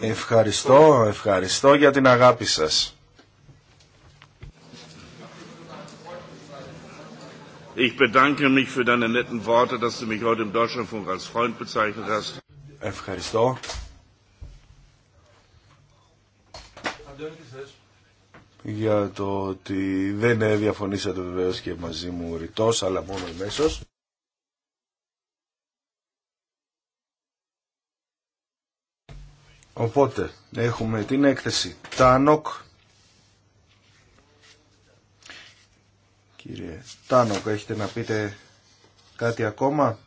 Ευχαριστώ, ευχαριστώ για την αγάπη σας. Ich bedanke mich für deine netten Worte, dass du mich heute im Deutschlandfunk als Freund bezeichnet hast. Ευχαριστώ. Για το ότι δεν διαφωνήσατε βεβαίως και μαζί μου ρητός, αλλά μόνο εμέσως. Οπότε έχουμε την έκθεση Τάνοκ. Κύριε Τάνοκ, έχετε να πείτε κάτι ακόμα.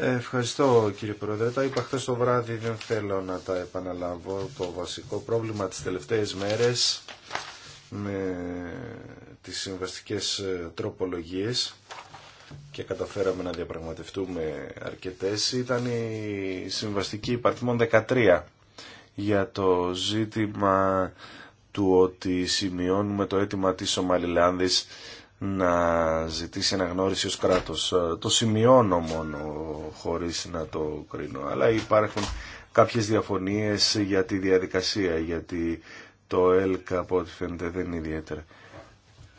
Ευχαριστώ κύριε Πρόεδρε. Τα είπα χθες το βράδυ, δεν θέλω να τα επαναλάβω. Το βασικό πρόβλημα τις τελευταίες μέρες με τις συμβαστικές τροπολογίες και καταφέραμε να διαπραγματευτούμε αρκετές ήταν η συμβαστική υπαρτιμών 13 για το ζήτημα του ότι σημειώνουμε το αίτημα της Σομαλιλάνδης να ζητήσει αναγνώριση ως κράτος. Το σημειώνω μόνο χωρίς να το κρίνω, αλλά υπάρχουν κάποιες διαφωνίες για τη διαδικασία, γιατί το ΕΛΚ από ό,τι φαίνεται δεν είναι ιδιαίτερα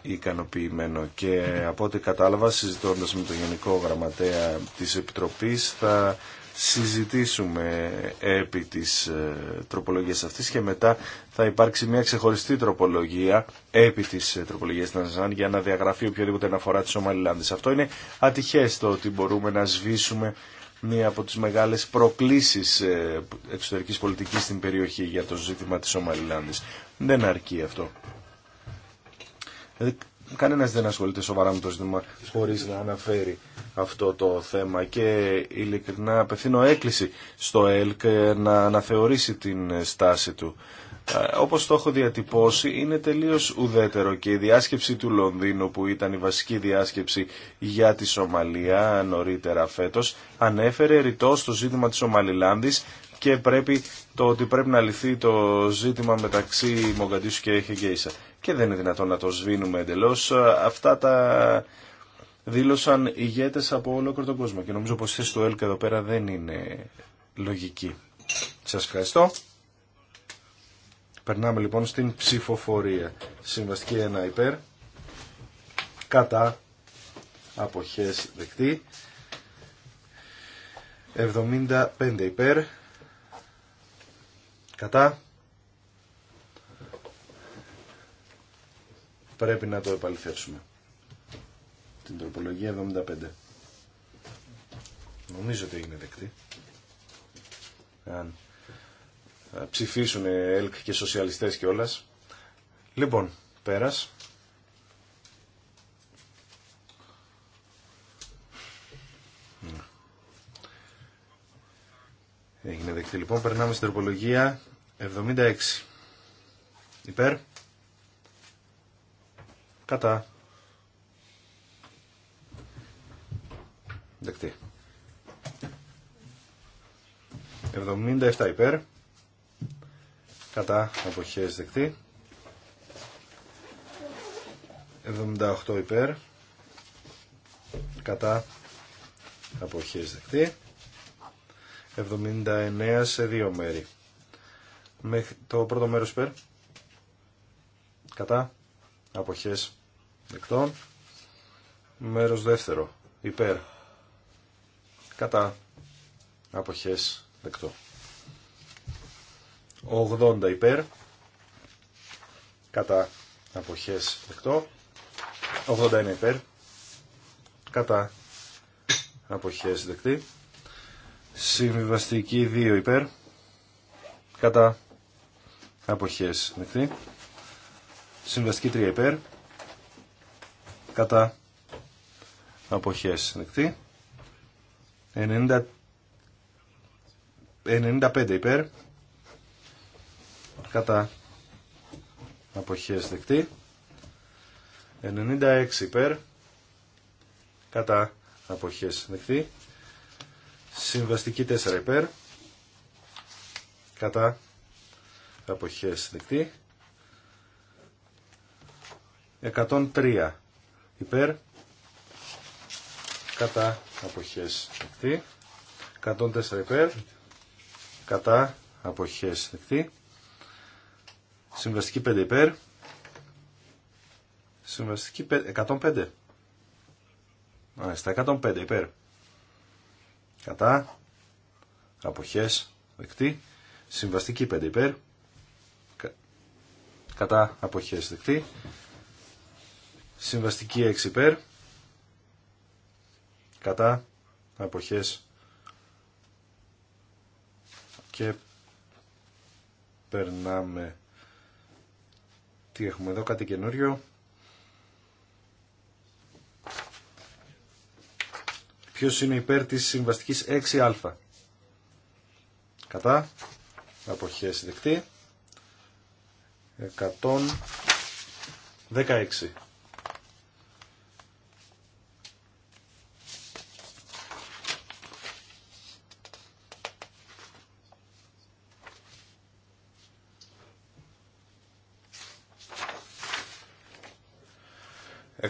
ικανοποιημένο και από ό,τι κατάλαβα συζητώντας με τον Γενικό Γραμματέα της Επιτροπής θα συζητήσουμε επί της ε, τροπολογίας αυτής και μετά θα υπάρξει μια ξεχωριστή τροπολογία επί της ε, τροπολογίας της για να διαγραφεί οποιοδήποτε αναφορά της Ομαλιλάνδης. Αυτό είναι ατυχές το ότι μπορούμε να σβήσουμε μία από τις μεγάλες προκλήσεις ε, εξωτερικής πολιτικής στην περιοχή για το ζήτημα της Ομαλιλάνδης. Δεν αρκεί αυτό. Δηλαδή, Κανένα δεν ασχολείται σοβαρά με το ζήτημα χωρί να αναφέρει αυτό το θέμα και ειλικρινά απευθύνω έκκληση στο ΕΛΚ ε, να αναθεωρήσει την στάση του. Ε, όπως το έχω διατυπώσει είναι τελείως ουδέτερο και η διάσκεψη του Λονδίνου που ήταν η βασική διάσκεψη για τη Σομαλία νωρίτερα φέτο, ανέφερε ρητό στο ζήτημα τη Σομαλιλάνδη και πρέπει το ότι πρέπει να λυθεί το ζήτημα μεταξύ Μογκαντήσου και Χεγγέισα και δεν είναι δυνατόν να το σβήνουμε εντελώς. Αυτά τα δήλωσαν ηγέτες από όλο τον κόσμο και νομίζω πως η θέση του ΕΛΚ εδώ πέρα δεν είναι λογική. Σας ευχαριστώ. Περνάμε λοιπόν στην ψηφοφορία. Συμβαστική 1 υπέρ, κατά αποχές δεκτή, 75 υπέρ, κατά Πρέπει να το επαληθεύσουμε. Την τροπολογία 75. Νομίζω ότι έγινε δεκτή. Αν ψηφίσουν ε, ΕΛΚ και σοσιαλιστές και όλας. Λοιπόν, πέρας. Έγινε δεκτή λοιπόν. Περνάμε στην τροπολογία 76. Υπέρ. Κατά. Δεκτή. 77 υπέρ. Κατά αποχές δεκτή. 78 υπέρ. Κατά αποχές δεκτή. 79 σε δύο μέρη. Μέχρι το πρώτο μέρος υπέρ. Κατά αποχές δεκτών. Μέρος δεύτερο. Υπέρ. Κατά. Αποχές. Δεκτό. 80 υπέρ. Κατά. Αποχές. Δεκτό. 81 υπέρ. Κατά. Αποχές. Δεκτή. Συμβιβαστική 2 υπέρ. Κατά. Αποχές. Δεκτή. Συμβαστική 3 υπέρ κατά αποχές δεκτή 90, 95 υπέρ κατά αποχές δεκτή 96 υπέρ κατά αποχές δεκτή συμβαστική 4 υπέρ κατά αποχές δεκτή 103 υπέρ κατά αποχές δεκτή 104 υπέρ κατά αποχές δεκτή συμβαστική 5 υπέρ συμβαστική 105 μάλιστα 105 υπέρ κατά αποχές δεκτή συμβαστική 5 υπέρ κατά αποχές δεκτή Συμβαστική 6 υπέρ. Κατά. Αποχές. Και περνάμε. Τι έχουμε εδώ, κάτι καινούριο. Ποιος είναι υπέρ της συμβαστικής 6α. Κατά. Αποχές δεκτή. 116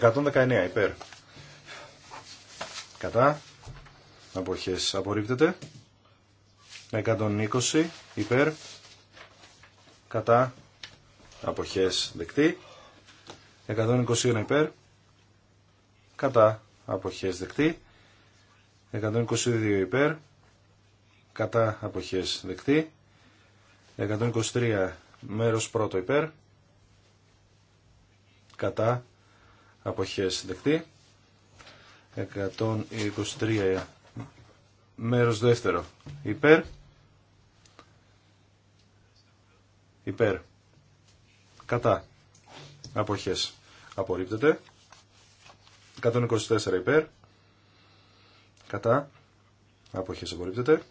119 υπέρ. Κατά. Αποχές απορρίπτεται. 120 υπέρ. Κατά. Αποχές δεκτή. 121 υπέρ. Κατά. Αποχές δεκτή. 122 υπέρ. Κατά. Αποχές δεκτή. 123 μέρος πρώτο υπέρ. Κατά αποχές Δεκτεί. 123 μέρος δεύτερο υπέρ υπέρ κατά αποχές απορρίπτεται 124 υπέρ κατά αποχές απορρίπτεται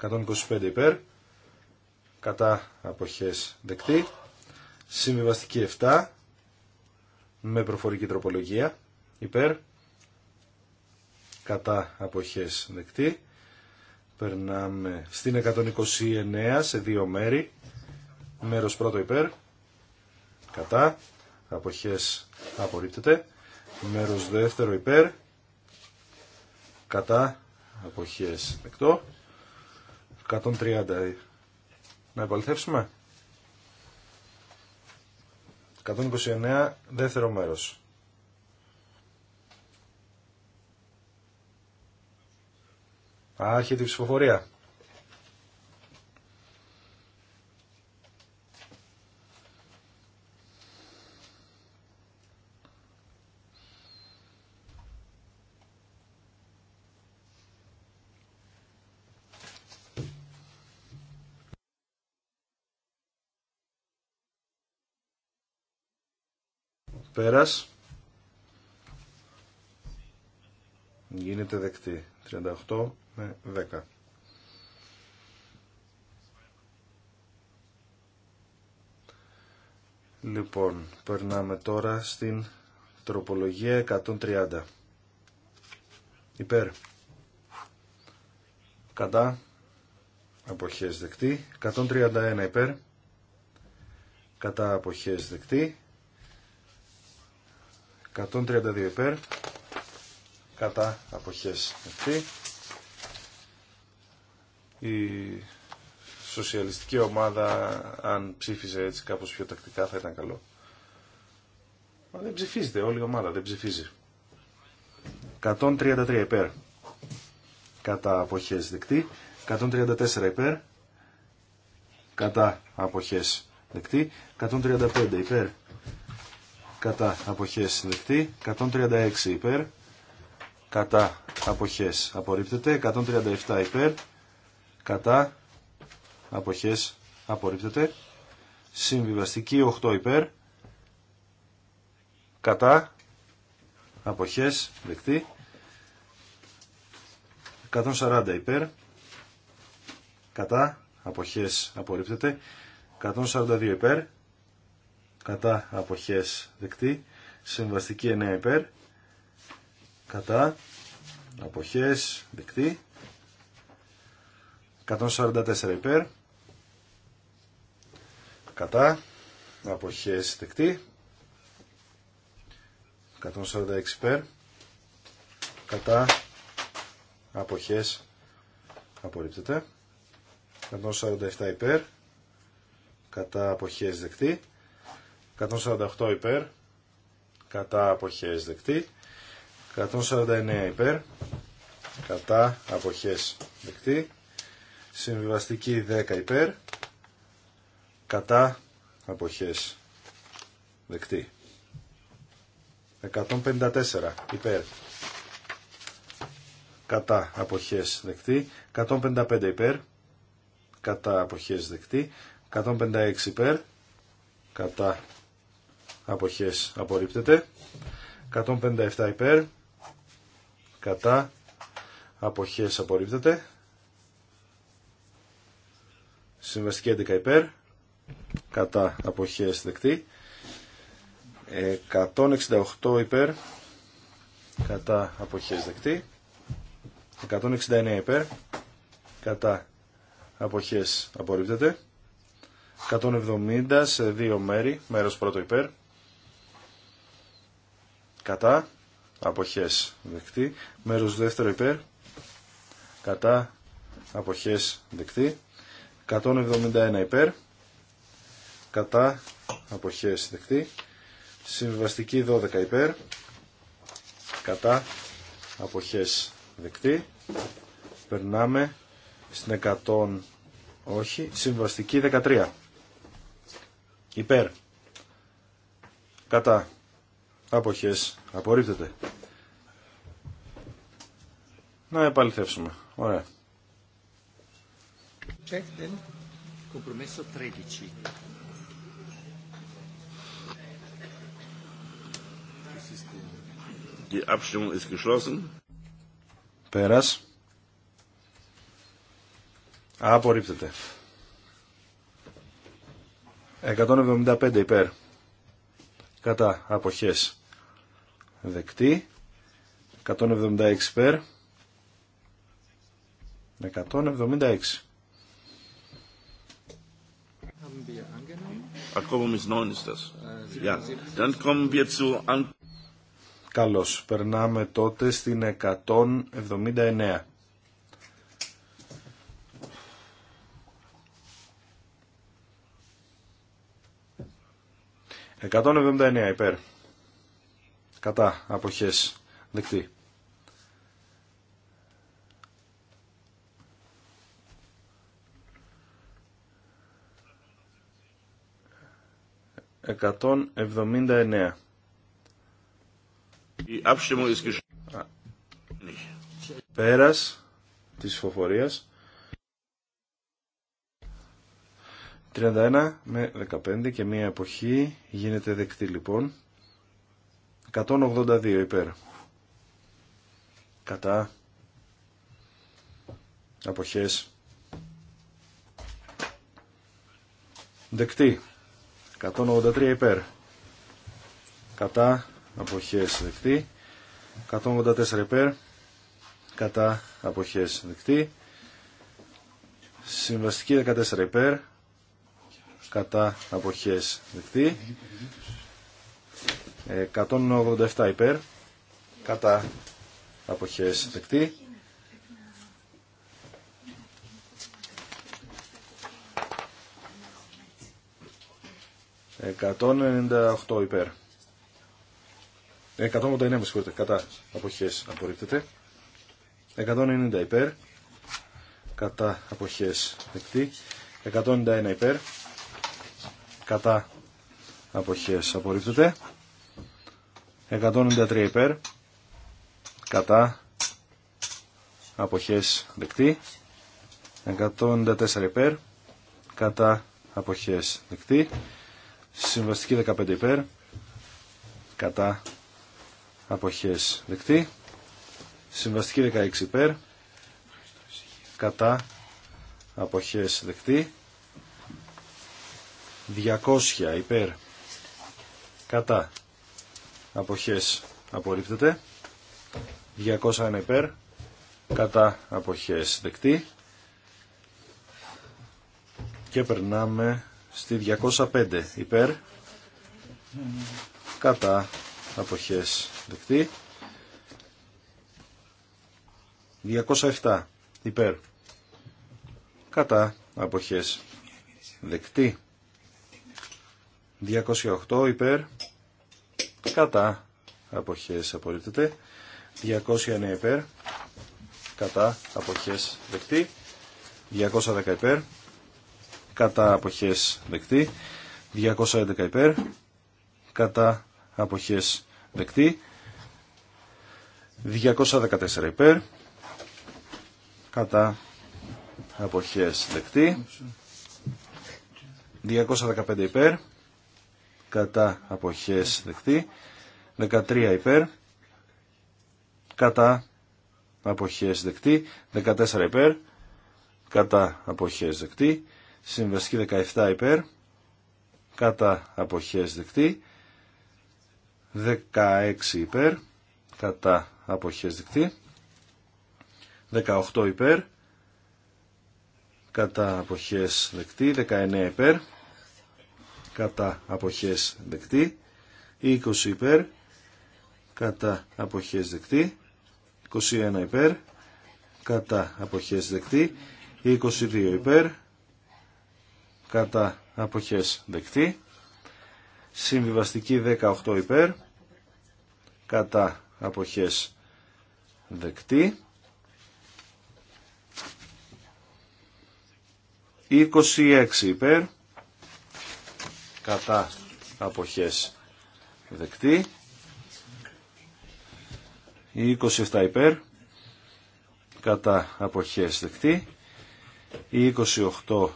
125 υπέρ κατά αποχές δεκτή συμβιβαστική 7 με προφορική τροπολογία υπέρ κατά αποχές δεκτή. Περνάμε στην 129 σε δύο μέρη. Μέρος πρώτο υπέρ. Κατά. Αποχές απορρίπτεται. Μέρος δεύτερο υπέρ. Κατά. Αποχές δεκτό. 130. Να επαληθεύσουμε. 129 δεύτερο μέρος. Άρχεται η ψηφοφορία. Πέρας. Γίνεται δεκτή. 38 με 10. Λοιπόν, περνάμε τώρα στην τροπολογία 130. Υπέρ. Κατά. Αποχές δεκτή. 131 υπέρ. Κατά αποχές δεκτή. 132 υπέρ κατά αποχές αυτή. Η σοσιαλιστική ομάδα αν ψήφιζε έτσι κάπως πιο τακτικά θα ήταν καλό. Μα δεν ψηφίζεται όλη η ομάδα, δεν ψηφίζει. 133 υπέρ κατά αποχές δεκτή, 134 υπέρ κατά αποχές δεκτή, 135 υπέρ κατά αποχές δεκτή, 136 υπέρ, κατά αποχές απορρίπτεται, 137 υπέρ, κατά αποχές απορρίπτεται, συμβιβαστική 8 υπέρ, κατά αποχές δεκτή, 140 υπέρ, κατά αποχές απορρίπτεται, 142 υπέρ, κατά αποχές δεκτή, συμβαστική 9 υπέρ, κατά αποχές δεκτή, 144 υπέρ, κατά αποχές δεκτή, 146 υπέρ, κατά αποχές απορρίπτεται, 147 υπέρ, κατά αποχές δεκτή, 148 υπέρ, κατά αποχές δεκτή. 149 υπέρ, κατά αποχές δεκτή. Συμβιβαστική 10 υπέρ, κατά αποχές δεκτή. 154 υπέρ, κατά αποχές δεκτή. 155 υπέρ, κατά αποχές δεκτή. 156 υπέρ, κατά αποχές απορρίπτεται 157 υπέρ κατά αποχές απορρίπτεται συμβαστική 11 υπέρ κατά αποχές δεκτή 168 υπέρ κατά αποχές δεκτή 169 υπέρ κατά αποχές απορρίπτεται 170 σε δύο μέρη μέρος πρώτο υπέρ κατά αποχές δεκτή μέρος δεύτερο υπέρ κατά αποχές δεκτή 171 υπέρ κατά αποχές δεκτή συμβαστική 12 υπέρ κατά αποχές δεκτή περνάμε στην 100 όχι συμβαστική 13 υπέρ κατά Αποχές. Απορρίπτεται. Να επαληθεύσουμε. Ωραία. Check then. Compromesso 13. Die Abstimmung ist geschlossen. Πέρας. Απορρίπτεται. 175 υπέρ. Κατά αποχές δεκτή 176 υπέρ 176 Καλώς, περνάμε τότε στην 179. 179 εβδομήντα εννέα υπέρ κατά αποχές δεκτή. Εκατόν εβδομήντα εννέα. Πέρας της φοφορίας 31 με 15 και μία εποχή γίνεται δεκτή λοιπόν 182 υπέρ. Κατά. Αποχές. Δεκτή. 183 υπέρ. Κατά. Αποχές δεκτή. 184 υπέρ. Κατά. Αποχές δεκτή. Συμβαστική 14 υπέρ. Κατά. Αποχές δεκτή. 187 υπέρ, κατά αποχές δεκτή. 198 υπέρ. 189 με συγχωρείτε, κατά αποχές απορρίπτεται. 190 υπέρ, κατά αποχές δεκτή. 191 υπέρ, κατά αποχές απορρίπτεται. 193 υπέρ κατά αποχές δεκτή 194 υπέρ κατά αποχές δεκτή συμβαστική 15 υπέρ κατά αποχές δεκτή συμβαστική 16 υπέρ κατά αποχές δεκτή 200 υπέρ κατά αποχές απορρίπτεται 201 υπέρ κατά αποχές δεκτή και περνάμε στη 205 υπέρ κατά αποχές δεκτή 207 υπέρ κατά αποχές δεκτή 208 υπέρ κατά αποχές απορρίπτεται 209 υπέρ κατά αποχές δεκτή 210 υπέρ κατά αποχές δεκτή 211 υπέρ κατά αποχές δεκτή 214 υπέρ κατά αποχές δεκτή 215 υπέρ κατά αποχές δεκτή 13 υπέρ κατά αποχές δεκτή 14 υπέρ κατά αποχές δεκτή συμβαστική 17 υπέρ κατά αποχές δεκτή 16 υπέρ κατά αποχές δεκτή 18 υπέρ κατά αποχές δεκτή 19 υπέρ κατά αποχές δεκτή 20 υπέρ κατά αποχές δεκτή 21 υπέρ κατά αποχές δεκτή 22 υπέρ κατά αποχές δεκτή συμβιβαστική 18 υπέρ κατά αποχές δεκτή 26 υπέρ κατά αποχές δεκτή. Η 27 υπέρ κατά αποχές δεκτή. Η 28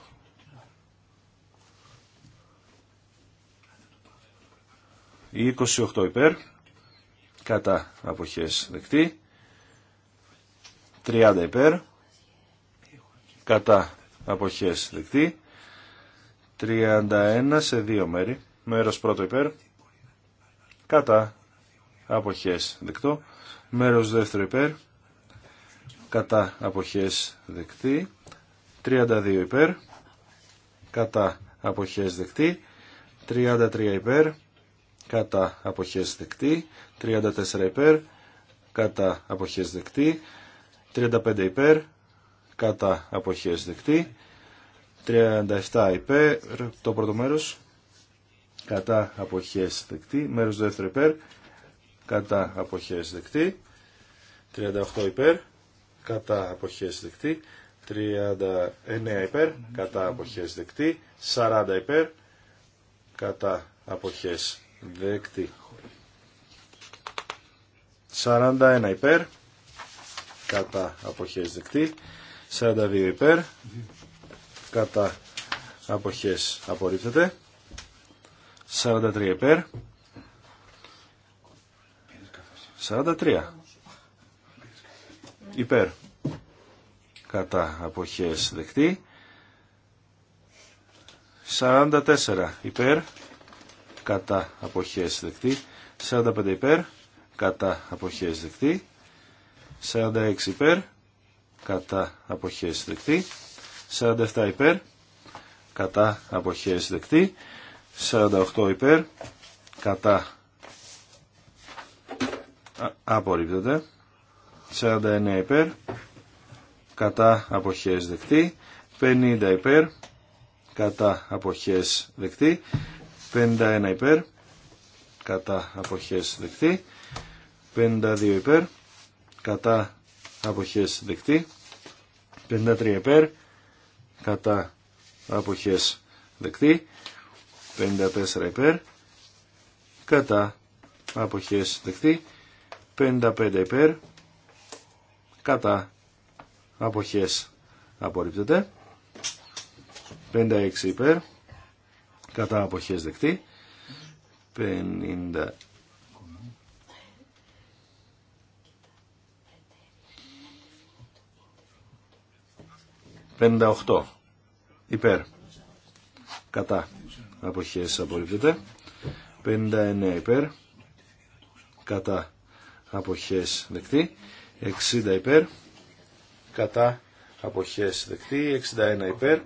Η 28 υπέρ, κατά αποχές δεκτή, 30 υπέρ, κατά αποχές δεκτή, 31 σε δύο μέρη. Μέρος πρώτο υπέρ. Κατά. Αποχές δεκτό. Μέρος δεύτερο υπέρ. Κατά. Αποχές δεκτή. 32 υπέρ. Κατά. Αποχές δεκτή. 33 υπέρ. Κατά. Αποχές δεκτή. 34 υπέρ. Κατά. Αποχές δεκτή. 35 υπέρ. Κατά. Αποχές δεκτή. 37 υπέρ, το πρώτο μέρο, κατά αποχές δεκτή, μέρος δεύτερο υπέρ, κατά αποχές δεκτή, 38 υπέρ, κατά αποχές δεκτή, 39 υπέρ, κατά αποχές δεκτή, 40 υπέρ, κατά αποχές δεκτή. 41 υπέρ, κατά αποχές δεκτή, 42 υπέρ, κατά αποχές απορρίπτεται 43 υπέρ 43 υπέρ κατά αποχές δεκτή 44 υπέρ κατά αποχές δεκτή 45 υπέρ κατά αποχές δεκτή 46 υπέρ κατά αποχές δεκτή 47 υπέρ, κατά αποχές δεκτή, 48 υπέρ, κατά απορρίπτεται, 49 υπέρ, κατά αποχές δεκτή, 50 υπέρ, κατά αποχές δεκτή, 51 υπέρ, κατά αποχές δεκτή, 52 υπέρ, κατά αποχές δεκτή, 53 υπέρ, κατά αποχές δεκτή 54 υπέρ κατά αποχές δεκτή 55 υπέρ κατά αποχές απορρίπτεται 56 υπέρ κατά αποχές δεκτή 50 58 υπέρ κατά αποχές απορρίπτεται 59 υπέρ κατά αποχές δεκτή 60 υπέρ κατά αποχές δεκτή 61 υπέρ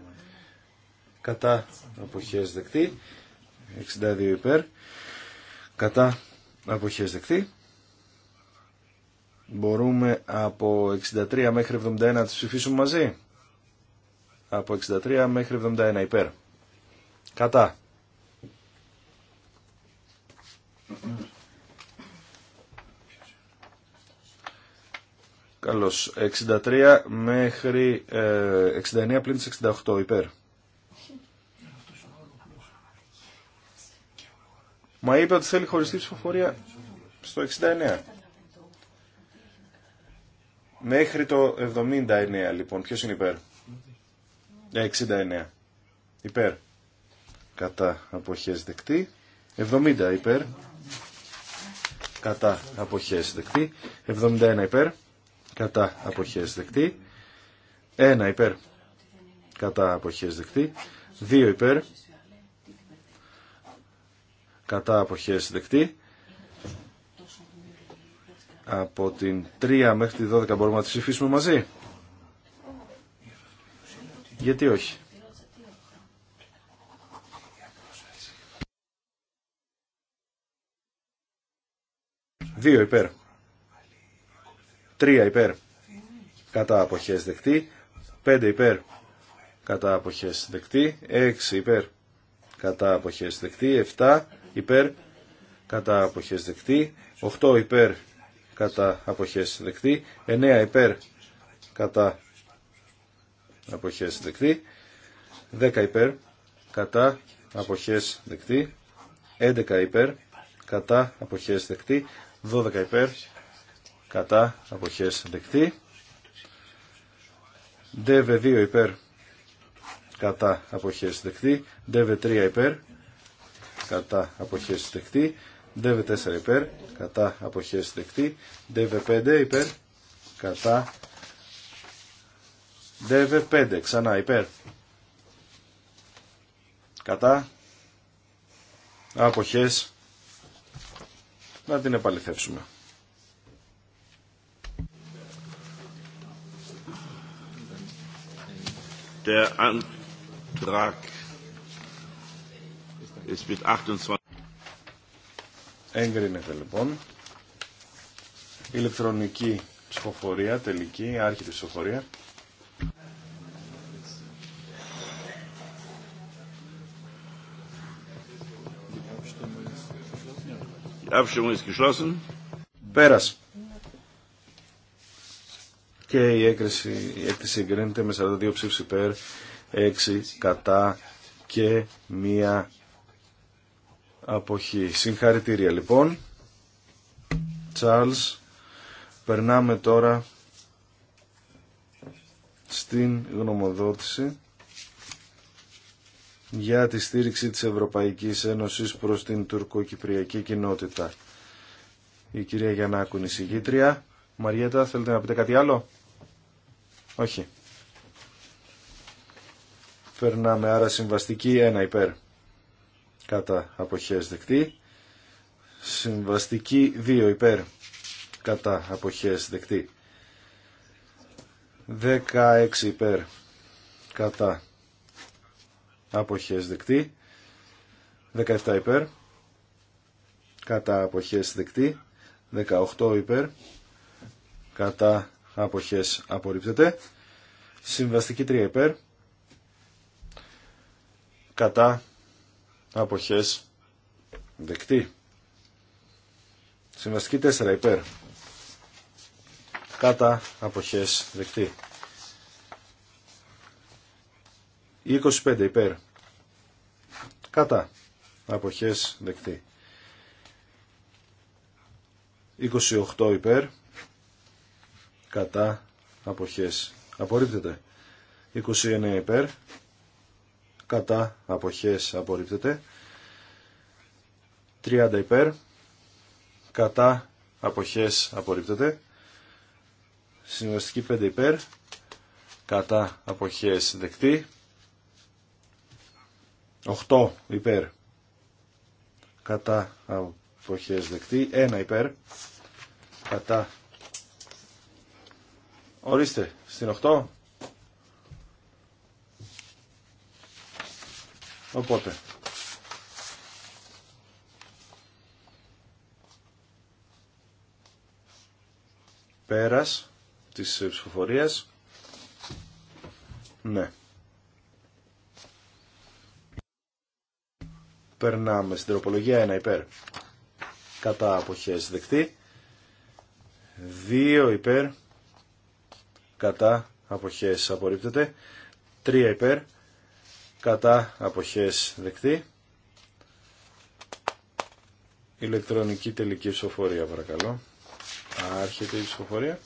κατά αποχές δεκτή 62 υπέρ κατά αποχές δεκτή μπορούμε από 63 μέχρι 71 να τις ψηφίσουμε μαζί από 63 μέχρι 71 υπέρ. Κατά. Καλώς. 63 μέχρι 69 πλήν 68 υπέρ. Μα είπε ότι θέλει χωριστή ψηφοφορία στο 69. Μέχρι το 79 λοιπόν. Ποιος είναι υπέρ. 69 ε, υπέρ κατά αποχές δεκτή 70 υπέρ κατά αποχές δεκτή 71 υπέρ κατά αποχές δεκτή 1 υπέρ κατά αποχές δεκτή 2 υπέρ κατά αποχές δεκτή από την 3 μέχρι τη 12 μπορούμε να τη ψηφίσουμε μαζί γιατί όχι. 2 υπέρ 3 υπέρ κατά αποχές δεκτή 5 υπέρ κατά αποχές δεκτή 6 υπέρ κατά αποχές δεκτή 7 υπέρ κατά αποχές δεκτή 8 υπέρ κατά αποχές δεκτή 9 υπέρ κατά légge αποχές δεκτή. 10 υπέρ κατά αποχές δεκτή. 11 υπέρ κατά αποχές δεκτή. 12 υπέρ κατά αποχές δεκτή. ΔΕΒΕ 2 υπέρ κατά αποχές δεκτή. ΔΕΒΕ 3 υπέρ κατά αποχές δεκτή. ΔΕΒΕ 4 υπέρ κατά αποχές δεκτή. ΔΕΒΕ 5 υπέρ κατά Δέβε 5 ξανά υπέρ. Κατά. Αποχές. Να την επαληθεύσουμε. Der Antrag ist 28. Εγκρίνεται λοιπόν. Ηλεκτρονική ψηφοφορία, τελική, άρχιτη ψηφοφορία. Abstimmung ist geschlossen. Και η έκρηση, η έκρηση εγκρίνεται με 42 ψήφους υπέρ, 6 κατά και μία αποχή. Συγχαρητήρια λοιπόν. Charles, περνάμε τώρα στην γνωμοδότηση για τη στήριξη της Ευρωπαϊκής Ένωσης προς την τουρκοκυπριακή κοινότητα. Η κυρία Γιαννάκου είναι η Μαριέτα, θέλετε να πείτε κάτι άλλο? Όχι. Περνάμε άρα συμβαστική 1 υπέρ. Κατά αποχές δεκτή. Συμβαστική 2 υπέρ. Κατά αποχές δεκτή. 16 υπέρ. Κατά αποχές δεκτή 17 υπέρ κατά αποχές δεκτή 18 υπέρ κατά αποχές απορρίπτεται συμβαστική 3 υπέρ κατά αποχές δεκτή συμβαστική 4 υπέρ κατά αποχές δεκτή 25 υπέρ. Κατά. Αποχές δεκτή. 28 υπέρ. Κατά. Αποχές. Απορρίπτεται. 29 υπέρ. Κατά. Αποχές. Απορρίπτεται. 30 υπέρ. Κατά. Αποχές. Απορρίπτεται. Συμβαστική 5 υπέρ. Κατά. Αποχές δεκτή. 8 υπέρ κατά αποχές δεκτή Ένα υπέρ κατά ορίστε στην 8 οπότε πέρας της ψηφοφορίας ναι Περνάμε στην τροπολογία 1 υπέρ. Κατά αποχές δεκτή. 2 υπέρ. Κατά αποχές απορρίπτεται. 3 υπέρ. Κατά αποχές δεκτή. Ηλεκτρονική τελική ψηφοφορία παρακαλώ. Άρχεται η ψηφοφορία.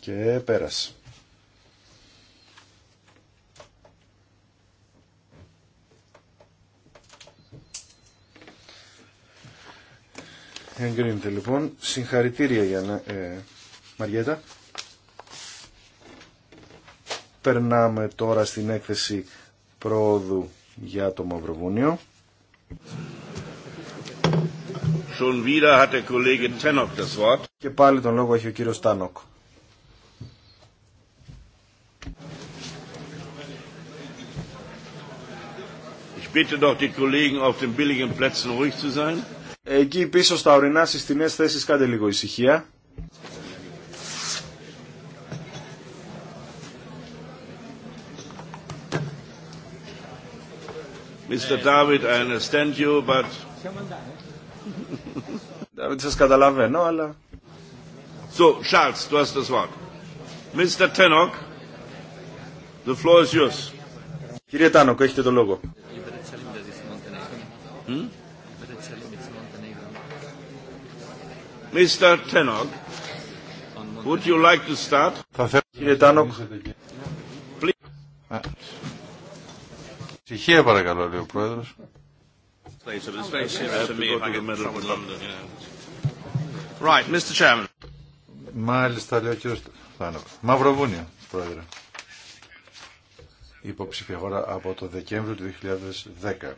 Και πέρασε. Εγκρίνεται λοιπόν. Συγχαρητήρια για να... Ε, Μαριέτα. Περνάμε τώρα στην έκθεση πρόοδου για το Μαυροβούνιο. Schon wieder hat der Kollege Tenok das Wort. Και πάλι τον λόγο έχει ο κύριος Τάνοκ. Ich bitte doch die Kollegen auf den billigen Plätzen ruhig zu sein. Εκεί πίσω στα ορεινά στις τινές θέσεις κάντε λίγο ησυχία. Mr. David, I understand you, but... David, σας καταλαβαίνω, αλλά... So, Charles, du hast das Wort. Mr. Tenok, the floor is yours. Κύριε Τάνοκ, έχετε το λόγο. Hmm? Mr. Tenok, would you like to start? Θα θέλω, κύριε Τάνοκ. Ψυχία παρακαλώ, λέει ο Πρόεδρος. Right, Mr. Chairman. Μάλιστα, λέει ο κύριος Τάνοκ. Μαυροβούνια, Πρόεδρε. Υποψήφια χώρα από το Δεκέμβριο του 2010.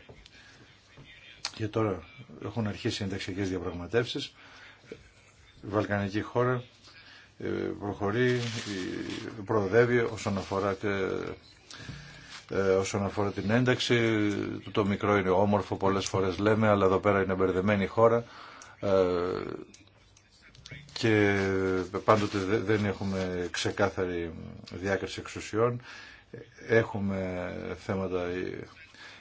Και τώρα έχουν αρχίσει οι ενταξιακές διαπραγματεύσεις βαλκανική χώρα ε, προχωρεί, προοδεύει όσον αφορά, και, ε, όσον αφορά την ένταξη. Το μικρό είναι όμορφο, πολλές φορές λέμε, αλλά εδώ πέρα είναι μπερδεμένη η χώρα ε, και πάντοτε δεν έχουμε ξεκάθαρη διάκριση εξουσιών. Έχουμε θέματα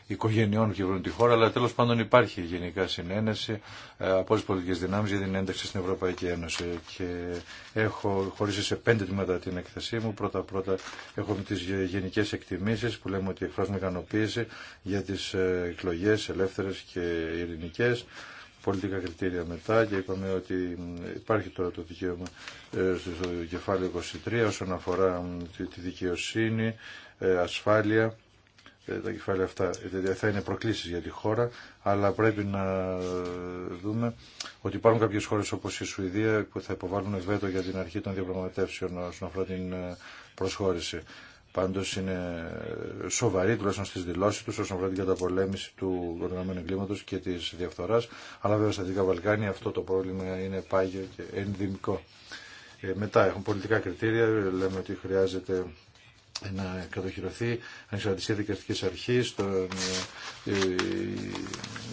οικογενειών που κυβερνούν τη χώρα, αλλά τέλο πάντων υπάρχει γενικά συνένεση ε, από τι πολιτικέ δυνάμει για την ένταξη στην Ευρωπαϊκή Ένωση. Και έχω χωρίσει σε πέντε τμήματα την έκθεσή μου. Πρώτα-πρώτα έχω τι γενικέ εκτιμήσει που λέμε ότι εκφράζουμε ικανοποίηση για τι ε, εκλογέ ελεύθερε και ειρηνικέ πολιτικά κριτήρια μετά και είπαμε ότι υπάρχει τώρα το δικαίωμα ε, στο κεφάλαιο 23 όσον αφορά τη δικαιοσύνη, ασφάλεια ε, τα κεφάλαια αυτά ε, θα είναι προκλήσεις για τη χώρα, αλλά πρέπει να δούμε ότι υπάρχουν κάποιες χώρες όπως η Σουηδία που θα υποβάλουν βέτο για την αρχή των διαπραγματεύσεων όσον αφορά την ε, προσχώρηση. Πάντως είναι σοβαρή τουλάχιστον στις δηλώσεις τους όσον αφορά την καταπολέμηση του οργανωμένου εγκλήματος και της διαφθοράς, αλλά βέβαια στα Δυτικά Βαλκάνια αυτό το πρόβλημα είναι πάγιο και ενδυμικό. Ε, μετά έχουν πολιτικά κριτήρια, λέμε ότι χρειάζεται να κατοχυρωθεί ανεξαρτησία δικαστικής αρχής, τον, ε, η,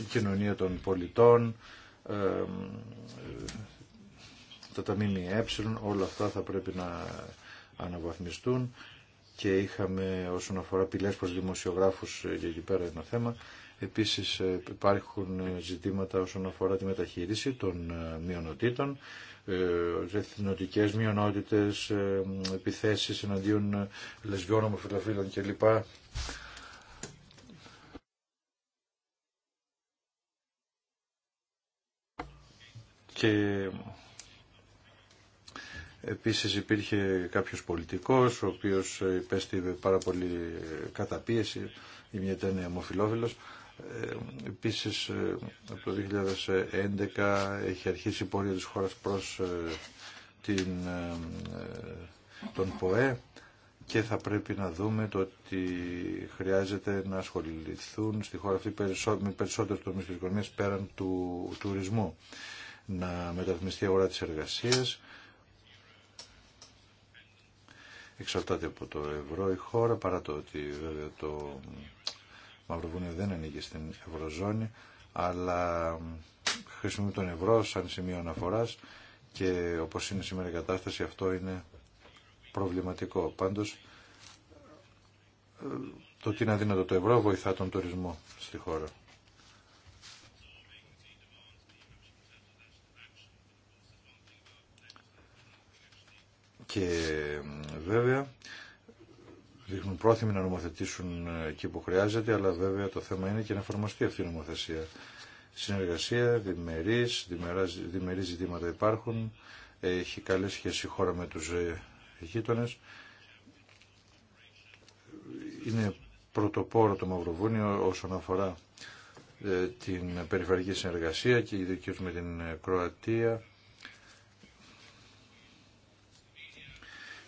κοινωνία των πολιτών, ε, τα τα Ε, όλα αυτά θα πρέπει να αναβαθμιστούν και είχαμε όσον αφορά πηλές προς δημοσιογράφους για ε, εκεί πέρα ένα θέμα. Επίσης υπάρχουν ζητήματα όσον αφορά τη μεταχείριση των μειονοτήτων ε, εθνοτικές μειονότητες, ε, επιθέσεις εναντίον ε, λεσβιών, ομοφυλοφίλων κλπ. Και Επίσης υπήρχε κάποιος πολιτικός, ο οποίος υπέστη πάρα πολύ καταπίεση, η μία ήταν ομοφιλόφιλος. Ε, επίσης ε, από το 2011 έχει αρχίσει η πορεία της χώρας προς ε, τον ΠΟΕ και θα πρέπει να δούμε το ότι χρειάζεται να ασχοληθούν στη χώρα αυτή με περισσότερους τομείς της οικονομίας πέραν του τουρισμού. Να μεταρρυθμιστεί η αγορά της εργασίας. Εξαρτάται από το ευρώ η χώρα παρά το ότι βέβαια το Μαυροβούνιο δεν ανήκει στην Ευρωζώνη, αλλά χρησιμοποιεί τον ευρώ σαν σημείο αναφοράς και όπως είναι σήμερα η κατάσταση αυτό είναι προβληματικό. Πάντως το τι είναι αδύνατο το ευρώ βοηθά τον τουρισμό στη χώρα. Και βέβαια δείχνουν πρόθυμοι να νομοθετήσουν ε, εκεί που χρειάζεται, αλλά βέβαια το θέμα είναι και να εφαρμοστεί αυτή η νομοθεσία. Συνεργασία, διμερείς, διμερείς ζητήματα υπάρχουν, έχει καλή σχέση η χώρα με τους ε, γείτονε. Είναι πρωτοπόρο το Μαυροβούνιο όσον αφορά ε, την περιφερειακή συνεργασία και ιδίως με την Κροατία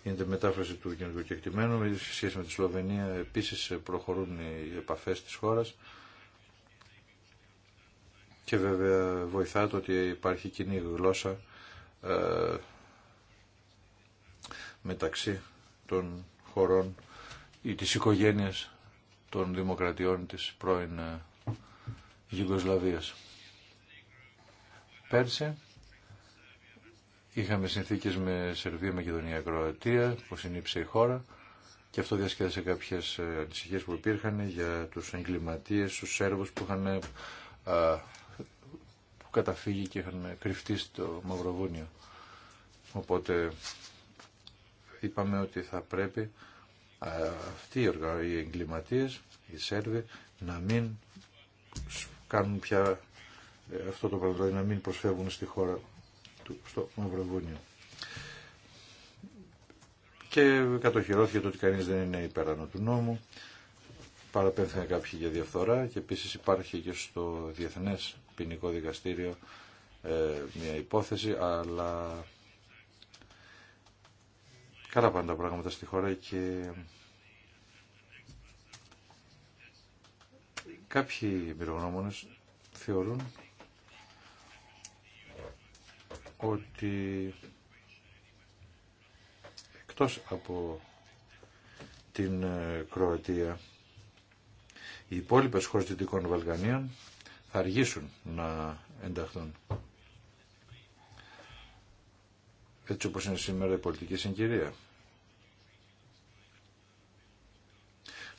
γίνεται μετάφραση του κοινωνικού κεκτημένου. Σε σχέση με τη Σλοβενία επίσης προχωρούν οι επαφές της χώρας. Και βέβαια βοηθά το ότι υπάρχει κοινή γλώσσα ε, μεταξύ των χωρών ή της οικογένειας των δημοκρατιών της πρώην ε, Γιουγκοσλαβίας. Πέρσι Είχαμε συνθήκε με Σερβία, Μακεδονία, Κροατία που συνήψε η χώρα και αυτό διασκέδασε κάποιες ε, ανησυχίε που υπήρχαν για τους εγκληματίες, τους Σέρβους που είχαν ε, καταφύγει και είχαν κρυφτεί στο Μαυροβούνιο. Οπότε είπαμε ότι θα πρέπει αυτοί οι εγκληματίες, οι Σέρβοι, να μην κάνουν πια ε, αυτό το πράγμα, να μην προσφεύγουν στη χώρα του στο Μαυροβούνιο. Και κατοχυρώθηκε το ότι κανείς δεν είναι υπεράνω του νόμου. Παραπέμφθηκαν κάποιοι για διαφθορά και επίσης υπάρχει και στο Διεθνές Ποινικό Δικαστήριο ε, μια υπόθεση, αλλά καλά πάνε τα πράγματα στη χώρα και κάποιοι μυρογνώμονες θεωρούν ότι εκτός από την ε, Κροατία οι υπόλοιπε χώρες Δυτικών Βαλκανίων θα αργήσουν να ενταχθούν. Έτσι όπως είναι σήμερα η πολιτική συγκυρία.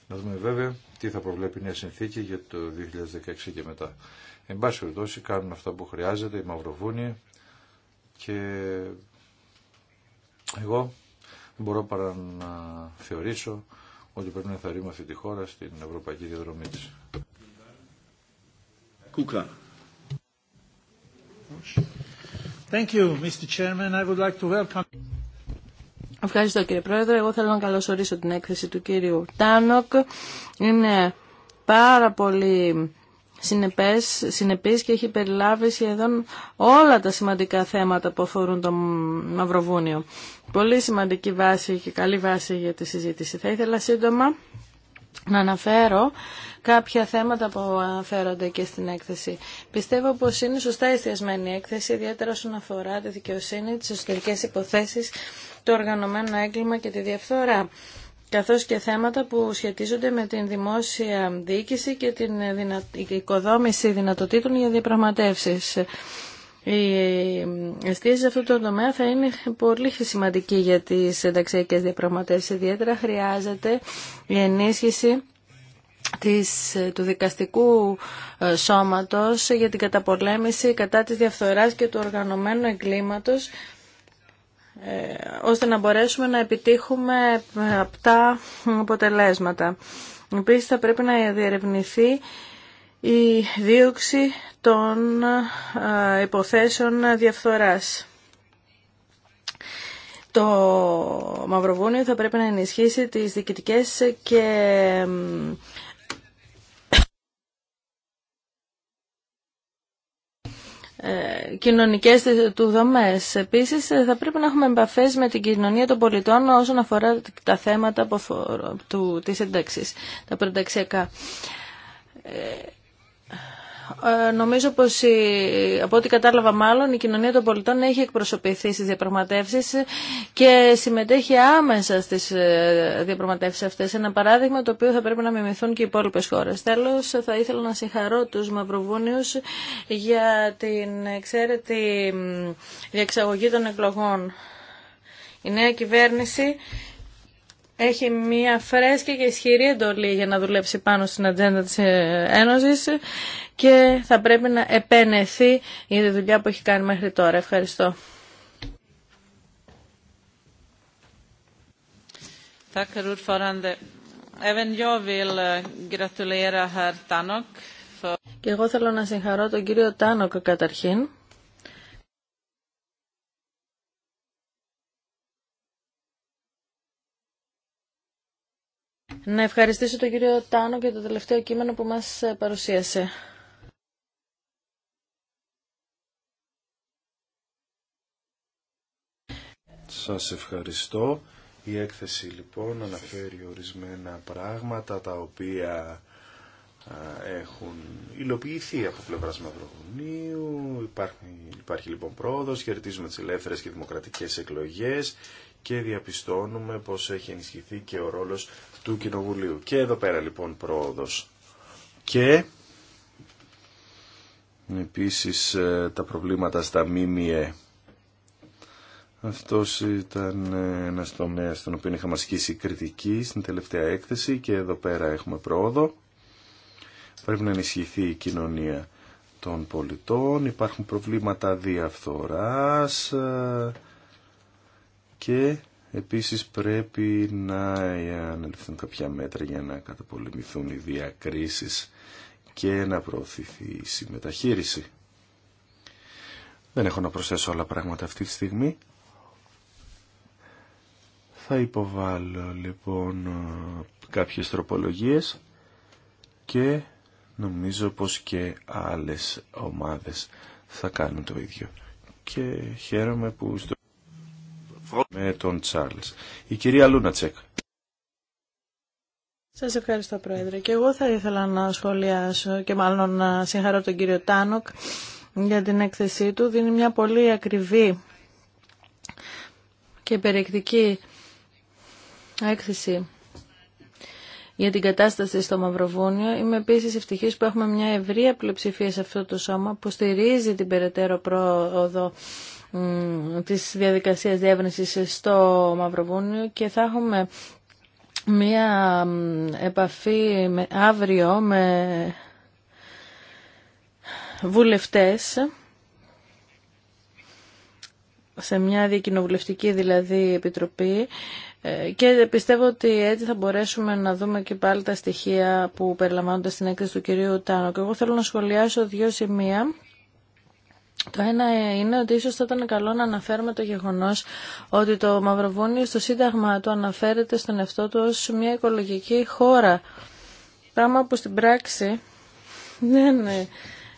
Να δούμε βέβαια τι θα προβλέπει η νέα συνθήκη για το 2016 και μετά. Εν πάση περιπτώσει κάνουν αυτά που χρειάζεται οι Μαυροβούνιοι και εγώ δεν μπορώ παρά να θεωρήσω ότι πρέπει να ενθαρρύνουμε αυτή τη χώρα στην ευρωπαϊκή διαδρομή της. Κούκα. Ευχαριστώ κύριε Πρόεδρε. Εγώ θέλω να καλωσορίσω την έκθεση του κύριου Τάνοκ. Είναι πάρα πολύ συνεπές, συνεπής και έχει περιλάβει σχεδόν όλα τα σημαντικά θέματα που αφορούν το Μαυροβούνιο. Πολύ σημαντική βάση και καλή βάση για τη συζήτηση. Θα ήθελα σύντομα να αναφέρω κάποια θέματα που αναφέρονται και στην έκθεση. Πιστεύω πως είναι σωστά εστιασμένη η έκθεση, ιδιαίτερα όσον αφορά τη δικαιοσύνη, τις εσωτερικές υποθέσεις, το οργανωμένο έγκλημα και τη διαφθορά καθώς και θέματα που σχετίζονται με την δημόσια διοίκηση και την οικοδόμηση δυνατοτήτων για διαπραγματεύσεις. Η εστίαση σε αυτό το τομέα θα είναι πολύ σημαντική για τις ενταξιακές διαπραγματεύσεις. Ιδιαίτερα χρειάζεται η ενίσχυση της, του δικαστικού ε, σώματος για την καταπολέμηση κατά της διαφθοράς και του οργανωμένου εγκλήματος ε, ώστε να μπορέσουμε να επιτύχουμε αυτά αποτελέσματα. Επίσης θα πρέπει να διερευνηθεί η δίωξη των ε, υποθέσεων διαφθοράς. Το Μαυροβούνιο θα πρέπει να ενισχύσει τις διοικητικές και ε, Ε, κοινωνικές του δομές. Επίσης ε, θα πρέπει να έχουμε επαφέ με την κοινωνία των πολιτών όσον αφορά τα θέματα του, της ένταξης, τα πρωταξιακά. Ε, ε, νομίζω πως από ό,τι κατάλαβα μάλλον η κοινωνία των πολιτών έχει εκπροσωπηθεί στις διαπραγματεύσεις και συμμετέχει άμεσα στις ε, διαπραγματεύσεις αυτές. Ένα παράδειγμα το οποίο θα πρέπει να μιμηθούν και οι υπόλοιπε χώρες. Τέλος θα ήθελα να συγχαρώ τους Μαυροβούνιους για την εξαίρετη διεξαγωγή των εκλογών. Η νέα κυβέρνηση έχει μια φρέσκη και ισχυρή εντολή για να δουλέψει πάνω στην ατζέντα της ε, Ένωσης και θα πρέπει να επενεθεί για τη δουλειά που έχει κάνει μέχρι τώρα. Ευχαριστώ. Eh, και εγώ θέλω να συγχαρώ τον κύριο Τάνοκ καταρχήν Να ευχαριστήσω τον κύριο Τάνο για το τελευταίο κείμενο που μας παρουσίασε. Σας ευχαριστώ. Η έκθεση λοιπόν αναφέρει ορισμένα πράγματα τα οποία έχουν υλοποιηθεί από πλευρά Μαυροβουνίου. Υπάρχει, υπάρχει λοιπόν πρόοδο, χαιρετίζουμε τι ελεύθερε και δημοκρατικέ εκλογέ και διαπιστώνουμε πως έχει ενισχυθεί και ο ρόλος του Κοινοβουλίου. Και εδώ πέρα λοιπόν πρόοδος. Και επίσης ε, τα προβλήματα στα ΜΜΕ. Αυτός ήταν ε, ένας τομέας στον οποίο είχαμε ασκήσει κριτική στην τελευταία έκθεση και εδώ πέρα έχουμε πρόοδο. Πρέπει να ενισχυθεί η κοινωνία των πολιτών. Υπάρχουν προβλήματα διαφθοράς ε, και επίσης πρέπει να αναλυθούν κάποια μέτρα για να καταπολεμηθούν οι διακρίσεις και να προωθηθεί η συμμεταχείριση. Δεν έχω να προσθέσω άλλα πράγματα αυτή τη στιγμή. Θα υποβάλω λοιπόν κάποιες τροπολογίες και νομίζω πως και άλλες ομάδες θα κάνουν το ίδιο. Και χαίρομαι που με τον Τσάρλς. Η κυρία Λούνατσεκ. Σας ευχαριστώ Πρόεδρε. Και εγώ θα ήθελα να σχολιάσω και μάλλον να συγχαρώ τον κύριο Τάνοκ για την έκθεσή του. Δίνει μια πολύ ακριβή και περιεκτική έκθεση για την κατάσταση στο Μαυροβούνιο. Είμαι επίσης ευτυχής που έχουμε μια ευρεία πλειοψηφία σε αυτό το σώμα που στηρίζει την περαιτέρω πρόοδο της διαδικασίας διεύρυνσης στο Μαυροβούνιο και θα έχουμε μία επαφή με, αύριο με βουλευτές σε μια διακοινοβουλευτική δηλαδή επιτροπή ε, και πιστεύω ότι έτσι θα μπορέσουμε να δούμε και πάλι τα στοιχεία που περιλαμβάνονται στην έκθεση του κυρίου Τάνο. Και εγώ θέλω να σχολιάσω δύο σημεία το ένα είναι ότι ίσως θα ήταν καλό να αναφέρουμε το γεγονός ότι το Μαυροβούνιο στο Σύνταγμα του αναφέρεται στον εαυτό του ως μια οικολογική χώρα. Πράγμα που στην πράξη δεν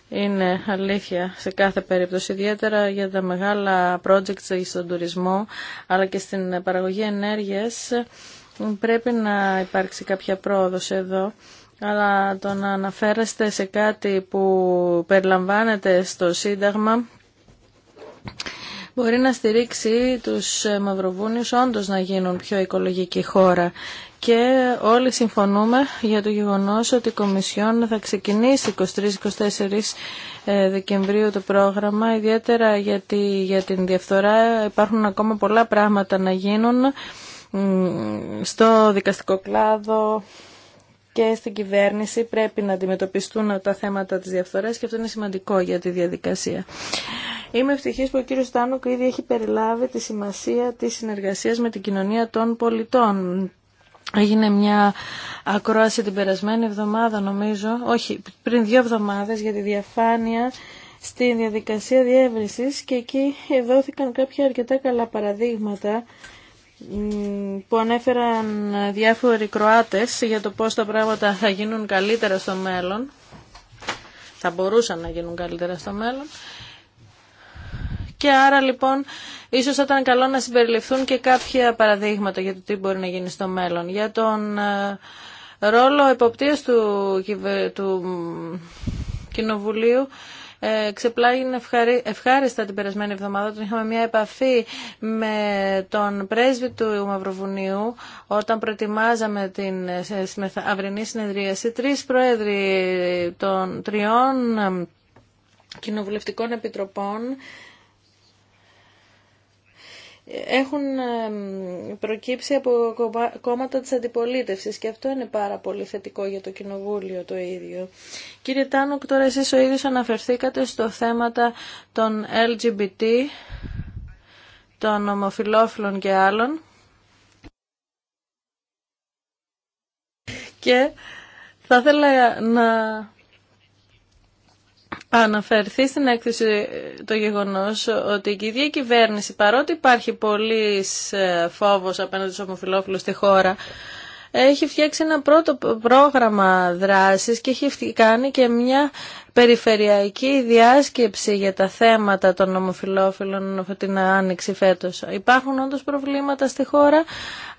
είναι αλήθεια σε κάθε περίπτωση, ιδιαίτερα για τα μεγάλα projects στον τουρισμό αλλά και στην παραγωγή ενέργειας πρέπει να υπάρξει κάποια πρόοδος εδώ αλλά το να αναφέρεστε σε κάτι που περιλαμβάνεται στο Σύνταγμα μπορεί να στηρίξει τους Μαυροβούνιους όντως να γίνουν πιο οικολογική χώρα. Και όλοι συμφωνούμε για το γεγονός ότι η Κομισιόν θα ξεκινήσει 23-24 ε, Δεκεμβρίου το πρόγραμμα, ιδιαίτερα γιατί για την διαφθορά υπάρχουν ακόμα πολλά πράγματα να γίνουν στο δικαστικό κλάδο, και στην κυβέρνηση πρέπει να αντιμετωπιστούν τα θέματα της διαφθοράς και αυτό είναι σημαντικό για τη διαδικασία. Είμαι ευτυχής που ο κύριο Τάνοκ ήδη έχει περιλάβει τη σημασία της συνεργασίας με την κοινωνία των πολιτών. Έγινε μια ακρόαση την περασμένη εβδομάδα νομίζω, όχι πριν δύο εβδομάδες για τη διαφάνεια στη διαδικασία διεύρυνσης και εκεί δόθηκαν κάποια αρκετά καλά παραδείγματα που ανέφεραν διάφοροι Κροάτες για το πώς τα πράγματα θα γίνουν καλύτερα στο μέλλον. Θα μπορούσαν να γίνουν καλύτερα στο μέλλον. Και άρα λοιπόν ίσως θα ήταν καλό να συμπεριληφθούν και κάποια παραδείγματα για το τι μπορεί να γίνει στο μέλλον. Για τον ε, ρόλο εποπτείας του, του Κοινοβουλίου ε, ξεπλάγει ευχάριστα την περασμένη εβδομάδα όταν είχαμε μια επαφή με τον πρέσβη του Μαυροβουνίου όταν προετοιμάζαμε την ε, αυρινή συνεδρίαση. Τρεις πρόεδροι των τριών ε, κοινοβουλευτικών επιτροπών έχουν προκύψει από κόμματα της αντιπολίτευσης και αυτό είναι πάρα πολύ θετικό για το Κοινοβούλιο το ίδιο. Κύριε Τάνοκ, τώρα εσείς ο ίδιος αναφερθήκατε στο θέματα των LGBT, των ομοφιλόφιλων και άλλων. Και θα ήθελα να αναφερθεί στην έκθεση το γεγονός ότι η ίδια κυβέρνηση, παρότι υπάρχει πολύς ε, φόβος απέναντι στους ομοφυλόφιλους στη χώρα, έχει φτιάξει ένα πρώτο πρόγραμμα δράσης και έχει κάνει και μια περιφερειακή διάσκεψη για τα θέματα των νομοφιλόφιλων την άνοιξη φέτος. Υπάρχουν όντως προβλήματα στη χώρα,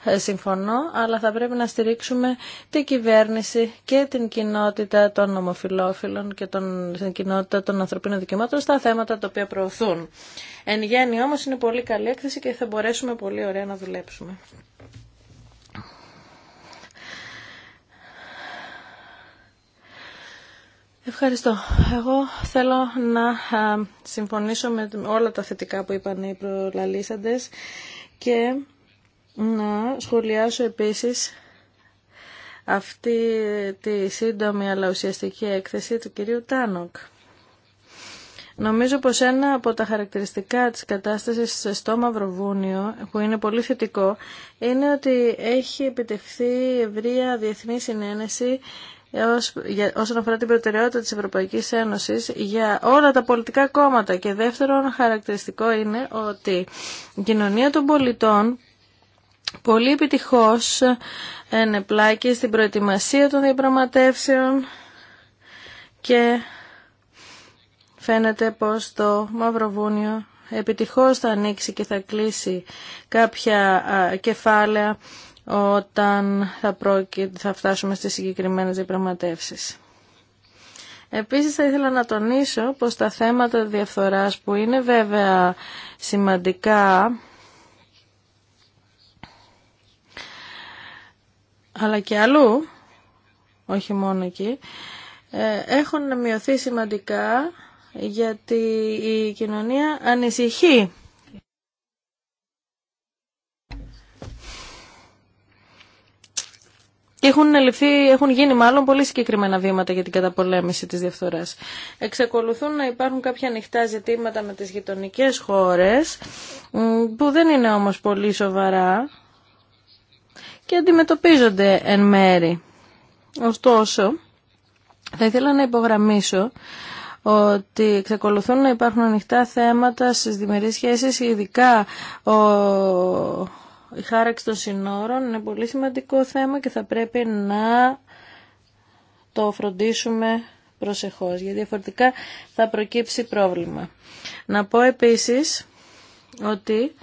ε, συμφωνώ, αλλά θα πρέπει να στηρίξουμε την κυβέρνηση και την κοινότητα των νομοφιλόφιλων και τον, την κοινότητα των ανθρωπίνων δικαιωμάτων στα θέματα τα οποία προωθούν. Εν γέννη όμως είναι πολύ καλή έκθεση και θα μπορέσουμε πολύ ωραία να δουλέψουμε. Ευχαριστώ. Εγώ θέλω να συμφωνήσω με όλα τα θετικά που είπαν οι προλαλήσαντες και να σχολιάσω επίσης αυτή τη σύντομη αλλά ουσιαστική έκθεση του κυρίου Τάνοκ. Νομίζω πως ένα από τα χαρακτηριστικά της κατάστασης στο Μαυροβούνιο, που είναι πολύ θετικό, είναι ότι έχει επιτευχθεί ευρεία διεθνή συνένεση όσον αφορά την προτεραιότητα της Ευρωπαϊκής Ένωσης για όλα τα πολιτικά κόμματα. Και δεύτερον χαρακτηριστικό είναι ότι η κοινωνία των πολιτών πολύ επιτυχώς ενεπλάκει στην προετοιμασία των διαπραγματεύσεων και φαίνεται πως το Μαυροβούνιο επιτυχώς θα ανοίξει και θα κλείσει κάποια κεφάλαια όταν θα, θα φτάσουμε στις συγκεκριμένες διαπραγματεύσεις. Επίσης θα ήθελα να τονίσω πως τα θέματα διαφθοράς που είναι βέβαια σημαντικά αλλά και αλλού, όχι μόνο εκεί, ε, έχουν μειωθεί σημαντικά γιατί η κοινωνία ανησυχεί Και έχουν, έχουν γίνει μάλλον πολύ συγκεκριμένα βήματα για την καταπολέμηση της διαφθοράς. Εξακολουθούν να υπάρχουν κάποια ανοιχτά ζητήματα με τις γειτονικέ χώρες, που δεν είναι όμως πολύ σοβαρά και αντιμετωπίζονται εν μέρη. Ωστόσο, θα ήθελα να υπογραμμίσω ότι εξακολουθούν να υπάρχουν ανοιχτά θέματα στις διμερείς σχέσεις, ειδικά ο η χάραξη των συνόρων είναι πολύ σημαντικό θέμα και θα πρέπει να το φροντίσουμε προσεχώς, γιατί διαφορετικά θα προκύψει πρόβλημα. Να πω επίσης ότι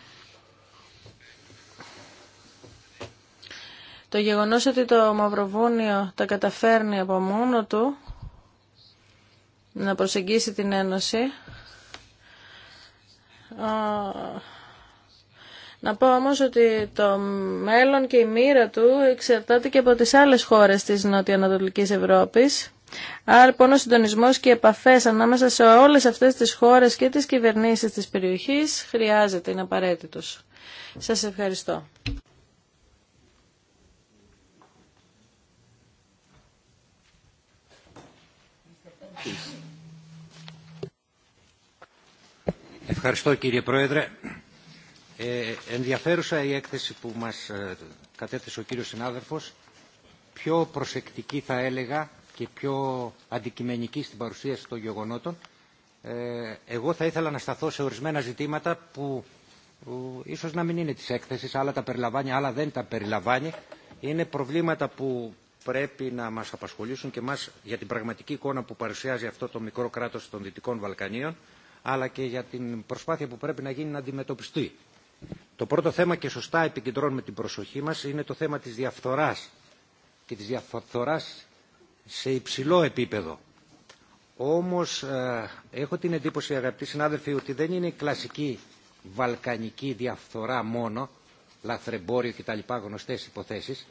το γεγονός ότι το Μαυροβούνιο τα καταφέρνει από μόνο του να προσεγγίσει την Ένωση να πω όμως ότι το μέλλον και η μοίρα του εξαρτάται και από τις άλλες χώρες της Νοτιοανατολικής Ευρώπης. Άρα λοιπόν, ο συντονισμό και επαφέ ανάμεσα σε όλε αυτέ τι χώρε και τι κυβερνήσει τη περιοχή χρειάζεται, είναι απαραίτητο. Σα ευχαριστώ. Ευχαριστώ κύριε Πρόεδρε. Ε, ενδιαφέρουσα η έκθεση που μας ε, κατέθεσε ο κύριος συνάδελφος, πιο προσεκτική θα έλεγα και πιο αντικειμενική στην παρουσίαση των γεγονότων. Ε, εγώ θα ήθελα να σταθώ σε ορισμένα ζητήματα που ίσως να μην είναι της έκθεσης, άλλα τα περιλαμβάνει, άλλα δεν τα περιλαμβάνει. Είναι προβλήματα που πρέπει να μας απασχολήσουν και μας για την πραγματική εικόνα που παρουσιάζει αυτό το μικρό κράτος των Δυτικών Βαλκανίων, αλλά και για την προσπάθεια που πρέπει να γίνει να αντιμετωπιστεί το πρώτο θέμα και σωστά επικεντρώνουμε την προσοχή μας είναι το θέμα της διαφθοράς και της διαφθοράς σε υψηλό επίπεδο. Όμως ε, έχω την εντύπωση αγαπητοί συνάδελφοι ότι δεν είναι η κλασική βαλκανική διαφθορά μόνο, λαθρεμπόριο λοιπά γνωστές υποθέσεις,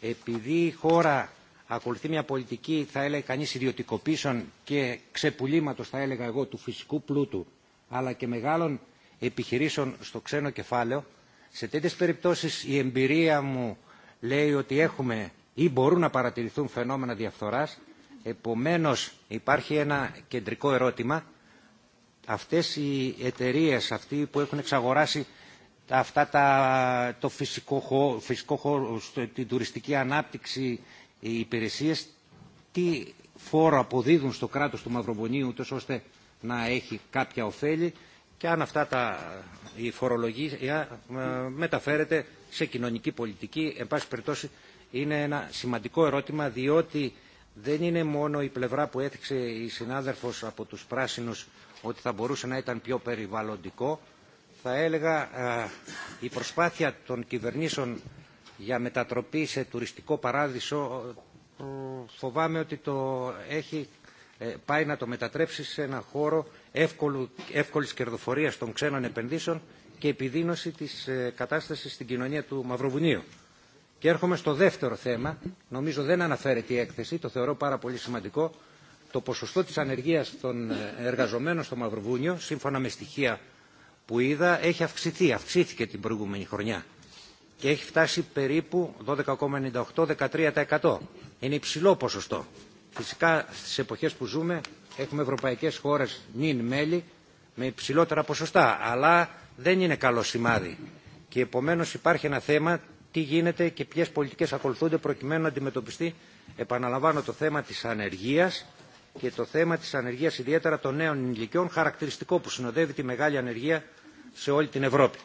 επειδή η χώρα ακολουθεί μια πολιτική, θα έλεγε κανείς, ιδιωτικοποίησεων και ξεπουλήματος, θα έλεγα εγώ, του φυσικού πλούτου, αλλά και μεγάλων επιχειρήσεων στο ξένο κεφάλαιο. Σε τέτοιες περιπτώσεις η εμπειρία μου λέει ότι έχουμε ή μπορούν να παρατηρηθούν φαινόμενα διαφθοράς. Επομένως υπάρχει ένα κεντρικό ερώτημα. Αυτές οι εταιρείε αυτοί που έχουν εξαγοράσει αυτά τα, το φυσικό χώρο, την τουριστική ανάπτυξη, οι υπηρεσίες, τι φόρο αποδίδουν στο κράτος του Μαυροβονίου, ώστε να έχει κάποια ωφέλη και αν αυτά τα, η φορολογία ε, μεταφέρεται σε κοινωνική πολιτική, εν πάση περιπτώσει είναι ένα σημαντικό ερώτημα διότι δεν είναι μόνο η πλευρά που έθιξε η συνάδελφος από τους πράσινους ότι θα μπορούσε να ήταν πιο περιβαλλοντικό. Θα έλεγα ε, η προσπάθεια των κυβερνήσεων για μετατροπή σε τουριστικό παράδεισο ε, φοβάμαι ότι το έχει ε, πάει να το μετατρέψει σε ένα χώρο εύκολης κερδοφορίας των ξένων επενδύσεων και επιδείνωση της ε, κατάστασης στην κοινωνία του Μαυροβουνίου. Και έρχομαι στο δεύτερο θέμα, νομίζω δεν αναφέρεται η έκθεση, το θεωρώ πάρα πολύ σημαντικό, το ποσοστό της ανεργίας των ε, εργαζομένων στο Μαυροβούνιο, σύμφωνα με στοιχεία που είδα, έχει αυξηθεί, αυξήθηκε την προηγούμενη χρονιά και έχει φτάσει περίπου 12,98-13%. Είναι υψηλό ποσοστό. Φυσικά στις εποχές που ζούμε έχουμε ευρωπαϊκές χώρες νυν μέλη με υψηλότερα ποσοστά, αλλά δεν είναι καλό σημάδι. Και επομένως υπάρχει ένα θέμα τι γίνεται και ποιες πολιτικές ακολουθούνται προκειμένου να αντιμετωπιστεί, επαναλαμβάνω, το θέμα της ανεργίας και το θέμα της ανεργίας ιδιαίτερα των νέων ηλικιών, χαρακτηριστικό που συνοδεύει τη μεγάλη ανεργία σε όλη την Ευρώπη.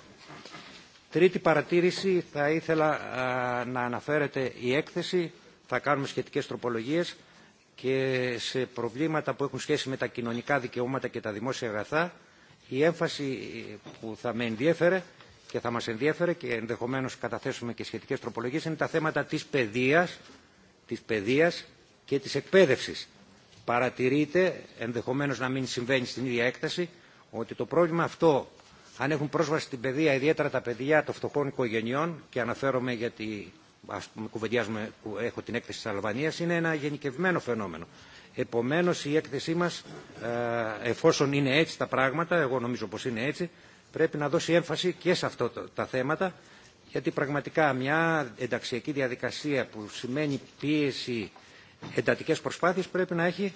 Τρίτη παρατήρηση, θα ήθελα να αναφέρεται η έκθεση, θα κάνουμε σχετικές τροπολογίες, και σε προβλήματα που έχουν σχέση με τα κοινωνικά δικαιώματα και τα δημόσια αγαθά, η έμφαση που θα με ενδιέφερε και θα μας ενδιέφερε και ενδεχομένως καταθέσουμε και σχετικές τροπολογίες είναι τα θέματα της παιδείας, της παιδείας και της εκπαίδευσης. Παρατηρείται, ενδεχομένως να μην συμβαίνει στην ίδια έκταση, ότι το πρόβλημα αυτό, αν έχουν πρόσβαση στην παιδεία, ιδιαίτερα τα παιδιά των φτωχών οικογενειών, και αναφέρομαι γιατί κουβεντιάζουμε, έχω την έκθεση της Αλβανίας, είναι ένα γενικευμένο φαινόμενο. Επομένως η έκθεσή μας, ε, εφόσον είναι έτσι τα πράγματα, εγώ νομίζω πως είναι έτσι, πρέπει να δώσει έμφαση και σε αυτά τα θέματα, γιατί πραγματικά μια ενταξιακή διαδικασία που σημαίνει πίεση εντατικές προσπάθειες πρέπει να έχει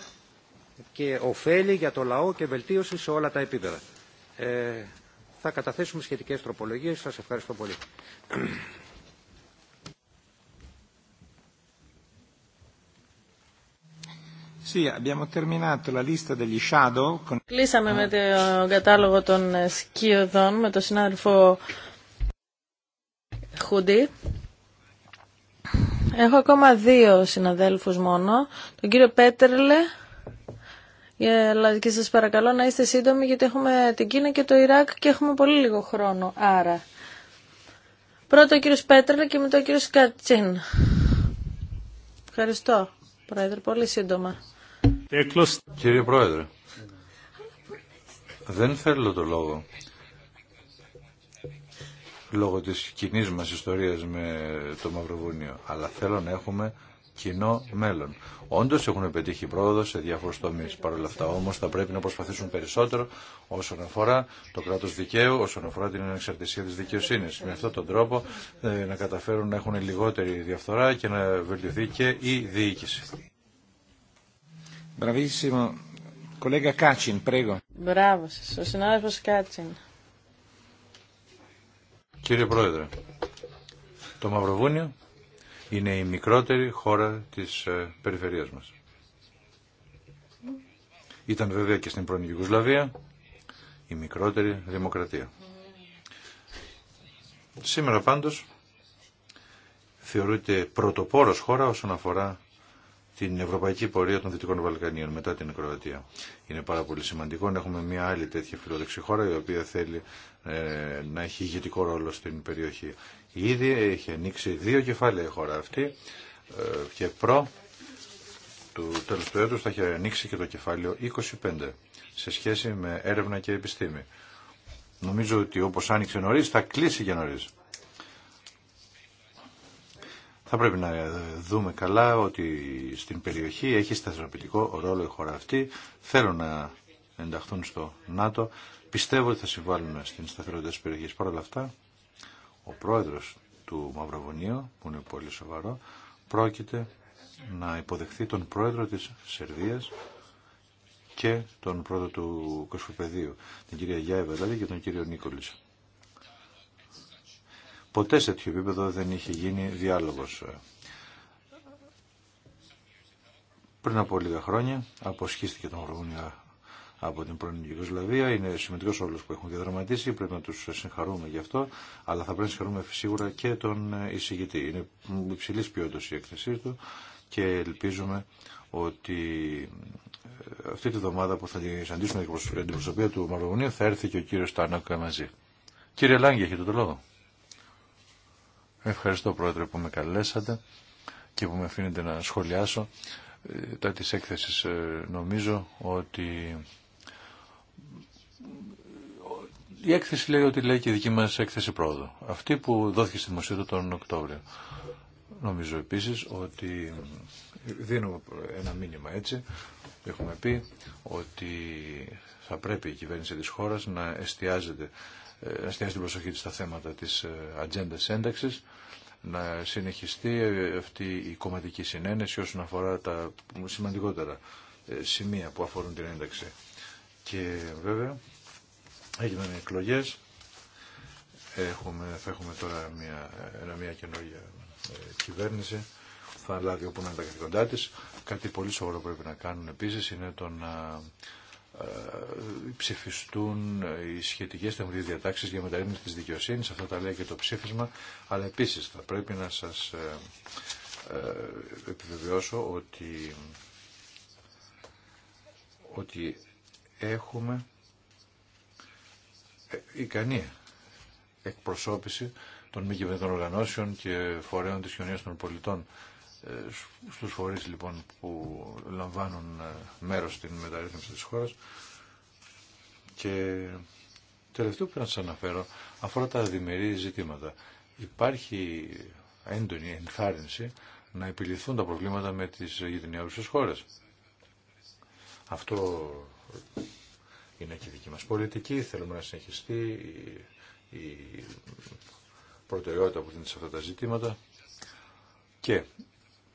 και ωφέλη για το λαό και βελτίωση σε όλα τα επίπεδα. Ε, θα καταθέσουμε σχετικές τροπολογίες. Σας ευχαριστώ πολύ. Κλείσαμε με τον κατάλογο των σκιωδών με τον συνάδελφο Χούντι. Έχω ακόμα δύο συναδέλφους μόνο. Τον κύριο Πέτερλε, και σας παρακαλώ να είστε σύντομοι γιατί έχουμε την Κίνα και το Ιράκ και έχουμε πολύ λίγο χρόνο. Άρα, πρώτο ο κύριος Πέτερλε και μετά ο κύριος Κατσίν. Ευχαριστώ. Πρόεδρε, πολύ σύντομα. Κύριε Πρόεδρε, δεν θέλω το λόγο. Λόγω της κοινή μας ιστορίας με το Μαυροβούνιο. Αλλά θέλω να έχουμε κοινό μέλλον. Όντω έχουν πετύχει πρόοδο σε διάφορου τομεί. Παρ' όλα αυτά όμω θα πρέπει να προσπαθήσουν περισσότερο όσον αφορά το κράτο δικαίου, όσον αφορά την ανεξαρτησία τη δικαιοσύνη. Με αυτόν τον τρόπο ε, να καταφέρουν να έχουν λιγότερη διαφθορά και να βελτιωθεί και η διοίκηση. Ο Κάτσιν. Κύριε Πρόεδρε, το Μαυροβούνιο είναι η μικρότερη χώρα της ε, περιφερειάς μας. Ήταν βέβαια και στην πρώην Ιουγκοσλαβία η μικρότερη δημοκρατία. Σήμερα πάντως θεωρείται πρωτοπόρος χώρα όσον αφορά την ευρωπαϊκή πορεία των Δυτικών Βαλκανίων μετά την Κροατία. Είναι πάρα πολύ σημαντικό να έχουμε μια άλλη τέτοια φιλόδοξη χώρα η οποία θέλει ε, να έχει ηγετικό ρόλο στην περιοχή. Ήδη έχει ανοίξει δύο κεφάλαια η χώρα αυτή ε, και προ του τέλους του έτους θα έχει ανοίξει και το κεφάλαιο 25 σε σχέση με έρευνα και επιστήμη. Νομίζω ότι όπως άνοιξε νωρίς θα κλείσει και νωρίς. Θα πρέπει να δούμε καλά ότι στην περιοχή έχει σταθεροποιητικό ρόλο η χώρα αυτή. Θέλουν να ενταχθούν στο ΝΑΤΟ. Πιστεύω ότι θα συμβάλλουν στην σταθερότητα της περιοχής. Παρ' όλα αυτά, ο πρόεδρος του Μαυροβουνίου, που είναι πολύ σοβαρό, πρόκειται να υποδεχθεί τον πρόεδρο της Σερβίας και τον πρόεδρο του Κοσμοπεδίου, την κυρία Γιάεβα δηλαδή και τον κύριο Νίκολης. Ποτέ σε τέτοιο επίπεδο δεν είχε γίνει διάλογος. Πριν από λίγα χρόνια αποσχίστηκε τον Ρουμούνια από την πρώην Ιουγκοσλαβία. Είναι σημαντικό όλο που έχουν διαδραματίσει, πρέπει να του συγχαρούμε γι' αυτό, αλλά θα πρέπει να συγχαρούμε σίγουρα και τον εισηγητή. Είναι υψηλή ποιότητα η έκθεσή του και ελπίζουμε ότι ε, αυτή τη βδομάδα που θα συναντήσουμε την προσωπία του Μαυροβουνίου θα έρθει και ο κύριο Τάνακα μαζί. Κύριε Λάγκη, έχετε το λόγο. Ευχαριστώ πρόεδρε που με καλέσατε και που με αφήνετε να σχολιάσω ε, τα της έκθεσης ε, νομίζω ότι ε, η έκθεση λέει ότι λέει και η δική μας έκθεση πρόοδο. Αυτή που δόθηκε στη δημοσίευση τον Οκτώβριο. Νομίζω επίσης ότι δίνουμε ένα μήνυμα έτσι. Έχουμε πει ότι θα πρέπει η κυβέρνηση της χώρας να εστιάζεται εστιάσει την προσοχή της στα θέματα της ε, ατζέντα ένταξης, να συνεχιστεί ε, αυτή η κομματική συνένεση όσον αφορά τα σημαντικότερα ε, σημεία που αφορούν την ένταξη. Και βέβαια έγιναν εκλογές, έχουμε, θα έχουμε τώρα μια, ένα, μια καινούργια κυβέρνηση θα λάβει όπου να είναι τα καθηκοντά της. Κάτι πολύ σοβαρό πρέπει να κάνουν επίση είναι το να ψηφιστούν οι σχετικές θεμελιώδεις διατάξεις για μεταρρύθμιση της δικαιοσύνης, αυτό τα λέει και το ψήφισμα, αλλά επίσης θα πρέπει να σας ε, ε, επιβεβαιώσω ότι, ότι έχουμε ικανή εκπροσώπηση των μη κυβερνητικών οργανώσεων και φορέων της κοινωνίας των πολιτών ε, στους φορείς λοιπόν που λαμβάνουν ε, μέρος στην μεταρρύθμιση της χώρας και τελευταίο που να σας αναφέρω αφορά τα διμερεί ζητήματα. Υπάρχει έντονη ενθάρρυνση να επιληθούν τα προβλήματα με τις γειτονιάρουσες χώρες. Αυτό είναι και δική μας πολιτική, θέλουμε να συνεχιστεί η προτεραιότητα που δίνει σε αυτά τα ζητήματα και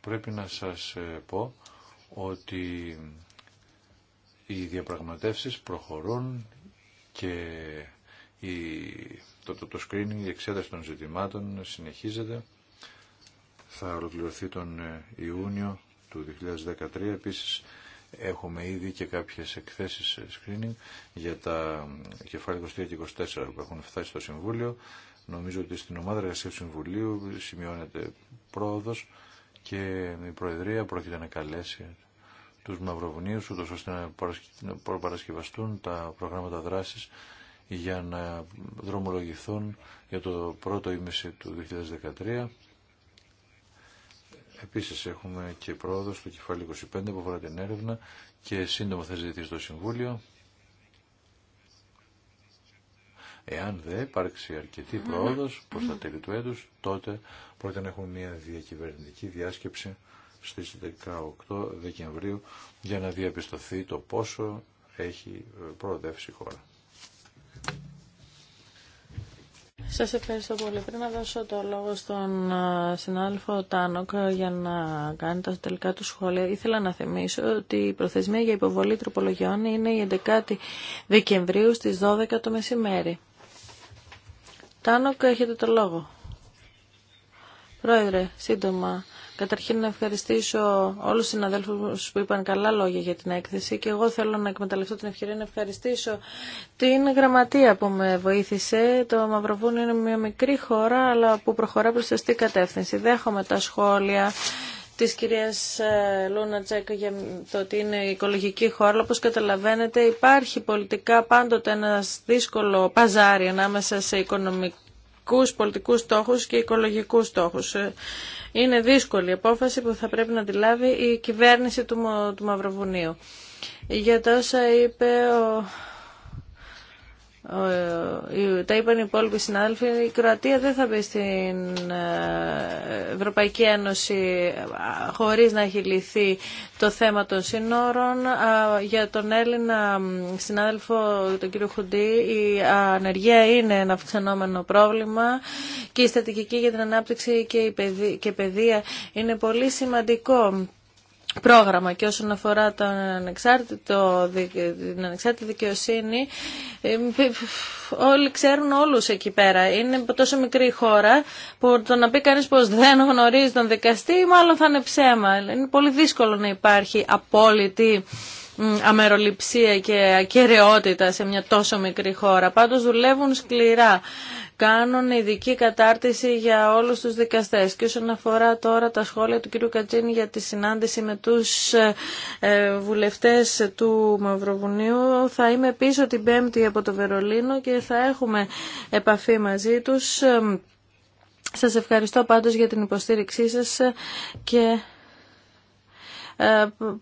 πρέπει να σας ε, πω ότι οι διαπραγματεύσεις προχωρούν και η, το, το, το screening, η εξέταση των ζητημάτων συνεχίζεται. Θα ολοκληρωθεί τον ε, Ιούνιο του 2013. Επίσης έχουμε ήδη και κάποιες εκθέσεις ε, screening για τα κεφάλαια 23 και 24 που έχουν φτάσει στο Συμβούλιο. Νομίζω ότι στην ομάδα εργασίας του Συμβουλίου σημειώνεται πρόοδος και η Προεδρία πρόκειται να καλέσει τους Μαυροβουνίους ούτως ώστε να προπαρασκευαστούν τα προγράμματα δράσης για να δρομολογηθούν για το πρώτο ήμιση του 2013. Επίσης έχουμε και πρόοδο στο κεφάλαιο 25 που αφορά την έρευνα και σύντομα θα ζητηθεί στο Συμβούλιο. Εάν δεν υπάρξει αρκετή πρόοδος προς τα τέλη του έτους, τότε πρέπει να έχουμε μια διακυβερνητική διάσκεψη στις 18 Δεκεμβρίου για να διαπιστωθεί το πόσο έχει προοδεύσει η χώρα. Σας ευχαριστώ πολύ. Πριν να δώσω το λόγο στον συνάδελφο Τάνοκ για να κάνει τα τελικά του σχόλια, ήθελα να θυμίσω ότι η προθεσμία για υποβολή τροπολογιών είναι η 11η Δεκεμβρίου στις 12 το μεσημέρι. Τάνοκ, έχετε το λόγο. Πρόεδρε, σύντομα. Καταρχήν να ευχαριστήσω όλους τους συναδέλφου που είπαν καλά λόγια για την έκθεση και εγώ θέλω να εκμεταλλευτώ την ευκαιρία να ευχαριστήσω την γραμματεία που με βοήθησε. Το Μαυροβούνιο είναι μια μικρή χώρα αλλά που προχωρά προς σωστή κατεύθυνση. Δέχομαι τα σχόλια της κυρίας ε, Λούνα Τζέκο για το ότι είναι οικολογική χώρα. Όπως καταλαβαίνετε υπάρχει πολιτικά πάντοτε ένα δύσκολο παζάρι ανάμεσα σε οικονομικούς πολιτικούς στόχους και οικολογικούς στόχους. Ε, είναι δύσκολη η απόφαση που θα πρέπει να τη λάβει η κυβέρνηση του, Μαυροβουνίου. Για είπε ο τα είπαν οι υπόλοιποι συνάδελφοι, η Κροατία δεν θα μπει στην ε, Ευρωπαϊκή Ένωση ε, χωρίς να έχει λυθεί το θέμα των σύνορων. Για τον Έλληνα συνάδελφο, τον κύριο Χουντή, η ανεργία είναι ένα αυξανόμενο πρόβλημα και η στατικική για την ανάπτυξη και η παιδεία είναι πολύ σημαντικό πρόγραμμα και όσον αφορά τον ανεξάρτητο, την ανεξάρτητη δικαιοσύνη ε, όλοι ξέρουν όλους εκεί πέρα είναι τόσο μικρή η χώρα που το να πει κανείς πως δεν γνωρίζει τον δικαστή μάλλον θα είναι ψέμα είναι πολύ δύσκολο να υπάρχει απόλυτη αμεροληψία και ακαιρεότητα σε μια τόσο μικρή χώρα. Πάντως δουλεύουν σκληρά κάνουν ειδική κατάρτιση για όλους τους δικαστές. Και όσον αφορά τώρα τα σχόλια του κ. Κατζίνη για τη συνάντηση με τους ε, ε, βουλευτές του Μαυροβουνίου, θα είμαι πίσω την Πέμπτη από το Βερολίνο και θα έχουμε επαφή μαζί τους. Ε, σας ευχαριστώ πάντως για την υποστήριξή σας και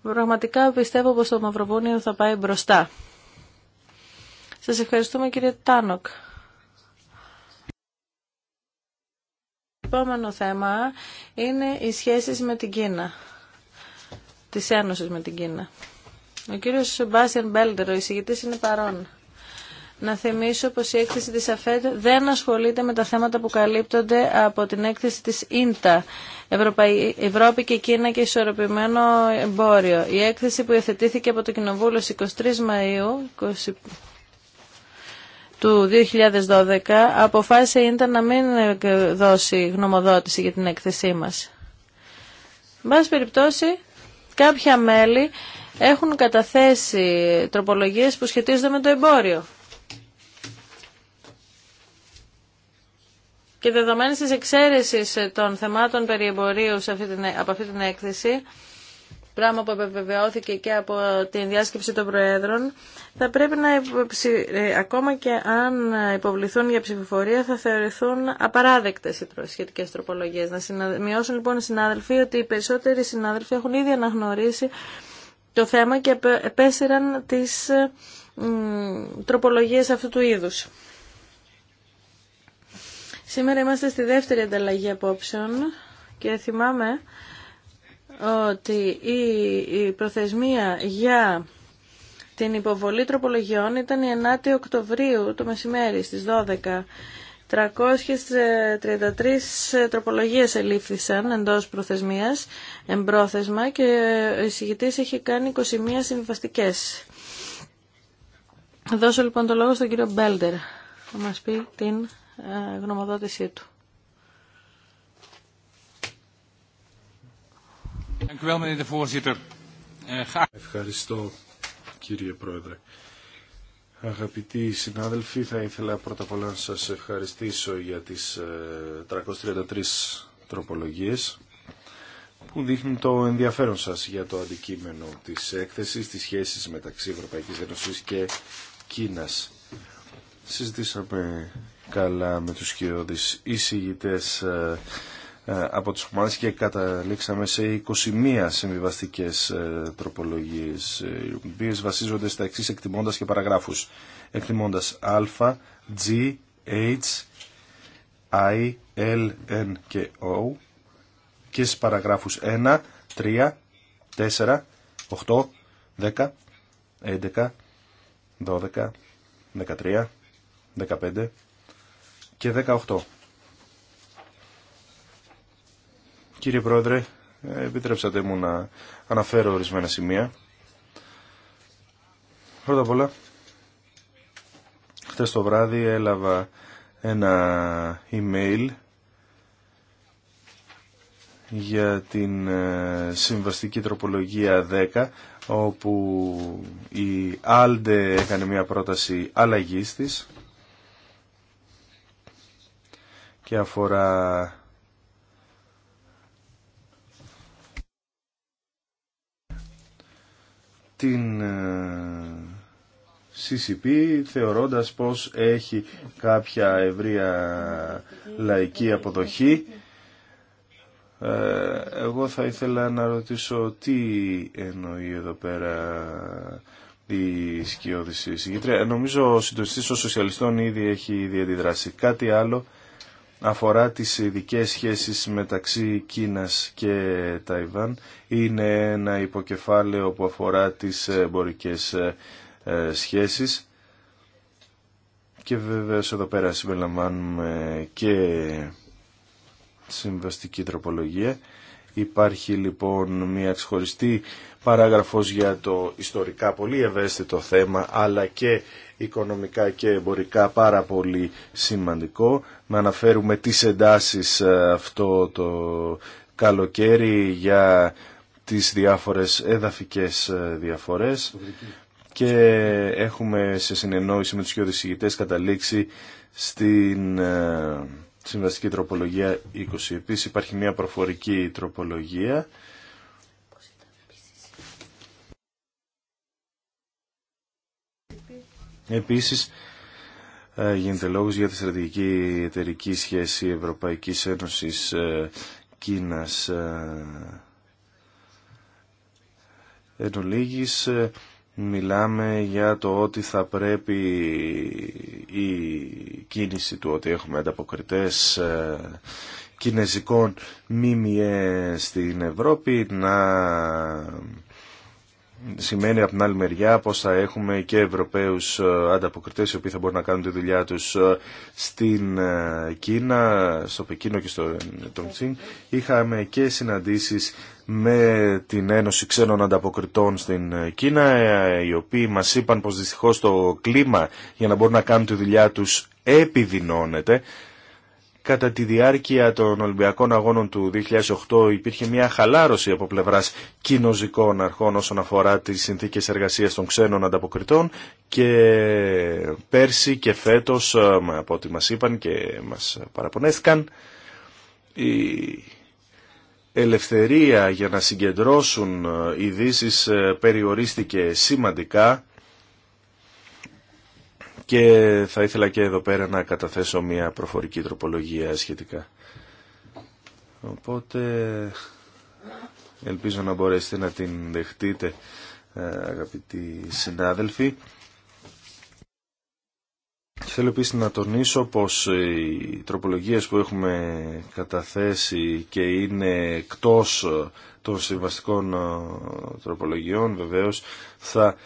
πραγματικά πιστεύω πως το Μαυροβούνιο θα πάει μπροστά. Σας ευχαριστούμε κύριε Τάνοκ. επόμενο θέμα είναι οι σχέσεις με την Κίνα, τις Ένωση με την Κίνα. Ο κύριος Μπάσιαν Μπέλτερ, ο εισηγητής, είναι παρόν. Να θυμίσω πως η έκθεση της ΑΦΕΤ δεν ασχολείται με τα θέματα που καλύπτονται από την έκθεση της ΙΝΤΑ, Ευρώπη και Κίνα και ισορροπημένο εμπόριο. Η έκθεση που εθετήθηκε από το Κοινοβούλιο 23 Μαΐου, του 2012 αποφάσισε ήταν να μην δώσει γνωμοδότηση για την έκθεσή μας. πάση περιπτώσει, κάποια μέλη έχουν καταθέσει τροπολογίες που σχετίζονται με το εμπόριο. Και δεδομένης της εξαίρεσης των θεμάτων περιεμπορίου από αυτή την έκθεση, πράγμα που επιβεβαιώθηκε και από την διάσκεψη των Προέδρων, θα πρέπει να ε, ακόμα και αν υποβληθούν για ψηφοφορία θα θεωρηθούν απαράδεκτες οι σχετικές τροπολογίες. Να μειώσουν λοιπόν οι συνάδελφοι ότι οι περισσότεροι συνάδελφοι έχουν ήδη αναγνωρίσει το θέμα και επέσυραν τις ε, τροπολογίες αυτού του είδους. Σήμερα είμαστε στη δεύτερη ανταλλαγή απόψεων και θυμάμαι ότι η προθεσμία για την υποβολή τροπολογιών ήταν η 9η Οκτωβρίου το μεσημέρι στις 12. 333 ε, ε, τροπολογίες ελήφθησαν εντός προθεσμίας, εμπρόθεσμα και ο εισηγητής έχει κάνει 21 συμβαστικέ. Δώσω λοιπόν το λόγο στον κύριο Μπέλτερ να μας πει την ε, γνωμοδότησή του. Eh, Ευχαριστώ κύριε Πρόεδρε. Αγαπητοί συνάδελφοι, θα ήθελα πρώτα απ' όλα να σας ευχαριστήσω για τις 333 ε, τροπολογίες που δείχνουν το ενδιαφέρον σας για το αντικείμενο της έκθεσης, της σχέσης μεταξύ Ευρωπαϊκής Ένωσης και Κίνας. Συζητήσαμε καλά με τους κυριώδεις εισηγητές ε, ε, από τις ομάδες και καταλήξαμε σε 21 συμβιβαστικέ ε, τροπολογίες ε, οι οποίες βασίζονται στα εξής εκτιμώντας και παραγράφους εκτιμώντας α, g, h, i, l, n και o και στις παραγράφους 1, 3, 4, 8, 10, 11, 12, 13, 15 και 18 Κύριε Πρόεδρε, επιτρέψατε μου να αναφέρω ορισμένα σημεία. Πρώτα απ' όλα, χτες το βράδυ έλαβα ένα email για την ε, συμβαστική τροπολογία 10 όπου η Άλντε έκανε μια πρόταση αλλαγής της και αφορά την ε, CCP θεωρώντας πως έχει κάποια ευρεία λαϊκή αποδοχή. Ε, εγώ θα ήθελα να ρωτήσω τι εννοεί εδώ πέρα η σκιώδηση ε, Νομίζω ο συντονιστής των σοσιαλιστών ήδη έχει ήδη Κάτι άλλο αφορά τις ειδικές σχέσεις μεταξύ Κίνας και Ταϊβάν. Είναι ένα υποκεφάλαιο που αφορά τις εμπορικέ ε, ε, σχέσεις. Και βέβαια εδώ πέρα συμπεριλαμβάνουμε και συμβαστική τροπολογία. Υπάρχει λοιπόν μια ξεχωριστή παράγραφος για το ιστορικά πολύ ευαίσθητο θέμα αλλά και οικονομικά και εμπορικά πάρα πολύ σημαντικό. Να αναφέρουμε τις εντάσεις ε, αυτό το καλοκαίρι για τις διάφορες εδαφικές ε, διαφορές και έχουμε σε συνεννόηση με τους πιο καταλήξει στην ε, συμβαστική τροπολογία 20. Επίσης υπάρχει μια προφορική τροπολογία Επίσης, ε, γίνεται λόγος για τη στρατηγική εταιρική σχέση Ευρωπαϊκής Ένωσης ε, Κίνας ε, εν μιλάμε για το ότι θα πρέπει η κίνηση του ότι έχουμε ανταποκριτές κινέζικων μίμιε στην Ευρώπη να σημαίνει από την άλλη μεριά πως θα έχουμε και Ευρωπαίους ε, ανταποκριτές οι οποίοι θα μπορούν να κάνουν τη δουλειά τους ε, στην ε, Κίνα, στο Πεκίνο και στο Τοντσίν. Είχαμε και συναντήσεις με την Ένωση Ξένων Ανταποκριτών στην Κίνα οι οποίοι μας είπαν πως δυστυχώς το κλίμα για να μπορούν να κάνουν τη δουλειά τους επιδεινώνεται κατά τη διάρκεια των Ολυμπιακών Αγώνων του 2008 υπήρχε μια χαλάρωση από πλευράς κοινοζικών αρχών όσον αφορά τις συνθήκες εργασίας των ξένων ανταποκριτών και πέρσι και φέτος, ε, από ό,τι μας είπαν και μας παραπονέθηκαν, η ελευθερία για να συγκεντρώσουν ε, ειδήσει ε, περιορίστηκε σημαντικά και θα ήθελα και εδώ πέρα να καταθέσω μια προφορική τροπολογία σχετικά. Οπότε ελπίζω να μπορέσετε να την δεχτείτε ε, αγαπητοί συνάδελφοι. Θέλω επίση να τονίσω πως οι τροπολογίες που έχουμε καταθέσει και είναι εκτός των συμβαστικών ε, τροπολογιών βεβαίως θα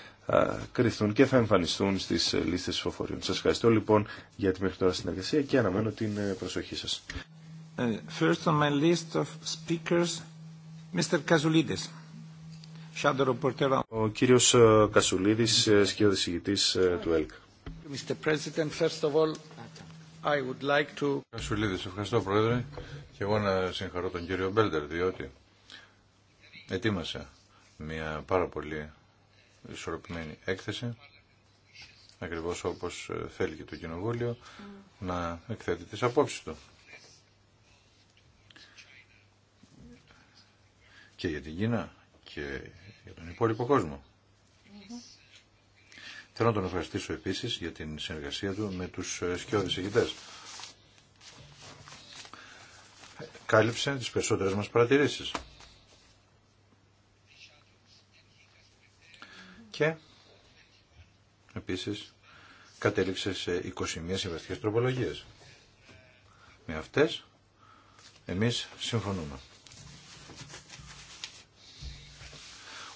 κρυφτούν και θα εμφανιστούν στις ε, λίστες ψηφοφορίων. Σας ευχαριστώ λοιπόν για τη μέχρι τώρα συνεργασία και αναμένω την ε, προσοχή σας. Ε, first on my list of speakers, Mr. Ο κύριος Κασουλίδης, σκιώδης ηγητής του ΕΛΚ. Mr. President, first of all, I would like to... Κασουλίδης, ευχαριστώ Πρόεδρε και εγώ να συγχαρώ τον κύριο Μπέλτερ διότι ετοίμασε μια πάρα πολύ ισορροπημένη έκθεση, ακριβώς όπως ε, θέλει και το Κοινοβούλιο, να εκθέτει τις απόψεις του. Και για την Κίνα και για τον υπόλοιπο κόσμο. Θέλω να τον ευχαριστήσω επίσης για την συνεργασία του με τους ε, σκιώδεις ηγητές. Κάλυψε τις περισσότερες μας παρατηρήσεις. και επίσης κατέληξε σε 21 συμβαστικές τροπολογίες. Με αυτές εμείς συμφωνούμε.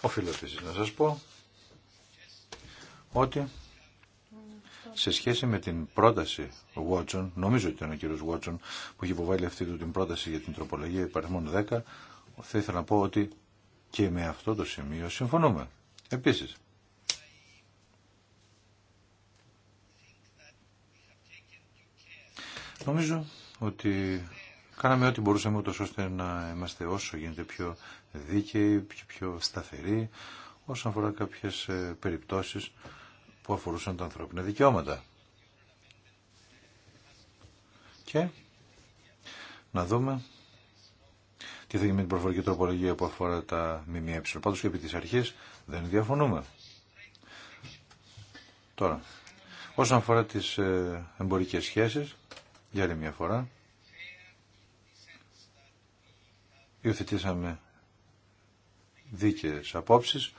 Οφείλω επίση να σας πω ότι σε σχέση με την πρόταση Watson, νομίζω ότι ήταν ο κύριος Watson που έχει υποβάλει αυτή του την πρόταση για την τροπολογία υπαριθμών 10, θα ήθελα να πω ότι και με αυτό το σημείο συμφωνούμε. Επίσης, Νομίζω ότι κάναμε ό,τι μπορούσαμε ούτως ώστε να είμαστε όσο γίνεται πιο δίκαιοι, πιο, πιο σταθεροί όσον αφορά κάποιες ε, περιπτώσεις που αφορούσαν τα ανθρώπινα δικαιώματα. Και να δούμε τι θα γίνει με την προφορική τροπολογία που αφορά τα ΜΜΕ. Πάντως και επί της αρχής δεν διαφωνούμε. Τώρα, όσον αφορά τις ε, εμπορικές σχέσεις, για άλλη μια φορά υιοθετήσαμε δίκαιες απόψεις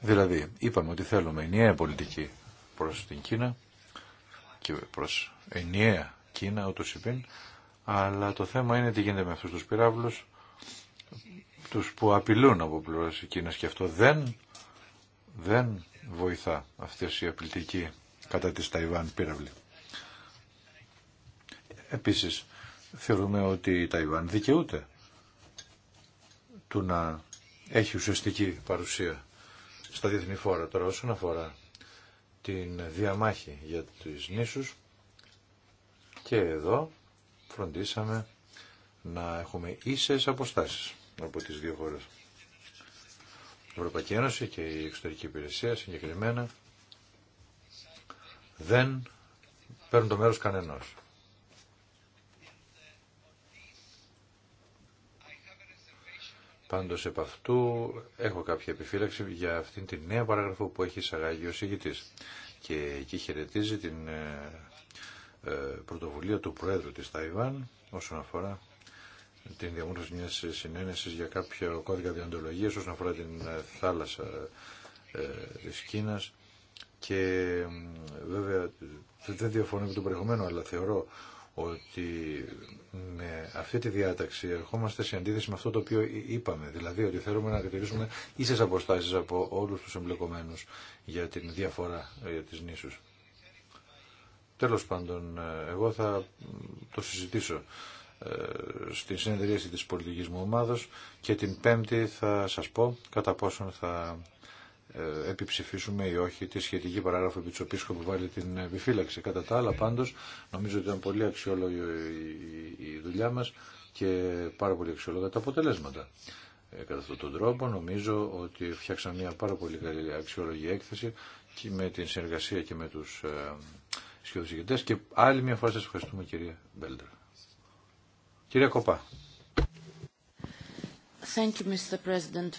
δηλαδή είπαμε ότι θέλουμε ενιαία πολιτική προς την Κίνα και προς ενιαία Κίνα ούτως υπήν αλλά το θέμα είναι τι γίνεται με αυτούς τους πυράβλους τους που απειλούν από πλευράς Κίνα και αυτό δεν, δεν βοηθά αυτές οι απειλητικοί κατά της Ταϊβάν πύραυλοι. Επίσης, θεωρούμε ότι η Ταϊβάν δικαιούται του να έχει ουσιαστική παρουσία στα διεθνή φόρα. Τώρα όσον αφορά την διαμάχη για τις νήσους και εδώ φροντίσαμε να έχουμε ίσες αποστάσεις από τις δύο χώρες. Η Ευρωπαϊκή Ένωση και η Εξωτερική Υπηρεσία συγκεκριμένα δεν παίρνουν το μέρος κανένας. Πάντω επ' αυτού έχω κάποια επιφύλαξη για αυτήν την νέα παράγραφο που έχει εισαγάγει ο συγητής και εκεί χαιρετίζει την ε, ε, πρωτοβουλία του Προέδρου της Ταϊβάν όσον αφορά την διαμόρφωση μια συνένεσης για κάποιο κώδικα διοντολογίας όσον αφορά την ε, θάλασσα της Κίνας και βέβαια δεν διαφωνώ με το προηγούμενο αλλά θεωρώ ότι με αυτή τη διάταξη ερχόμαστε σε αντίθεση με αυτό το οποίο είπαμε, δηλαδή ότι θέλουμε να διατηρήσουμε ίσες αποστάσεις από όλους τους εμπλεκομένους για την διαφορά για τις νήσους. Τέλος πάντων, ε, εγώ θα το συζητήσω ε, στην συνεδρίαση της πολιτικής μου ομάδος και την πέμπτη θα σας πω κατά πόσον θα ε, επιψηφίσουμε ή όχι τη σχετική παράγραφο επί της οποίας βάλει την επιφύλαξη. Κατά τα άλλα πάντως νομίζω ότι ήταν πολύ αξιόλογη η οχι τη σχετικη παραγραφο επι της που βαλει την επιφυλαξη κατα τα αλλα παντως νομιζω οτι ηταν πολυ αξιολογη η δουλεια μας και πάρα πολύ αξιόλογα τα αποτελέσματα. Ε, κατά αυτόν τον τρόπο νομίζω ότι φτιάξαμε μια πάρα πολύ καλή αξιόλογη έκθεση και με την συνεργασία και με τους ε, σχεδοσυγητές και άλλη μια φορά σας ευχαριστούμε κυρία Μπέλτερ. Κυρία Κοπά. Thank you, Mr. President.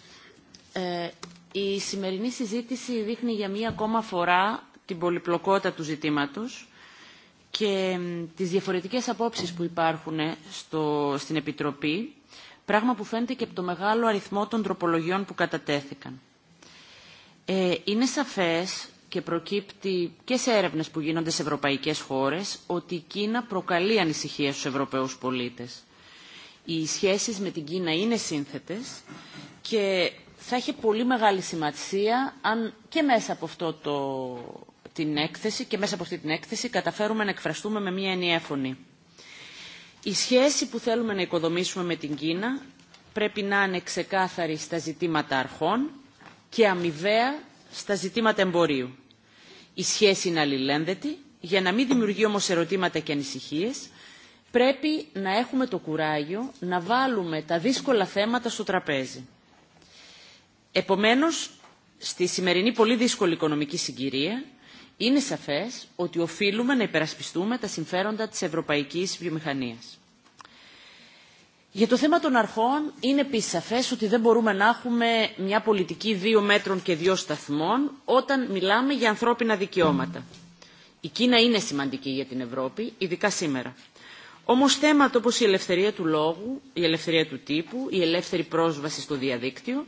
Η σημερινή συζήτηση δείχνει για μία ακόμα φορά την πολυπλοκότητα του ζητήματος και τις διαφορετικές απόψεις που υπάρχουν ε, στο, στην Επιτροπή, πράγμα που φαίνεται και από το μεγάλο αριθμό των τροπολογιών που κατατέθηκαν. Ε, είναι σαφές και προκύπτει και σε έρευνες που γίνονται σε ευρωπαϊκές χώρες ότι η Κίνα προκαλεί ανησυχία στους Ευρωπαίους πολίτες. Οι σχέσεις με την Κίνα είναι σύνθετες και θα έχει πολύ μεγάλη σημασία αν και μέσα από αυτό το, την έκθεση και μέσα από αυτή την έκθεση καταφέρουμε να εκφραστούμε με μια ενιαία φωνή. Η σχέση που θέλουμε να οικοδομήσουμε με την Κίνα πρέπει να είναι ξεκάθαρη στα ζητήματα αρχών και αμοιβαία στα ζητήματα εμπορίου. Η σχέση είναι αλληλένδετη, για να μην δημιουργεί όμως ερωτήματα και ανησυχίες, πρέπει να έχουμε το κουράγιο να βάλουμε τα δύσκολα θέματα στο τραπέζι. Επομένως, στη σημερινή πολύ δύσκολη οικονομική συγκυρία, είναι σαφές ότι οφείλουμε να υπερασπιστούμε τα συμφέροντα της ευρωπαϊκής βιομηχανίας. Για το θέμα των αρχών είναι επίση σαφές ότι δεν μπορούμε να έχουμε μια πολιτική δύο μέτρων και δύο σταθμών όταν μιλάμε για ανθρώπινα δικαιώματα. Η Κίνα είναι σημαντική για την Ευρώπη, ειδικά σήμερα. Όμω θέματα όπω η ελευθερία του λόγου, η ελευθερία του τύπου, η ελεύθερη πρόσβαση στο διαδίκτυο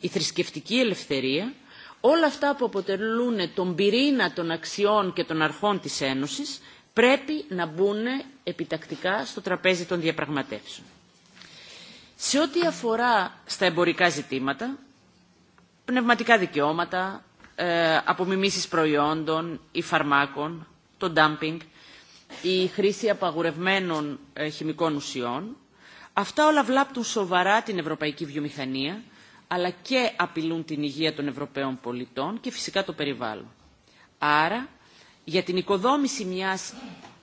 η θρησκευτική ελευθερία, όλα αυτά που αποτελούν τον πυρήνα των αξιών και των αρχών της Ένωσης πρέπει να μπουν επιτακτικά στο τραπέζι των διαπραγματεύσεων. Σε ό,τι αφορά στα εμπορικά ζητήματα, πνευματικά δικαιώματα, ε, απομιμήσεις προϊόντων ή φαρμάκων, το dumping, η χρήση απαγορευμένων ε, χημικών ουσιών, αυτά όλα βλάπτουν σοβαρά την ευρωπαϊκή βιομηχανία αλλά και απειλούν την υγεία των Ευρωπαίων πολιτών και φυσικά το περιβάλλον. Άρα, για την οικοδόμηση μιας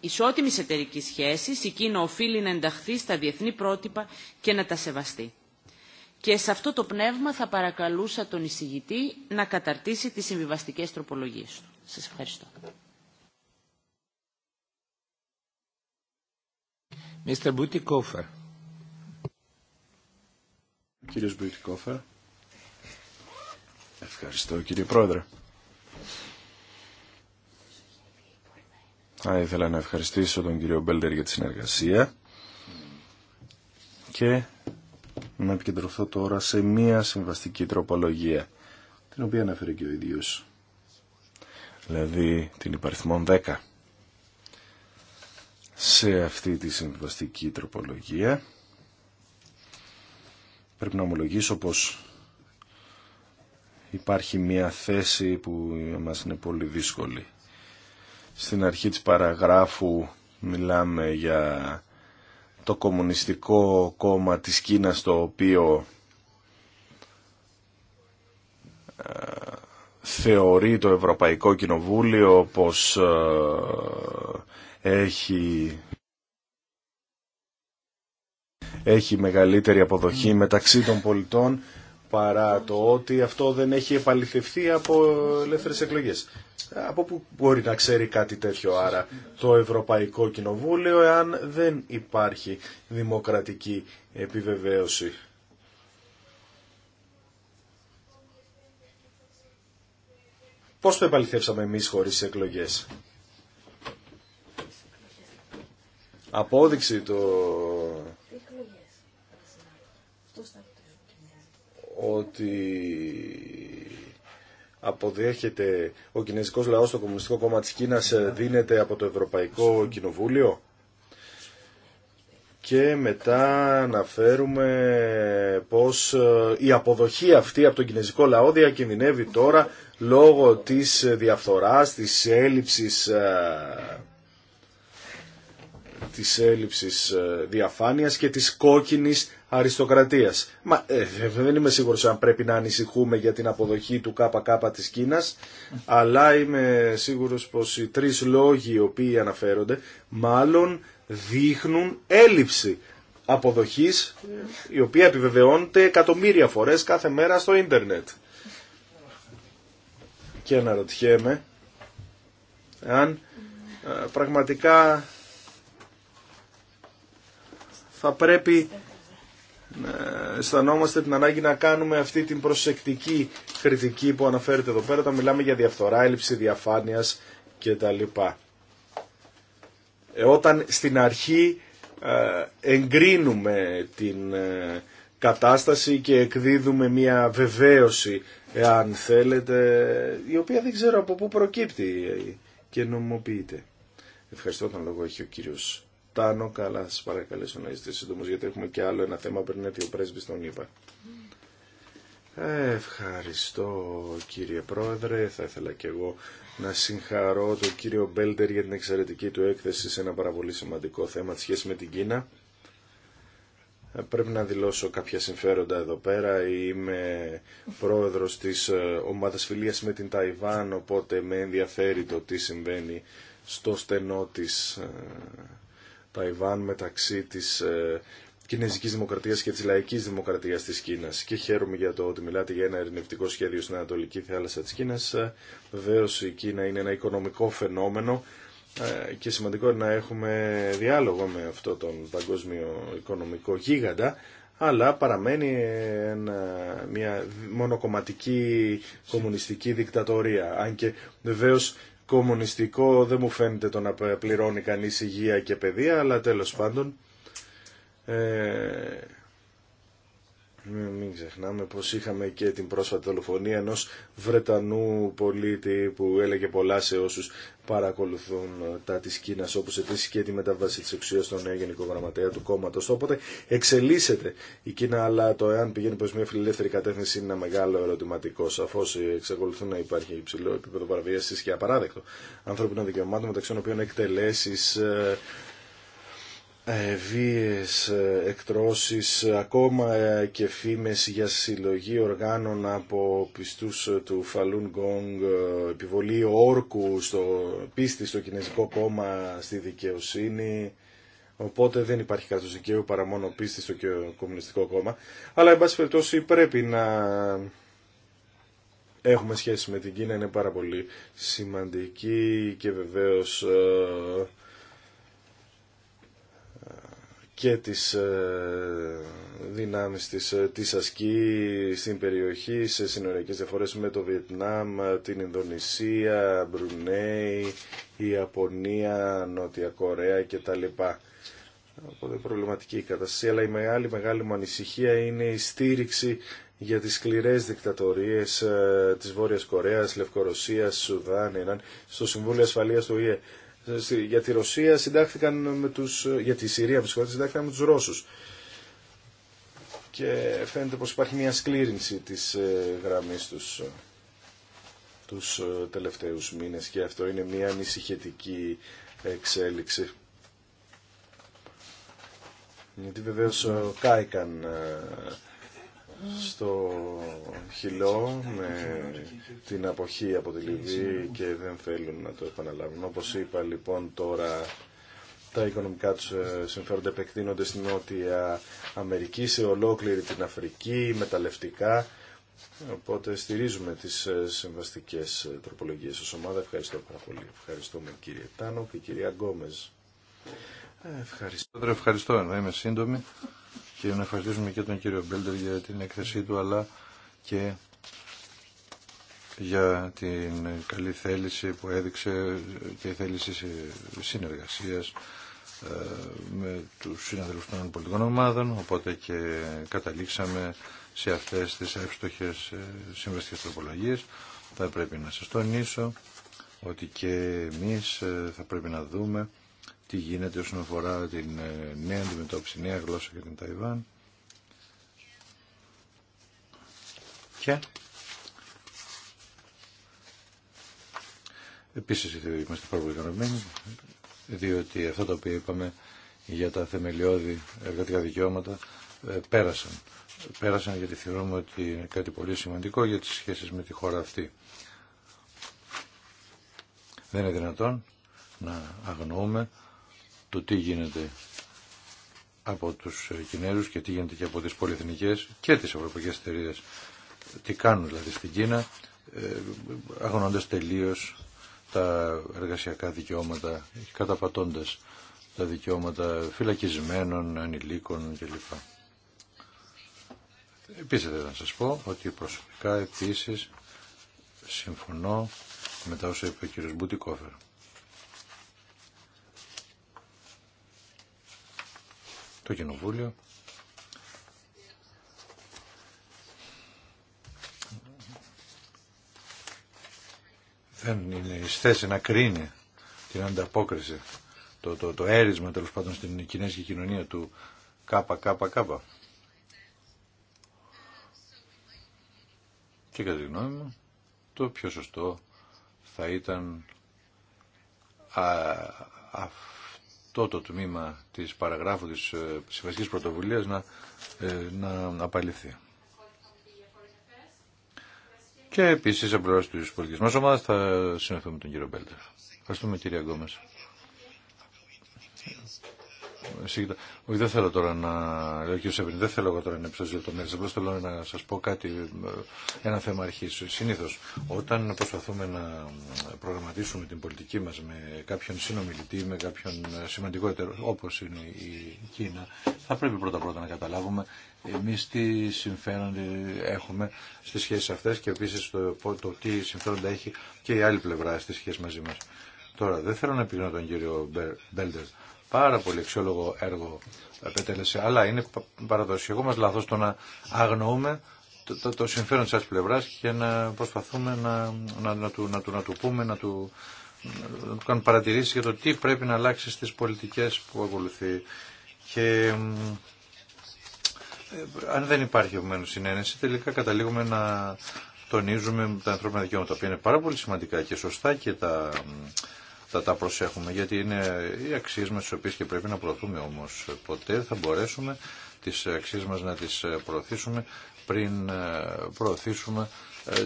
ισότιμης εταιρική σχέσης, η Κίνα οφείλει να ενταχθεί στα διεθνή πρότυπα και να τα σεβαστεί. Και σε αυτό το πνεύμα θα παρακαλούσα τον εισηγητή να καταρτήσει τις συμβιβαστικές τροπολογίες του. Σας ευχαριστώ. Κύριος Ευχαριστώ κύριε Πρόεδρε. Θα ήθελα να ευχαριστήσω τον κύριο Μπέλτερ για τη συνεργασία και να επικεντρωθώ τώρα σε μία συμβαστική τροπολογία, την οποία αναφέρει και ο ίδιος, δηλαδή την υπαριθμόν 10. Σε αυτή τη συμβαστική τροπολογία πρέπει να ομολογήσω πως υπάρχει μια θέση που μας είναι πολύ δύσκολη. Στην αρχή της παραγράφου μιλάμε για το κομμουνιστικό κόμμα της Κίνας το οποίο ε, θεωρεί το Ευρωπαϊκό Κοινοβούλιο πως ε, έχει έχει μεγαλύτερη αποδοχή μεταξύ των πολιτών παρά το ότι αυτό δεν έχει επαληθευθεί από ελεύθερες εκλογές. Από πού μπορεί να ξέρει κάτι τέτοιο άρα το Ευρωπαϊκό Κοινοβούλιο εάν δεν υπάρχει δημοκρατική επιβεβαίωση. Πώς το επαληθεύσαμε εμείς χωρίς εκλογές. Απόδειξη το ότι αποδέχεται ο Κινέζικος λαός στο Κομμουνιστικό Κόμμα της Κίνας ε, δίνεται από το Ευρωπαϊκό Κοινοβούλιο και μετά αναφέρουμε πως ε, η αποδοχή αυτή από τον Κινέζικο λαό διακινδυνεύει τώρα λόγω της διαφθοράς, της έλλειψης ε, της έλλειψης διαφάνειας και της κόκκινης αριστοκρατίας. Μα ε, δεν είμαι σίγουρος αν πρέπει να ανησυχούμε για την αποδοχή του ΚΚ της Κίνας, αλλά είμαι σίγουρος πως οι τρεις λόγοι οι οποίοι αναφέρονται μάλλον δείχνουν έλλειψη αποδοχής η οποία επιβεβαιώνεται εκατομμύρια φορές κάθε μέρα στο ίντερνετ. Και αναρωτιέμαι αν ε, πραγματικά θα πρέπει ε, αισθανόμαστε την ανάγκη να κάνουμε αυτή την προσεκτική κριτική που αναφέρεται εδώ πέρα, τα μιλάμε για διαφθορά, έλλειψη διαφάνειας κτλ. Ε, όταν στην αρχή ε, εγκρίνουμε την ε, κατάσταση και εκδίδουμε μια βεβαίωση, εάν θέλετε, η οποία δεν ξέρω από πού προκύπτει και νομιμοποιείται. Ευχαριστώ τον λόγο έχει ο κύριος Τάνο, καλά σα παρακαλέσω να είστε γιατί έχουμε και άλλο ένα θέμα πριν έρθει ο πρέσβης τον είπα. Ευχαριστώ κύριε Πρόεδρε. Θα ήθελα και εγώ να συγχαρώ τον κύριο Μπέλτερ για την εξαιρετική του έκθεση σε ένα πάρα πολύ σημαντικό θέμα τη σχέση με την Κίνα. Πρέπει να δηλώσω κάποια συμφέροντα εδώ πέρα. Είμαι πρόεδρος της ε, ομάδας φιλίας με την Ταϊβάν, οπότε με ενδιαφέρει το τι συμβαίνει στο στενό της ε, Ταϊβάν μεταξύ της ε, Κινέζικης Δημοκρατίας και της Λαϊκής Δημοκρατίας της Κίνας. Και χαίρομαι για το ότι μιλάτε για ένα ειρηνευτικό σχέδιο στην Ανατολική Θάλασσα της Κίνας. Ε, βεβαίω η Κίνα είναι ένα οικονομικό φαινόμενο ε, και σημαντικό είναι να έχουμε διάλογο με αυτό τον παγκόσμιο οικονομικό γίγαντα αλλά παραμένει μια μονοκομματική κομμουνιστική δικτατορία. Αν και βεβαίω κομμουνιστικό δεν μου φαίνεται το να πληρώνει κανείς υγεία και παιδεία, αλλά τέλος πάντων ε, ναι, μην ξεχνάμε πως είχαμε και την πρόσφατη δολοφονία ενός Βρετανού πολίτη που έλεγε πολλά σε όσους παρακολουθούν ε, τα της Κίνας όπως επίσης και τη μεταβάση της εξουσίας στον νέο Γενικό Γραμματέα του κόμματος. Οπότε εξελίσσεται η Κίνα αλλά το εάν πηγαίνει προς μια φιλελεύθερη κατεύθυνση είναι ένα μεγάλο ερωτηματικό. Σαφώς ε, εξακολουθούν να υπάρχει υψηλό επίπεδο παραβίασης και απαράδεκτο ανθρώπινων δικαιωμάτων μεταξύ των οποίων εκτελέσεις ε, ε, βίες ε, εκτρώσεις, ε, ακόμα και φήμες για συλλογή οργάνων από πιστούς του Φαλούν Γκόγκ, επιβολή όρκου στο πίστη στο Κινέζικο κόμμα στη δικαιοσύνη. Οπότε δεν υπάρχει κάτω δικαίου παρά μόνο πίστη στο Κομμουνιστικό κόμμα. Αλλά, εν πάση περιπτώσει, πρέπει να έχουμε σχέση με την Κίνα. Είναι πάρα πολύ σημαντική και βεβαίως και τις ε, δυνάμεις της, ε, της ασκή στην περιοχή σε συνοριακές διαφορές με το Βιετνάμ, την Ινδονησία, Μπρουνέι, η Ιαπωνία, Νότια Κορέα κτλ. Οπότε προβληματική η κατάσταση. Αλλά η μεγάλη, μεγάλη μου ανησυχία είναι η στήριξη για τις σκληρές δικτατορίες ε, της Βόρειας Κορέας, Λευκορωσίας, Σουδάν, στο Συμβούλιο Ασφαλείας του ΙΕ για τη Ρωσία συντάχθηκαν με τους, για τη Συρία φυσικά συντάχθηκαν με τους Ρώσους. Και φαίνεται πως υπάρχει μια σκλήρινση της ε, γραμμής τους ε, τους ε, τελευταίους μήνες και αυτό είναι μια ανησυχητική εξέλιξη. Γιατί βεβαίως κάηκαν στο χειλό με την αποχή από τη Λιβύη και δεν θέλουν να το επαναλάβουν. Όπως είπα λοιπόν τώρα τα οικονομικά τους ε, συμφέροντα επεκτείνονται στην Νότια Αμερική, σε ολόκληρη την Αφρική, μεταλλευτικά. Οπότε στηρίζουμε τις ε, συμβαστικές ε, τροπολογίες ως ομάδα. Ευχαριστώ πάρα πολύ. Ευχαριστούμε κύριε Τάνο και κυρία Γκόμες. Ευχαριστώ. Ευχαριστώ. είμαι σύντομη και να ευχαριστήσουμε και τον κύριο Μπέλτερ για την έκθεσή του αλλά και για την καλή θέληση που έδειξε και η θέληση συνεργασίας ε, με τους συναδελφούς των πολιτικών ομάδων οπότε και καταλήξαμε σε αυτές τις εύστοχες ε, συμβαστικές τροπολογίες θα πρέπει να σας τονίσω ότι και εμείς ε, θα πρέπει να δούμε τι γίνεται όσον αφορά την ε, νέα αντιμετώπιση, νέα γλώσσα για την Ταϊβάν. Και επίσης είμαστε πάρα πολύ ικανοποιημένοι, διότι αυτά τα οποία είπαμε για τα θεμελιώδη εργατικά δικαιώματα ε, πέρασαν. Πέρασαν γιατί θεωρούμε ότι είναι κάτι πολύ σημαντικό για τις σχέσεις με τη χώρα αυτή. Δεν είναι δυνατόν να αγνοούμε το τι γίνεται από τους ε, Κινέζους και τι γίνεται και από τις πολυεθνικές και τις ευρωπαϊκές εταιρείε. Τι κάνουν δηλαδή στην Κίνα, ε, αγωνώντας τελείως τα εργασιακά δικαιώματα, καταπατώντας τα δικαιώματα φυλακισμένων, ανηλίκων κλπ. Επίσης θέλω να σας πω ότι προσωπικά επίσης συμφωνώ με τα όσα είπε ο κ. Μπουτικόφερ. το Κοινοβούλιο δεν είναι εις θέση να κρίνει την ανταπόκριση, το, το, το έρισμα τέλο πάντων στην κινέζικη κοινωνία του ΚΚΚ. Και κατά τη γνώμη μου, το πιο σωστό θα ήταν α, αυτό το τμήμα της παραγράφου της Συμβασικής ε, Πρωτοβουλίας να, να, ε, να απαλληφθεί. Και επίσης σε πλευρά της πολιτικής μας ομάδα θα με τον κύριο Μπέλτερ. Ευχαριστούμε κύριε Γκόμες. Όχι, δεν θέλω τώρα να. δεν θέλω εγώ τώρα να επιστρέψω λεπτομέρειε. Απλώ θέλω να σα πω κάτι, ε, ένα θέμα αρχή. Συνήθω, όταν προσπαθούμε να προγραμματίσουμε την πολιτική μα με κάποιον συνομιλητή, με κάποιον σημαντικότερο, όπω είναι η Κίνα, θα πρέπει πρώτα-πρώτα να καταλάβουμε εμεί τι συμφέροντα έχουμε στι σχέσει αυτέ και επίση το, το τι συμφέροντα έχει και η άλλη πλευρά στι σχέσει μαζί μα. Τώρα, δεν θέλω να επικρίνω τον κύριο Μπέλτερ, πάρα πολύ αξιόλογο έργο επέτελεσε. Αλλά είναι παραδοσιακό μα λάθο το να αγνοούμε το, το, το συμφέρον τη άλλη πλευράς και να προσπαθούμε να, να, να, του, να, του, να του πούμε, να του, να του για το τι πρέπει να αλλάξει στι πολιτικέ που ακολουθεί. Και ε, αν δεν υπάρχει επομένω συνένεση, τελικά καταλήγουμε να τονίζουμε τα ανθρώπινα δικαιώματα, είναι πάρα πολύ σημαντικά και σωστά και τα θα τα προσέχουμε γιατί είναι οι αξίες μας τις οποίες και πρέπει να προωθούμε όμως ποτέ θα μπορέσουμε τις αξίες μας να τις ε, προωθήσουμε πριν ε, προωθήσουμε ε,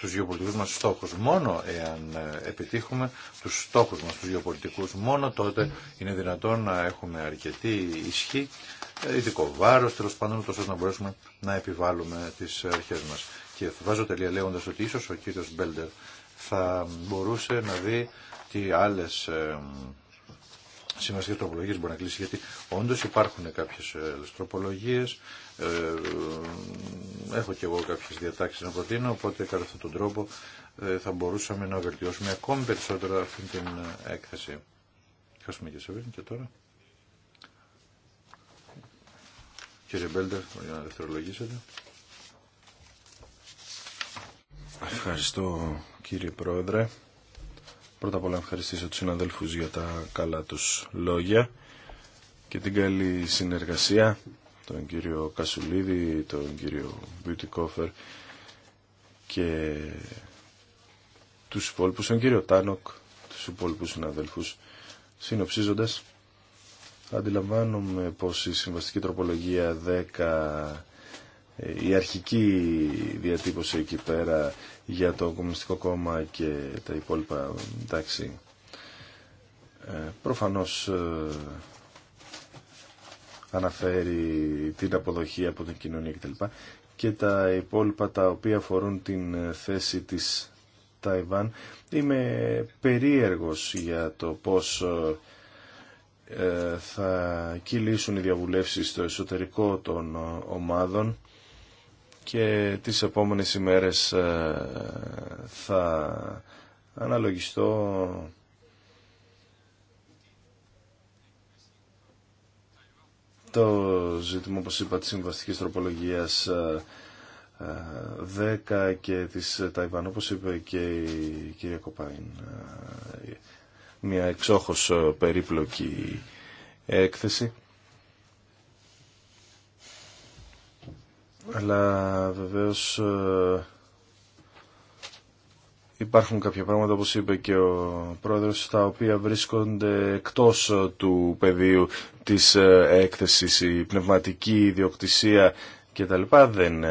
τους γεωπολιτικούς μας στόχους. Μόνο εάν επιτύχουμε τους στόχους μας, τους γεωπολιτικούς, μόνο τότε είναι δυνατόν να έχουμε αρκετή ισχύ, ειδικό βάρος, τέλος πάντων, τόσο να μπορέσουμε να επιβάλλουμε τις αρχές μας. Και βάζω τελεία λέγοντας ότι ίσως ο κύριο Μπέλντερ θα μπορούσε να δει τι άλλες ε, σημαντικέ τροπολογίε μπορεί να κλείσει, γιατί όντω υπάρχουν κάποιες ε, τροπολογίε, ε, έχω και εγώ κάποιε διατάξει να προτείνω, οπότε κατά αυτόν τον τρόπο θα μπορούσαμε να βελτιώσουμε ακόμη περισσότερο αυτή την έκθεση. Ευχαριστούμε και σε και τώρα. Κύριε Μπέλτερ, για να δευτερολογήσετε. Ευχαριστώ κύριε Πρόεδρε. Πρώτα απ' όλα ευχαριστήσω τους συναδέλφους για τα καλά τους λόγια και την καλή συνεργασία τον κύριο Κασουλίδη, τον κύριο Coffer και τους υπόλοιπους, τον κύριο Τάνοκ, τους υπόλοιπους συναδέλφους. Συνοψίζοντας, αντιλαμβάνομαι πως η συμβαστική τροπολογία 10 ε, η αρχική διατύπωση εκεί πέρα για το Κομμουνιστικό Κόμμα και τα υπόλοιπα, εντάξει, ε, προφανώς ε, αναφέρει την αποδοχή από την κοινωνία κτλ. Και τα υπόλοιπα τα οποία αφορούν την θέση της Ταϊβάν. Είμαι περίεργος για το πώς θα κυλήσουν οι διαβουλεύσεις στο εσωτερικό των ομάδων και τις επόμενες ημέρες ε, θα αναλογιστώ το ζήτημα, όπως είπα, της συμβαστικής τροπολογίας 10 ε, ε, και της Ταϊβάν, όπως είπε και η κυρία Κοπάιν, μια εξόχως περίπλοκη έκθεση. Αλλά βεβαίως ε, υπάρχουν κάποια πράγματα όπως είπε και ο πρόεδρος τα οποία βρίσκονται εκτός ε, του πεδίου της ε, έκθεσης η πνευματική ιδιοκτησία και τα λοιπά δεν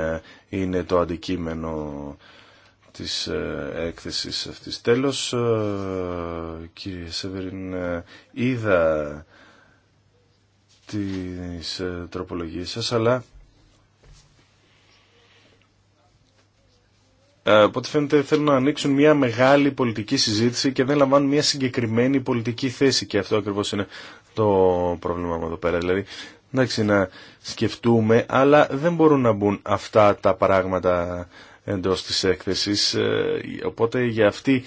είναι το αντικείμενο της έκθεσης αυτής. Τέλος, κύριε Σεβερίν, είδα τις τροπολογίες σας, αλλά Ε, οπότε φαίνεται θέλουν να ανοίξουν μια μεγάλη πολιτική συζήτηση και δεν λαμβάνουν μια συγκεκριμένη πολιτική θέση και αυτό ακριβώς είναι το πρόβλημα μου εδώ πέρα. Δηλαδή, εντάξει, να σκεφτούμε, αλλά δεν μπορούν να μπουν αυτά τα πράγματα εντός της έκθεσης. Ε, οπότε για αυτή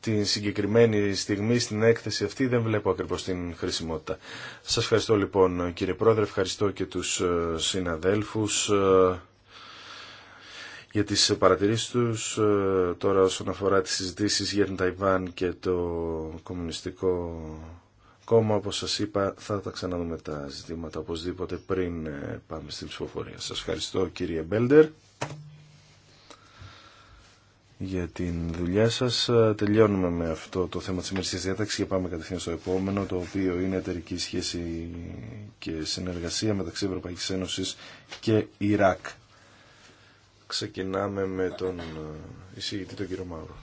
τη συγκεκριμένη στιγμή στην έκθεση αυτή δεν βλέπω ακριβώς την χρησιμότητα. Σας ευχαριστώ λοιπόν κύριε Πρόεδρε, ευχαριστώ και τους ε, συναδέλφους για τις παρατηρήσεις τους ε, τώρα όσον αφορά τις συζητήσεις για την Ταϊβάν και το Κομμουνιστικό Κόμμα όπως σας είπα θα τα ξαναδούμε τα ζητήματα οπωσδήποτε πριν ε, πάμε στην ψηφοφορία. Σας ευχαριστώ κύριε Μπέλντερ για την δουλειά σας. Ε, τελειώνουμε με αυτό το θέμα της ημερησίας διάταξης και πάμε κατευθείαν στο επόμενο, το οποίο είναι εταιρική σχέση και συνεργασία μεταξύ Ευρωπαϊκής Ένωσης και Ιράκ. Ξεκινάμε με τον ε, εισηγητή, τον κύριο Μαύρο.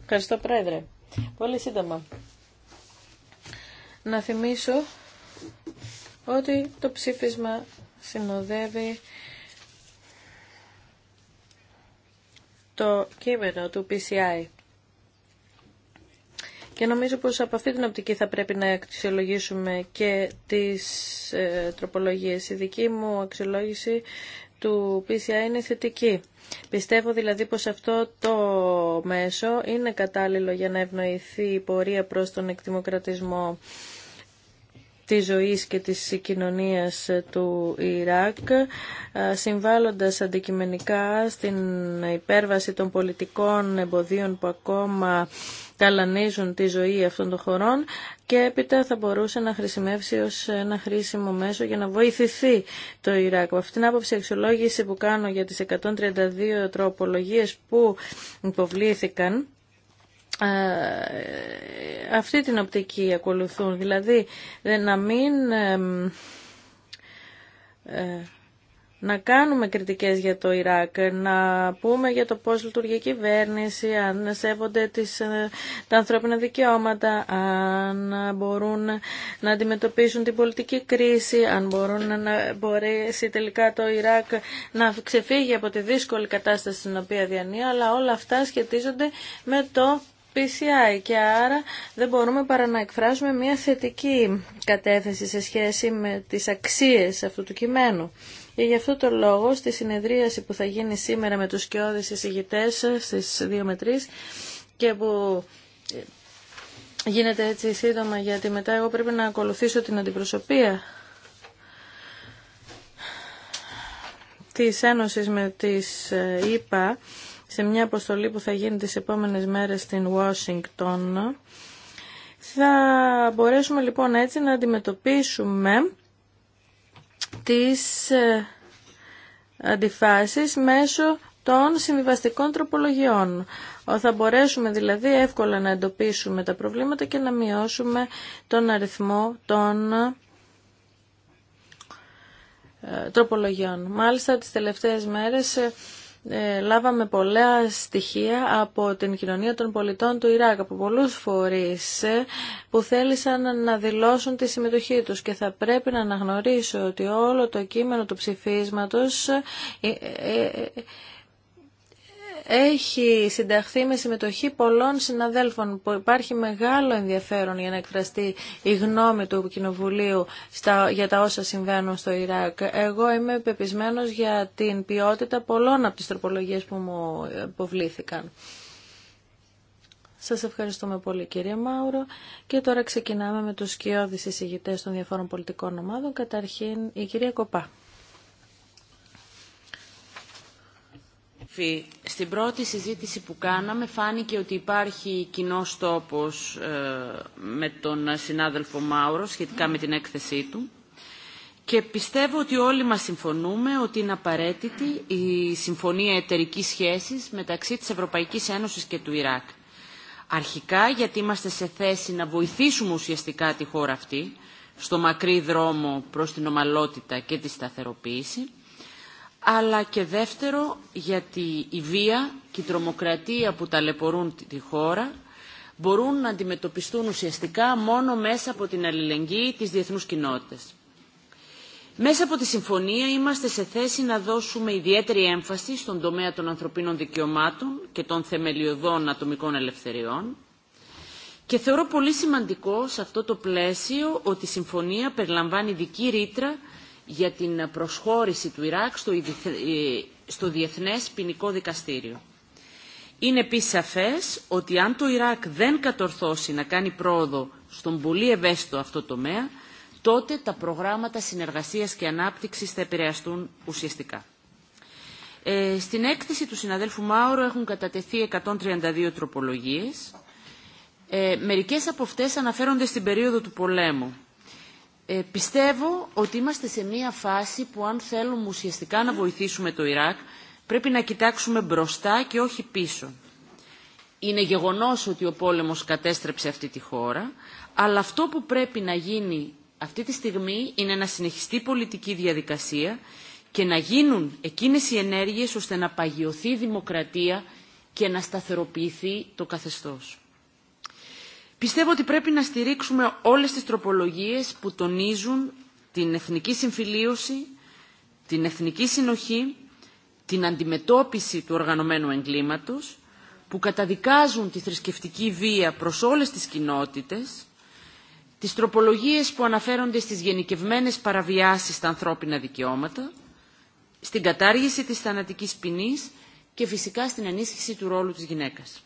Ευχαριστώ, Πρόεδρε. Πολύ σύντομα. Να θυμίσω ότι το ψήφισμα συνοδεύει το κείμενο του PCI. Και νομίζω πως από αυτή την οπτική θα πρέπει να αξιολογήσουμε και τις ε, τροπολογίες. Η δική μου αξιολόγηση του PCI είναι θετική. Πιστεύω δηλαδή πως αυτό το μέσο είναι κατάλληλο για να ευνοηθεί η πορεία προς τον εκδημοκρατισμό της ζωής και της κοινωνίας του Ιράκ, συμβάλλοντας αντικειμενικά στην υπέρβαση των πολιτικών εμποδίων που ακόμα καλανίζουν τη ζωή αυτών των χωρών και έπειτα θα μπορούσε να χρησιμεύσει ως ένα χρήσιμο μέσο για να βοηθηθεί το Ιράκ. Από αυτήν την άποψη αξιολόγηση που κάνω για τις 132 τροπολογίες που υποβλήθηκαν ε, αυτή την οπτική ακολουθούν. Δηλαδή να μην ε, να κάνουμε κριτικές για το Ιράκ, να πούμε για το πώς λειτουργεί η κυβέρνηση, αν σέβονται τις, ε, τα ανθρώπινα δικαιώματα, αν μπορούν να αντιμετωπίσουν την πολιτική κρίση, αν μπορούν να μπορέσει τελικά το Ιράκ να ξεφύγει από τη δύσκολη κατάσταση στην οποία διανύει, αλλά όλα αυτά σχετίζονται με το PCI και άρα δεν μπορούμε παρά να εκφράσουμε μια θετική κατέθεση σε σχέση με τις αξίες αυτού του κειμένου. Και γι' αυτό το λόγο στη συνεδρίαση που θα γίνει σήμερα με τους σκιώδεις εισηγητές στις 2 με 3 και που γίνεται έτσι σύντομα γιατί μετά εγώ πρέπει να ακολουθήσω την αντιπροσωπεία της Ένωσης με τις ε, ΙΠΑ σε μια αποστολή που θα γίνει τις επόμενες μέρες στην Ουάσιγκτον. Θα μπορέσουμε λοιπόν έτσι να αντιμετωπίσουμε τις ε, αντιφάσεις μέσω των συμβιβαστικών τροπολογιών. Θα μπορέσουμε δηλαδή εύκολα να εντοπίσουμε τα προβλήματα και να μειώσουμε τον αριθμό των ε, τροπολογιών. Μάλιστα τις τελευταίες μέρες ε, ε, λάβαμε πολλά στοιχεία από την κοινωνία των πολιτών του Ιράκ, από πολλούς φορείς ε, που θέλησαν να δηλώσουν τη συμμετοχή τους και θα πρέπει να αναγνωρίσω ότι όλο το κείμενο του ψηφίσματος ε, έχει συνταχθεί με συμμετοχή πολλών συναδέλφων που υπάρχει μεγάλο ενδιαφέρον για να εκφραστεί η γνώμη του Κοινοβουλίου στα, για τα όσα συμβαίνουν στο Ιράκ. Εγώ είμαι πεπισμένος για την ποιότητα πολλών από τις τροπολογίες που μου υποβλήθηκαν. Σας ευχαριστούμε πολύ κύριε Μάουρο και τώρα ξεκινάμε με τους σκιώδεις εισηγητές των διαφόρων πολιτικών ομάδων. Καταρχήν η κυρία Κοπά. στην πρώτη συζήτηση που κάναμε φάνηκε ότι υπάρχει κοινό τόπος ε, με τον συνάδελφο Μάουρο σχετικά με την έκθεσή του και πιστεύω ότι όλοι μας συμφωνούμε ότι είναι απαραίτητη η Συμφωνία Εταιρικής Σχέσης μεταξύ της Ευρωπαϊκής Ένωσης και του Ιράκ. Αρχικά γιατί είμαστε σε θέση να βοηθήσουμε ουσιαστικά τη χώρα αυτή στο μακρύ δρόμο προς την ομαλότητα και τη σταθεροποίηση αλλά και δεύτερο γιατί η βία και η τρομοκρατία που ταλαιπωρούν τη χώρα μπορούν να αντιμετωπιστούν ουσιαστικά μόνο μέσα από την αλληλεγγύη της διεθνούς κοινότητας. Μέσα από τη Συμφωνία είμαστε σε θέση να δώσουμε ιδιαίτερη έμφαση στον τομέα των ανθρωπίνων δικαιωμάτων και των θεμελιωδών ατομικών ελευθεριών και θεωρώ πολύ σημαντικό σε αυτό το πλαίσιο ότι η Συμφωνία περιλαμβάνει δική ρήτρα για την προσχώρηση του Ιράκ στο ε, Διεθνές Ποινικό Δικαστήριο. Είναι επίση σαφέ ότι αν το Ιράκ δεν κατορθώσει να κάνει πρόοδο στον πολύ ευαίσθητο αυτό τομέα, τότε τα προγράμματα συνεργασίας και ανάπτυξης θα επηρεαστούν ουσιαστικά. Ε, στην έκθεση του συναδέλφου Μάουρο έχουν κατατεθεί 132 τροπολογίες. Ε, μερικές από αυτές αναφέρονται στην περίοδο του πολέμου ε, πιστεύω ότι είμαστε σε μία φάση που αν θέλουμε ουσιαστικά να βοηθήσουμε το Ιράκ πρέπει να κοιτάξουμε μπροστά και όχι πίσω. Είναι γεγονός ότι ο πόλεμος κατέστρεψε αυτή τη χώρα, αλλά αυτό που πρέπει να γίνει αυτή τη στιγμή είναι να συνεχιστεί πολιτική διαδικασία και να γίνουν εκείνες οι ενέργειες ώστε να παγιωθεί η δημοκρατία και να σταθεροποιηθεί το καθεστώς. Πιστεύω ότι πρέπει να στηρίξουμε όλες τις τροπολογίες που τονίζουν την εθνική συμφιλίωση, την εθνική συνοχή, την αντιμετώπιση του οργανωμένου εγκλήματος, που καταδικάζουν τη θρησκευτική βία προς όλες τις κοινότητες, τις τροπολογίες που αναφέρονται στις γενικευμένες παραβιάσεις στα ανθρώπινα δικαιώματα, στην κατάργηση της θανατικής ποινής και φυσικά στην ενίσχυση του ρόλου της γυναίκας.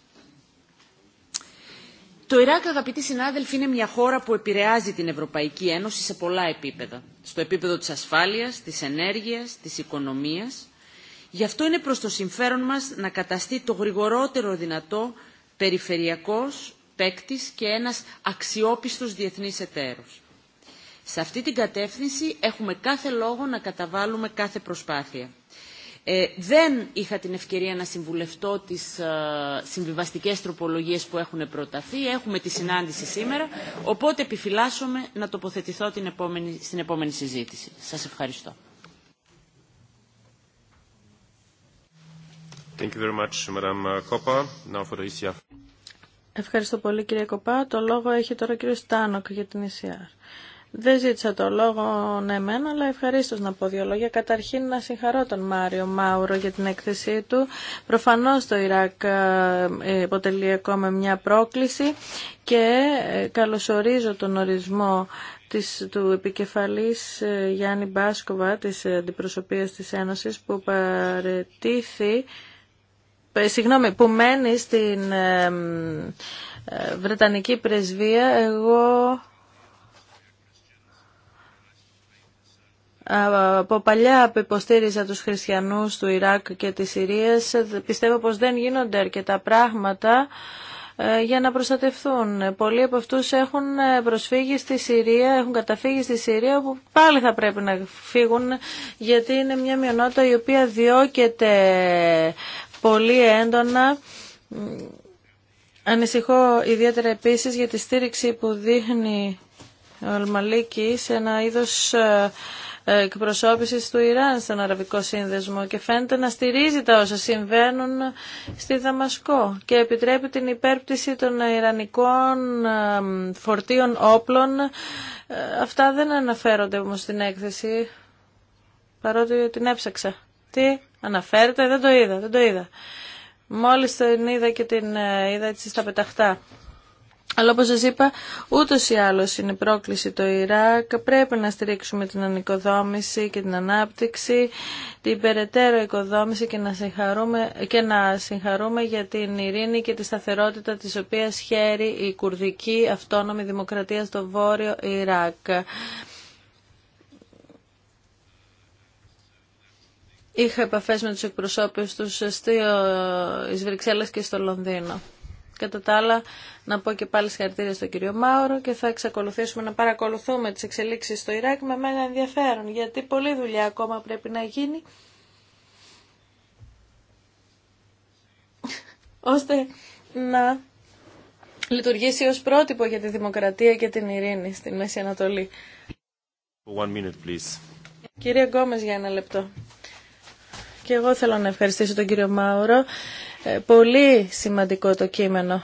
Το Ιράκ, αγαπητοί συνάδελφοι, είναι μια χώρα που επηρεάζει την Ευρωπαϊκή Ένωση σε πολλά επίπεδα. Στο επίπεδο της ασφάλειας, της ενέργειας, της οικονομίας. Γι' αυτό είναι προς το συμφέρον μας να καταστεί το γρηγορότερο δυνατό περιφερειακός παίκτη και ένας αξιόπιστος διεθνής εταίρος. Σε αυτή την κατεύθυνση έχουμε κάθε λόγο να καταβάλουμε κάθε προσπάθεια. Ε, δεν είχα την ευκαιρία να συμβουλευτώ τις ε, συμβιβαστικές τροπολογίες που έχουν προταθεί. Έχουμε τη συνάντηση σήμερα, οπότε επιφυλάσσομαι να τοποθετηθώ την επόμενη, στην επόμενη συζήτηση. Σας ευχαριστώ. Thank you very much, e Ευχαριστώ πολύ κύριε Κοπά. Το λόγο έχει τώρα ο κύριος Τάνοκ για την ECR. Δεν ζήτησα το λόγο ναι, εμένα, αλλά ευχαρίστως να πω δύο λόγια. Καταρχήν να συγχαρώ τον Μάριο Μάουρο για την έκθεσή του. Προφανώς το Ιράκ ε, αποτελεί ακόμα μια πρόκληση και ε, καλωσορίζω τον ορισμό της, του επικεφαλής ε, Γιάννη Μπάσκοβα της αντιπροσωπείας της Ένωσης που παρετήθη, συγγνώμη, που μένει στην Βρετανική Πρεσβεία. Εγώ από παλιά που υποστήριζα τους χριστιανούς του Ιράκ και της Συρίας πιστεύω πως δεν γίνονται αρκετά πράγματα ε, για να προστατευθούν. Πολλοί από αυτούς έχουν ε, προσφύγει στη Συρία, έχουν καταφύγει στη Συρία που πάλι θα πρέπει να φύγουν γιατί είναι μια μειονότητα η οποία διώκεται πολύ έντονα Ανησυχώ ιδιαίτερα επίσης για τη στήριξη που δείχνει ο Αλμαλίκη σε ένα είδος ε, εκπροσώπησης του Ιράν στον Αραβικό Σύνδεσμο και φαίνεται να στηρίζει τα όσα συμβαίνουν στη Δαμασκό και επιτρέπει την υπέρπτυση των Ιρανικών ε, φορτίων όπλων. Ε, αυτά δεν αναφέρονται όμως στην έκθεση, παρότι την έψαξα. Τι αναφέρεται, δεν το είδα, δεν το είδα. Μόλις την είδα και την ε, είδα έτσι στα πεταχτά. Αλλά όπως σας είπα, ούτως ή άλλως είναι πρόκληση το Ιράκ. Πρέπει να στηρίξουμε την ανοικοδόμηση και την ανάπτυξη, την περαιτέρω οικοδόμηση και να, συγχαρούμε, και να συγχαρούμε για την ειρήνη και τη σταθερότητα της οποίας χαίρει η κουρδική αυτόνομη δημοκρατία στο βόρειο Ιράκ. Είχα επαφές με τους εκπροσώπους τους στις Βρυξέλλες και στο Λονδίνο. Κατά τα άλλα, να πω και πάλι συγχαρητήρια στον κύριο Μάουρο και θα εξακολουθήσουμε να παρακολουθούμε τις εξελίξεις στο Ιράκ με μένα ενδιαφέρον, γιατί πολλή δουλειά ακόμα πρέπει να γίνει, ώστε να λειτουργήσει ως πρότυπο για τη δημοκρατία και την ειρήνη στην Μέση Ανατολή. One minute, please. Κύριε Γκόμες, για ένα λεπτό. Και εγώ θέλω να ευχαριστήσω τον κύριο Μάουρο ε, πολύ σημαντικό το κείμενο.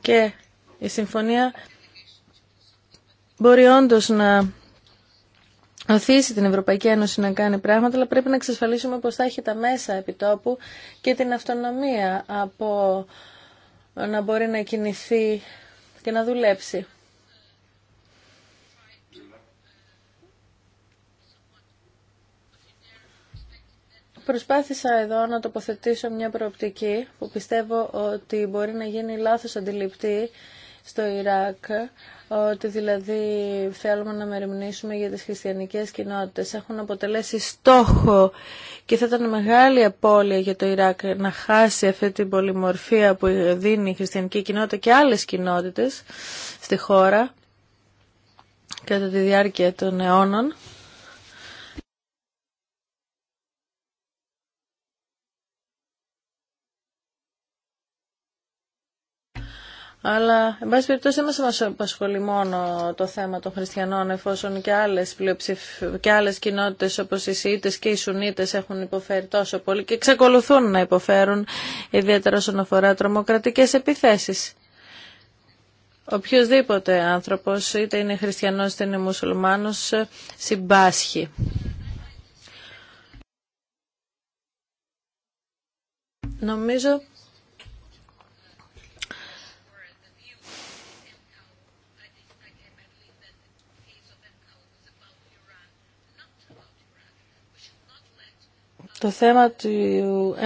Και η συμφωνία μπορεί όντω να αφήσει την Ευρωπαϊκή Ένωση να κάνει πράγματα, αλλά πρέπει να εξασφαλίσουμε πως θα έχει τα μέσα επιτόπου και την αυτονομία από να μπορεί να κινηθεί και να δουλέψει. Προσπάθησα εδώ να τοποθετήσω μια προοπτική που πιστεύω ότι μπορεί να γίνει λάθος αντιληπτή στο Ιράκ, ότι δηλαδή θέλουμε να μεριμνήσουμε για τις χριστιανικές κοινότητες. Έχουν αποτελέσει στόχο και θα ήταν μεγάλη απώλεια για το Ιράκ να χάσει αυτή την πολυμορφία που δίνει η χριστιανική κοινότητα και άλλες κοινότητες στη χώρα κατά τη διάρκεια των αιώνων. Αλλά, εν πάση περιπτώσει, δεν μας απασχολεί μόνο το θέμα των χριστιανών, εφόσον και άλλες, πλειοψηφ... και άλλες κοινότητες όπως οι Σιήτες και οι Σουνίτες έχουν υποφέρει τόσο πολύ και εξακολουθούν να υποφέρουν, ιδιαίτερα όσον αφορά τρομοκρατικές επιθέσεις. Οποιοδήποτε άνθρωπο είτε είναι χριστιανό είτε είναι μουσουλμάνος, συμπάσχει. Νομίζω Το θέμα του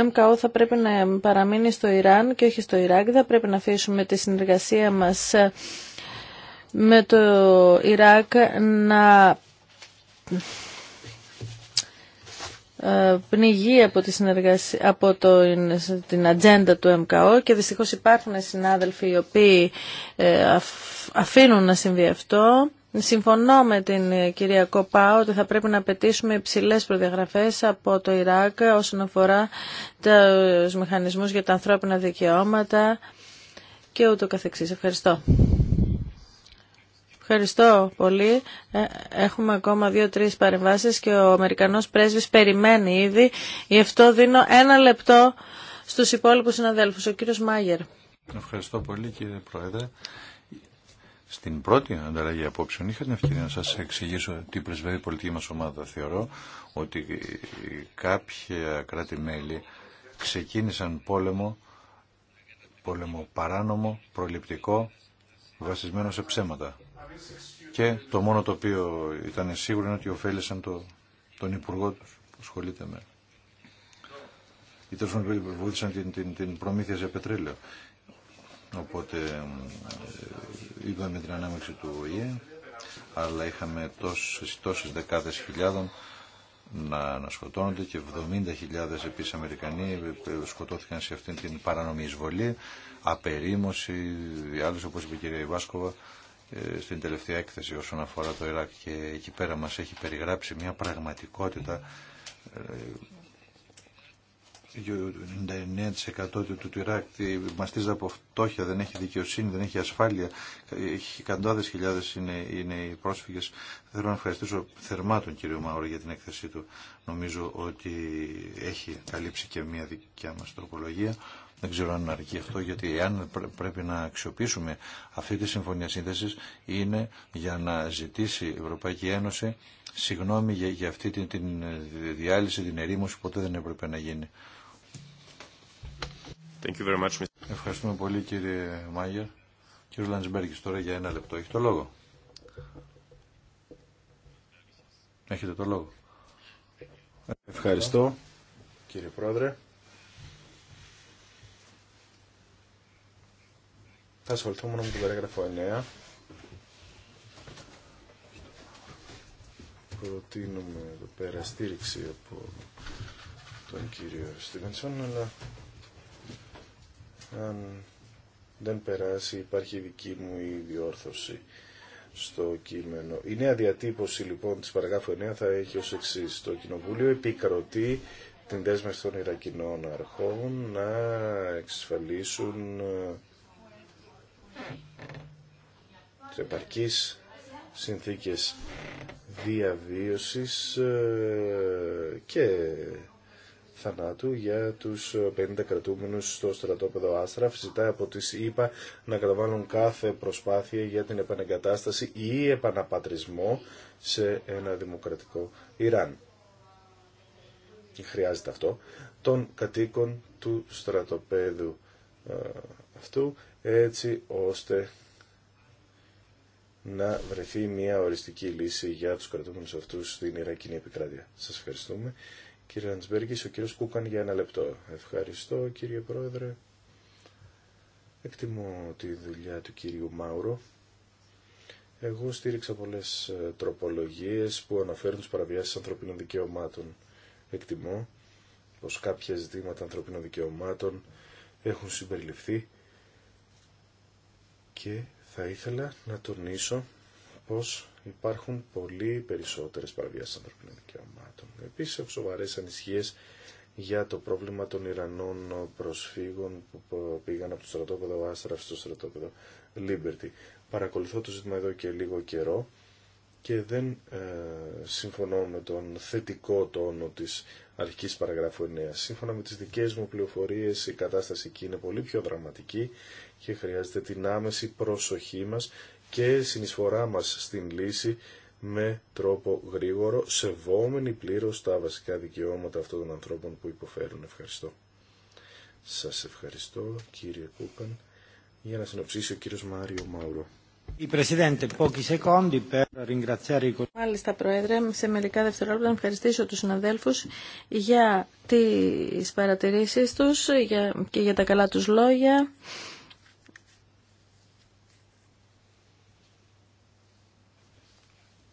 ΜΚΟ θα πρέπει να παραμείνει στο Ιράν και όχι στο Ιράκ. Θα πρέπει να αφήσουμε τη συνεργασία μας με το Ιράκ να ε, πνιγεί από, τη συνεργασία, από το, την ατζέντα του ΜΚΟ και δυστυχώς υπάρχουν συνάδελφοι οι οποίοι ε, αφήνουν να συμβεί αυτό. Συμφωνώ με την ε, κυρία Κοπά ότι θα πρέπει να απαιτήσουμε υψηλές προδιαγραφές από το Ιράκ όσον αφορά τους μηχανισμούς για τα ανθρώπινα δικαιώματα και ούτω καθεξής. Ευχαριστώ. Ευχαριστώ πολύ. Ε, έχουμε ακόμα δύο-τρεις παρεμβάσεις και ο Αμερικανός πρέσβης περιμένει ήδη. Γι' αυτό δίνω ένα λεπτό στους υπόλοιπους συναδέλφους. Ο κύριος Μάγερ. Ευχαριστώ πολύ κύριε Πρόεδρε. Στην πρώτη ανταλλαγή απόψεων είχα την ευκαιρία να σας εξηγήσω τι πρεσβεύει η πολιτική μας ομάδα. Θεωρώ ότι κάποια κράτη-μέλη ξεκίνησαν πόλεμο, πόλεμο παράνομο, προληπτικό, βασισμένο σε ψέματα. Και το μόνο το οποίο ήταν σίγουρο είναι ότι ωφέλησαν το, τον υπουργό τους που ασχολείται με. Ή τόσο βοήθησαν την, την, την προμήθεια σε πετρέλαιο. Οπότε ε, είπαμε την ανάμεξη του ΟΗΕ, αλλά είχαμε τόσες, τόσες δεκάδες χιλιάδων να, να σκοτώνονται και 70.000 επίσης Αμερικανοί ε, ε, σκοτώθηκαν σε αυτήν την παρανομή εισβολή, απερίμωση, οι άλλες όπως είπε η κυρία Ιβάσκοβα στην τελευταία έκθεση όσον αφορά το Ιράκ και εκεί πέρα μας έχει περιγράψει μια πραγματικότητα 99% του, του Ιράκ μαστίζεται από φτώχεια, δεν έχει δικαιοσύνη, δεν έχει ασφάλεια. Εκατοντάδε χιλιάδε είναι, είναι οι πρόσφυγε. Θέλω να ευχαριστήσω θερμά τον κύριο Μαόρο για την έκθεσή του. Νομίζω ότι έχει καλύψει και μια δικιά μα τροπολογία. Δεν ξέρω αν αρκεί αυτό, γιατί αν πρέπει να αξιοποιήσουμε αυτή τη συμφωνία σύνθεσης είναι για να ζητήσει η Ευρωπαϊκή Ένωση συγγνώμη για, για αυτή την, την διάλυση, την ερήμωση που ποτέ δεν έπρεπε να γίνει. Ευχαριστούμε πολύ κύριε Μάγερ. Κύριο Λαντσμπέργκης τώρα για ένα λεπτό. Έχει το λόγο. Έχετε το λόγο. Ευχαριστώ κύριε Πρόεδρε. Θα ασχοληθώ μόνο με τον παράγραφο 9. Προτείνουμε εδώ πέρα στήριξη από τον κύριο Στίβενσον, αλλά αν δεν περάσει υπάρχει δική μου η διόρθωση στο κείμενο. Η νέα διατύπωση λοιπόν της παραγράφου 9 θα έχει ως εξής. Το Κοινοβούλιο επικροτεί την δέσμευση των Ιρακινών αρχών να εξασφαλίσουν τις ε, επαρκείς συνθήκες διαβίωσης ε, και θανάτου για τους 50 κρατούμενους στο στρατόπεδο Άστραφ. Ζητάει από τις ΗΠΑ να καταβάλουν κάθε προσπάθεια για την επανεγκατάσταση ή επαναπατρισμό σε ένα δημοκρατικό Ιράν. Χρειάζεται αυτό. Των κατοίκων του στρατοπέδου ε, αυτού έτσι ώστε να βρεθεί μια οριστική λύση για τους κρατούμενους αυτούς στην Ιρακινή επικράτεια. Σας ευχαριστούμε κύριε Λαντσμπέργκης, ο κύριος Κούκαν για ένα λεπτό. Ευχαριστώ κύριε Πρόεδρε. Εκτιμώ τη δουλειά του κύριου Μάουρο. Εγώ στήριξα πολλές ε, τροπολογίες που αναφέρουν τις παραβιάσεις ανθρωπίνων δικαιωμάτων. Εκτιμώ πως κάποια ζητήματα ανθρωπίνων δικαιωμάτων έχουν συμπεριληφθεί και θα ήθελα να τονίσω πως υπάρχουν πολύ περισσότερες παραβιάσεις ανθρωπίνων δικαιωμάτων. Επίσης, έχω σοβαρές ανησυχίες για το πρόβλημα των Ιρανών προσφύγων που πήγαν από το στρατόπεδο Άστραφ στο στρατόπεδο Λίμπερτι. Παρακολουθώ το ζήτημα εδώ και λίγο καιρό και δεν ε, συμφωνώ με τον θετικό τόνο της αρχικής παραγράφου 9. Σύμφωνα με τις δικές μου πληροφορίες η κατάσταση εκεί είναι πολύ πιο δραματική και χρειάζεται την άμεση προσοχή μας και συνεισφορά μας στην λύση με τρόπο γρήγορο, σεβόμενοι πλήρως τα βασικά δικαιώματα αυτών των ανθρώπων που υποφέρουν. Ευχαριστώ. Σας ευχαριστώ κύριε Κούπαν. Για να συνοψίσει ο κύριος Μάριο Μαουρό. Μάλιστα, Πρόεδρε, σε μερικά δευτερόλεπτα να ευχαριστήσω τους συναδέλφους για τις παρατηρήσεις τους και για τα καλά τους λόγια.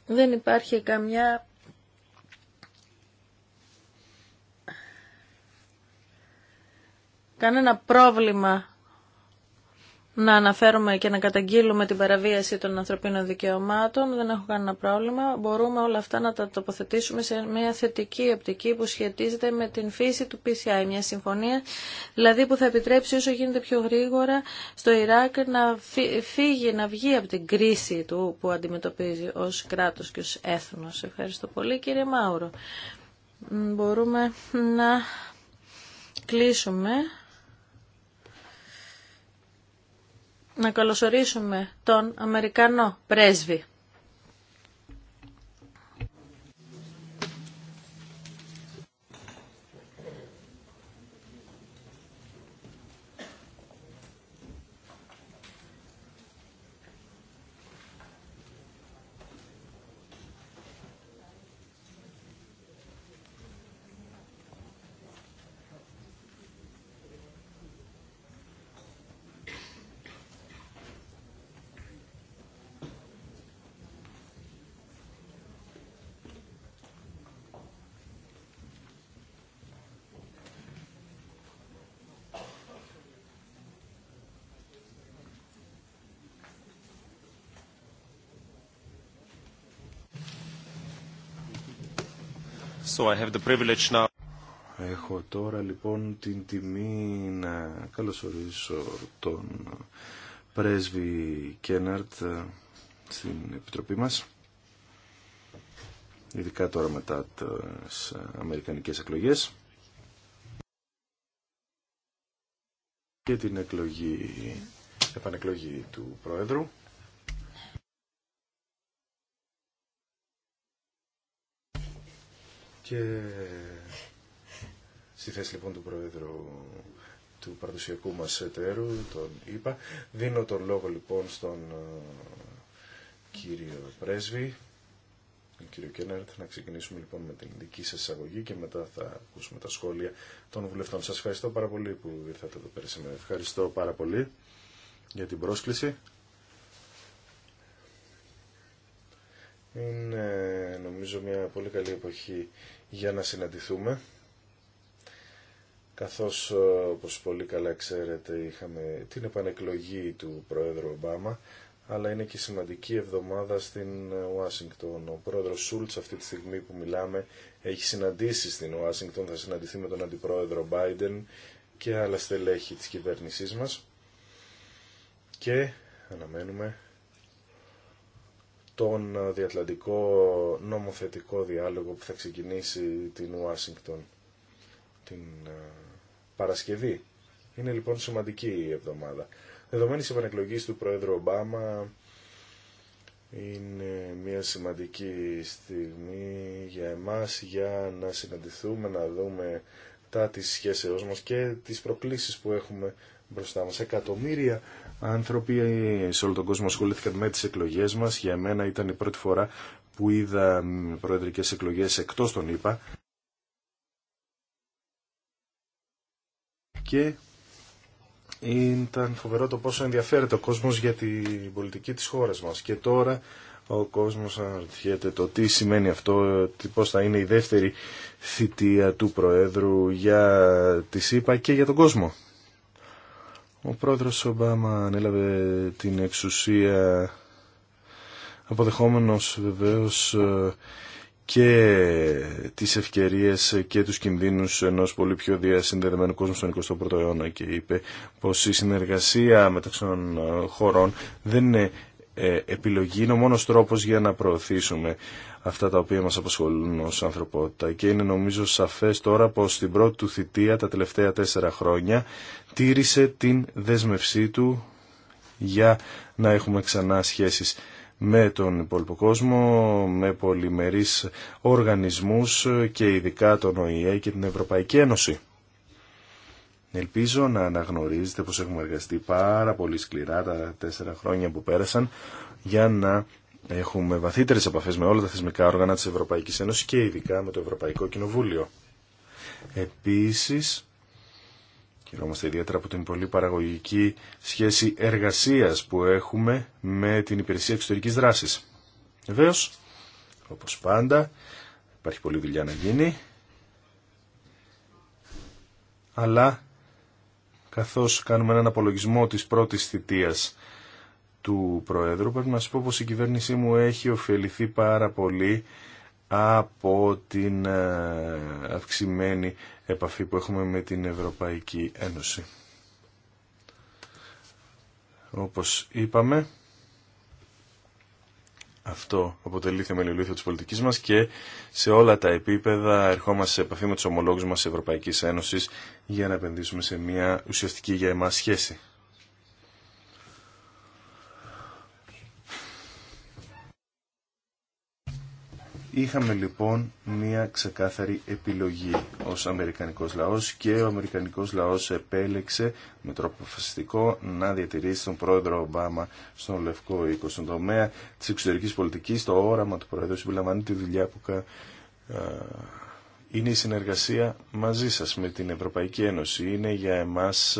δεν υπάρχει καμιά κανένα πρόβλημα να αναφέρουμε και να καταγγείλουμε την παραβίαση των ανθρωπίνων δικαιωμάτων, δεν έχω κανένα πρόβλημα. Μπορούμε όλα αυτά να τα τοποθετήσουμε σε μια θετική οπτική που σχετίζεται με την φύση του PCI, μια συμφωνία δηλαδή που θα επιτρέψει όσο γίνεται πιο γρήγορα στο Ιράκ να φύγει, να βγει από την κρίση του που αντιμετωπίζει ως κράτος και ως έθνος. Ευχαριστώ πολύ κύριε Μάουρο. Μπορούμε να κλείσουμε. να καλωσορίσουμε τον Αμερικανό πρέσβη. Έχω τώρα λοιπόν την τιμή να καλωσορίσω τον πρέσβη Κέναρτ ε, στην Επιτροπή μας. Ειδικά τώρα μετά τις ε, Αμερικανικές εκλογές. Και την εκλογή, επανεκλογή του Πρόεδρου. Και στη θέση λοιπόν του Πρόεδρου του παραδοσιακού μας εταίρου, τον είπα. Δίνω τον λόγο λοιπόν στον ε, κύριο Πρέσβη, τον κύριο Κένερτ να ξεκινήσουμε λοιπόν με την δική σας εισαγωγή και μετά θα ακούσουμε τα σχόλια των βουλευτών. Σας ευχαριστώ πάρα πολύ που ήρθατε εδώ πέρα σήμερα. Ευχαριστώ πάρα πολύ για την πρόσκληση. Είναι νομίζω μια πολύ καλή εποχή για να συναντηθούμε καθώς ε, όπως πολύ καλά ξέρετε είχαμε την επανεκλογή του Πρόεδρου Ομπάμα αλλά είναι και σημαντική εβδομάδα στην ε, Ουάσιγκτον. Ο πρόεδρος Σούλτς αυτή τη στιγμή που μιλάμε έχει συναντήσει στην Ουάσιγκτον, θα συναντηθεί με τον αντιπρόεδρο Μπάιντεν και άλλα στελέχη της κυβέρνησής μας και αναμένουμε τον διατλαντικό νομοθετικό διάλογο που θα ξεκινήσει την Ουάσιγκτον την ε, Παρασκευή. Είναι λοιπόν σημαντική η εβδομάδα. Δεδομένης επανεκλογή του Πρόεδρου Ομπάμα είναι μια σημαντική στιγμή για εμάς για να συναντηθούμε, να δούμε τα της σχέσεώς μας και τις προκλήσεις που έχουμε μπροστά μας. Εκατομμύρια άνθρωποι σε όλο τον κόσμο ασχολήθηκαν με τις εκλογές μας. Για μένα ήταν η πρώτη φορά που είδα προεδρικές εκλογές εκτός των ΗΠΑ. Και ήταν φοβερό το πόσο ενδιαφέρεται ο κόσμος για την πολιτική της χώρας μας. Και τώρα ο κόσμος αναρωτιέται το τι σημαίνει αυτό, πώς θα είναι η δεύτερη θητεία του Προέδρου για τη ΣΥΠΑ και για τον κόσμο. Ο πρόεδρος Ομπάμα ανέλαβε την εξουσία αποδεχόμενος βεβαίως ε, και τις ευκαιρίες και τους κινδύνους ενός πολύ πιο διασυνδεδεμένου κόσμου στον 21ο αιώνα και είπε πως η συνεργασία μεταξύ των ε, χωρών δεν είναι ε, επιλογή είναι ο μόνος τρόπος για να προωθήσουμε αυτά τα οποία μας απασχολούν ως ανθρωπότητα και είναι νομίζω σαφές τώρα πως στην πρώτη του θητεία τα τελευταία τέσσερα χρόνια τήρησε την δέσμευσή του για να έχουμε ξανά σχέσεις με τον υπόλοιπο κόσμο, με πολυμερείς οργανισμούς και ειδικά τον ΟΗΕ και την Ευρωπαϊκή Ένωση. Ελπίζω να αναγνωρίζετε πως έχουμε εργαστεί πάρα πολύ σκληρά τα τέσσερα χρόνια που πέρασαν για να έχουμε βαθύτερες επαφές με όλα τα θεσμικά όργανα της Ευρωπαϊκής Ένωσης και ειδικά με το Ευρωπαϊκό Κοινοβούλιο. Επίσης, χαιρόμαστε ιδιαίτερα από την πολύ παραγωγική σχέση εργασίας που έχουμε με την Υπηρεσία Εξωτερικής Δράσης. Βεβαίω, όπως πάντα, υπάρχει πολλή δουλειά να γίνει, αλλά καθώς κάνουμε έναν απολογισμό της πρώτης θητείας του Προέδρου, πρέπει να σας πω πως η κυβέρνησή μου έχει ωφεληθεί πάρα πολύ από την ε, αυξημένη επαφή που έχουμε με την Ευρωπαϊκή Ένωση. Όπως είπαμε, αυτό αποτελεί θεμελιολήθεια της πολιτικής μας και σε όλα τα επίπεδα ερχόμαστε σε επαφή με τους ομολόγου μας της Ευρωπαϊκής Ένωσης για να επενδύσουμε σε μια ουσιαστική για εμά σχέση. Είχαμε λοιπόν μια ξεκάθαρη επιλογή ως Αμερικανικός λαός και ο Αμερικανικός λαός επέλεξε με τρόπο φασιστικό να διατηρήσει τον πρόεδρο Ομπάμα στον Λευκό Οίκο, στον τομέα της εξωτερικής πολιτικής, το όραμα του πρόεδρου συμπεριλαμβάνει τη δουλειά που είναι η συνεργασία μαζί σας με την Ευρωπαϊκή Ένωση. Είναι για εμάς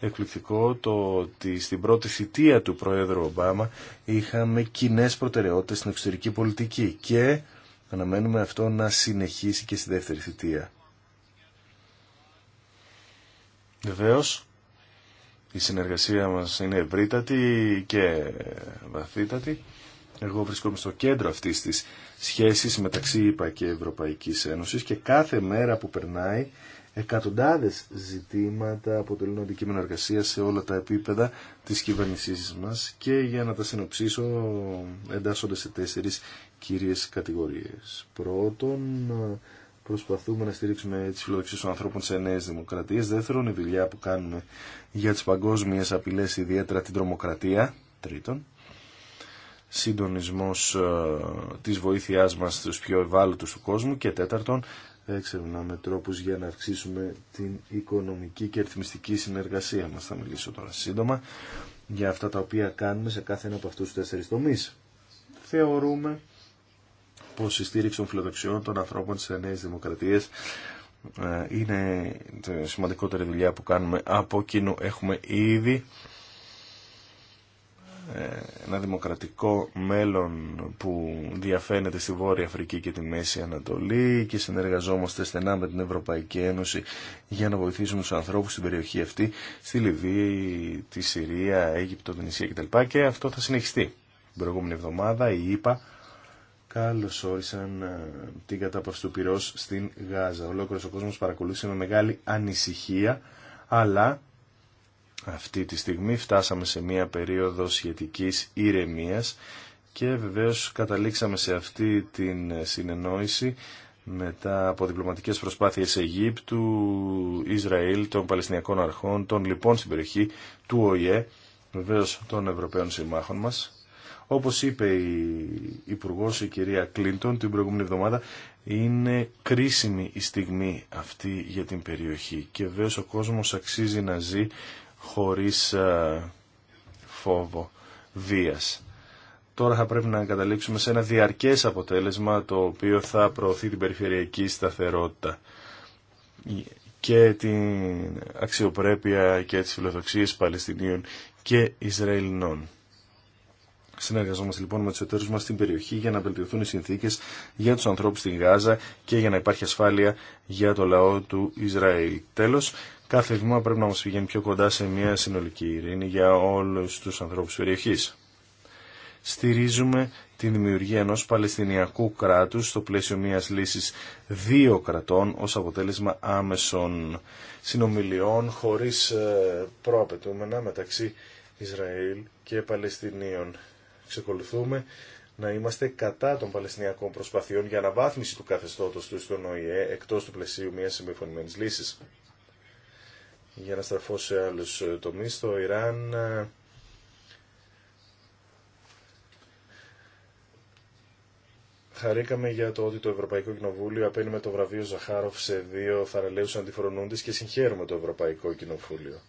εκπληκτικό το ότι στην πρώτη θητεία του Προέδρου Ομπάμα είχαμε κοινέ προτεραιότητες στην εξωτερική πολιτική και αναμένουμε αυτό να συνεχίσει και στη δεύτερη θητεία. Βεβαίω, η συνεργασία μας είναι ευρύτατη και βαθύτατη. Εγώ βρισκόμαι στο κέντρο αυτής της σχέσης μεταξύ ΙΠΑ ΕΕ και Ευρωπαϊκής Ένωσης και κάθε μέρα που περνάει Εκατοντάδε ζητήματα αποτελούν αντικείμενο εργασία σε όλα τα επίπεδα τη κυβέρνησή μα και για να τα συνοψίσω εντάσσονται σε τέσσερι κύριε κατηγορίε. Πρώτον, προσπαθούμε να στηρίξουμε τι φιλοδοξίε των ανθρώπων σε νέε δημοκρατίε. Δεύτερον, η δουλειά που κάνουμε για τι παγκόσμιε απειλέ ιδιαίτερα την τρομοκρατία. Τρίτον, συντονισμός ε, της βοήθειάς μας στους πιο ευάλωτους του κόσμου και τέταρτον με τρόπους για να αυξήσουμε την οικονομική και αριθμιστική συνεργασία μας. Θα μιλήσω τώρα σύντομα για αυτά τα οποία κάνουμε σε κάθε ένα από αυτούς τους τέσσερις τομείς. Θεωρούμε πως η στήριξη των φιλοδοξιών των ανθρώπων στις νέες δημοκρατίες ε, είναι η σημαντικότερη δουλειά που κάνουμε από κοινού. Έχουμε ήδη ε, ένα δημοκρατικό μέλλον που διαφαίνεται στη Βόρεια Αφρική και τη Μέση Ανατολή και συνεργαζόμαστε στενά με την Ευρωπαϊκή Ένωση για να βοηθήσουμε τους ανθρώπους στην περιοχή αυτή, στη Λιβύη, τη Συρία, Αίγυπτο, την Ισία κτλ. Και αυτό θα συνεχιστεί. Την προηγούμενη εβδομάδα η ΙΠΑ καλώς όρισαν ε, την κατάπαυση του πυρός στην Γάζα. Ολόκληρος ο κόσμος παρακολούθησε με μεγάλη ανησυχία, αλλά αυτή τη στιγμή φτάσαμε σε μία περίοδο σχετικής ηρεμίας και βεβαίως καταλήξαμε σε αυτή την συνεννόηση μετά από διπλωματικές προσπάθειες Αιγύπτου, Ισραήλ, των Παλαιστινιακών Αρχών, των λοιπόν στην περιοχή, του ΟΗΕ, βεβαίως των Ευρωπαίων Συμμάχων μας. Όπως είπε η υπουργό η κυρία Κλίντον την προηγούμενη εβδομάδα, είναι κρίσιμη η στιγμή αυτή για την περιοχή και βέβαιως ο κόσμος αξίζει να ζει χωρίς ε, φόβο βίας. Τώρα θα πρέπει να καταλήξουμε σε ένα διαρκές αποτέλεσμα το οποίο θα προωθεί την περιφερειακή σταθερότητα και την αξιοπρέπεια και τις φιλοδοξίες Παλαιστινίων και Ισραηλινών. Συνεργαζόμαστε λοιπόν με του εταίρου μα στην περιοχή για να βελτιωθούν οι συνθήκε για του ανθρώπου στην Γάζα και για να υπάρχει ασφάλεια για το λαό του Ισραήλ. Τέλο, κάθε βήμα πρέπει να μα πηγαίνει πιο κοντά σε μια συνολική ειρήνη για όλου του ανθρώπου τη περιοχή. Στηρίζουμε τη δημιουργία ενό Παλαιστινιακού κράτου στο πλαίσιο μια λύση δύο κρατών ω αποτέλεσμα άμεσων συνομιλιών χωρί ε, προαπαιτούμενα μεταξύ Ισραήλ και Παλαιστινίων. Ξεκολουθούμε να είμαστε κατά των Παλαιστινιακών προσπαθειών για αναβάθμιση του καθεστώτος του στον ΟΗΕ εκτός του πλαισίου μια συμφωνημένη λύση. Για να στραφώ σε άλλου τομεί το Ιράν Χαρήκαμε για το ότι το Ευρωπαϊκό Κοινοβούλιο απένει με το βραβείο Ζαχάροφ σε δύο θαραλέους αντιφρονούντες και συγχαίρουμε το Ευρωπαϊκό Κοινοβούλιο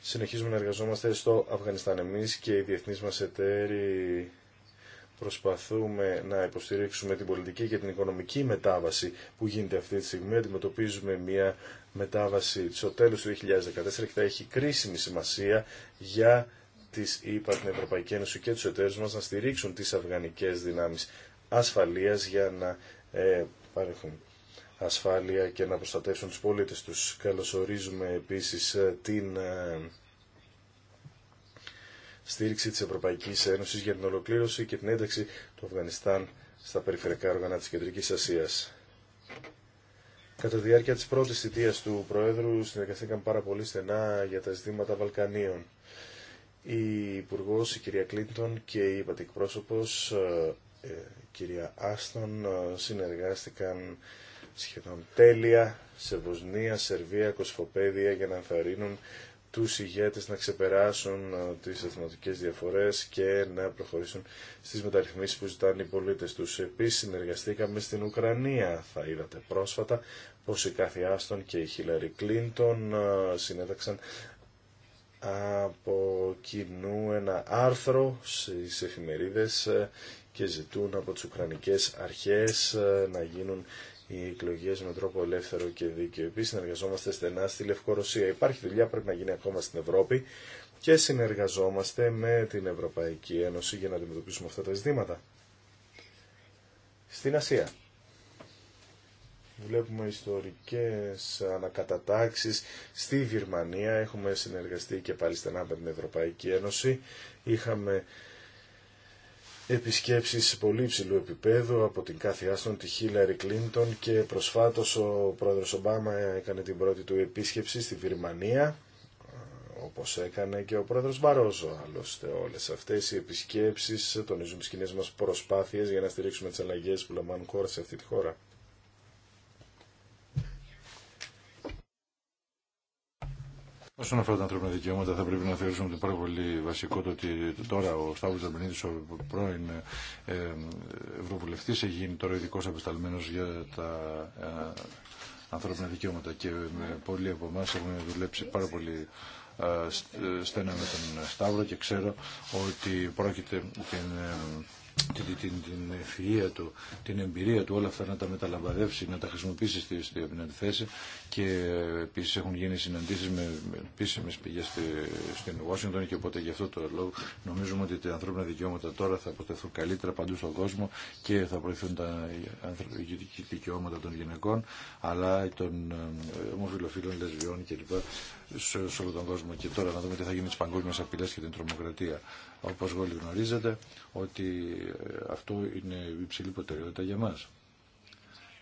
συνεχίζουμε να εργαζόμαστε στο Αφγανιστάν. Εμεί και οι διεθνεί μα εταίροι προσπαθούμε να υποστηρίξουμε την πολιτική και την οικονομική μετάβαση που γίνεται αυτή τη στιγμή. Αντιμετωπίζουμε μια μετάβαση στο τέλο του 2014 και θα έχει κρίσιμη σημασία για τις ΗΠΑ, την Ευρωπαϊκή Ένωση και του εταίρου μα να στηρίξουν τι αφγανικέ δυνάμει ασφαλεία για να ε, παρέχουν ασφάλεια και να προστατεύσουν τους πολίτες τους. Καλωσορίζουμε επίσης ε, την ε, στήριξη της Ευρωπαϊκής Ένωσης για την ολοκλήρωση και την ένταξη του Αφγανιστάν στα περιφερειακά όργανα της Κεντρικής Ασίας. Κατά τη διάρκεια της πρώτης θητείας του Προέδρου συνεργαστήκαμε πάρα πολύ στενά για τα ζητήματα Βαλκανίων. Η Υπουργό, η κυρία Κλίντον και η Πατικπρόσωπος, η ε, κυρία Άστον, συνεργάστηκαν σχεδόν τέλεια σε Βοσνία, Σερβία, Κοσφοπέδια για να ενθαρρύνουν τους ηγέτες να ξεπεράσουν ε, τις εθνοτικές διαφορές και να προχωρήσουν στις μεταρρυθμίσεις που ζητάνε οι πολίτες τους. Επίσης συνεργαστήκαμε στην Ουκρανία, θα είδατε πρόσφατα, πως η Κάθη και η Χίλαρη Κλίντον ε, συνέταξαν από κοινού ένα άρθρο στις εφημερίδες ε, και ζητούν από τις Ουκρανικές αρχές να γίνουν οι εκλογέ με τρόπο ελεύθερο και δίκαιο. Επίση, συνεργαζόμαστε στενά στη Λευκορωσία. Υπάρχει δουλειά πρέπει να γίνει ακόμα στην Ευρώπη και συνεργαζόμαστε με την Ευρωπαϊκή Ένωση για να αντιμετωπίσουμε αυτά τα ζητήματα. Στην Ασία. Βλέπουμε ιστορικές ανακατατάξεις στη Γερμανία. Έχουμε συνεργαστεί και πάλι στενά με την Ευρωπαϊκή Ένωση. Είχαμε επισκέψεις πολύ υψηλού επίπεδου από την κάθε άστον τη Χίλαρη Κλίντον και προσφάτως ο πρόεδρος Ομπάμα έκανε την πρώτη του επίσκεψη στη Βυρμανία όπως έκανε και ο πρόεδρος Μπαρόζο. Άλλωστε όλες αυτές οι επισκέψεις τονίζουν τις κοινές μας προσπάθειες για να στηρίξουμε τις αλλαγές που λαμβάνουν χώρα σε αυτή τη χώρα. Όσον αφορά τα ανθρώπινα δικαιώματα, θα πρέπει να θεωρήσουμε ότι πάρα πολύ βασικό το ότι τώρα ο Σταύρο Τζαμπενίδη, ο πρώην ε, Ευρωβουλευτή, έχει γίνει τώρα ειδικό απεσταλμένο για τα ε, ανθρώπινα δικαιώματα και πολλοί από εμά έχουμε δουλέψει πάρα πολύ ε, στένα με τον Σταύρο και ξέρω ότι πρόκειται την την, την, την ευφυΐα του, την εμπειρία του, όλα αυτά να τα μεταλαμβαδεύσει να τα χρησιμοποιήσει στη, στη θέση και επίσης έχουν γίνει συναντήσεις με επίσημες πηγέ στη, στην Ουάσιγκτον και οπότε γι' αυτό το λόγο νομίζουμε ότι τα ανθρώπινα δικαιώματα τώρα θα αποτεθούν καλύτερα παντού στον κόσμο και θα προηθούν τα δικαιώματα των γυναικών αλλά των ε, ομοφυλοφίλων λεσβιών κλπ. Σε, σε όλο τον κόσμο και τώρα να δούμε τι θα γίνει με τι παγκόσμιε απειλέ και την τρομοκρατία όπως όλοι γνωρίζετε, ότι ε, αυτό είναι υψηλή προτεραιότητα για μας.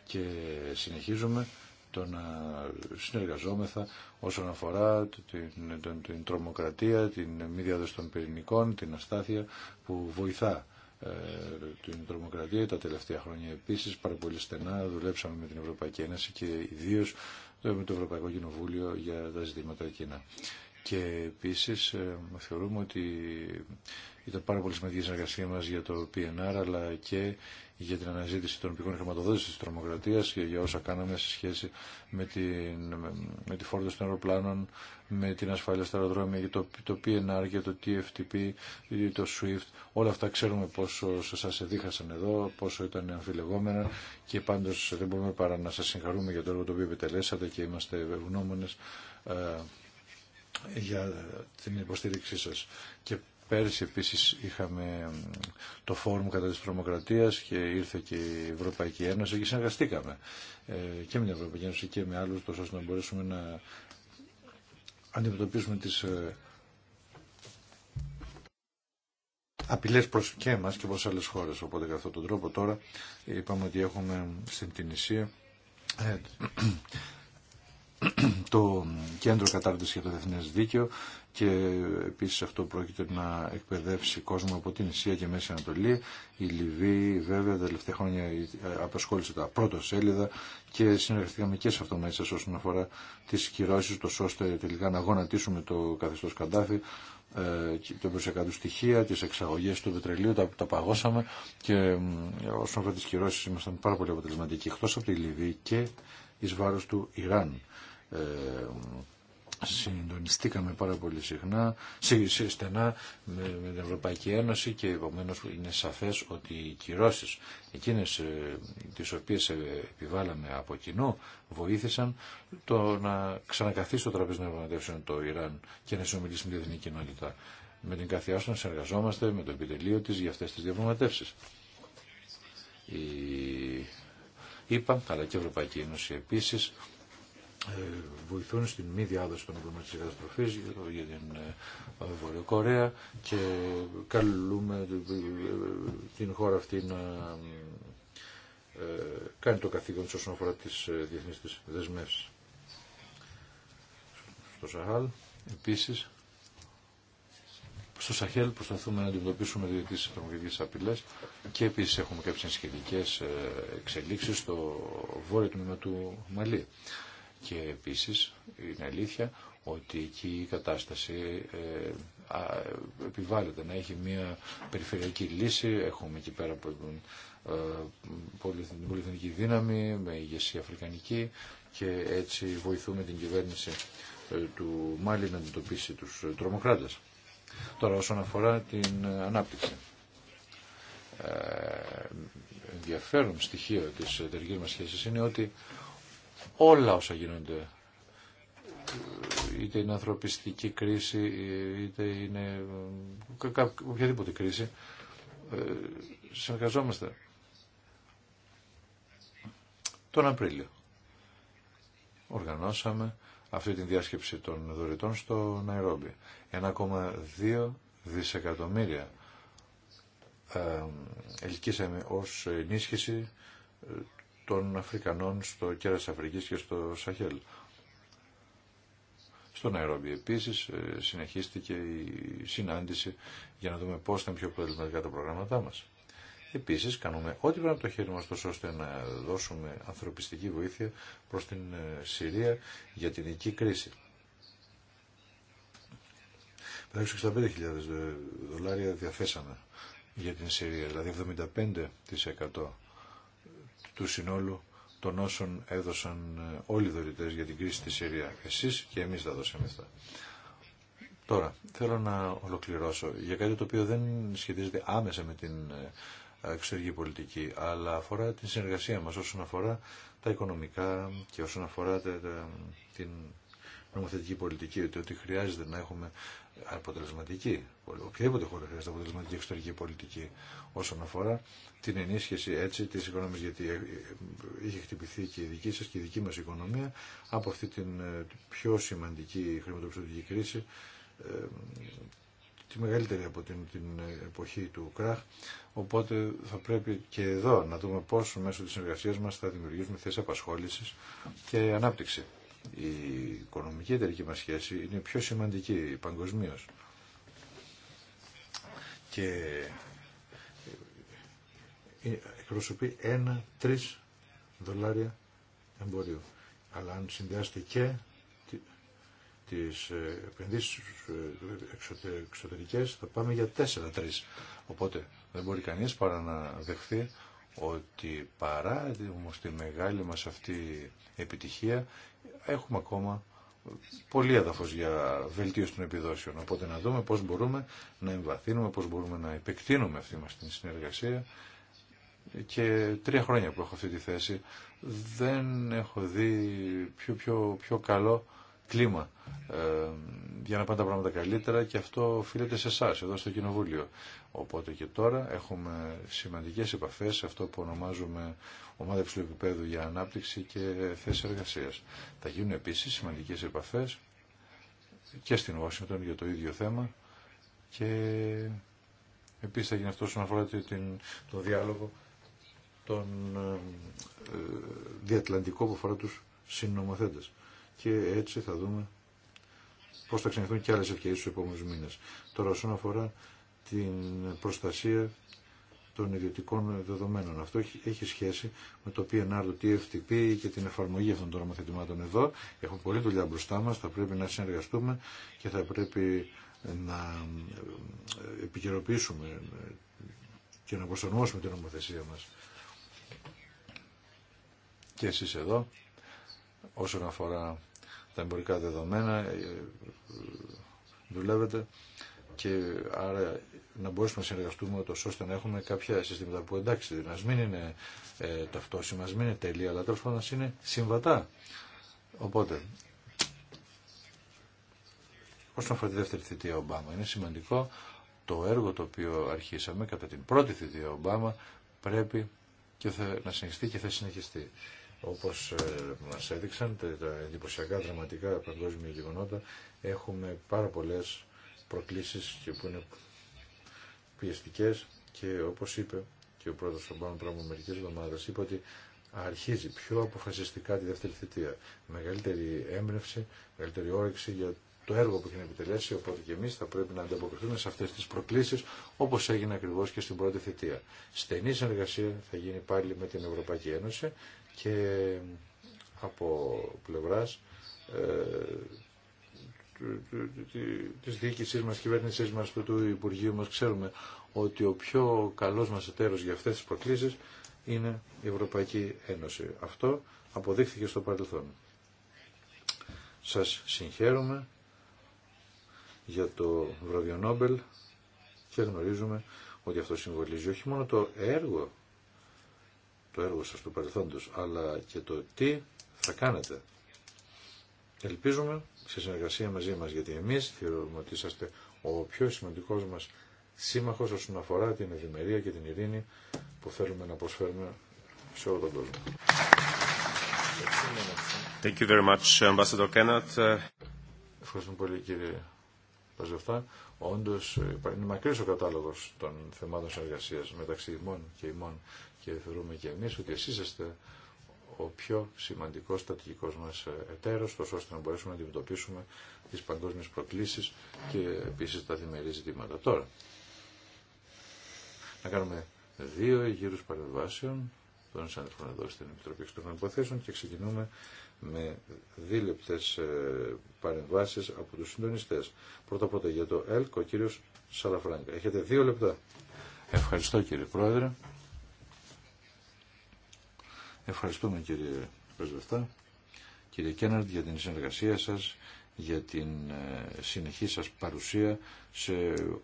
Και συνεχίζουμε το να συνεργαζόμεθα όσον αφορά την, την, την τρομοκρατία, την μη διάδοση των πυρηνικών, την αστάθεια που βοηθά ε, την τρομοκρατία. Τα τελευταία χρόνια επίσης πάρα πολύ στενά δουλέψαμε με την Ευρωπαϊκή Ένωση και ιδίως ε, με το Ευρωπαϊκό Κοινοβούλιο για τα ζητήματα εκείνα. Και επίσης ε, θεωρούμε ότι ήταν πάρα πολύ σημαντική η συνεργασία μας για το PNR αλλά και για την αναζήτηση των πηγών χρηματοδότησης της τρομοκρατίας και για όσα κάναμε σε σχέση με, την, με τη φόρτωση των αεροπλάνων, με την ασφάλεια στα αεροδρόμια, για το, το PNR, για το TFTP, για το SWIFT. Όλα αυτά ξέρουμε πόσο σας εδίχασαν εδώ, πόσο ήταν αμφιλεγόμενα και πάντως δεν μπορούμε παρά να σας συγχαρούμε για το έργο το οποίο επιτελέσατε και είμαστε ευγνώμονες ε, για την υποστήριξή σας. Και πέρσι επίσης είχαμε το φόρουμ κατά της τρομοκρατίας και ήρθε και η Ευρωπαϊκή Ένωση και συνεργαστήκαμε ε, και με την Ευρωπαϊκή Ένωση και με άλλους τόσο ώστε να μπορέσουμε να αντιμετωπίσουμε τις ε, απειλές προς και εμάς και προς άλλες χώρες. Οπότε κατά αυτόν τον τρόπο τώρα είπαμε ότι έχουμε στην Τινησία ε, το κέντρο κατάρτισης για το διεθνές δίκαιο και επίσης αυτό πρόκειται να εκπαιδεύσει κόσμο από την Ισία και Μέση Ανατολή. Η Λιβύη βέβαια τα τελευταία χρόνια απασχόλησε τα πρώτα σέλιδα και συνεργαστήκαμε και σε αυτό μέσα όσον αφορά τις κυρώσεις τόσο ώστε τελικά να γονατίσουμε το καθεστώς Καντάφη ε, το προσεκά του στοιχεία, τις εξαγωγές του πετρελίου, τα, τα παγώσαμε και όσον αφορά τις κυρώσεις ήμασταν πάρα πολύ αποτελεσματικοί εκτός από τη Λιβύη και εις βάρος του Ιράν. Ε, συντονιστήκαμε πάρα πολύ συχνά, στενά με, την Ευρωπαϊκή Ένωση και επομένω είναι σαφές ότι οι κυρώσεις εκείνες ε, τις οποίες ε, επιβάλαμε από κοινού βοήθησαν το να ξανακαθίσει το τραπέζι των το Ιράν και να συνομιλήσει με την κοινότητα. Με την καθιάστα να συνεργαζόμαστε με το επιτελείο της για αυτές τις διαπραγματεύσεις. Η αλλά και η Ευρωπαϊκή Ένωση επίσης ε, βοηθούν στην μη διάδοση των οικονομικών της καταστροφής για την ε, Βόρεια Κορέα και καλούμε ε, την χώρα αυτή να κάνει το καθήκον της όσον αφορά τις διεθνείς της δεσμεύσεις. Στο Σαχάλ, επίσης, στο Σαχέλ προσπαθούμε να αντιμετωπίσουμε τις τρομοκρατικές απειλές και επίσης έχουμε κάποιες σχετικές εξελίξεις στο βόρειο τμήμα του Μαλή. Και επίσης είναι αλήθεια ότι εκεί η κατάσταση ε, επιβάλλεται να έχει μια περιφερειακή λύση. Έχουμε εκεί πέρα ε, την πολυεθνική δύναμη με ηγεσία αφρικανική και έτσι βοηθούμε την κυβέρνηση ε, του Μάλι να αντιμετωπίσει τους τρομοκράτες. Τώρα όσον αφορά την ανάπτυξη. Ε, ενδιαφέρον στοιχείο της εταιρικής μας σχέσης είναι ότι όλα όσα γίνονται είτε είναι ανθρωπιστική κρίση, είτε είναι οποιαδήποτε κρίση, ε, συνεργαζόμαστε. Τον Απρίλιο οργανώσαμε αυτή την διάσκεψη των δωρητών στο Ναϊρόμπι. 1,2 δισεκατομμύρια ε, ελκύσαμε ως ενίσχυση ε, των Αφρικανών στο κέρας Αφρικής και στο Σαχέλ. Στον Ναϊρόμπι επίσης ε, συνεχίστηκε η συνάντηση για να δούμε πώς ήταν πιο αποτελεσματικά τα προγράμματά μας. Επίσης κάνουμε ό,τι πρέπει να το χέρι μας τόσο ώστε να δώσουμε ανθρωπιστική βοήθεια προς την ε, Συρία για την εκεί κρίση. 65.000 ε, δολάρια διαθέσαμε για την Συρία, δηλαδή 75% του συνόλου των όσων έδωσαν ε, όλοι οι δωρητές για την κρίση στη Συρία. Εσείς και εμείς τα δώσαμε αυτά. Τώρα, θέλω να ολοκληρώσω για κάτι το οποίο δεν σχετίζεται άμεσα με την ε, εξωτερική πολιτική, αλλά αφορά την συνεργασία μας όσον αφορά τα οικονομικά και όσον αφορά την νομοθετική πολιτική, ότι, ότι χρειάζεται να έχουμε αποτελεσματική, οποιαδήποτε χώρα χρειάζεται αποτελεσματική εξωτερική πολιτική όσον αφορά την ενίσχυση έτσι της οικονομίας, γιατί ε, ε, είχε χτυπηθεί και η δική σας και η δική μας οικονομία από αυτή την ε, πιο σημαντική χρηματοπιστωτική κρίση, τη μεγαλύτερη από την, εποχή του κράχ, οπότε θα πρέπει και εδώ να δούμε πώς μέσω της συνεργασίας μας θα δημιουργήσουμε θέσεις απασχόλησης και ανάπτυξη η οικονομική εταιρική μας σχέση είναι πιο σημαντική παγκοσμίω. Και εκπροσωπεί ένα τρεις δολάρια εμπορίου. Αλλά αν συνδυάσετε και τις ε, επενδύσεις ε, εξωτερικές θα πάμε για τεσσερα 3 Οπότε δεν μπορεί κανείς παρά να δεχθεί ότι παρά όμως τη μεγάλη μας αυτή επιτυχία έχουμε ακόμα πολύ έδαφο για βελτίωση των επιδόσεων. Οπότε να δούμε πώς μπορούμε να εμβαθύνουμε, πώς μπορούμε να επεκτείνουμε αυτή μας την συνεργασία. Και τρία χρόνια που έχω αυτή τη θέση δεν έχω δει πιο, πιο, πιο καλό κλίμα ε, για να πάνε τα πράγματα καλύτερα και αυτό οφείλεται σε εσά εδώ στο Κοινοβούλιο. Οπότε και τώρα έχουμε σημαντικές επαφές σε αυτό που ονομάζουμε ομάδα υψηλού επίπεδου για ανάπτυξη και θέση εργασίας. Θα γίνουν επίσης σημαντικές επαφές και στην Ουάσιγκτον για το ίδιο θέμα και επίσης θα γίνει αυτό όσον αφορά την, τον διάλογο τον ε, ε, διατλαντικό που αφορά τους συνομοθέτες και έτσι θα δούμε πώ θα ξενεθούν και άλλε ευκαιρίε στους επόμενου μήνε. Τώρα όσον αφορά την προστασία των ιδιωτικών δεδομένων. Αυτό έχει σχέση με το PNR, το TFTP και την εφαρμογή αυτών των νομοθετημάτων εδώ. Έχουμε πολλή δουλειά μπροστά μας, θα πρέπει να συνεργαστούμε και θα πρέπει να ε, επικαιροποιήσουμε ε, και να προσαρμόσουμε την νομοθεσία μας. Και εσείς εδώ, όσον αφορά τα εμπορικά δεδομένα, ε, ε, δουλεύετε και άρα να μπορέσουμε να συνεργαστούμε ώστε να έχουμε κάποια συστήματα που εντάξει, να μην είναι ε, ταυτόσιμα, να μην είναι τέλεια, αλλά τέλο πάντων είναι συμβατά. Οπότε, όσον αφορά τη δεύτερη θητεία Ομπάμα, είναι σημαντικό το έργο το οποίο αρχίσαμε κατά την πρώτη θητεία Ομπάμα πρέπει και να συνεχιστεί και θα συνεχιστεί όπως ε, μας έδειξαν τα εντυπωσιακά δραματικά παγκόσμια γεγονότα, έχουμε πάρα πολλές προκλήσεις και που είναι πιεστικές και όπως είπε και ο πρόεδρος των πριν από μερικές εβδομάδες, είπε ότι αρχίζει πιο αποφασιστικά τη δεύτερη θητεία. Μεγαλύτερη έμπνευση, μεγαλύτερη όρεξη για το έργο που έχει επιτελέσει, οπότε και εμείς θα πρέπει να ανταποκριθούμε σε αυτές τις προκλήσεις, όπως έγινε ακριβώς και στην πρώτη θητεία. Στενή συνεργασία θα γίνει πάλι με την Ευρωπαϊκή Ένωση και από πλευράς ε, της διοίκησής μας, κυβέρνησής μας, του Υπουργείου μας, ξέρουμε ότι ο πιο καλός μας εταίρος για αυτές τις προκλήσεις είναι η Ευρωπαϊκή Ένωση. Αυτό αποδείχθηκε στο παρελθόν. Σας συγχαίρομαι για το βραβείο Νόμπελ και γνωρίζουμε ότι αυτό συμβολίζει όχι μόνο το έργο το έργο σας του παρελθόντος, αλλά και το τι θα κάνετε. Ελπίζουμε σε συνεργασία μαζί μας, γιατί εμείς θεωρούμε ότι είσαστε ο πιο σημαντικός μας σύμμαχος όσον αφορά την ευημερία και την ειρήνη που θέλουμε να προσφέρουμε σε όλο τον κόσμο. Thank you very much, Ambassador Kenneth. Ευχαριστούμε πολύ κύριε Παζευτά. Όντω είναι μακρύ ο κατάλογο των θεμάτων συνεργασία μεταξύ ημών και ημών και θεωρούμε και εμείς ότι εσείς είστε ο πιο σημαντικός στρατηγικός μας εταίρος, τόσο ώστε να μπορέσουμε να αντιμετωπίσουμε τις παγκόσμιες προκλήσεις και επίσης τα διμερή ζητήματα. Τώρα, να κάνουμε δύο γύρους παρεμβάσεων των συνάδελφων εδώ στην Επιτροπή Εξωτερικών Υποθέσεων και ξεκινούμε με δίλεπτες ε, παρεμβάσεις από τους συντονιστές. Πρώτα-πρώτα για το ΕΛΚ, ο κύριος Σαλαφράγκα. Έχετε δύο λεπτά. Ευχαριστώ κύριε Πρόεδρε. Ευχαριστούμε κύριε Πρεσβευτά, κύριε Κέναρντ για την συνεργασία σας, για την ε, συνεχή σας παρουσία σε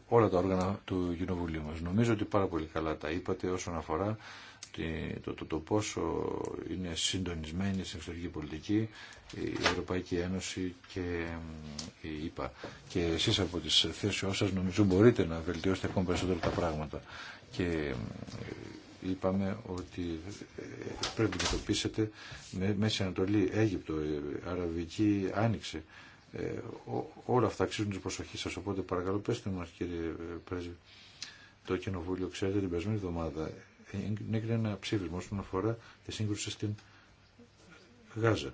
όλα τα όργανα του Κοινοβουλίου μας. Νομίζω ότι πάρα πολύ καλά τα είπατε όσον αφορά το, το, πόσο είναι συντονισμένη στην εξωτερική πολιτική η Ευρωπαϊκή Ένωση και ε, η ΕΠΑ. Και εσείς από τις θέσεις σας νομίζω μπορείτε να βελτιώσετε ακόμα περισσότερο τα πράγματα. Και ε, είπαμε ότι ε, πρέπει να αντιμετωπίσετε με Μέση Ανατολή, Αίγυπτο, ε, Αραβική Άνοιξη. Ε, όλα αυτά αξίζουν την προσοχή σας, οπότε παρακαλώ πέστε μας κύριε Πρέσβη. Το Κοινοβούλιο, ξέρετε, την περσμένη εβδομάδα έγινε ένα ψήφισμα όσον αφορά τη σύγκρουση στην Γάζα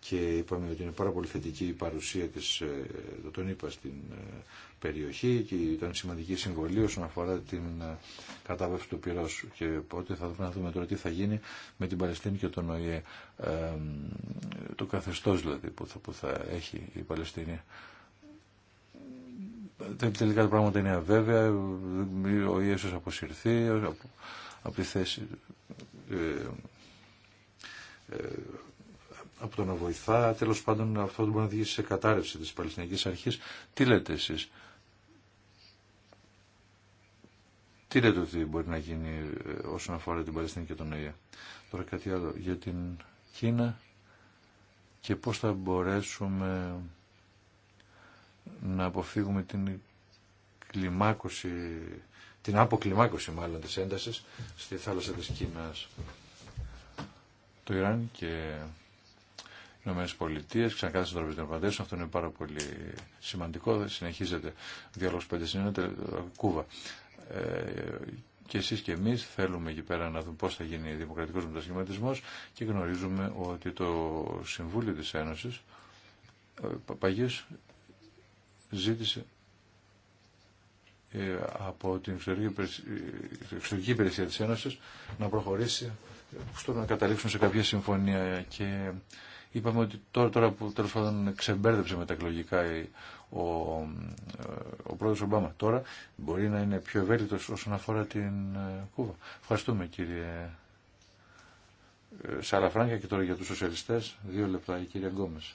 και είπαμε ότι είναι πάρα πολύ θετική η παρουσία της, ε, τον είπα, στην ε, περιοχή και ήταν σημαντική συμβολή όσον αφορά την ε, κατάβευση του πυρός και οπότε θα δούμε να δούμε τώρα τι θα γίνει με την Παλαιστίνη και τον ΟΗΕ το καθεστώς δηλαδή που θα, έχει η Παλαιστίνη τελικά τα πράγματα είναι αβέβαια ο Ιησούς αποσυρθεί από, από τη θέση ε, από το να βοηθά, τέλος πάντων αυτό μπορεί να οδηγήσει σε κατάρρευση τη Παλαιστινική αρχή Τι λέτε εσεί. Τι λέτε ότι μπορεί να γίνει ε, όσον αφορά την Παλαιστίνη και τον ΟΗΕ. Τώρα κάτι άλλο για την Κίνα και πώς θα μπορέσουμε να αποφύγουμε την κλιμάκωση, την αποκλιμάκωση μάλλον της έντασης στη θάλασσα της Κίνας. Το Ιράν και Ηνωμένες Πολιτείες, ξανακάθισε τον Τραπεζικό Παντέσιο, αυτό είναι πάρα πολύ σημαντικό, συνεχίζεται ο διάλογος που Κούβα. Ε, και εσείς και εμεί θέλουμε εκεί πέρα να δούμε πώ θα γίνει δημοκρατικός μετασχηματισμό και γνωρίζουμε ότι το Συμβούλιο της Ένωσης ε, παγίω ζήτησε ε, από ε, την εξωτερική υπηρεσία της Ένωσης να προχωρήσει στο να καταλήξουν σε κάποια συμφωνία και Είπαμε ότι τώρα, τώρα που τέλο πάντων ξεμπέρδεψε με τα ο, ο πρόεδρος Ομπάμα, τώρα μπορεί να είναι πιο ευέλικτο όσον αφορά την ε, Κούβα. Ευχαριστούμε κύριε ε, Σαραφράγκα και τώρα για του Σοσιαλιστέ Δύο λεπτά η κυρία Γκόμες.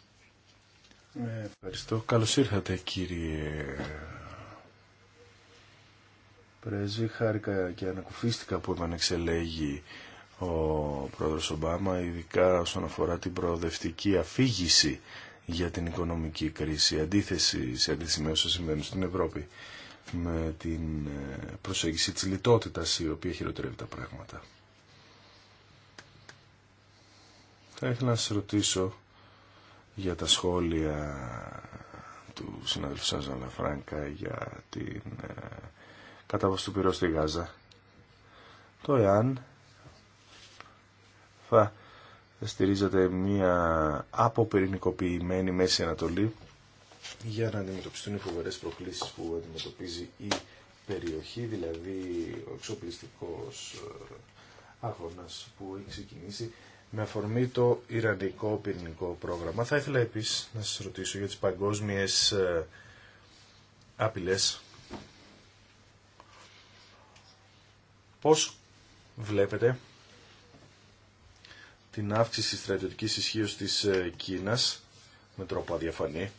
Ε, ευχαριστώ. Καλώ ήρθατε κύριε Πρέζη. Χάρηκα και ανακουφίστηκα που επανεξελέγει ο πρόεδρος Ομπάμα, ειδικά όσον αφορά την προοδευτική αφήγηση για την οικονομική κρίση, αντίθεση, σε αντίθεση με όσο συμβαίνουν στην Ευρώπη, με την ε, προσέγγιση της λιτότητας η οποία χειροτερεύει τα πράγματα. Θα ήθελα να σας ρωτήσω για τα σχόλια του συναδελφού σας Φράγκα για την ε, κατάβαση του πυρός στη Γάζα. Το εάν θα στηρίζεται μια αποπερινικοποιημένη Μέση Ανατολή για να αντιμετωπιστούν οι φοβερέ προκλήσεις που αντιμετωπίζει η περιοχή, δηλαδή ο εξοπλιστικός ε, αγώνας που έχει ξεκινήσει με αφορμή το Ιρανικό πυρηνικό πρόγραμμα. Θα ήθελα επίσης να σας ρωτήσω για τις παγκόσμιες ε, απειλές. Πώς βλέπετε την αύξηση της στρατιωτικής ισχύως της ε, Κίνας με τρόπο αδιαφανή.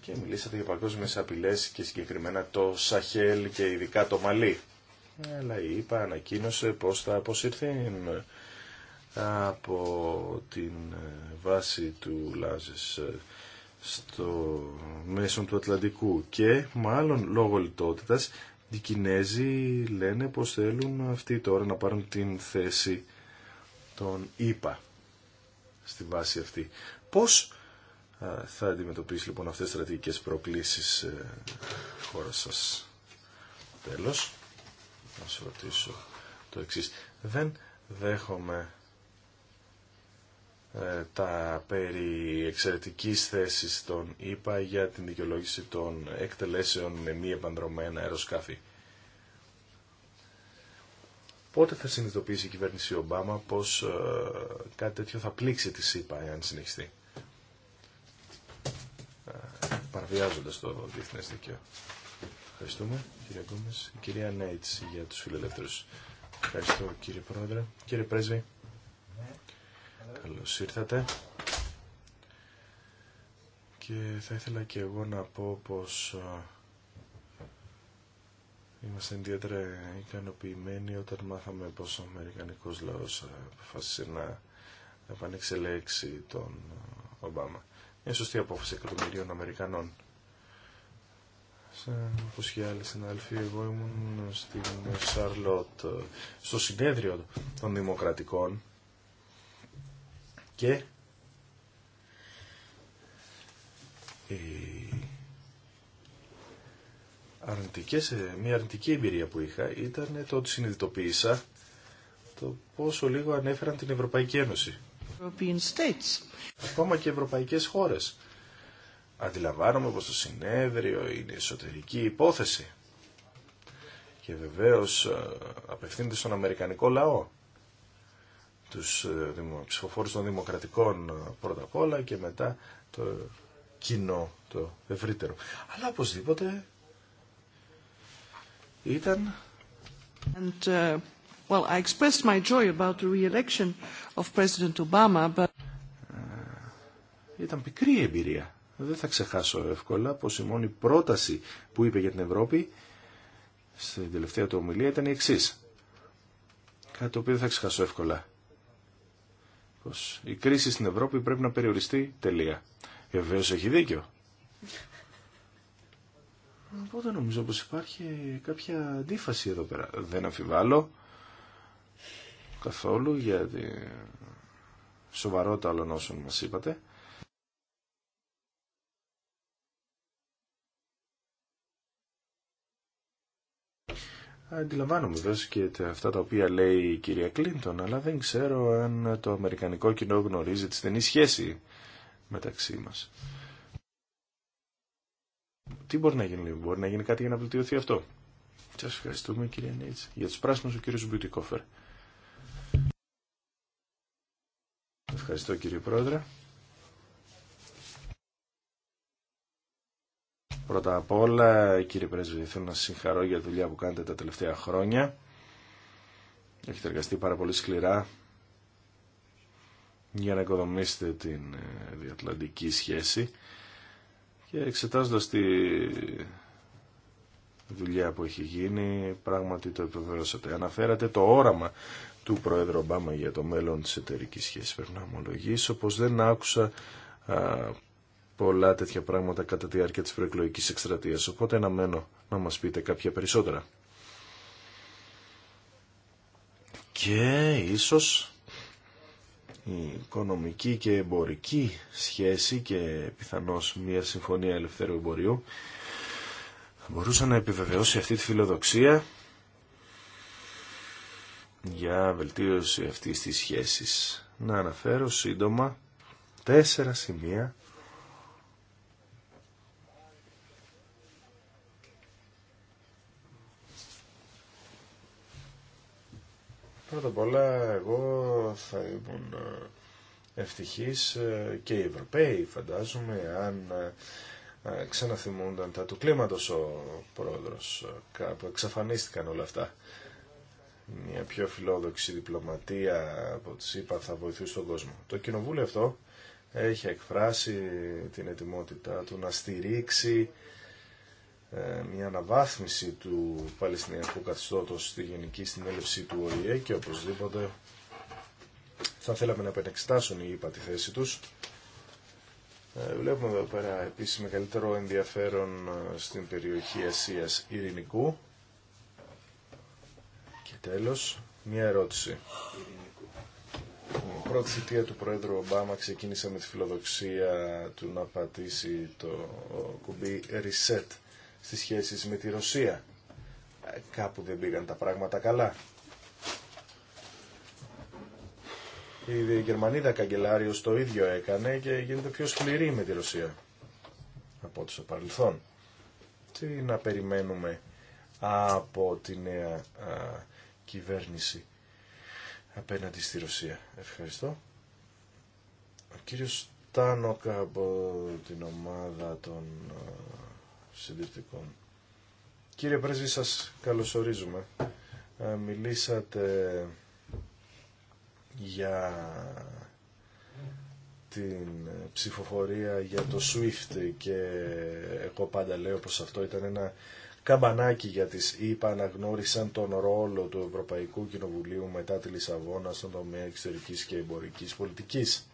Και μιλήσατε για παγκόσμιες απειλές και συγκεκριμένα το Σαχέλ και ειδικά το Μαλί. Αλλά η ΕΠΑ ΕΕ ανακοίνωσε πως θα αποσυρθεί από την ε, βάση του Λάζες ε, στο μέσον του Ατλαντικού και μάλλον λόγω λιτότητας οι Κινέζοι λένε πως θέλουν αυτοί τώρα να πάρουν την θέση των ΙΠΑ στη βάση αυτή. Πώς θα αντιμετωπίσει λοιπόν αυτές τις στρατηγικές προκλήσεις η ε, χώρα σας. Τέλος, να σου ρωτήσω το εξής. Δεν δέχομαι ε, τα περί εξαιρετικής θέσης των ΙΠΑ για την δικαιολόγηση των εκτελέσεων με μη επανδρομένα αεροσκάφη. Πότε θα συνειδητοποιήσει η κυβέρνηση Ομπάμα πως ε, κάτι τέτοιο θα πλήξει τη ΣΥΠΑ εάν συνεχιστεί, ε, παραβιάζοντας το διεθνές δίκαιο. Ευχαριστούμε, κύριε Κυρία Νέιτς για τους φιλελεύθερους. Ευχαριστώ, κύριε Πρόεδρε. Κύριε Πρέσβη. Καλώς ήρθατε. Και θα ήθελα και εγώ να πω πως είμαστε ιδιαίτερα ικανοποιημένοι όταν μάθαμε πως ο Αμερικανικός λαός αποφάσισε να επανεξελέξει τον Ομπάμα. Μια σωστή απόφαση εκατομμυρίων Αμερικανών. Σαν όπως και άλλοι συνάδελφοι, εγώ ήμουν στην Σαρλότ, στο συνέδριο των Δημοκρατικών και αρνητικές, ε, μια αρνητική εμπειρία που είχα ήταν το ότι συνειδητοποίησα το πόσο λίγο ανέφεραν την Ευρωπαϊκή Ένωση. European States. Ακόμα και ευρωπαϊκές χώρες. Αντιλαμβάνομαι πως το συνέδριο είναι εσωτερική υπόθεση. Και βεβαίως ε, απευθύνεται στον Αμερικανικό λαό τους ε, ψηφοφόρους των δημοκρατικών ε, πρώτα απ' όλα και μετά το κοινό, το ευρύτερο. Αλλά οπωσδήποτε ήταν... And, uh, well, I expressed my joy about the re-election of President Obama, but... Ήταν πικρή εμπειρία. Δεν θα ξεχάσω εύκολα πως η μόνη πρόταση που είπε για την Ευρώπη στην τελευταία του ομιλία ήταν η εξής. Κάτι το οποίο δεν θα ξεχάσω εύκολα πως η κρίση στην Ευρώπη πρέπει να περιοριστεί τελεία. Βεβαίω έχει δίκιο. Οπότε νομίζω πως υπάρχει κάποια αντίφαση εδώ πέρα. Δεν αμφιβάλλω καθόλου για τη σοβαρότητα όλων όσων μας είπατε. Αντιλαμβάνομαι βέβαια και αυτά τα οποία λέει η κυρία Κλίντον, αλλά δεν ξέρω αν το αμερικανικό κοινό γνωρίζει τη στενή σχέση μεταξύ μα. Τι μπορεί να γίνει, λοιπόν? μπορεί να γίνει κάτι για να βελτιωθεί αυτό. Σα ευχαριστούμε κυρία Νίτς. Για τους πράσινους ο κύριος Μπιουτικόφερ. Ευχαριστώ κύριε Πρόεδρε. Πρώτα απ' όλα, κύριε Πρέσβη, θέλω να συγχαρώ για τη δουλειά που κάνετε τα τελευταία χρόνια. Έχετε εργαστεί πάρα πολύ σκληρά για να οικοδομήσετε την ε, διατλαντική σχέση και εξετάζοντας τη δουλειά που έχει γίνει, πράγματι το επιβεβαιώσατε. Αναφέρατε το όραμα του Πρόεδρου Ομπάμα για το μέλλον της εταιρικής σχέσης. Πρέπει να ομολογήσω πως δεν άκουσα πολλά τέτοια πράγματα κατά τη διάρκεια της προεκλογικής εκστρατείας. Οπότε αναμένω να μας πείτε κάποια περισσότερα. Και ίσως η οικονομική και εμπορική σχέση και πιθανώς μια συμφωνία ελευθέρου εμπορίου θα μπορούσε να επιβεβαιώσει αυτή τη φιλοδοξία για βελτίωση αυτής της σχέσης. Να αναφέρω σύντομα τέσσερα σημεία Πρώτα απ' όλα εγώ θα ήμουν ε, ευτυχής ε, και οι Ευρωπαίοι φαντάζομαι αν ε, ξαναθυμούνταν τα του κλίματος ο πρόεδρος. Κάπου εξαφανίστηκαν όλα αυτά. Μια πιο φιλόδοξη διπλωματία από τις είπα θα βοηθούσε τον κόσμο. Το κοινοβούλιο αυτό έχει εκφράσει την ετοιμότητά του να στηρίξει ε, μια αναβάθμιση του Παλαιστινιακού καθιστώτος στη Γενική Συνέλευση του ΟΗΕ και οπωσδήποτε θα θέλαμε να επενεξετάσουν οι ΙΠΑ τη θέση τους. Ε, βλέπουμε εδώ πέρα επίσης μεγαλύτερο ενδιαφέρον ε, στην περιοχή Ασίας Ειρηνικού. Και τέλος, μια ερώτηση. Η πρώτη θητεία του Πρόεδρου Ομπάμα ξεκίνησε με τη φιλοδοξία του να πατήσει το κουμπί Reset στις σχέσεις με τη Ρωσία. Ε, κάπου δεν πήγαν τα πράγματα καλά. Η Γερμανίδα καγκελάριο το ίδιο έκανε και γίνεται πιο σκληρή με τη Ρωσία από ό,τι στο παρελθόν. Τι να περιμένουμε από τη νέα κυβέρνηση απέναντι στη Ρωσία. Ευχαριστώ. Ο κύριος Τάνοκα από την ομάδα των Κύριε Πρέσβη, σας καλωσορίζουμε. Ε, μιλήσατε για την ψηφοφορία για το SWIFT και εγώ πάντα λέω πως αυτό ήταν ένα καμπανάκι για τις ΗΠΑ αναγνώρισαν τον ρόλο του Ευρωπαϊκού Κοινοβουλίου μετά τη Λισαβόνα στον τομέα εξωτερικής και εμπορικής πολιτικής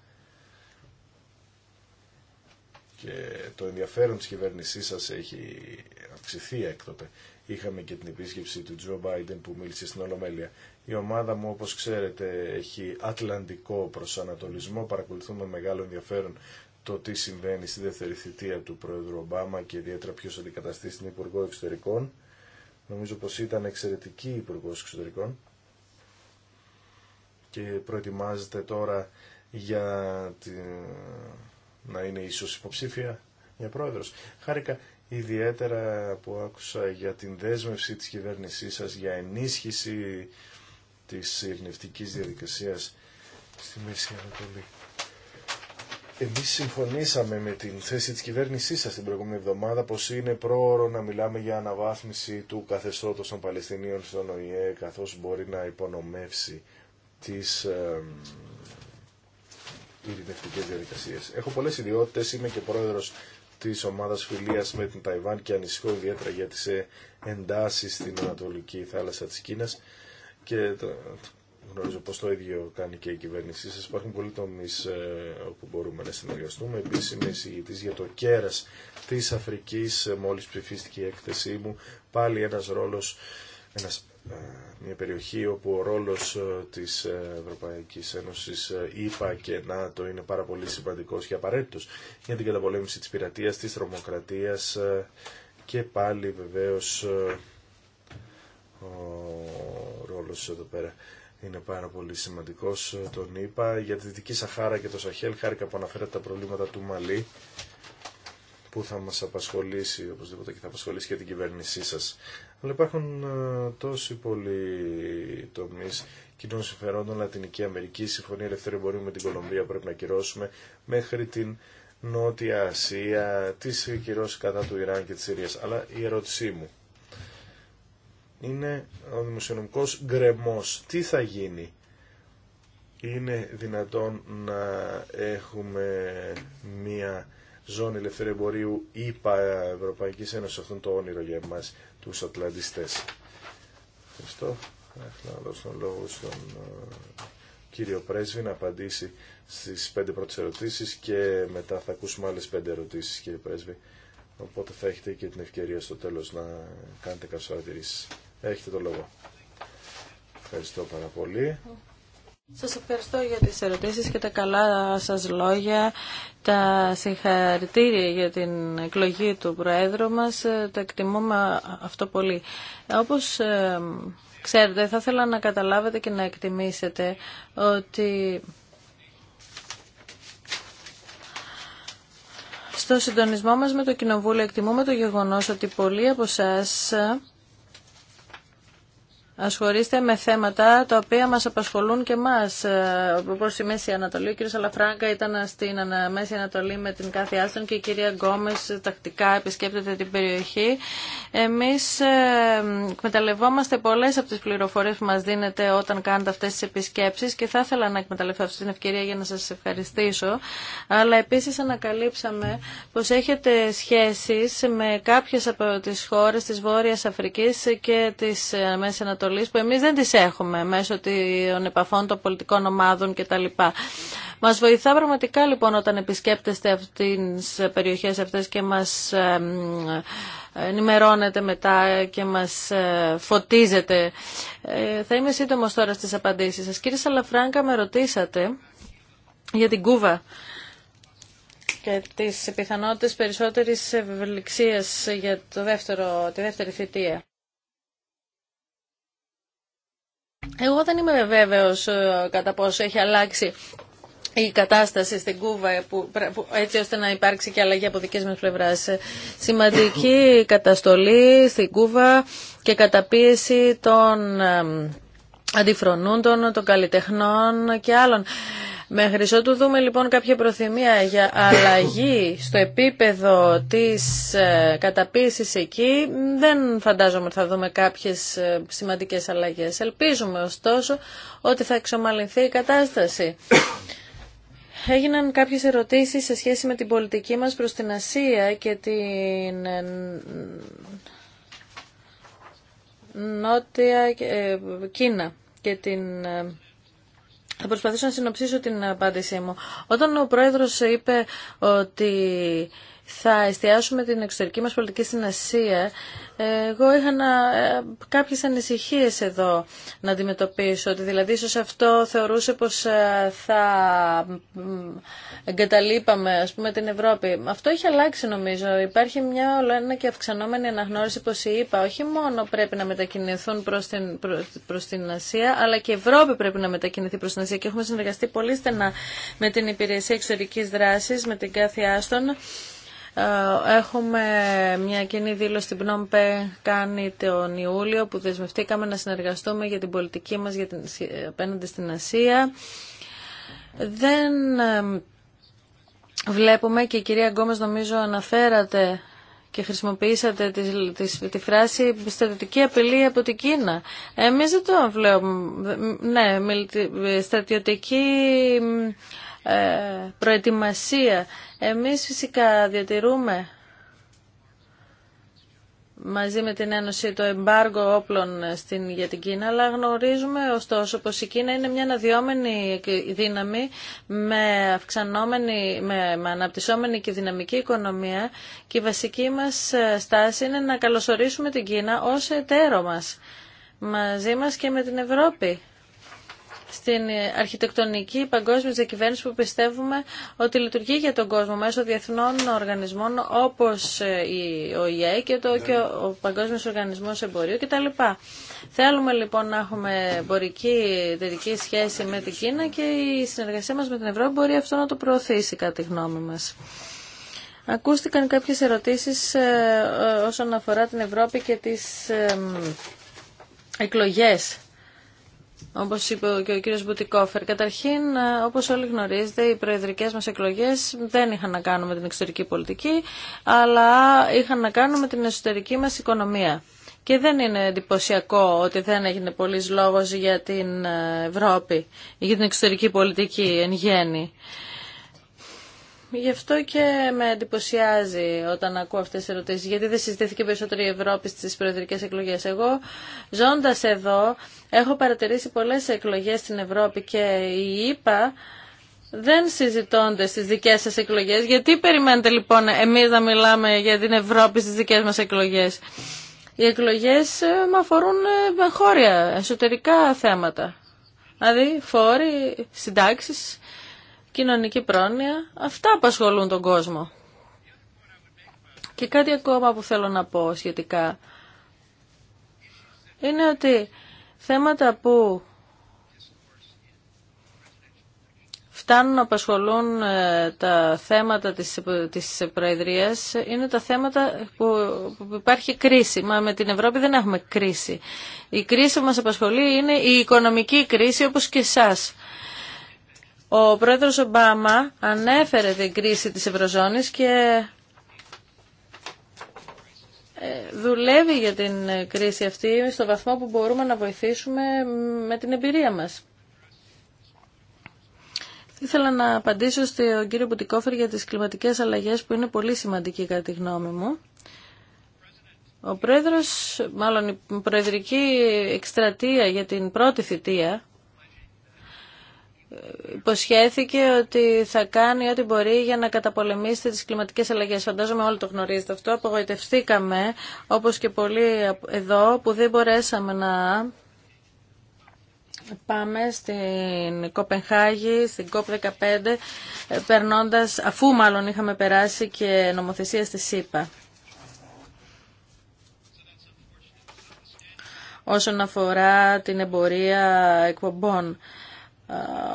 και το ενδιαφέρον της κυβέρνησής σας έχει αυξηθεί έκτοτε. Είχαμε και την επίσκεψη του Τζο Μπάιντεν που μίλησε στην Ολομέλεια. Η ομάδα μου, όπως ξέρετε, έχει ατλαντικό προσανατολισμό. Παρακολουθούμε μεγάλο ενδιαφέρον το τι συμβαίνει στη δεύτερη θητεία του Πρόεδρου Ομπάμα και ιδιαίτερα ποιο αντικαταστεί στην Υπουργό Εξωτερικών. Νομίζω πως ήταν εξαιρετική Υπουργό Εξωτερικών και προετοιμάζεται τώρα για την να είναι ίσως υποψήφια για πρόεδρος. Χάρηκα ιδιαίτερα που άκουσα για την δέσμευση της κυβέρνησής σας για ενίσχυση της ειρνευτικής διαδικασίας στη Μέση Ανατολή. Εμείς συμφωνήσαμε με την θέση της κυβέρνησής σας την προηγούμενη εβδομάδα πως είναι πρόωρο να μιλάμε για αναβάθμιση του καθεστώτος των Παλαιστινίων στον ΟΗΕ καθώς μπορεί να υπονομεύσει τις ειρηνευτικέ διαδικασίε. Έχω πολλέ ιδιότητε, είμαι και πρόεδρο τη ομάδα φιλία με την Ταϊβάν και ανησυχώ ιδιαίτερα για τι εντάσει στην Ανατολική θάλασσα τη Κίνα και γνωρίζω πω το ίδιο κάνει και η κυβέρνησή σα. Υπάρχουν πολλοί τομεί ε, όπου μπορούμε να συνεργαστούμε. Επίση, είμαι εισηγητή για το κέρα τη Αφρική. Μόλι ψηφίστηκε η έκθεσή μου. Πάλι ένα ρόλο, ένας μια περιοχή όπου ο ρόλος ε, της Ευρωπαϊκής Ένωσης ΙΠΑ ε, και ΝΑΤΟ είναι πάρα πολύ σημαντικός και απαραίτητος για την καταπολέμηση της πειρατείας, της τρομοκρατίας ε, και πάλι βεβαίως ο ρόλος εδώ πέρα είναι πάρα πολύ σημαντικός τον ΙΠΑ για τη Δυτική Σαχάρα και το Σαχέλ χάρηκα που αναφέρατε τα προβλήματα του Μαλή που θα μας απασχολήσει οπωσδήποτε και θα απασχολήσει και την κυβέρνησή σας. Αλλά υπάρχουν ε, τόσοι πολλοί τομεί κοινών συμφερόντων, Λατινική Αμερική, η Συμφωνία Ελευθερία με την Κολομβία πρέπει να κυρώσουμε, μέχρι την Νότια Ασία, τις κυρώσει κατά του Ιράν και τη Συρία. Αλλά η ερώτησή μου είναι ο δημοσιονομικός γκρεμό. Τι θα γίνει. Είναι δυνατόν να έχουμε μία ζώνη ελευθερία εμπορίου Ευρωπαϊκή Ευρωπαϊκής Ένωσης αυτόν το όνειρο για εμάς τους Ατλαντιστές. Ευχαριστώ. Θα να δώσω τον λόγο στον ε, κύριο Πρέσβη να απαντήσει στις πέντε πρώτες ερωτήσεις και μετά θα ακούσουμε άλλες πέντε ερωτήσεις κύριε Πρέσβη. Οπότε θα έχετε και την ευκαιρία στο τέλος να κάνετε κάποιες παρατηρήσεις. Έχετε το λόγο. Ευχαριστώ πάρα πολύ. Σας ευχαριστώ για τις ερωτήσεις και τα καλά σας λόγια, τα συγχαρητήρια για την εκλογή του Προέδρου μας, το εκτιμούμε αυτό πολύ. Όπως ε, ξέρετε, θα ήθελα να καταλάβετε και να εκτιμήσετε ότι στο συντονισμό μας με το Κοινοβούλιο εκτιμούμε το γεγονός ότι πολλοί από εσάς ασχολείστε με θέματα τα οποία μας απασχολούν και μας. Ε, όπως η Μέση Ανατολή, ο κ. Σαλαφράγκα ήταν στην Μέση Ανατολή με την κάθε άστον και η κυρία Γκόμες τακτικά επισκέπτεται την περιοχή. Εμείς ε, εκμεταλλευόμαστε πολλές από τις πληροφορίες που μας δίνετε όταν κάνετε αυτές τις επισκέψεις και θα ήθελα να εκμεταλλευτώ αυτή την ευκαιρία για να σας ευχαριστήσω. Αλλά επίσης ανακαλύψαμε πως έχετε σχέσεις με κάποιες από τις χώρες της Βόρειας Αφρικής και της ε, Μέσης Ανατολής που εμεί δεν τι έχουμε μέσω των επαφών των πολιτικών ομάδων κτλ. Μα βοηθά πραγματικά λοιπόν όταν επισκέπτεστε αυτέ τι περιοχέ αυτέ και μα ενημερώνετε μετά και μας ε, φωτίζετε. Ε, θα είμαι σύντομο τώρα στις απαντήσεις σας. Κύριε Σαλαφράγκα με ρωτήσατε για την Κούβα και τις πιθανότητες περισσότερης ευελιξίας για το δεύτερο, τη δεύτερη θητεία. Εγώ δεν είμαι βέβαιος ε, κατά πόσο έχει αλλάξει η κατάσταση στην Κούβα ε, που, έτσι ώστε να υπάρξει και αλλαγή από δικές μας πλευράς. Ε, σημαντική καταστολή στην Κούβα και καταπίεση των αντιφρονούντων, των καλλιτεχνών και άλλων. Μέχρι ότου δούμε λοιπόν κάποια προθυμία για αλλαγή στο επίπεδο της ε, καταπίεσης εκεί, δεν φαντάζομαι ότι θα δούμε κάποιες ε, σημαντικές αλλαγές. Ελπίζουμε ωστόσο ότι θα εξομαλυνθεί η κατάσταση. Έγιναν κάποιες ερωτήσεις σε σχέση με την πολιτική μας προς την Ασία και την ε, Νότια Κίνα και την θα προσπαθήσω να συνοψίσω την απάντησή μου. Όταν ο πρόεδρος είπε ότι θα εστιάσουμε την εξωτερική μας πολιτική στην Ασία, εγώ είχα να, ε, κάποιες ανησυχίες εδώ να αντιμετωπίσω, ότι δηλαδή ίσως αυτό θεωρούσε πως ε, θα εγκαταλείπαμε ας πούμε την Ευρώπη. Αυτό έχει αλλάξει νομίζω. Υπάρχει μια ολοένα και αυξανόμενη αναγνώριση πως η ΕΠΑ όχι μόνο πρέπει να μετακινηθούν προς την, προς την Ασία, αλλά και η Ευρώπη πρέπει να μετακινηθεί προς την Ασία και έχουμε συνεργαστεί πολύ στενά με την Υπηρεσία Εξωτερικής Δράσης, με την Κάθη Άστον. Ε, έχουμε μια κοινή δήλωση στην ΠΝΟΜΠΕ κάνει τον Ιούλιο που δεσμευτήκαμε να συνεργαστούμε για την πολιτική μας για την, απέναντι στην Ασία. Δεν βλέπουμε και η κυρία Γκόμες νομίζω αναφέρατε και χρησιμοποιήσατε τη, τη, τη φράση στρατιωτική απειλή από την Κίνα. Εμείς δεν το βλέπουμε. Ναι, στρατιωτική ε, προετοιμασία. Εμείς φυσικά διατηρούμε μαζί με την Ένωση το εμπάργο όπλων στην, για την Κίνα, αλλά γνωρίζουμε ωστόσο πως η Κίνα είναι μια αναδυόμενη δύναμη με, αυξανόμενη, με, με αναπτυσσόμενη και δυναμική οικονομία και η βασική μας ε, στάση είναι να καλωσορίσουμε την Κίνα ως εταίρο μας μαζί μας και με την Ευρώπη στην αρχιτεκτονική παγκόσμια διακυβέρνηση που πιστεύουμε ότι λειτουργεί για τον κόσμο μέσω διεθνών οργανισμών όπως ε, η ΟΗΕ και, το, ναι. και ο Παγκόσμιος Οργανισμός Εμπορίου κτλ. Θέλουμε λοιπόν να έχουμε εμπορική εταιρική σχέση με την Κίνα και η συνεργασία μας με την Ευρώπη μπορεί αυτό να το προωθήσει κατά γνώμη μας. Ακούστηκαν κάποιες ερωτήσεις ε, ε, όσον αφορά την Ευρώπη και τις εκλογές Όπω είπε και ο κύριος Μπουτικόφερ. Καταρχήν, ε, όπως όλοι γνωρίζετε, οι προεδρικές μας εκλογές δεν είχαν να κάνουν με την εξωτερική πολιτική, αλλά είχαν να κάνουν με την εσωτερική μας οικονομία. Και δεν είναι εντυπωσιακό ότι δεν έγινε πολλή λόγος για την ε, Ευρώπη, για την εξωτερική πολιτική εν γέννη. Γι' αυτό και με εντυπωσιάζει όταν ακούω αυτές τις ερωτήσεις, γιατί δεν συζητήθηκε περισσότερο η Ευρώπη στις προεδρικές εκλογές. Εγώ ζώντας εδώ έχω παρατηρήσει πολλές εκλογές στην Ευρώπη και η ΕΠΑ δεν συζητώνται στις δικές σας εκλογές. Γιατί περιμένετε λοιπόν εμείς να μιλάμε για την Ευρώπη στις δικές μας εκλογές. Οι εκλογές ε, ε, με αφορούν χώρια, εσωτερικά θέματα. Δηλαδή φόροι, συντάξεις, κοινωνική πρόνοια, αυτά απασχολούν τον κόσμο. Και κάτι ακόμα που θέλω να πω σχετικά είναι ότι θέματα που φτάνουν να απασχολούν ε, τα θέματα της, της Προεδρίας είναι τα θέματα που, που υπάρχει κρίση. Μα με την Ευρώπη δεν έχουμε κρίση. Η κρίση που μας απασχολεί είναι η οικονομική κρίση όπως και εσάς. Ο πρόεδρος Ομπάμα ανέφερε την κρίση της Ευρωζώνης και ε, δουλεύει για την κρίση αυτή στο βαθμό που μπορούμε να βοηθήσουμε με την εμπειρία μας. Ήθελα να απαντήσω στον κύριο Μπουτικόφερ για τις κλιματικές αλλαγές που είναι πολύ σημαντική κατά τη γνώμη μου. Ο πρόεδρος, μάλλον η προεδρική εκστρατεία για την πρώτη θητεία υποσχέθηκε ότι θα κάνει ό,τι μπορεί για να καταπολεμήσει τις κλιματικές αλλαγές. Φαντάζομαι όλοι το γνωρίζετε αυτό. Απογοητευθήκαμε, όπως και πολλοί εδώ, που δεν μπορέσαμε να Πάμε στην Κοπενχάγη, στην COP15, περνώντας, αφού μάλλον είχαμε περάσει και νομοθεσία στη ΣΥΠΑ. Όσον αφορά την εμπορία εκπομπών.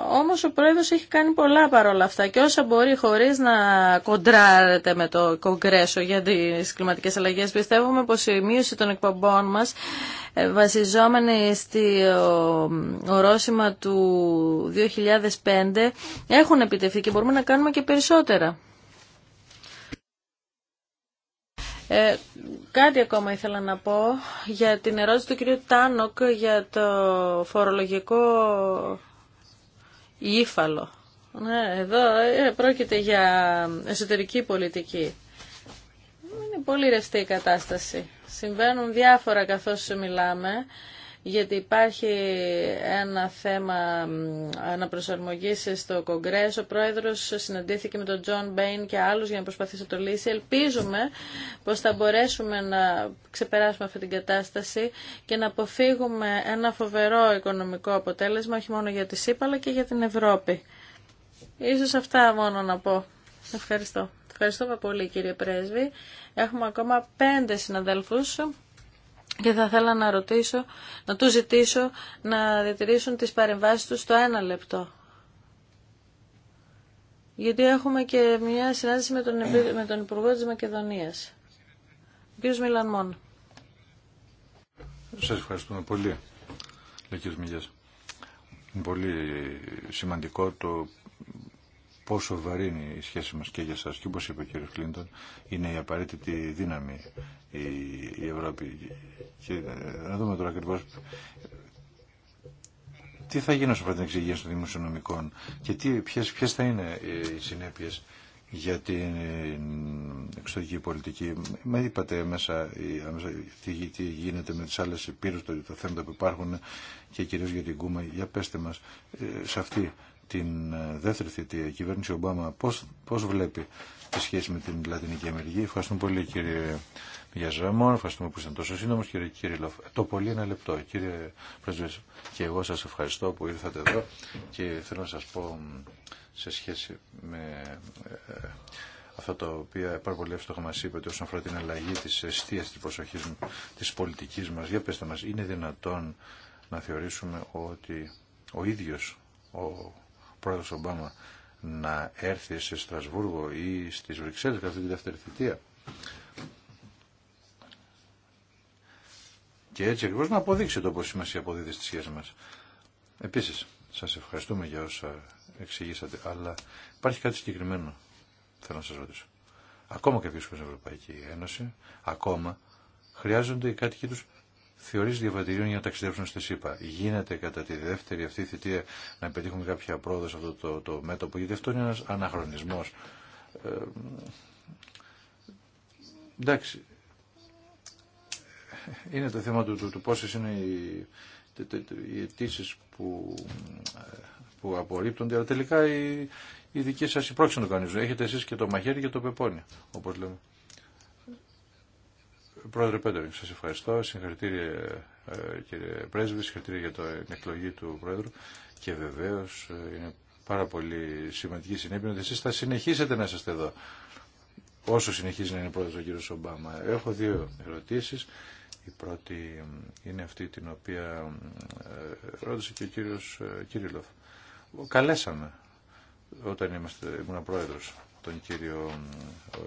Όμως ο Πρόεδρος έχει κάνει πολλά παρόλα αυτά και όσα μπορεί χωρίς να κοντράρεται με το Κογκρέσο για τις κλιματικές αλλαγές πιστεύουμε πως η μείωση των εκπομπών μας ε, βασιζόμενη στο ορόσημα του 2005 έχουν επιτευχθεί και μπορούμε να κάνουμε και περισσότερα. Ε, κάτι ακόμα ήθελα να πω για την ερώτηση του κ. Τάνοκ για το φορολογικό ήφαλο, Ναι, εδώ ε, πρόκειται για εσωτερική πολιτική. Είναι πολύ ρευστή η κατάσταση. Συμβαίνουν διάφορα καθώς μιλάμε γιατί υπάρχει ένα θέμα αναπροσαρμογής στο Κογκρέσο. Ο πρόεδρος συναντήθηκε με τον Τζον Μπέιν και άλλους για να προσπαθήσει να το λύσει. Ελπίζουμε πως θα μπορέσουμε να ξεπεράσουμε αυτή την κατάσταση και να αποφύγουμε ένα φοβερό οικονομικό αποτέλεσμα, όχι μόνο για τη ΣΥΠΑ αλλά και για την Ευρώπη. Ίσως αυτά μόνο να πω. Ευχαριστώ. Ευχαριστούμε πολύ κύριε Πρέσβη. Έχουμε ακόμα πέντε συναδέλφους και θα ήθελα να ρωτήσω, να του ζητήσω να διατηρήσουν τις παρεμβάσεις τους στο ένα λεπτό. Γιατί έχουμε και μια συνάντηση με τον, με τον Υπουργό της Μακεδονίας. Ο κ. Μιλανμόν. Σας ευχαριστούμε πολύ, λέει Μιλιάς. Είναι πολύ σημαντικό το πόσο βαρύ είναι η σχέση μας και για σας. Και όπως είπε ο κ. Κλίντον, είναι η απαραίτητη δύναμη η Ευρώπη και ε, να δούμε τώρα ακριβώ τι θα γίνει όσο την εξυγίανση των δημοσιονομικών και ποιε θα είναι οι συνέπειε για την ε, εξωτερική πολιτική. Με είπατε μέσα τι, τι γίνεται με τις άλλες επίρρους, τα το θέματα που υπάρχουν και κυρίως για την Κούμα. Για πέστε μας, ε, σε αυτή την δεύτερη θητεία, η κυβέρνηση Ομπάμα, πώς, πώς βλέπει τη σχέση με την Λατινική Αμερική. Ευχαριστούμε πολύ κύριε για σα, Ευχαριστούμε που ήσασταν τόσο σύντομο, κύριε Κύριλοφ. Το πολύ ένα λεπτό, κύριε Πρεσβή. Και εγώ σα ευχαριστώ που ήρθατε εδώ και θέλω να σα πω σε σχέση με ε, αυτά τα οποία πάρα πολύ εύστοχα μα είπατε όσον αφορά την αλλαγή τη αιστεία τη προσοχή τη πολιτική μα. Για πετε μα, είναι δυνατόν να θεωρήσουμε ότι ο ίδιο ο πρόεδρο Ομπάμα να έρθει σε Στρασβούργο ή στις Βρυξέλλες κατά αυτή τη δεύτερη θητεία και έτσι ακριβώ να αποδείξει το πώ σημασία αποδίδει στη σχέση μα. Επίση, σα ευχαριστούμε για όσα εξηγήσατε, αλλά υπάρχει κάτι συγκεκριμένο, θέλω να σα ρωτήσω. Ακόμα και στην Ευρωπαϊκή Ένωση, ακόμα, χρειάζονται οι κάτοικοι του θεωρεί διαβατηρίων για να ταξιδέψουν στη ΣΥΠΑ. Γίνεται κατά τη δεύτερη αυτή θητεία να πετύχουμε κάποια πρόοδο σε αυτό το, το μέτωπο, γιατί αυτό είναι ένα αναχρονισμό. Ε, εντάξει, είναι το θέμα του, του, του πόσες είναι οι, οι αιτήσει που, που απορρίπτονται, αλλά τελικά οι, οι σα σας υπρόξενο κανείς. Έχετε εσεί και το μαχαίρι και το πεπόνι, όπως λέμε. Πρόεδρε σας ευχαριστώ. Συγχαρητήρια ε, κύριε Πρέσβη, συγχαρητήρια για την εκλογή του Πρόεδρου και βεβαίω ε, είναι πάρα πολύ σημαντική συνέπεια ότι εσείς θα συνεχίσετε να είστε εδώ όσο συνεχίζει να είναι πρόεδρος ο κύριος Ομπάμα. Έχω δύο ερωτήσεις. Η πρώτη είναι αυτή την οποία ε, ρώτησε και ο κύριος ε, Κύριλοφ. Καλέσαμε όταν είμαστε, ήμουν πρόεδρος τον κύριο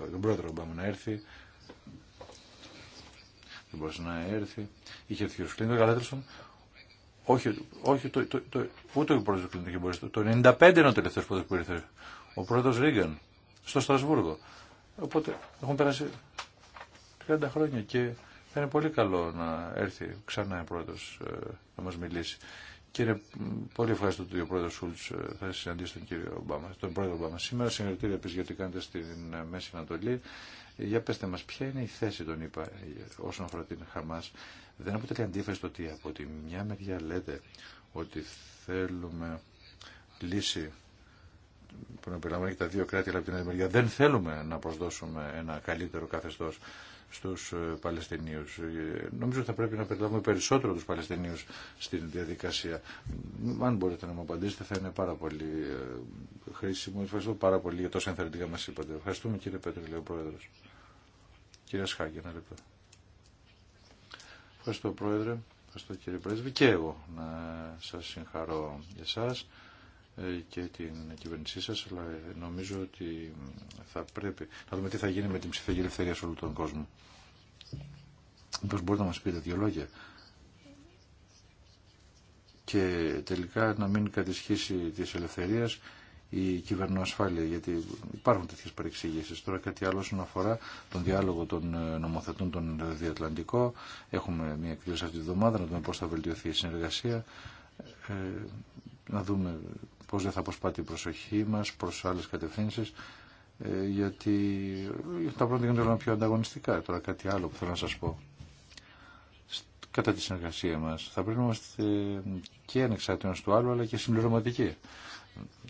ε, τον πρόεδρο που να έρθει δεν μπορούσε να έρθει είχε έρθει ο Κλίντον αλλά όχι, όχι το, το, το, ούτε ο πρόεδρος Κλίντον το 95 είναι ο τελευταίος πρόεδρος που ήρθε ο πρόεδρος Ρίγκαν στο Στρασβούργο οπότε έχουν περάσει 30 χρόνια και θα είναι πολύ καλό να έρθει ξανά ο πρόεδρος ε, να μα μιλήσει. Κύριε, πολύ ευχαριστώ ότι ο πρόεδρο Σούλτ ε, θα συναντήσει τον κύριο Ομπάμα, τον πρόεδρο Ομπάμα σήμερα. Συγχαρητήρια επίση γιατί κάνετε στην ε, Μέση Ανατολή. Για πετε μα, ποια είναι η θέση των ΗΠΑ όσον αφορά την Χαμά. Δεν αποτελεί αντίφαση το ότι από τη μια μεριά λέτε ότι θέλουμε λύση που να περιλαμβάνει και τα δύο κράτη, αλλά από την άλλη μεριά δεν θέλουμε να προσδώσουμε ένα καλύτερο καθεστώ στους ε, Παλαιστινίους. Ε, νομίζω ότι θα πρέπει να περιλάβουμε περισσότερο τους Παλαιστινίους στην διαδικασία. Αν μπορείτε να μου απαντήσετε θα είναι πάρα πολύ ε, χρήσιμο. Ευχαριστώ πάρα πολύ για τόσα ενθαρρυντικά μας είπατε. Ευχαριστούμε κύριε Πέτρη, λέει ο Πρόεδρος. Κυρία Σχάκη, ένα λεπτό. Ευχαριστώ Πρόεδρε, ευχαριστώ κύριε Πρέσβη και εγώ να σας συγχαρώ για σας ε, και την κυβέρνησή σα, αλλά νομίζω ότι θα πρέπει να δούμε τι θα γίνει με την ψηφιακή ελευθερία σε όλο τον κόσμο. Μήπω μπορείτε να μας πείτε δύο λόγια. Και τελικά να μην κατησχίσει τη ελευθερία η κυβερνοασφάλεια, γιατί υπάρχουν τέτοιε παρεξηγήσεις. Τώρα κάτι άλλο όσον αφορά τον διάλογο των ε, νομοθετών τον διατλαντικό. Έχουμε μια εκδήλωση αυτή τη βδομάδα, να δούμε πώ θα βελτιωθεί η συνεργασία. Ε, να δούμε πώς δεν θα αποσπάτει η προσοχή μας προς άλλες κατευθύνσεις ε, γιατί τα πρώτα γίνονται πιο ανταγωνιστικά. Τώρα κάτι άλλο που θέλω να σας πω. Κατά τη συνεργασία μας θα πρέπει να είμαστε και ανεξάρτητοι του άλλου αλλά και συμπληρωματικοί.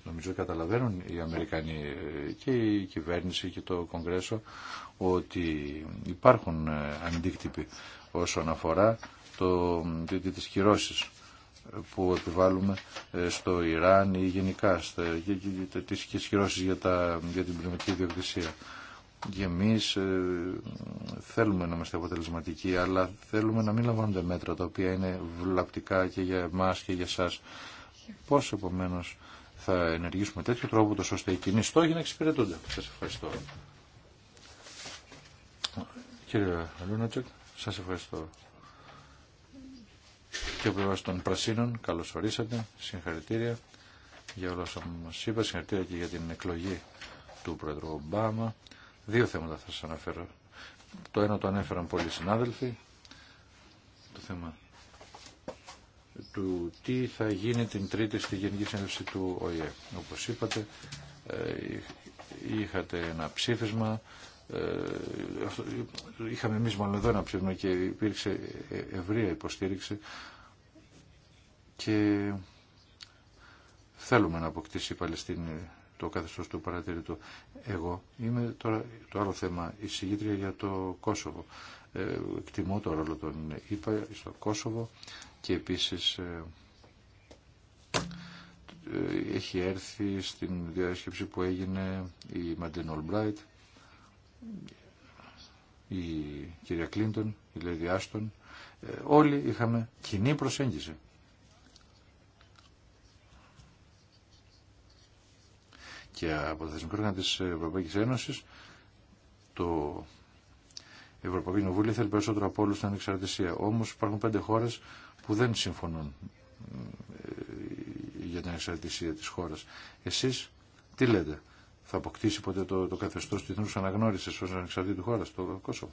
Νομίζω καταλαβαίνουν οι Αμερικανοί ε, και η κυβέρνηση και το Κογκρέσο ότι υπάρχουν ε, αντίκτυποι όσον αφορά το, τις κυρώσεις που επιβάλλουμε ε, στο Ιράν ή γενικά στις ισχυρώσεις για, για την πνευματική ιδιοκτησία. Και εμείς ε, θέλουμε να είμαστε αποτελεσματικοί, αλλά θέλουμε να μην λαμβάνονται μέτρα τα οποία είναι βλαπτικά και για εμάς και για εσάς. Πώς επομένως θα ενεργήσουμε τέτοιο τρόπο, ώστε οι κοινοί στόχοι να εξυπηρετούνται. Σας ευχαριστώ. Κύριε Λούνατσεκ, σας ευχαριστώ και ο πλευρά των Πρασίνων, καλώς ορίσατε. Συγχαρητήρια για όλα όσα μα είπα. Συγχαρητήρια και για την εκλογή του Πρόεδρου Ομπάμα. Δύο θέματα θα σας αναφέρω. Το ένα το ανέφεραν πολλοί συνάδελφοι. Το θέμα του τι θα γίνει την Τρίτη στη Γενική Συνέλευση του ΟΗΕ. Όπως είπατε, ε, είχατε ένα ψήφισμα ε, είχαμε εμείς μόνο εδώ ένα ψηφνό και υπήρξε ε, ευρεία υποστήριξη και θέλουμε να αποκτήσει η Παλαιστίνη το καθεστώς του παρατηρητού. Εγώ είμαι τώρα το άλλο θέμα, η συγγήτρια για το Κόσοβο. Ε, εκτιμώ το ρόλο των ΙΠΑ στο Κόσοβο και επίσης ε, έχει έρθει στην διάσκεψη που έγινε η Μαντίν Ολμπράιτ η κυρία Κλίντον, η Λέδη Άστον, ε, όλοι είχαμε κοινή προσέγγιση. Και από τα θεσμικό όργανα της Ευρωπαϊκής Ένωσης, το Ευρωπαϊκό Κοινοβούλιο θέλει περισσότερο από όλους την ανεξαρτησία. Όμως υπάρχουν πέντε χώρες που δεν συμφωνούν ε, για την ανεξαρτησία της χώρας. Εσείς τι λέτε, θα αποκτήσει ποτέ το, το καθεστώς του αναγνώρισε αναγνώρισης ως ανεξαρτήτου χώρα στο Κόσοβο.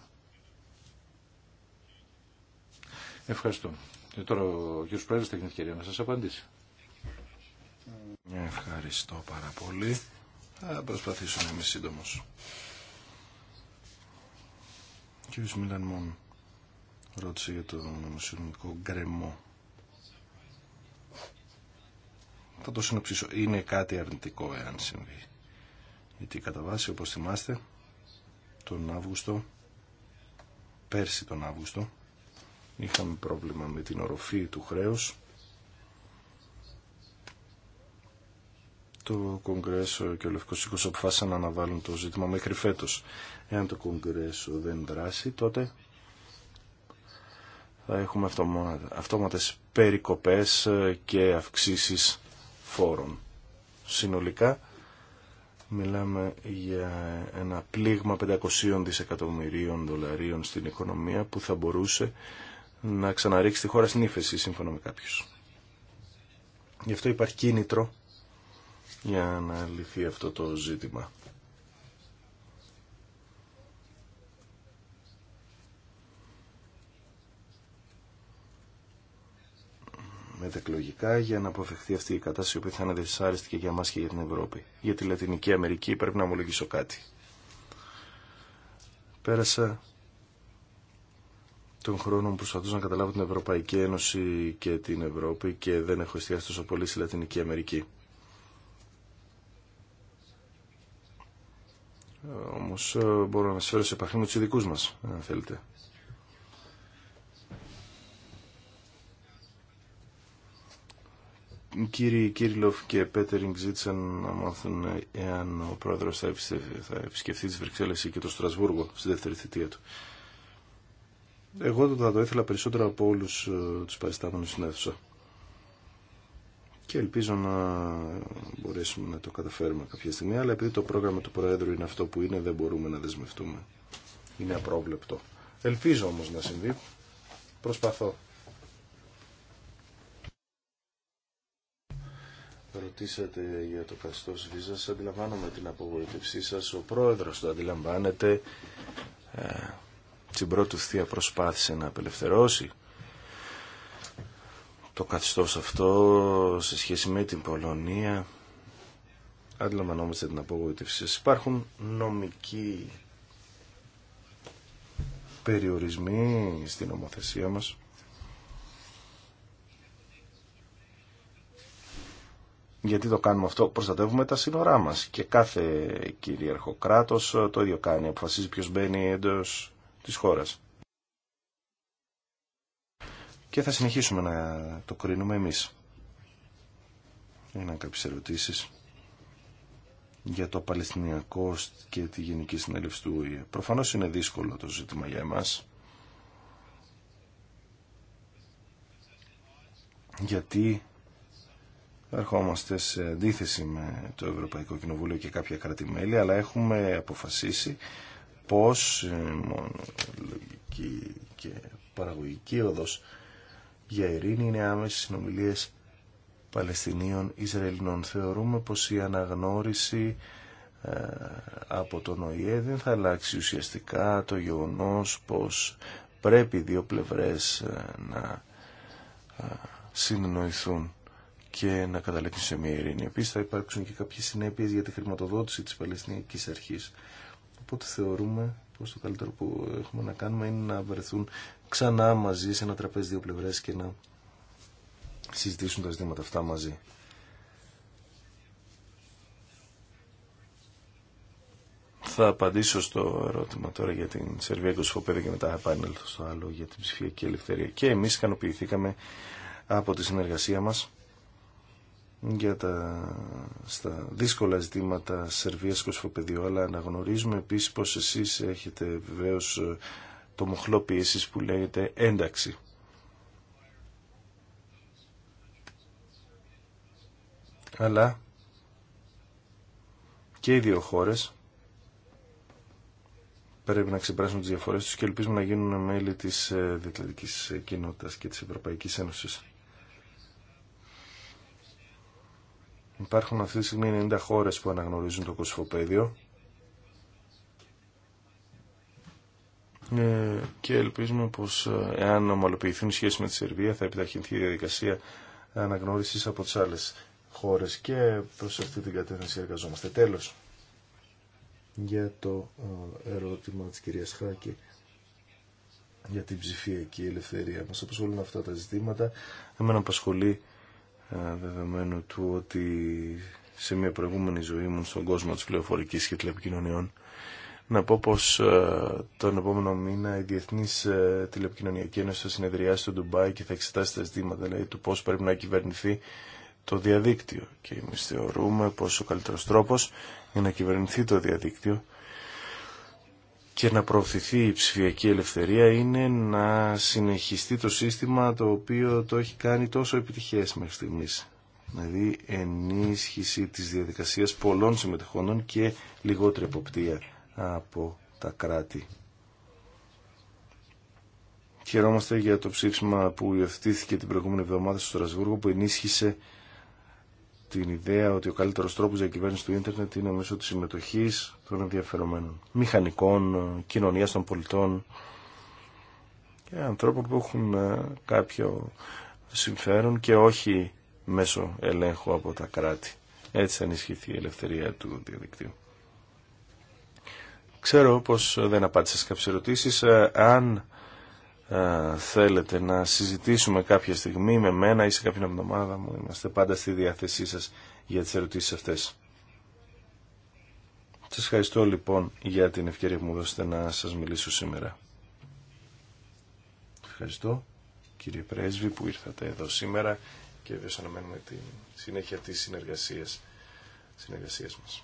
Ευχαριστώ. Και τώρα ο κ. Πρόεδρος θα έχει ευκαιρία να σας απαντήσει. Ευχαριστώ πάρα πολύ. Θα προσπαθήσω να είμαι σύντομος. Μιλαν Μιλανμόν ρώτησε για τον νομοσυνομικό γκρεμό. Θα το συνοψίσω. Είναι κάτι αρνητικό εάν συμβεί γιατί κατά βάση όπως θυμάστε τον Αύγουστο πέρσι τον Αύγουστο είχαμε πρόβλημα με την οροφή του χρέους το Κογκρέσο και ο Λευκός Σύκος αποφάσισαν να αναβάλουν το ζήτημα μέχρι φέτος. Εάν το Κογκρέσο δεν δράσει, τότε θα έχουμε αυτόματες περικοπές και αυξήσεις φόρων. Συνολικά Μιλάμε για ένα πλήγμα 500 δισεκατομμυρίων δολαρίων στην οικονομία που θα μπορούσε να ξαναρίξει τη χώρα στην ύφεση, σύμφωνα με κάποιους. Γι' αυτό υπάρχει κίνητρο για να λυθεί αυτό το ζήτημα. μετεκλογικά για να αποφευχθεί αυτή η κατάσταση που θα είναι δυσάρεστη και για μας και για την Ευρώπη. Για τη Λατινική Αμερική πρέπει να ομολογήσω κάτι. Πέρασα τον χρόνο που προσπαθούσα να καταλάβω την Ευρωπαϊκή Ένωση και την Ευρώπη και δεν έχω εστιάσει τόσο πολύ στη Λατινική Αμερική. Όμως ε, μπορώ να σας φέρω σε επαφή με του ειδικούς μας, αν θέλετε. κύριοι Κύριλοφ και Πέτερινγκ ζήτησαν να μάθουν εάν ο πρόεδρος θα, επισκεφθεί τις Βρυξέλλες και το Στρασβούργο στη δεύτερη θητεία του. Εγώ θα το ήθελα περισσότερο από όλους ε, τους παριστάμενους στην αίθουσα. Και ελπίζω να μπορέσουμε να το καταφέρουμε κάποια στιγμή, αλλά επειδή το πρόγραμμα του Προέδρου είναι αυτό που είναι, δεν μπορούμε να δεσμευτούμε. Είναι απρόβλεπτο. Ελπίζω όμως να συμβεί. Προσπαθώ. ρωτήσατε για το καθεστώ βίζας, αντιλαμβάνομαι την απογοητευσή σας. Ο πρόεδρος το αντιλαμβάνεται. Ε, στην πρώτη θεία προσπάθησε να απελευθερώσει το καθεστώ αυτό σε σχέση με την Πολωνία. Αντιλαμβανόμαστε την απογοητευσή σας. Υπάρχουν νομικοί περιορισμοί στην ομοθεσία μας Γιατί το κάνουμε αυτό, προστατεύουμε τα σύνορά μας και κάθε κυρίαρχο κράτο ε, το ίδιο κάνει, αποφασίζει ποιο μπαίνει έντο της χώρας. Και θα συνεχίσουμε να το κρίνουμε εμείς. Έγιναν κάποιε ερωτήσει. για το Παλαιστινιακό και τη Γενική Συνέλευση του ΟΗΕ. Προφανώς είναι δύσκολο το ζήτημα για εμάς. Γιατί ερχόμαστε σε αντίθεση με το Ευρωπαϊκό Κοινοβούλιο και κάποια κρατημέλη, αλλά έχουμε αποφασίσει πως ε, μόνο λογική και παραγωγική οδός για ειρήνη είναι άμεση συνομιλίες Παλαιστινίων Ισραηλινών. Θεωρούμε πως η αναγνώριση ε, από τον ΟΗΕ δεν θα αλλάξει ουσιαστικά το γεγονός πως πρέπει δύο πλευρές ε, να συνεννοηθούν και να καταλήξουν σε μια ειρήνη. Επίση θα υπάρξουν και κάποιε συνέπειε για τη χρηματοδότηση τη Παλαιστινιακή αρχή, Οπότε θεωρούμε πω το καλύτερο που έχουμε να κάνουμε είναι να βρεθούν ξανά μαζί σε ένα τραπέζι δύο πλευρέ και να συζητήσουν τα ζητήματα αυτά μαζί. Θα απαντήσω στο ερώτημα τώρα για την Σερβία Κοσφοπέδη και μετά θα επανέλθω στο άλλο για την ψηφιακή ελευθερία. Και εμείς ικανοποιηθήκαμε από τη συνεργασία μας για τα στα δύσκολα ζητήματα Σερβίας Κοσφοπεδίου αλλά αναγνωρίζουμε επίσης πως εσείς έχετε βεβαίως ε, το μοχλό πίεσης που λέγεται ένταξη. Αλλά και οι δύο χώρες πρέπει να ξεπεράσουν τις διαφορές τους και ελπίζουμε να γίνουν μέλη της ε, διεθνικής κοινότητας και της Ευρωπαϊκής Ένωσης. Υπάρχουν αυτή τη στιγμή 90 χώρες που αναγνωρίζουν το κοσφοπέδιο ε, και ελπίζουμε πως ε, εάν ομαλοποιηθούν σχέσεις με τη Σερβία θα επιταχυνθεί η διαδικασία αναγνώρισης από τις άλλες χώρες και προς αυτή την κατεύθυνση εργαζόμαστε. Τέλος, για το ε, ερώτημα της κυρίας Χάκη για την ψηφιακή ελευθερία. Μας απασχολούν αυτά τα ζητήματα. Εμένα απασχολεί δεδομένου του ότι σε μια προηγούμενη ζωή μου στον κόσμο της πληροφορικής και τηλεπικοινωνιών να πω πως τον επόμενο μήνα η Διεθνής Τηλεπικοινωνιακή Ένωση θα συνεδριάσει στο Ντουμπάι και θα εξετάσει τα ζητήματα δηλαδή, του πώς πρέπει να κυβερνηθεί το διαδίκτυο και εμεί θεωρούμε πως ο καλύτερος τρόπος για να κυβερνηθεί το διαδίκτυο και να προωθηθεί η ψηφιακή ελευθερία είναι να συνεχιστεί το σύστημα το οποίο το έχει κάνει τόσο επιτυχές μέχρι στιγμής. Δηλαδή ενίσχυση της διαδικασίας πολλών συμμετεχόντων και λιγότερη εποπτεία από τα κράτη. Χαιρόμαστε για το ψήφισμα που υιοθετήθηκε την προηγούμενη εβδομάδα στο Στρασβούργο που ενίσχυσε την ιδέα ότι ο καλύτερος τρόπος για κυβέρνηση του ίντερνετ είναι μέσω της συμμετοχής των ενδιαφερομένων μηχανικών, κοινωνία των πολιτών και ανθρώπων που έχουν ε, κάποιο συμφέρον και όχι μέσω ελέγχου από τα κράτη. Έτσι θα ενισχυθεί η ελευθερία του διαδικτύου. Ξέρω πως δεν απάντησα σε κάποιες ερωτήσεις. Ε, αν θέλετε να συζητήσουμε κάποια στιγμή με μένα ή σε κάποια εβδομάδα μου, είμαστε πάντα στη διάθεσή σας για τις ερωτήσεις αυτές. Σας ευχαριστώ λοιπόν για την ευκαιρία που μου δώσετε να σας μιλήσω σήμερα. Ευχαριστώ κύριε Πρέσβη που ήρθατε εδώ σήμερα και βέβαια αναμένουμε τη συνέχεια της συνεργασίας, συνεργασίας μας.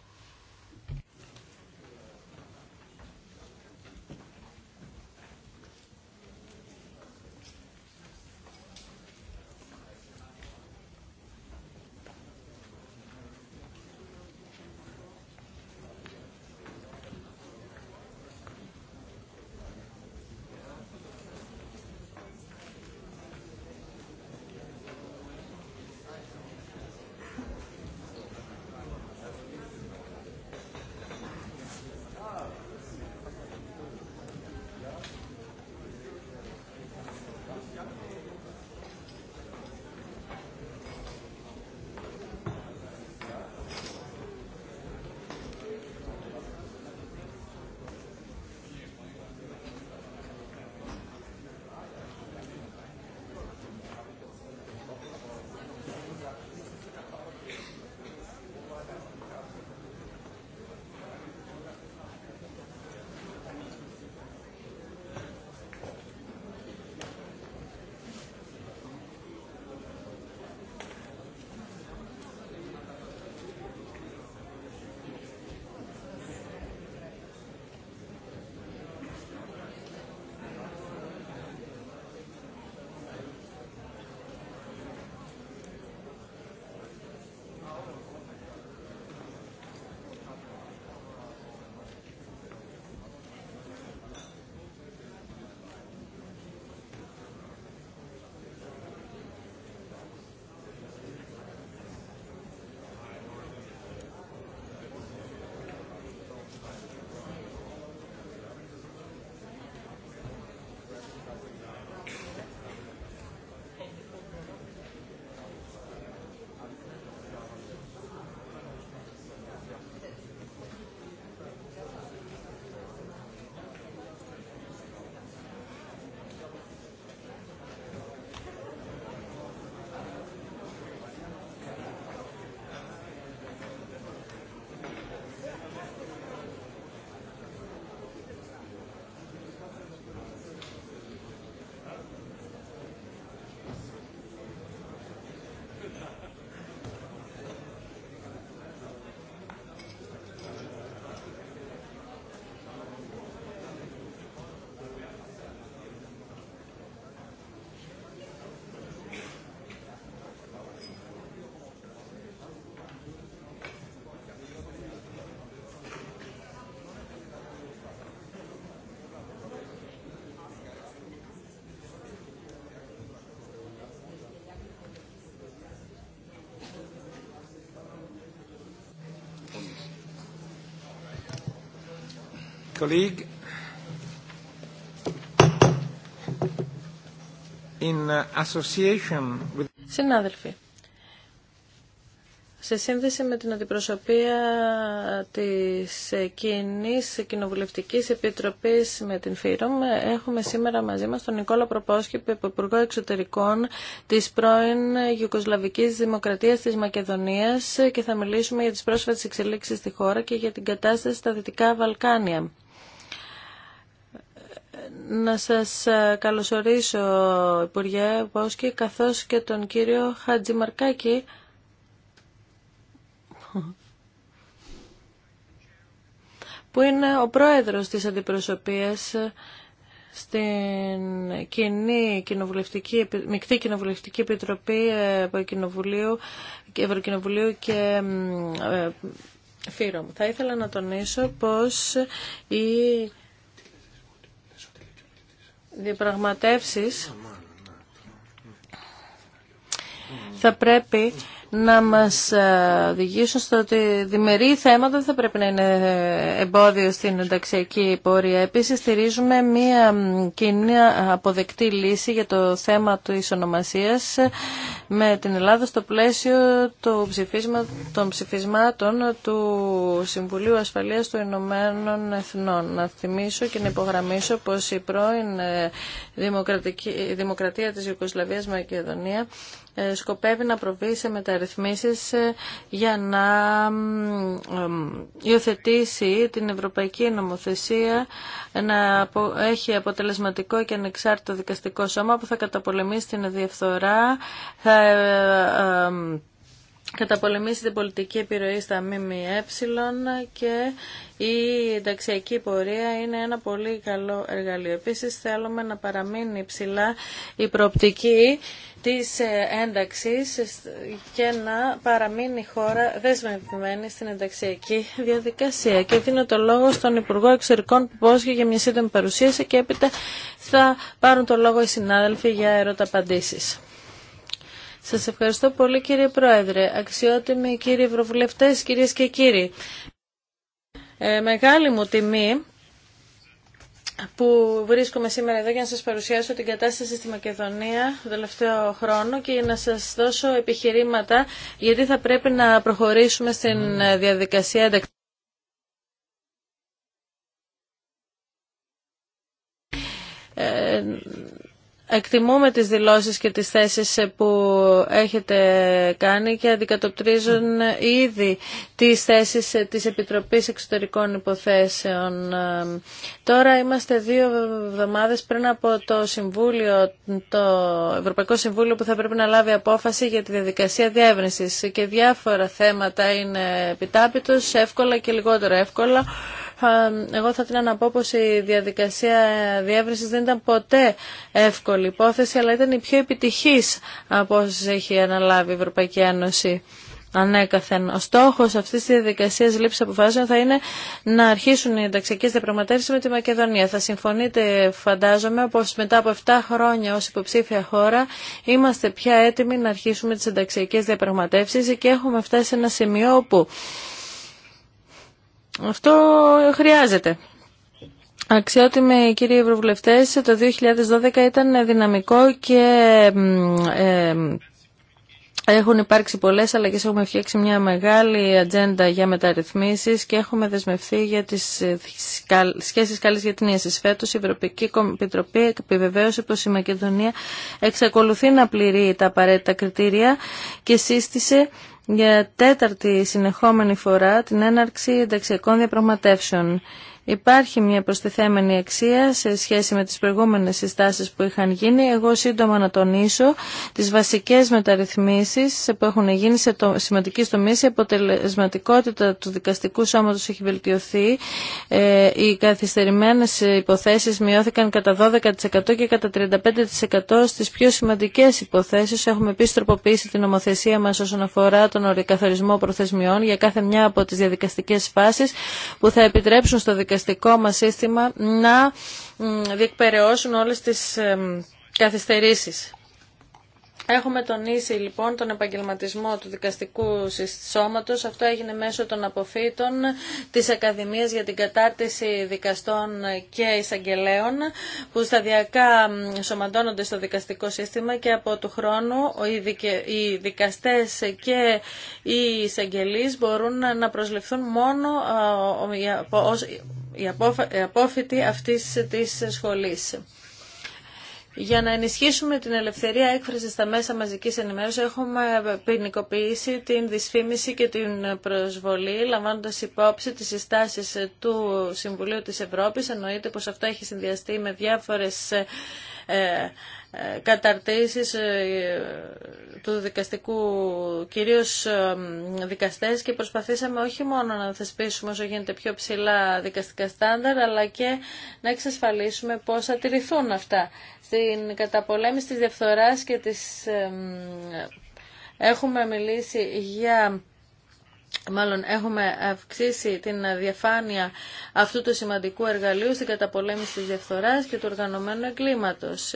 Συνάδελφοι, σε σύνδεση με την αντιπροσωπεία της κοινή κοινοβουλευτική επιτροπής με την ΦΥΡΟΜ έχουμε σήμερα μαζί μας τον Νικόλα Προπόσχη, Υπουργό Εξωτερικών της πρώην Ιουκοσλαβικής Δημοκρατίας της Μακεδονίας και θα μιλήσουμε για τις πρόσφατες εξελίξεις στη χώρα και για την κατάσταση στα Δυτικά Βαλκάνια να σας ε, καλωσορίσω, Υπουργέ και καθώς και τον κύριο Μαρκάκη, που είναι ο πρόεδρος της αντιπροσωπείας στην κοινή κοινοβουλευτική, μεικτή κοινοβουλευτική επιτροπή Ευρωκοινοβουλίου, Ευρωκοινοβουλίου και ε, Φύρομ. Θα ήθελα να τονίσω πως η διαπραγματεύσεις θα πρέπει να μας ε, οδηγήσουν στο ότι διμερεί θέματα δεν θα πρέπει να είναι εμπόδιο στην ενταξιακή πορεία. Επίσης στηρίζουμε μία κοινή αποδεκτή λύση για το θέμα του ονομασίας με την Ελλάδα στο πλαίσιο των ψηφισμάτων του Συμβουλίου Ασφαλείας των Ηνωμένων Εθνών. Να θυμίσω και να υπογραμμίσω πως η πρώην ε, Δημοκρατία της Ιουκοσλαβίας Μακεδονία ε, σκοπεύει να προβεί σε μεταρρυθμίσεις ε, για να υιοθετήσει την ευρωπαϊκή νομοθεσία να έχει αποτελεσματικό και ανεξάρτητο δικαστικό σώμα που θα καταπολεμήσει την διαφθορά, θα ε, ε, καταπολεμήσει την πολιτική επιρροή στα ΜΜΕ και η ενταξιακή πορεία είναι ένα πολύ καλό εργαλείο. Επίσης θέλουμε να παραμείνει ψηλά η προοπτική της ε, ένταξης και να παραμείνει η χώρα δεσμευμένη στην ενταξιακή διαδικασία. Και δίνω το λόγο στον Υπουργό Εξωτερικών που πώς για μια σύντομη παρουσίαση και έπειτα θα πάρουν το λόγο οι συνάδελφοι για ερώτα σας ευχαριστώ πολύ κύριε Πρόεδρε, αξιότιμοι κύριοι Ευρωβουλευτές, κυρίες και κύριοι. Ε, μεγάλη μου τιμή που βρίσκομαι σήμερα εδώ για να σας παρουσιάσω την κατάσταση στη Μακεδονία τον τελευταίο χρόνο και να σας δώσω επιχειρήματα γιατί θα πρέπει να προχωρήσουμε στην διαδικασία ε, Εκτιμούμε τις δηλώσεις και τις θέσεις που έχετε κάνει και αντικατοπτρίζουν ήδη τις θέσεις της Επιτροπής Εξωτερικών Υποθέσεων. Τώρα είμαστε δύο εβδομάδες πριν από το, Συμβούλιο, το Ευρωπαϊκό Συμβούλιο που θα πρέπει να λάβει απόφαση για τη διαδικασία διεύρυνσης και διάφορα θέματα είναι επιτάπητος, εύκολα και λιγότερο εύκολα. Εγώ θα την να πω η διαδικασία διεύρυνσης δεν ήταν ποτέ εύκολη υπόθεση, αλλά ήταν η πιο επιτυχής από όσε έχει αναλάβει η Ευρωπαϊκή Ένωση ανέκαθεν. Ο στόχο αυτή τη διαδικασία λήψη αποφάσεων θα είναι να αρχίσουν οι ενταξιακέ διαπραγματεύσει με τη Μακεδονία. Θα συμφωνείτε, φαντάζομαι, πω μετά από 7 χρόνια ω υποψήφια χώρα είμαστε πια έτοιμοι να αρχίσουμε τι ενταξιακέ διαπραγματεύσει και έχουμε φτάσει σε ένα σημείο όπου αυτό χρειάζεται. Αξιότιμοι κύριοι Ευρωβουλευτές, το 2012 ήταν δυναμικό και ε, έχουν υπάρξει πολλές αλλαγές, έχουμε φτιάξει μια μεγάλη ατζέντα για μεταρρυθμίσεις και έχουμε δεσμευθεί για τις ε, σχέσεις καλής γετνίασης. Φέτος η Ευρωπαϊκή Επιτροπή επιβεβαίωσε πως η Μακεδονία εξακολουθεί να πληρεί τα απαραίτητα κριτήρια και σύστησε για τέταρτη συνεχόμενη φορά την έναρξη ενταξιακών διαπραγματεύσεων. Υπάρχει μια προστιθέμενη αξία σε σχέση με τις προηγούμενες συστάσεις που είχαν γίνει. Εγώ σύντομα να τονίσω τις βασικές μεταρρυθμίσεις που έχουν γίνει σε το, σημαντική τομή. Η αποτελεσματικότητα του δικαστικού σώματος έχει βελτιωθεί. Ε, οι καθυστερημένες υποθέσεις μειώθηκαν κατά 12% και κατά 35% στις πιο σημαντικές υποθέσεις. Έχουμε επίσης τροποποιήσει την νομοθεσία μας όσον αφορά τον ορικαθορισμό προθεσμιών για κάθε μια από τις διαδικαστικές φάσεις που θα επιτρέψουν στο δικαστικό δικαστικό μας σύστημα να διεκπαιρεώσουν όλες τις καθυστερήσεις. Έχουμε τονίσει λοιπόν τον επαγγελματισμό του δικαστικού σώματο. Αυτό έγινε μέσω των αποφύτων της Ακαδημίας για την κατάρτιση δικαστών και εισαγγελέων που σταδιακά σωματώνονται στο δικαστικό σύστημα και από του χρόνου οι δικαστές και οι εισαγγελείς μπορούν να προσληφθούν μόνο ως οι απόφοιτοι αυτής της σχολής. Για να ενισχύσουμε την ελευθερία έκφραση στα μέσα μαζικής ενημέρωσης έχουμε ποινικοποιήσει την δυσφήμιση και την προσβολή λαμβάνοντας υπόψη τις συστάσεις του Συμβουλίου της Ευρώπης. Εννοείται πως αυτό έχει συνδυαστεί με διάφορες ε, καταρτήσεις ε, του δικαστικού, κυρίως ε, δικαστές και προσπαθήσαμε όχι μόνο να θεσπίσουμε όσο γίνεται πιο ψηλά δικαστικά στάνταρ αλλά και να εξασφαλίσουμε πώς θα τηρηθούν αυτά. Στην καταπολέμηση της διαφθοράς και της... Έχουμε μιλήσει για Μάλλον έχουμε αυξήσει την διαφάνεια αυτού του σημαντικού εργαλείου στην καταπολέμηση της διαφθοράς και του οργανωμένου εγκλήματος.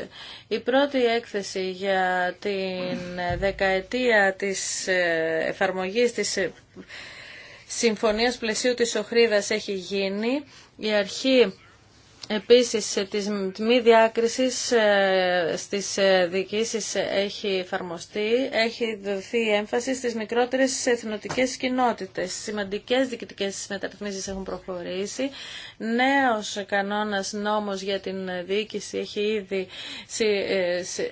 Η πρώτη έκθεση για την δεκαετία της ε, εφαρμογής της ε, Συμφωνίας Πλαισίου της Οχρίδας έχει γίνει. Η αρχή Επίσης, τη μη διάκριση ε, στις ε, διοικήσεις ε, έχει εφαρμοστεί, έχει δοθεί έμφαση στις μικρότερες εθνοτικές κοινότητες. Σημαντικές διοικητικές μεταρρυθμίσεις έχουν προχωρήσει. Νέος κανόνας νόμος για την διοίκηση έχει ήδη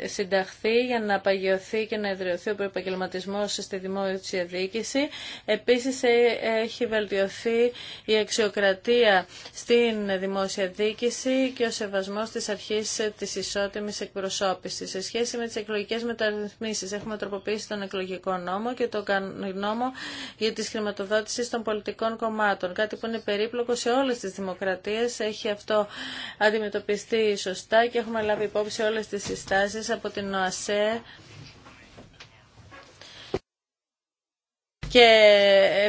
συνταχθεί για να παγιωθεί και να εδραιωθεί ο προεπαγγελματισμό στη δημόσια διοίκηση. Επίσης, έχει βελτιωθεί η αξιοκρατία στην δημόσια διοίκηση και ο σεβασμό τη αρχή τη ισότιμη εκπροσώπηση. Σε σχέση με τι εκλογικέ μεταρρυθμίσει. έχουμε τροποποιήσει τον εκλογικό νόμο και τον νόμο για τη χρηματοδότηση των πολιτικών κομμάτων. Κάτι που είναι περίπλοκο σε όλε τι δημοκρατίε. Έχει αυτό αντιμετωπιστεί σωστά και έχουμε λάβει υπόψη όλε τι συστάσει από την ΟΑΣΕ. Και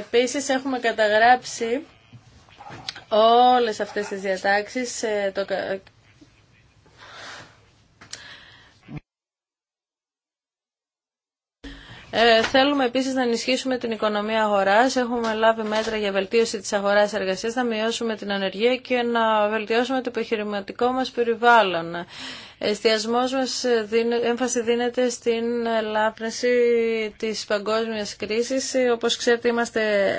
επίσης έχουμε καταγράψει όλες αυτές τις διατάξεις ε, το... Ε, θέλουμε επίσης να ενισχύσουμε την οικονομία αγοράς. Έχουμε λάβει μέτρα για βελτίωση της αγοράς εργασίας, να μειώσουμε την ανεργία και να βελτιώσουμε το επιχειρηματικό μας περιβάλλον εστιασμός μας έμφαση δίνεται στην λάπνεση της παγκόσμιας κρίσης. Όπως ξέρετε είμαστε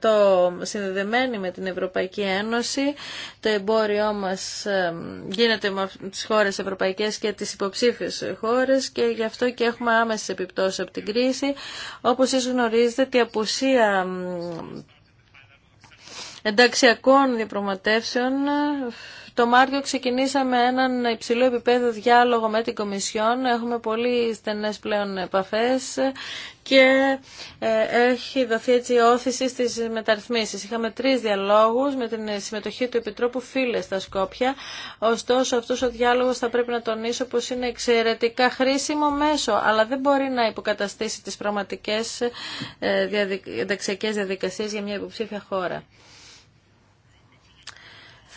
90% συνδεδεμένοι με την Ευρωπαϊκή Ένωση. Το εμπόριό μας γίνεται με τις χώρες ευρωπαϊκές και τις υποψήφιες χώρες και γι' αυτό και έχουμε άμεσες επιπτώσεις από την κρίση. Όπως εσείς γνωρίζετε, η απουσία ενταξιακών διαπραγματεύσεων το Μάρτιο ξεκινήσαμε έναν υψηλό επίπεδο διάλογο με την Κομισιόν. Έχουμε πολύ στενές πλέον επαφές και ε, έχει δοθεί έτσι η όθηση στις μεταρρυθμίσεις. Είχαμε τρεις διαλόγους με την συμμετοχή του Επιτρόπου Φίλες στα Σκόπια. Ωστόσο αυτός ο διάλογος θα πρέπει να τονίσω πως είναι εξαιρετικά χρήσιμο μέσο, αλλά δεν μπορεί να υποκαταστήσει τις πραγματικές ε, ενταξιακές διαδικασίες για μια υποψήφια χώρα.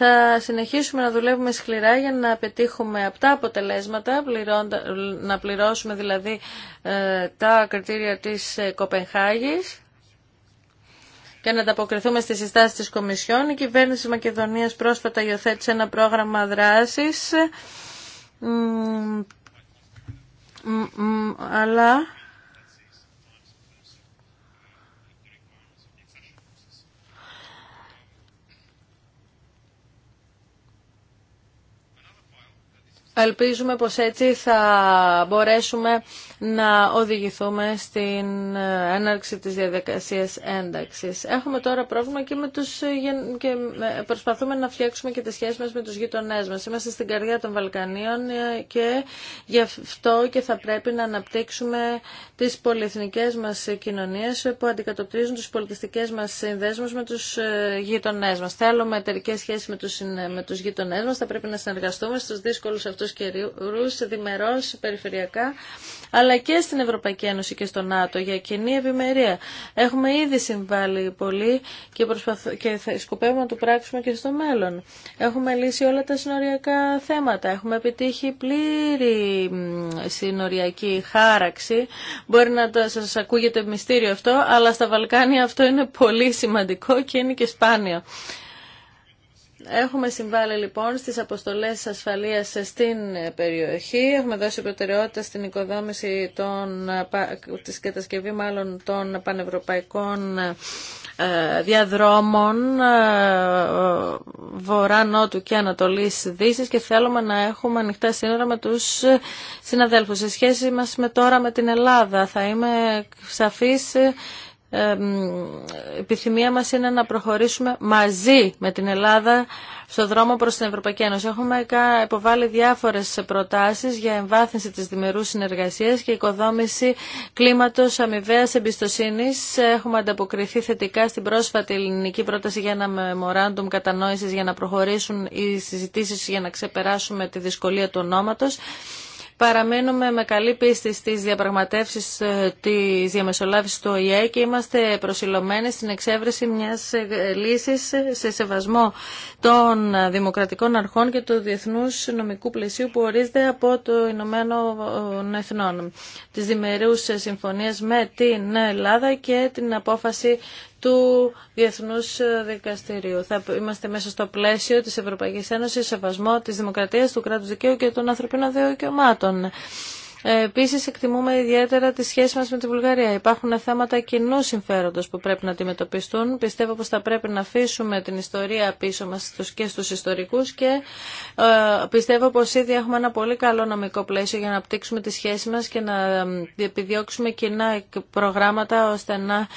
Θα συνεχίσουμε να δουλεύουμε σκληρά για να πετύχουμε αυτά αποτελέσματα, να πληρώσουμε δηλαδή ε, τα κριτήρια της ε, Κοπενχάγης και να ανταποκριθούμε στις συστάσεις της Κομισιόν. Η κυβέρνηση της Μακεδονίας πρόσφατα υιοθέτησε ένα πρόγραμμα δράσης, αλλά Ελπίζουμε πως έτσι θα μπορέσουμε να οδηγηθούμε στην ε, έναρξη της διαδικασίας ένταξης. Έχουμε τώρα πρόβλημα και, με τους, ε, και ε, προσπαθούμε να φτιάξουμε και τις σχέσεις μας με τους γειτονές μας. Είμαστε στην καρδιά των Βαλκανίων και γι' αυτό και θα πρέπει να αναπτύξουμε τις πολυεθνικές μας κοινωνίες που αντικατοπτρίζουν τους πολιτιστικές μας συνδέσμους με τους γειτονές μας. Θέλουμε εταιρικές σχέσεις με τους, με τους γειτονές μας, θα πρέπει να συνεργαστούμε στους δύσκολους αυτούς αυτούς καιρούς διμερώς, περιφερειακά, αλλά και στην Ευρωπαϊκή Ένωση και στο ΝΑΤΟ για κοινή ευημερία. Έχουμε ήδη συμβάλει πολύ και, προσπαθ... και να το πράξουμε και στο μέλλον. Έχουμε λύσει όλα τα συνοριακά θέματα. Έχουμε επιτύχει πλήρη συνοριακή χάραξη. Μπορεί να το... σας ακούγεται μυστήριο αυτό, αλλά στα Βαλκάνια αυτό είναι πολύ σημαντικό και είναι και σπάνιο. Έχουμε συμβάλει λοιπόν στις αποστολές ασφαλείας στην περιοχή. Έχουμε δώσει προτεραιότητα στην οικοδόμηση των, της κατασκευή μάλλον των πανευρωπαϊκών ε, διαδρόμων ε, βορρά, νότου και ανατολής δύσης και θέλουμε να έχουμε ανοιχτά σύνορα με τους συναδέλφους. Σε σχέση μας με τώρα με την Ελλάδα θα είμαι σαφής επιθυμία μας είναι να προχωρήσουμε μαζί με την Ελλάδα στο δρόμο προς την Ευρωπαϊκή Ένωση. Έχουμε υποβάλει διάφορες προτάσεις για εμβάθυνση της διμερούς συνεργασίας και οικοδόμηση κλίματος αμοιβαία εμπιστοσύνης. Έχουμε ανταποκριθεί θετικά στην πρόσφατη ελληνική πρόταση για ένα memorandum κατανόησης για να προχωρήσουν οι συζητήσεις για να ξεπεράσουμε τη δυσκολία του ονόματος. Παραμένουμε με καλή πίστη στις διαπραγματεύσεις ε, της διαμεσολάβησης του ΟΗΕ και είμαστε προσιλωμένοι στην εξέβρεση μιας ε, λύσης σε σεβασμό των δημοκρατικών αρχών και του διεθνούς νομικού πλαισίου που ορίζεται από το Ηνωμένο ε, Εθνών. Τις διμερούς συμφωνίας με την Ελλάδα και την απόφαση του Διεθνούς Δικαστηρίου. Θα είμαστε μέσα στο πλαίσιο της Ευρωπαϊκής Ένωσης, σεβασμό της δημοκρατίας, του κράτους δικαίου και των ανθρωπίνων δικαιωμάτων. Ε, Επίση, εκτιμούμε ιδιαίτερα τη σχέση μα με τη Βουλγαρία. Υπάρχουν θέματα κοινού συμφέροντο που πρέπει να αντιμετωπιστούν. Πιστεύω πω θα πρέπει να αφήσουμε την ιστορία πίσω μα και στου ιστορικού και ε, πιστεύω πω ήδη έχουμε ένα πολύ καλό νομικό πλαίσιο για να απτύξουμε τη σχέση μα και να ε, επιδιώξουμε κοινά προγράμματα ώστε να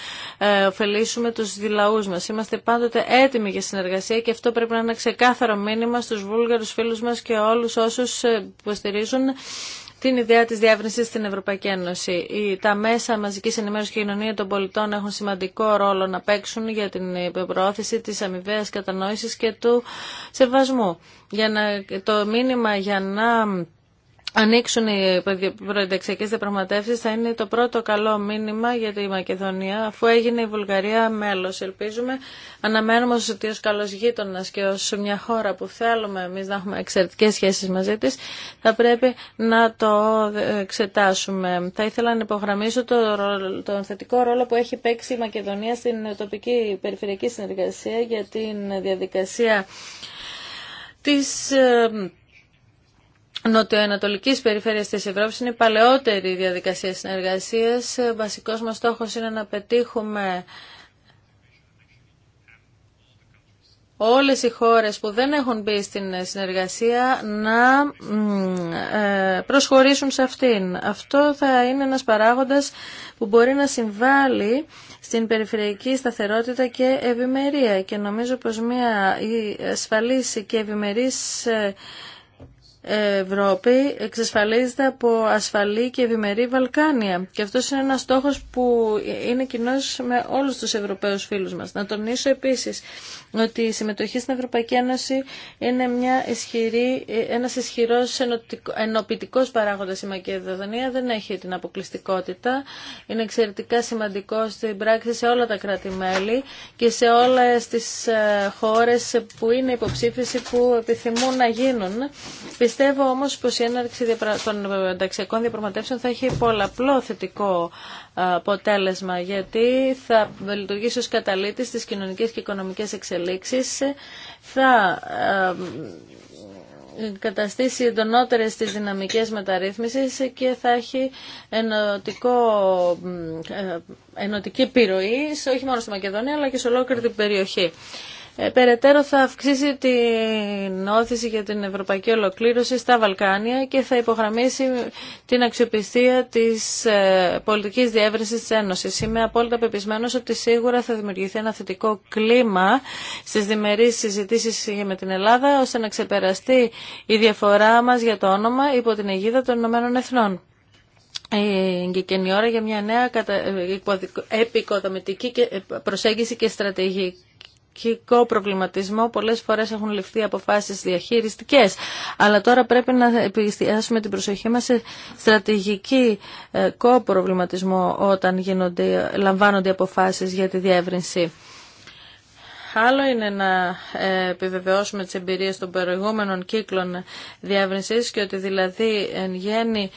ωφελήσουμε του λαού μα. Είμαστε πάντοτε έτοιμοι για συνεργασία και αυτό πρέπει να είναι ξεκάθαρο μήνυμα στου Βούλγαρου φίλου μα και όλου όσου υποστηρίζουν την ιδέα της διεύρυνσης στην Ευρωπαϊκή Ένωση. Τα μέσα μαζικής ενημέρωσης και κοινωνία των πολιτών έχουν σημαντικό ρόλο να παίξουν για την προώθηση της αμοιβαίας κατανόησης και του σεβασμού. Για να, το μήνυμα για να ανοίξουν οι προενταξιακές διαπραγματεύσεις θα είναι το πρώτο καλό μήνυμα για τη Μακεδονία αφού έγινε η Βουλγαρία μέλος. Ελπίζουμε, αναμένουμε ότι ως καλός γείτονας και ως μια χώρα που θέλουμε εμείς να έχουμε εξαιρετικές σχέσεις μαζί της θα πρέπει να το εξετάσουμε. Θα ήθελα να υπογραμμίσω το, τον θετικό ρόλο που έχει παίξει η Μακεδονία στην τοπική περιφερειακή συνεργασία για την διαδικασία της ε, νοτιοανατολική περιφέρεια τη Ευρώπη είναι η παλαιότερη διαδικασία συνεργασία. Ο ε, βασικός μας είναι να πετύχουμε όλες οι χώρες που δεν έχουν μπει στην συνεργασία να ε, προσχωρήσουν σε αυτήν. Αυτό θα είναι ένας παράγοντας που μπορεί να συμβάλλει στην περιφερειακή σταθερότητα και ευημερία και νομίζω πως μια ασφαλής και ευημερής ε, Ευρώπη εξασφαλίζεται από ασφαλή και ευημερή Βαλκάνια. Και αυτό είναι ένας στόχος που είναι κοινό με όλους τους Ευρωπαίους φίλους μας. Να τονίσω επίσης ότι η συμμετοχή στην Ευρωπαϊκή Ένωση είναι μια ισχυρή, ένας ισχυρός ενωπητικός παράγοντας η Μακεδονία, δεν έχει την αποκλειστικότητα, είναι εξαιρετικά σημαντικό στην πράξη σε όλα τα κράτη-μέλη και σε όλες τις ε, χώρες που είναι υποψήφιση που επιθυμούν να γίνουν. Πιστεύω όμως πως η έναρξη των ενταξιακών διαπραγματεύσεων θα έχει πολλαπλό θετικό αποτέλεσμα γιατί θα λειτουργήσει ως καταλήτης στις κοινωνικές και οικονομικές εξελίξεις, θα ε, καταστήσει εντονότερες τις δυναμικές μεταρρύθμισης και θα έχει ενωτικό, ε, ενωτική επιρροή όχι μόνο στη Μακεδονία αλλά και σε ολόκληρη την περιοχή. Ε, περαιτέρω θα αυξήσει την όθηση για την ευρωπαϊκή ολοκλήρωση στα Βαλκάνια και θα υπογραμμίσει την αξιοπιστία της ε, πολιτικής διεύρυνσης της Ένωσης. Είμαι απόλυτα πεπισμένος ότι σίγουρα θα δημιουργηθεί ένα θετικό κλίμα στις διμερείς συζητήσεις με την Ελλάδα ώστε να ξεπεραστεί η διαφορά μας για το όνομα υπό την αιγίδα των Ηνωμένων Εθνών. Ε, και, και η ώρα για μια νέα επικοδομητική προσέγγιση και στρατηγική Στρατηγικό προβληματισμό πολλές φορές έχουν ληφθεί αποφάσεις διαχειριστικές. Αλλά τώρα πρέπει να επιστιάσουμε την προσοχή μας σε στρατηγικό ε, προβληματισμό όταν γίνονται, λαμβάνονται αποφάσεις για τη διεύρυνση. Άλλο είναι να ε, επιβεβαιώσουμε τις εμπειρίες των προηγούμενων κύκλων διεύρυνσης και ότι δηλαδή εν γέννη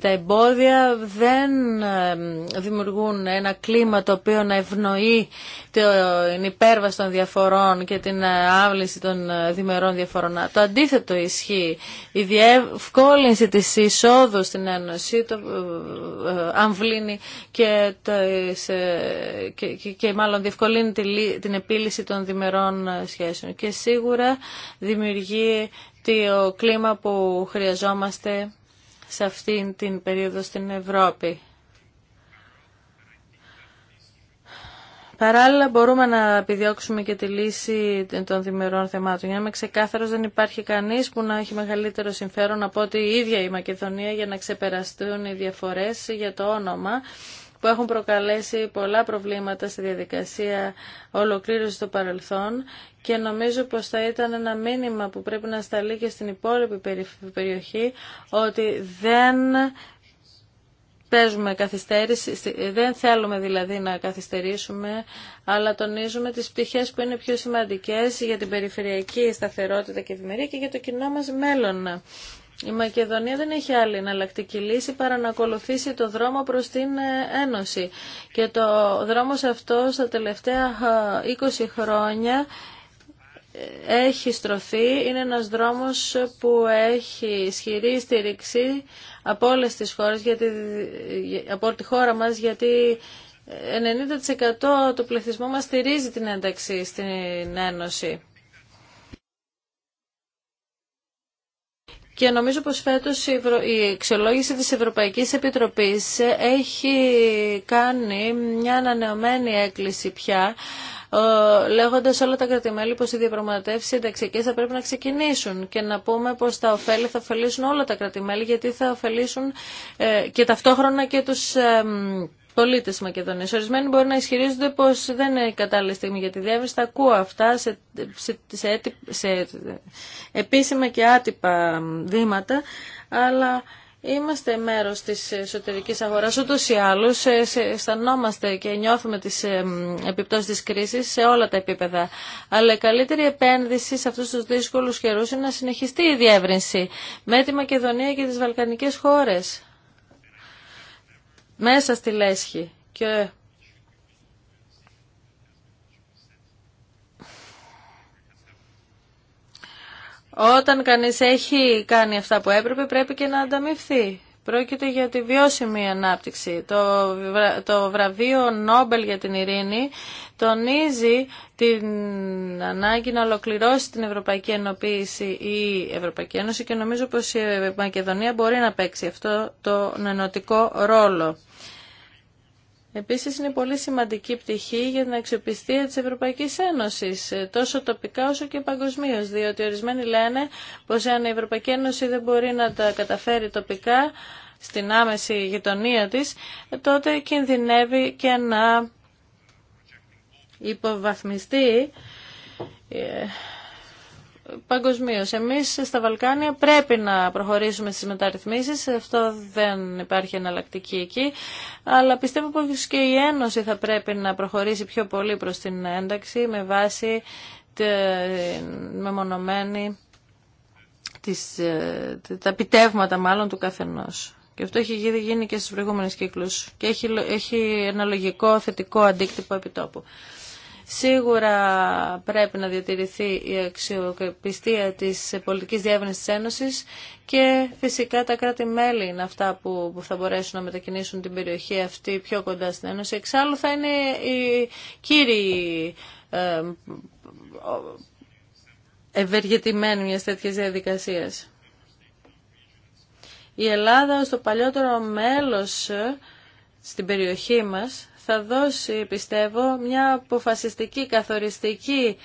τα εμπόδια δεν ε, δημιουργούν ένα κλίμα το οποίο να ευνοεί την υπέρβαση των διαφορών και την ε, άβληση των διμερών διαφορών. Το αντίθετο ισχύει. Η διευκόλυνση της εισόδου στην Ένωση το αμβλύνει και, το, και, και, και μάλλον διευκολύνει την επίλυση επίλυση των διμερών σχέσεων και σίγουρα δημιουργεί το κλίμα που χρειαζόμαστε σε αυτήν την περίοδο στην Ευρώπη. Παράλληλα μπορούμε να επιδιώξουμε και τη λύση των διμερών θεμάτων. Για να είμαι ξεκάθαρος δεν υπάρχει κανείς που να έχει μεγαλύτερο συμφέρον από ότι η ίδια η Μακεδονία για να ξεπεραστούν οι διαφορές για το όνομα που έχουν προκαλέσει πολλά προβλήματα στη διαδικασία ολοκλήρωση των παρελθών και νομίζω πως θα ήταν ένα μήνυμα που πρέπει να σταλεί και στην υπόλοιπη περιοχή ότι δεν παίζουμε καθυστέρηση, δεν θέλουμε δηλαδή να καθυστερήσουμε, αλλά τονίζουμε τις πτυχές που είναι πιο σημαντικές για την περιφερειακή σταθερότητα και ευημερία και για το κοινό μας μέλλον. Η Μακεδονία δεν έχει άλλη εναλλακτική λύση παρά να ακολουθήσει το δρόμο προς την ε, Ένωση. Και το δρόμος αυτό στα τελευταία 20 χρόνια ε, έχει στρωθεί, είναι ένας δρόμος που έχει ισχυρή στήριξη από όλες τις χώρες, γιατί, ε, από όλη τη χώρα μας, γιατί 90% του πληθυσμού μας στηρίζει την ένταξη στην Ένωση. Και νομίζω πως φέτος η εξολόγηση της Ευρωπαϊκής Επιτροπής έχει κάνει μια ανανεωμένη έκκληση πια ε, λέγοντα όλα τα κρατημέλη πω οι διαπραγματεύσει ενταξιακέ θα πρέπει να ξεκινήσουν και να πούμε πω τα ωφέλη θα ωφελήσουν όλα τα κρατημέλη γιατί θα ωφελήσουν ε, και ταυτόχρονα και του ε, πολίτε τη Μακεδονία. Ορισμένοι μπορεί να ισχυρίζονται πω δεν είναι κατάλληλη στιγμή για τη διεύρυνση. Τα ακούω αυτά σε, σε, σε, επίσημα και άτυπα βήματα, αλλά Είμαστε μέρος τη εσωτερική αγορά, οτό ή άλλου. Ε, Στανόμαστε και νιώθουμε τι αισθανόμαστε και νιώθουμε τις ε, επιπτώσεις της κρίσης σε όλα τα επίπεδα. Αλλά η καλύτερη τι επιπτωσει τη κρισης σε αυτούς τους δύσκολους καιρούς είναι να συνεχιστεί η καλυτερη επενδυση σε αυτους τους δυσκολου καιρου ειναι να συνεχιστει η διευρυνση με τη Μακεδονία και τι Βαλκανικέ χώρε μέσα στη λέσχη και Όταν κανείς έχει κάνει αυτά που έπρεπε πρέπει και να ανταμειφθεί. Πρόκειται για τη βιώσιμη ανάπτυξη. Το, το βραβείο Νόμπελ για την ειρήνη τονίζει την ανάγκη να ολοκληρώσει την Ευρωπαϊκή Ενωποίηση η Ευρωπαϊκή Ένωση και νομίζω πως η Μακεδονία μπορεί να παίξει αυτό τον ενωτικό ρόλο. Επίσης είναι πολύ σημαντική πτυχή για την αξιοπιστία της Ευρωπαϊκής Ένωσης, ε, τόσο τοπικά όσο και παγκοσμίω, διότι ορισμένοι λένε πως αν η Ευρωπαϊκή Ένωση δεν μπορεί να τα καταφέρει τοπικά στην άμεση γειτονία της, ε, τότε κινδυνεύει και να υποβαθμιστεί ε, παγκοσμίω. Εμείς στα Βαλκάνια πρέπει να προχωρήσουμε στι μεταρρυθμίσεις, αυτό δεν υπάρχει εναλλακτική εκεί, αλλά πιστεύω πως και η Ένωση θα πρέπει να προχωρήσει πιο πολύ προς την ένταξη με βάση τη μεμονωμένη τις, ε, τα επιτεύγματα μάλλον του καθενός. Και αυτό έχει γίνει και στους προηγούμενους κύκλους και έχει, έχει ένα λογικό θετικό αντίκτυπο επιτόπου. Σίγουρα πρέπει να διατηρηθεί η αξιοπιστία της πολιτικής διεύρυνσης της Ένωσης και φυσικά τα κράτη-μέλη είναι αυτά που θα μπορέσουν να μετακινήσουν την περιοχή αυτή πιο κοντά στην Ένωση. Εξάλλου θα είναι οι κύριοι ε, ευεργετημένοι μιας τέτοιας διαδικασίας. Η Ελλάδα ως το παλιότερο μέλος ε, στην περιοχή μας θα δώσει, πιστεύω, μια αποφασιστική, καθοριστική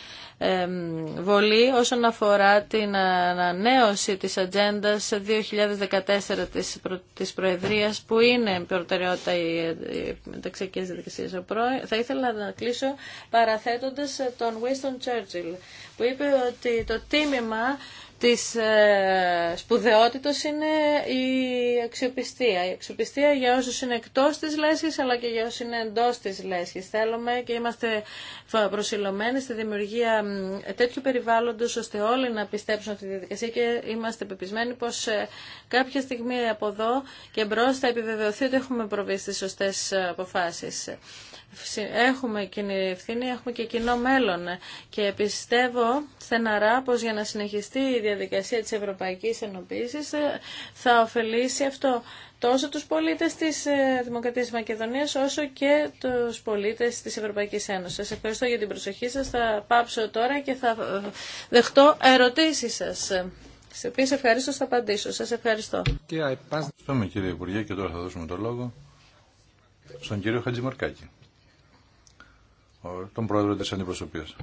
βολή όσον αφορά την ανανέωση της ατζέντα 2014 της, της Προεδρίας που είναι προτεραιότητα οι μεταξιακές διαδικασίες. Θα ήθελα να κλείσω παραθέτοντας τον Winston Churchill που είπε ότι το τίμημα της ε, σπουδαιότητος είναι η αξιοπιστία. Η αξιοπιστία για όσους είναι εκτός της λέσχης αλλά και για όσους είναι εντός της λέσχης. Θέλουμε και είμαστε προσιλωμένοι στη δημιουργία τέτοιου περιβάλλοντος ώστε όλοι να πιστέψουν αυτή τη διαδικασία και είμαστε πεπισμένοι πως ε, κάποια στιγμή από εδώ και μπρος θα επιβεβαιωθεί ότι έχουμε προβεί στις σωστές ε, αποφάσεις έχουμε κοινή ευθύνη, έχουμε και κοινό μέλλον. Και πιστεύω στεναρά πω για να συνεχιστεί η διαδικασία της ευρωπαϊκής ενοποίησης ε, θα ωφελήσει αυτό τόσο τους πολίτες της ε, Δημοκρατίας της Μακεδονίας όσο και τους πολίτες της Ευρωπαϊκής Ένωσης. Σας ευχαριστώ για την προσοχή σας. Θα πάψω τώρα και θα ε, δεχτώ ερωτήσεις σας. Σε οποίε ευχαρίστω θα απαντήσω. Σα ευχαριστώ. Ευχαριστούμε κύριε Υπουργέ και τώρα θα δώσουμε το λόγο στον κύριο Χατζημαρκάκη τον πρόεδρο της αντιπροσωπείας.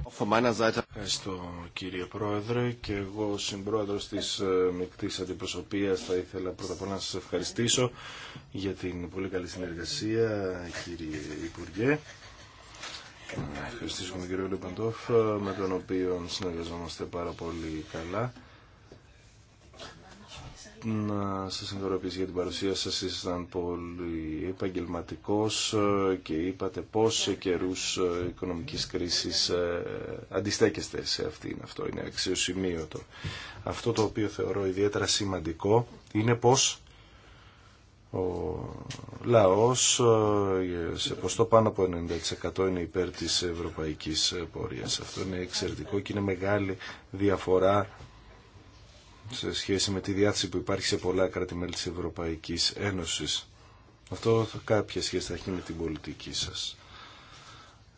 Ευχαριστώ κύριε πρόεδρε και εγώ συμπρόεδρος της ε, μεικτής αντιπροσωπείας θα ήθελα πρώτα απ' όλα να σας ευχαριστήσω για την πολύ καλή συνεργασία κύριε Υπουργέ. Ευχαριστήσουμε τον κύριο Λεπαντόφ ε, με τον οποίο συνεργαζόμαστε πάρα πολύ καλά να σας ευχαριστήσω για την παρουσία σας. Ήσασταν πολύ επαγγελματικός και είπατε πώς σε καιρούς οικονομικής κρίσης ε, αντιστέκεστε σε αυτήν. Αυτό είναι αξιοσημείωτο. Αυτό το οποίο θεωρώ ιδιαίτερα σημαντικό είναι πώς ο λαός ε, σε ποστό πάνω από 90% είναι υπέρ της ευρωπαϊκής πορείας. Αυτό είναι εξαιρετικό και είναι μεγάλη διαφορά σε σχέση με τη διάθεση που υπάρχει σε πολλά κράτη-μέλη της Ευρωπαϊκής Ένωσης. Αυτό κάποια σχέση θα έχει με την πολιτική σας.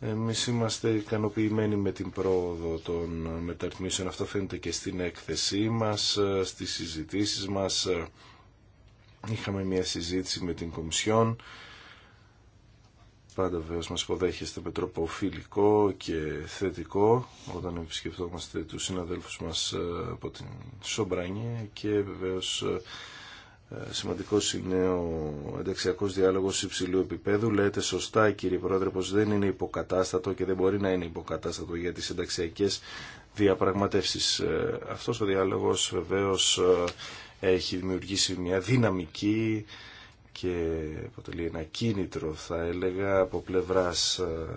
Εμείς είμαστε ικανοποιημένοι με την πρόοδο των μεταρρυθμίσεων. Αυτό φαίνεται και στην έκθεσή μας, στις συζητήσεις μας. Είχαμε μια συζήτηση με την Κομισιόν Πάντα βέβαια μας υποδέχεστε με τρόπο φιλικό και θετικό όταν επισκεφτόμαστε τους συναδέλφους μας ε, από την Σομπρανία και βεβαίως ε, ε, σημαντικό είναι ο ενταξιακό διάλογο υψηλού επίπεδου. Λέτε σωστά, κύριε Πρόεδρε, πω δεν είναι υποκατάστατο και δεν μπορεί να είναι υποκατάστατο για τι ενταξιακέ διαπραγματεύσει. Αυτό ο διάλογο βεβαίω έχει δημιουργήσει μια δυναμική και αποτελεί ένα κίνητρο θα έλεγα από πλευράς ε,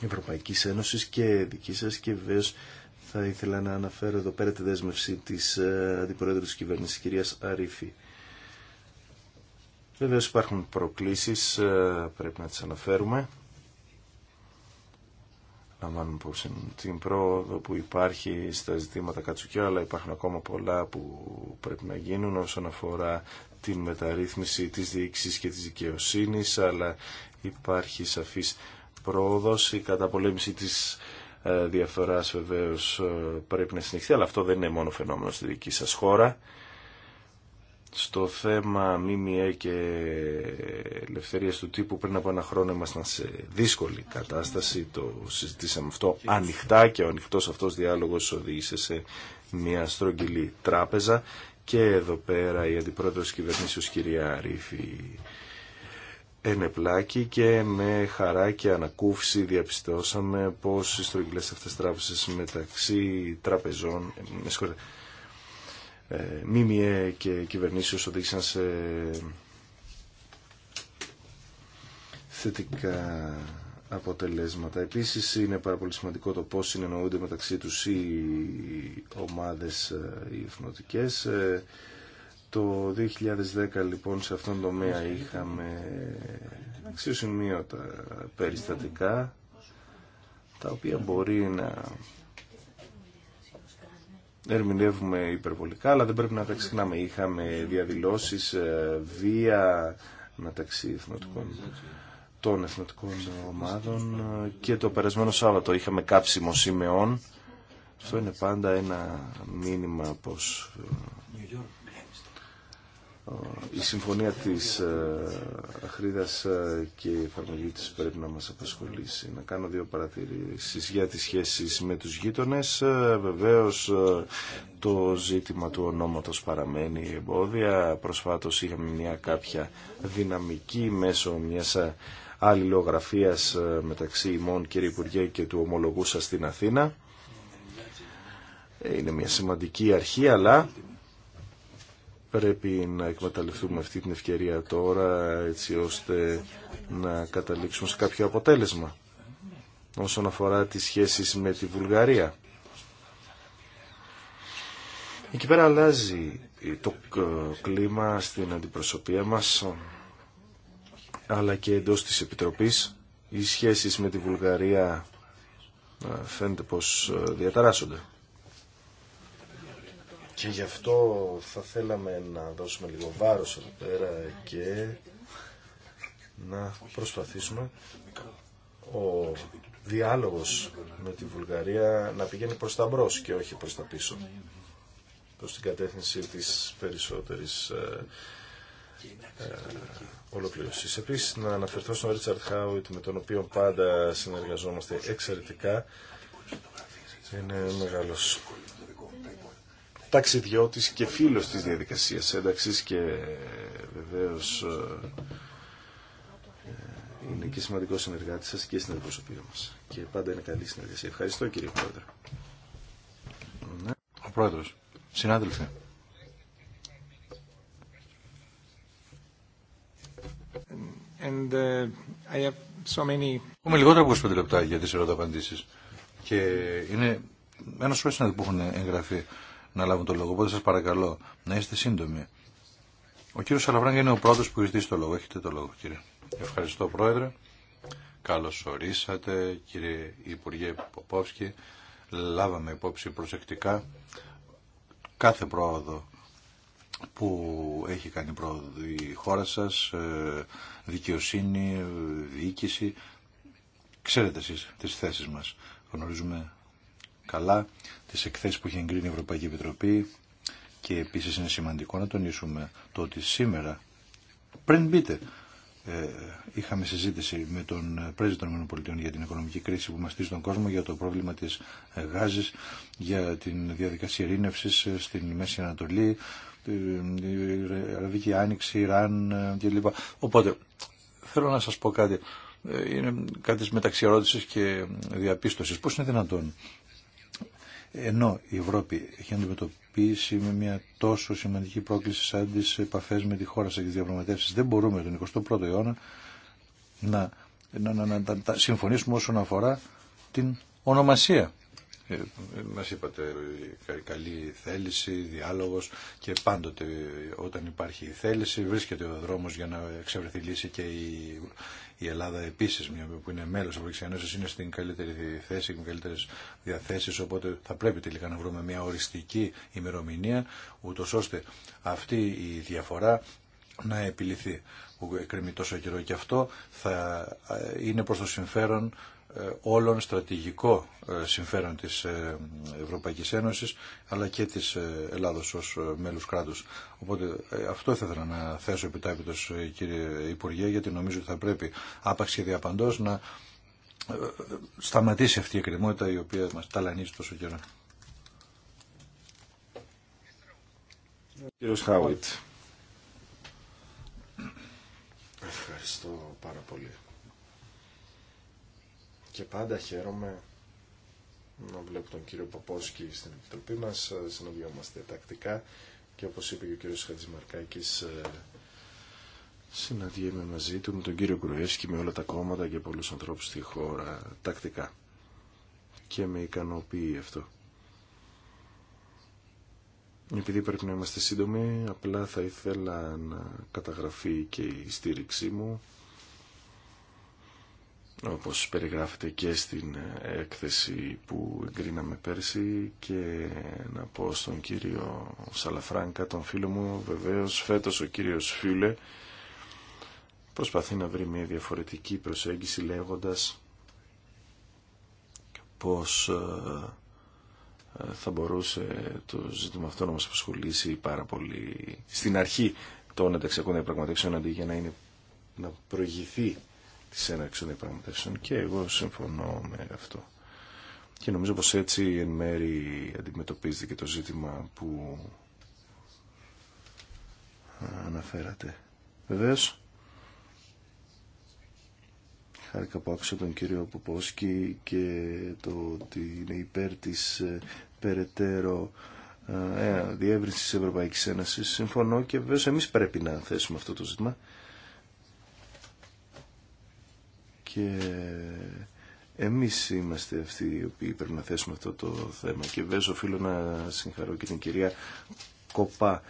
Ευρωπαϊκής Ένωσης και δική σας και βεβαίω θα ήθελα να αναφέρω εδώ πέρα τη δέσμευση της ε, Αντιπροέδρου της Κυβέρνησης κυρίας Αρίφη. Βεβαίως υπάρχουν προκλήσεις, ε, πρέπει να τις αναφέρουμε. Να υπόψη την πρόοδο που υπάρχει στα ζητήματα κατσουκιά, αλλά υπάρχουν ακόμα πολλά που πρέπει να γίνουν όσον αφορά την μεταρρύθμιση της διοίκησης και της δικαιοσύνης, αλλά υπάρχει σαφής πρόοδος, η καταπολέμηση της ε, διαφοράς βεβαίως ε, πρέπει να συνεχθεί, αλλά αυτό δεν είναι μόνο φαινόμενο στη δική σας χώρα στο θέμα ΜΜΕ και ελευθερίας του τύπου πριν από ένα χρόνο ήμασταν σε δύσκολη κατάσταση το συζητήσαμε αυτό ανοιχτά και ο ανοιχτός αυτός διάλογος οδήγησε σε μια στρογγυλή τράπεζα και εδώ πέρα η αντιπρόεδρος κυβερνήσεως κυρία Ρήφη ενεπλάκη και με χαρά και ανακούφιση διαπιστώσαμε πως οι στρογγυλές αυτές τράπεζες μεταξύ τραπεζών ε, με ε, ΜΜΕ και κυβερνήσεως οδήγησαν σε θετικά αποτελέσματα. Επίσης είναι πάρα πολύ σημαντικό το πώς συνεννοούνται μεταξύ τους οι ομάδες ε, οι ε, Το 2010 λοιπόν σε αυτόν τον τομέα είχαμε αξιοσημείωτα περιστατικά τα οποία μπορεί να ερμηνεύουμε υπερβολικά, αλλά δεν πρέπει να τα ξεχνάμε. Είχαμε διαδηλώσει ε, βία μεταξύ εθνοτικών, των εθνοτικών ομάδων και το περασμένο Σάββατο είχαμε κάψιμο σημεών. Αυτό είναι πάντα ένα μήνυμα πως ε, η συμφωνία της ε, Αχρίδας ε, και η εφαρμογή της πρέπει να μας απασχολήσει. Να κάνω δύο παρατηρήσεις για τις σχέσεις με τους γείτονες. Ε, βεβαίως το ζήτημα του ονόματος παραμένει εμπόδια. Προσφάτως είχαμε μια κάποια δυναμική μέσω μιας αλληλογραφίας μεταξύ ημών κύριε Υπουργέ και του ομολογούσα στην Αθήνα. Είναι μια σημαντική αρχή αλλά πρέπει να εκμεταλλευτούμε αυτή την ευκαιρία τώρα έτσι ώστε να καταλήξουμε σε κάποιο αποτέλεσμα όσον αφορά τις σχέσεις με τη Βουλγαρία. Εκεί πέρα αλλάζει το κλίμα στην αντιπροσωπεία μας αλλά και εντός της Επιτροπής οι σχέσεις με τη Βουλγαρία ε, φαίνεται πως ε, διαταράσσονται. Και γι' αυτό θα θέλαμε να δώσουμε λίγο βάρος εδώ πέρα και να προσπαθήσουμε ο διάλογος με τη Βουλγαρία να πηγαίνει προς τα μπρος και όχι προς τα πίσω. Προς την κατεύθυνση της περισσότερης ε, ε, Επίσης να αναφερθώ στον Ρίτσαρτ Χάουιτ με τον οποίο πάντα συνεργαζόμαστε εξαιρετικά. Είναι μεγάλος ταξιδιώτης και φίλος της διαδικασίας ένταξης και βεβαίως ε, ε, είναι και σημαντικό συνεργάτη σας και στην αντιπροσωπεία μας. Και πάντα είναι καλή συνεργασία. Ευχαριστώ κύριε Πρόεδρε. Ναι. Ο Πρόεδρος. Συνάδελφε. And, uh, I have so many... Έχουμε λιγότερα από 25 λεπτά για τις ερωταπαντήσεις και είναι ένα σωρό που έχουν εγγραφεί να λάβουν το λόγο. Οπότε σα παρακαλώ να είστε σύντομοι. Ο κύριος Σαλαβράγκα είναι ο πρώτο που ζητήσει το λόγο. Έχετε το λόγο κύριε. Ευχαριστώ πρόεδρε. Καλώ ορίσατε κύριε Υπουργέ Ποπόφσκι. Λάβαμε υπόψη προσεκτικά κάθε πρόοδο που έχει κάνει πρόοδο η χώρα σας, ε, δικαιοσύνη, ε, διοίκηση. Ξέρετε εσείς τις θέσεις μας. Γνωρίζουμε καλά τις εκθέσεις που έχει εγκρίνει η Ευρωπαϊκή Επιτροπή και επίσης είναι σημαντικό να τονίσουμε το ότι σήμερα πριν μπείτε ε, είχαμε συζήτηση με τον πρέσβη των ΗΠΑ για την οικονομική κρίση που μαστίζει τον κόσμο, για το πρόβλημα της ε, γάζης, για την διαδικασία ειρήνευσης ε, στην Μέση Ανατολή, Αραβική Άνοιξη, Ιράν κλπ. Οπότε, θέλω να σας πω κάτι. Είναι κάτι μεταξύ ερώτηση και διαπίστωσης. Πώ είναι δυνατόν ενώ η Ευρώπη έχει αντιμετωπίσει με μια τόσο σημαντική πρόκληση σαν τι επαφέ με τη χώρα σε διαπραγματεύσει. δεν μπορούμε τον 21ο αιώνα να, να, να, να, συμφωνήσουμε όσον αφορά την ονομασία ε, μας είπατε καλή θέληση, διάλογος και πάντοτε όταν υπάρχει θέληση βρίσκεται ο δρόμος για να εξευρεθεί λύση και η, η Ελλάδα επίσης μια που είναι μέλος από είναι στην καλύτερη θέση, με καλύτερες διαθέσεις οπότε θα πρέπει τελικά να βρούμε μια οριστική ημερομηνία ούτως ώστε αυτή η διαφορά να επιληθεί που εκκρεμεί τόσο καιρό και αυτό θα ε, είναι προς το συμφέρον ε, όλων στρατηγικό ε, συμφέρον της ε, Ευρωπαϊκής Ένωσης αλλά και της Ελλάδος ως μέλους κράτους. Οπότε αυτό ήθελα να θέσω επιτάπητος κύριε Υπουργέ γιατί νομίζω ότι θα πρέπει άπαξ και διαπαντός να σταματήσει αυτή η εκκριμότητα η οποία μας ταλανίζει τόσο καιρό. Κύριος Χάουιτ. Ευχαριστώ πάρα πολύ και πάντα χαίρομαι να βλέπω τον κύριο Παπόσκη στην Επιτροπή μας, συναντιόμαστε τακτικά και όπως είπε και ο κύριος Χατζημαρκάκης ε, συναντιέμαι μαζί του με τον κύριο Κρουέσκι, με όλα τα κόμματα και πολλούς ανθρώπους στη χώρα τακτικά και με ικανοποιεί αυτό. Επειδή πρέπει να είμαστε σύντομοι, απλά θα ήθελα να καταγραφεί και η στήριξή μου όπως περιγράφεται και στην έκθεση που εγκρίναμε πέρσι και να πω στον κύριο Σαλαφράνκα, τον φίλο μου, βεβαίως φέτος ο κύριος Φίλε προσπαθεί να βρει μια διαφορετική προσέγγιση λέγοντας πως ε, θα μπορούσε το ζήτημα αυτό να μας απασχολήσει πάρα πολύ στην αρχή των ενταξιακών διαπραγματεύσεων αντί για να, είναι, να προηγηθεί της έναρξης των διαπραγματεύσεων και εγώ συμφωνώ με αυτό. Και νομίζω πως έτσι εν μέρη αντιμετωπίζεται και το ζήτημα που αναφέρατε. Βεβαίως, χάρηκα που άκουσα τον κύριο Ποπόσκι και το ότι είναι υπέρ της ε, περαιτέρω ε, ε διεύρυνση τη Ευρωπαϊκή Συμφωνώ και βεβαίω εμείς πρέπει να θέσουμε αυτό το ζήτημα. και εμείς είμαστε αυτοί οι οποίοι πρέπει να θέσουμε αυτό το θέμα και βέβαια οφείλω να συγχαρώ και την κυρία Κοπά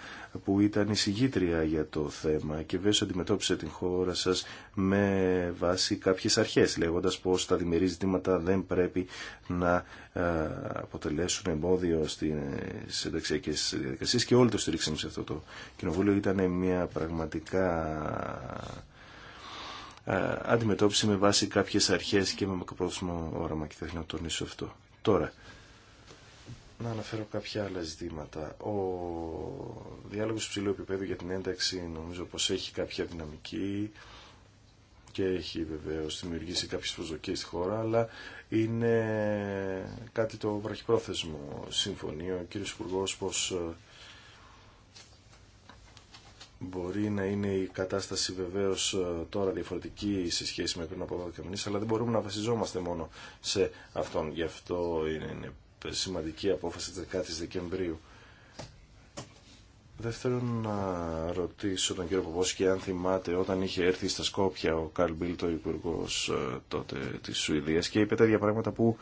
που ήταν η συγγήτρια για το θέμα και βέβαια αντιμετώπισε την χώρα σας με βάση κάποιες αρχές λέγοντας πως τα δημιουργή ζητήματα δεν πρέπει να ε, αποτελέσουν εμπόδιο στις ενταξιακές διαδικασίες και όλοι το στηρίξαμε σε αυτό το κοινοβούλιο ήταν μια πραγματικά ε, αντιμετώπιση με βάση κάποιες αρχές και με μακροπρόθεσμο όραμα και θα ήθελα να τονίσω αυτό. Τώρα, να αναφέρω κάποια άλλα ζητήματα. Ο διάλογος ψηλού επίπεδου για την ένταξη νομίζω πως έχει κάποια δυναμική και έχει βεβαίω δημιουργήσει κάποιε προσδοκίε στη χώρα, αλλά είναι κάτι το βραχυπρόθεσμο συμφωνεί ο κύριο Υπουργό Μπορεί να είναι η κατάσταση βεβαίω ε, τώρα διαφορετική σε σχέση με πριν από 12 μήνε, αλλά δεν μπορούμε να βασιζόμαστε μόνο σε αυτόν. Γι' αυτό είναι σημαντική απόφαση τη 10η Δεκεμβρίου. Δεύτερον, να ρωτήσω τον κύριο και αν θυμάται όταν είχε έρθει στα Σκόπια ο Καρλ το υπουργό ε, τότε τη Σουηδία, και είπε τα πράγματα που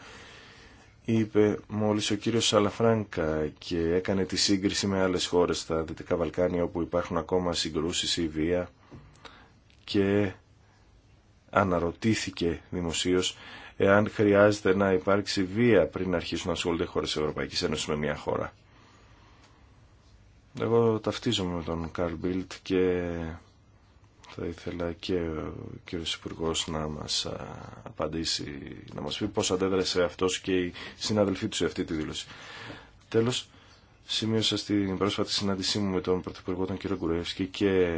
είπε μόλις ο κύριος Σαλαφράνκα και έκανε τη σύγκριση με άλλες χώρες στα Δυτικά Βαλκάνια όπου υπάρχουν ακόμα συγκρούσεις ή βία και αναρωτήθηκε δημοσίως εάν χρειάζεται να υπάρξει βία πριν αρχίσουν να ασχολούνται χώρες της Ευρωπαϊκής Ένωσης με μια χώρα. Εγώ ταυτίζομαι με τον Καρλ Μπίλτ και θα ήθελα και ο κύριος Υπουργό να μας απαντήσει, να μας πει πώς αντέδρασε αυτός και οι συναδελφοί του σε αυτή τη δήλωση. Τέλος, σημείωσα στην πρόσφατη συνάντησή μου με τον Πρωθυπουργό τον κύριο Γκουρεύσκη και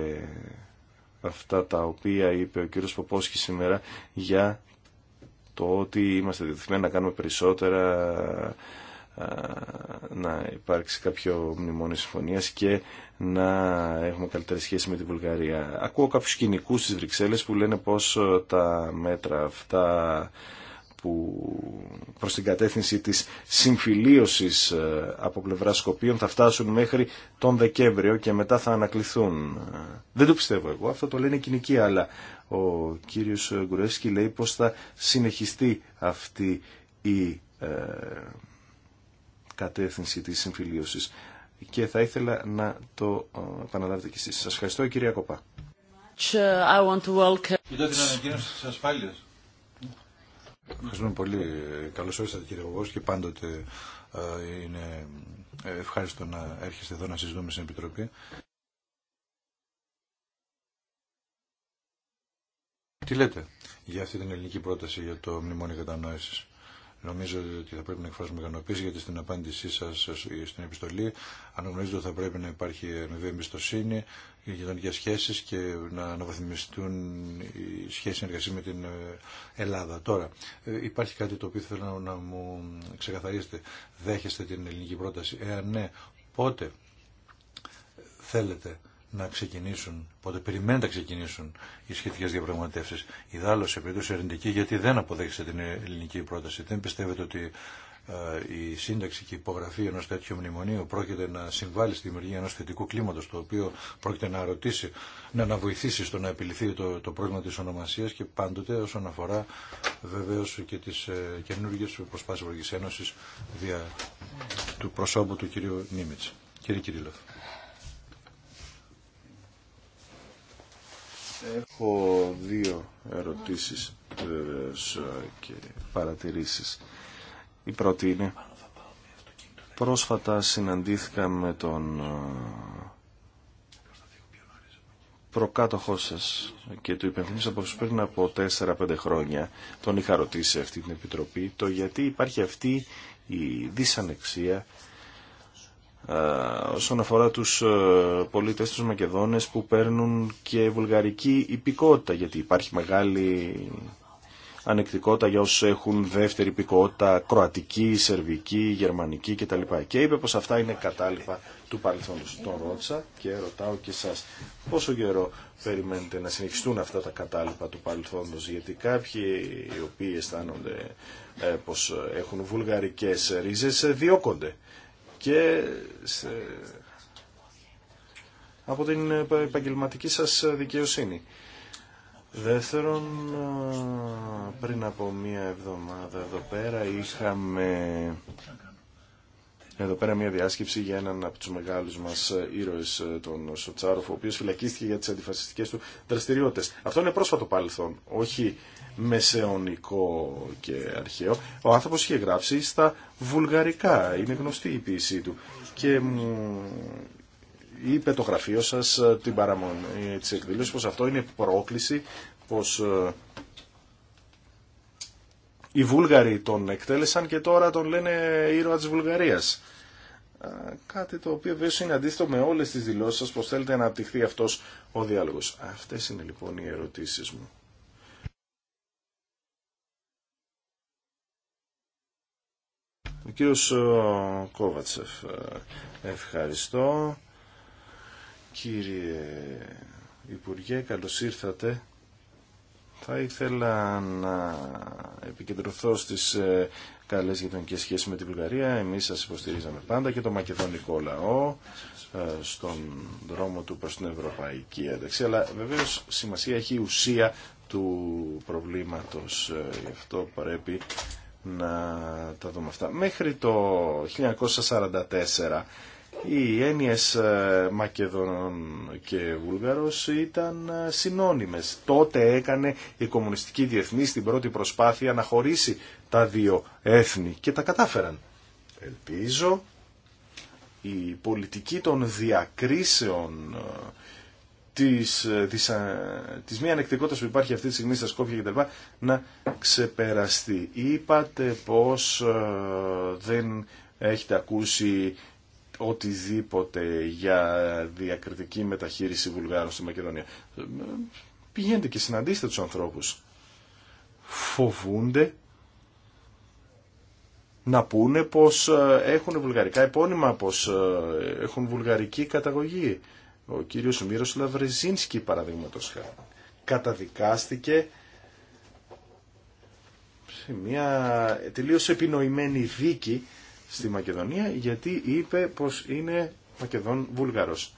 αυτά τα οποία είπε ο κύριος Ποπόσκη σήμερα για το ότι είμαστε διεθυμένοι να κάνουμε περισσότερα να υπάρξει κάποιο μνημόνιο συμφωνίας και να έχουμε καλύτερη σχέση με τη Βουλγαρία. Ακούω κάποιους κοινικούς στις Βρυξέλλες που λένε πως ε, τα μέτρα αυτά που προς την κατεύθυνση της συμφιλίωσης ε, από πλευρά Σκοπίων θα φτάσουν μέχρι τον Δεκέμβριο και μετά θα ανακληθούν. Δεν το πιστεύω εγώ, αυτό το λένε κοινικοί, αλλά ο κύριος Γκουρέσκι λέει πως θα συνεχιστεί αυτή η ε, κατεύθυνση της συμφιλίωσης. Και θα ήθελα να το ε, επαναλάβετε και εσείς. Σας ευχαριστώ κυρία Κοπά. Ευχαριστούμε πολύ. Καλώς ήρθατε κύριε Βοβός και πάντοτε ε, είναι ευχάριστο να έρχεστε εδώ να συζητούμε στην Επιτροπή. Τι λέτε για αυτή την ελληνική πρόταση για το μνημόνιο κατανόησης. Νομίζω ότι θα πρέπει να εκφράσουμε ικανοποίηση γιατί στην απάντησή σα στην επιστολή αναγνωρίζετε ότι θα πρέπει να υπάρχει αμοιβή εμπιστοσύνη, γειτονικέ σχέσει και να αναβαθμιστούν οι σχέσει συνεργασία με την ε, Ελλάδα. Τώρα, ε, υπάρχει κάτι το οποίο θέλω να μου ξεκαθαρίσετε. Δέχεστε την ελληνική πρόταση. Εάν ναι, πότε θέλετε να ξεκινήσουν, πότε περιμένουν να ξεκινήσουν οι σχετικέ διαπραγματεύσει. Η σε περίπτωση αρνητική, γιατί δεν αποδέχεται την ελληνική πρόταση. Δεν πιστεύετε ότι ε, η σύνταξη και η υπογραφή ενό τέτοιου μνημονίου πρόκειται να συμβάλλει στη δημιουργία ενό θετικού κλίματο, το οποίο πρόκειται να ρωτήσει, ναι, να, αναβοηθήσει στο να επιληθεί το, το πρόβλημα τη ονομασία και πάντοτε όσον αφορά βεβαίω και τι ε, καινούργιε προσπάσει Ευρωπαϊκή Ένωση δια του προσώπου του κυρίου Νίμιτ. Κύριε Κυρίλοφ. Έχω δύο ερωτήσεις και παρατηρήσεις. Η πρώτη είναι πρόσφατα συναντήθηκα με τον ε, προκάτοχό σας και του υπενθυμίσα πως πριν από 4-5 χρόνια τον είχα ρωτήσει σε αυτή την επιτροπή το γιατί υπάρχει αυτή η δυσανεξία ε, όσον αφορά τους ε, πολίτες τους Μακεδόνες που παίρνουν και βουλγαρική υπηκότητα γιατί υπάρχει μεγάλη ανεκτικότητα για όσους έχουν δεύτερη υπηκότητα κροατική, σερβική, γερμανική κτλ. Και είπε πως αυτά είναι κατάλοιπα του παρελθόντος. Τον ρώτησα και ρωτάω και εσάς πόσο καιρό περιμένετε να συνεχιστούν αυτά τα κατάλοιπα του παρελθόντος γιατί κάποιοι οι οποίοι αισθάνονται ε, πως έχουν βουλγαρικές ρίζες διώκονται και από την επαγγελματική σας δικαιοσύνη. Δεύτερον, πριν από μία εβδομάδα εδώ πέρα είχαμε εδώ πέρα μια διάσκεψη για έναν από τους μεγάλους μας ήρωες, ε, τον Σοτσάροφ, ο οποίος φυλακίστηκε για τις αντιφασιστικές του δραστηριότητες. Αυτό είναι πρόσφατο παρελθόν, όχι μεσαιωνικό και αρχαίο. Ο άνθρωπος είχε γράψει στα βουλγαρικά, είναι γνωστή η ποιησή του. Και μου είπε το γραφείο σας ε, την παραμονή της εκδήλωσης πως αυτό είναι πρόκληση, πως ε, οι Βούλγαροι τον εκτέλεσαν και τώρα τον λένε ήρωα της Βουλγαρίας. Ε, κάτι το οποίο βέβαια είναι αντίθετο με όλες τις δηλώσεις σας πως θέλετε να αναπτυχθεί αυτός ο διάλογος. Αυτές είναι λοιπόν οι ερωτήσεις μου. Ο κύριος ε, Κόβατσεφ, ε, ευχαριστώ. Κύριε Υπουργέ, καλώς ήρθατε. Θα ήθελα να επικεντρωθώ στις ε, καλές γειτονικές σχέσεις με την Βουλγαρία. Εμείς σας υποστηρίζαμε πάντα και το μακεδονικό λαό στον δρόμο του προς την ευρωπαϊκή ένταξη. Αλλά βεβαίως σημασία έχει η ουσία του προβλήματος. Γι' αυτό πρέπει να τα δούμε αυτά. Μέχρι το 1944 οι έννοιες ε, Μακεδονών και Βούλγαρος ήταν ε, συνώνυμες. Τότε έκανε η κομμουνιστική διεθνή στην πρώτη προσπάθεια να χωρίσει τα δύο έθνη και τα κατάφεραν. Ελπίζω η πολιτική των διακρίσεων ε, της, ε, της, ε, της μη ανεκτικότητας που υπάρχει αυτή τη στιγμή στα Σκόπια κτλ. να ξεπεραστεί. Είπατε πως ε, δεν έχετε ακούσει οτιδήποτε για διακριτική μεταχείριση Βουλγάρων στη Μακεδονία. Πηγαίνετε και συναντήστε τους ανθρώπους. Φοβούνται να πούνε πως έχουν βουλγαρικά επώνυμα, πως έχουν βουλγαρική καταγωγή. Ο κύριος Μύροσλαβ Ρεζίνσκι παραδείγματος χάρη καταδικάστηκε σε μια τελείως επινοημένη δίκη στη Μακεδονία γιατί είπε πως είναι Μακεδόν Βουλγαρός.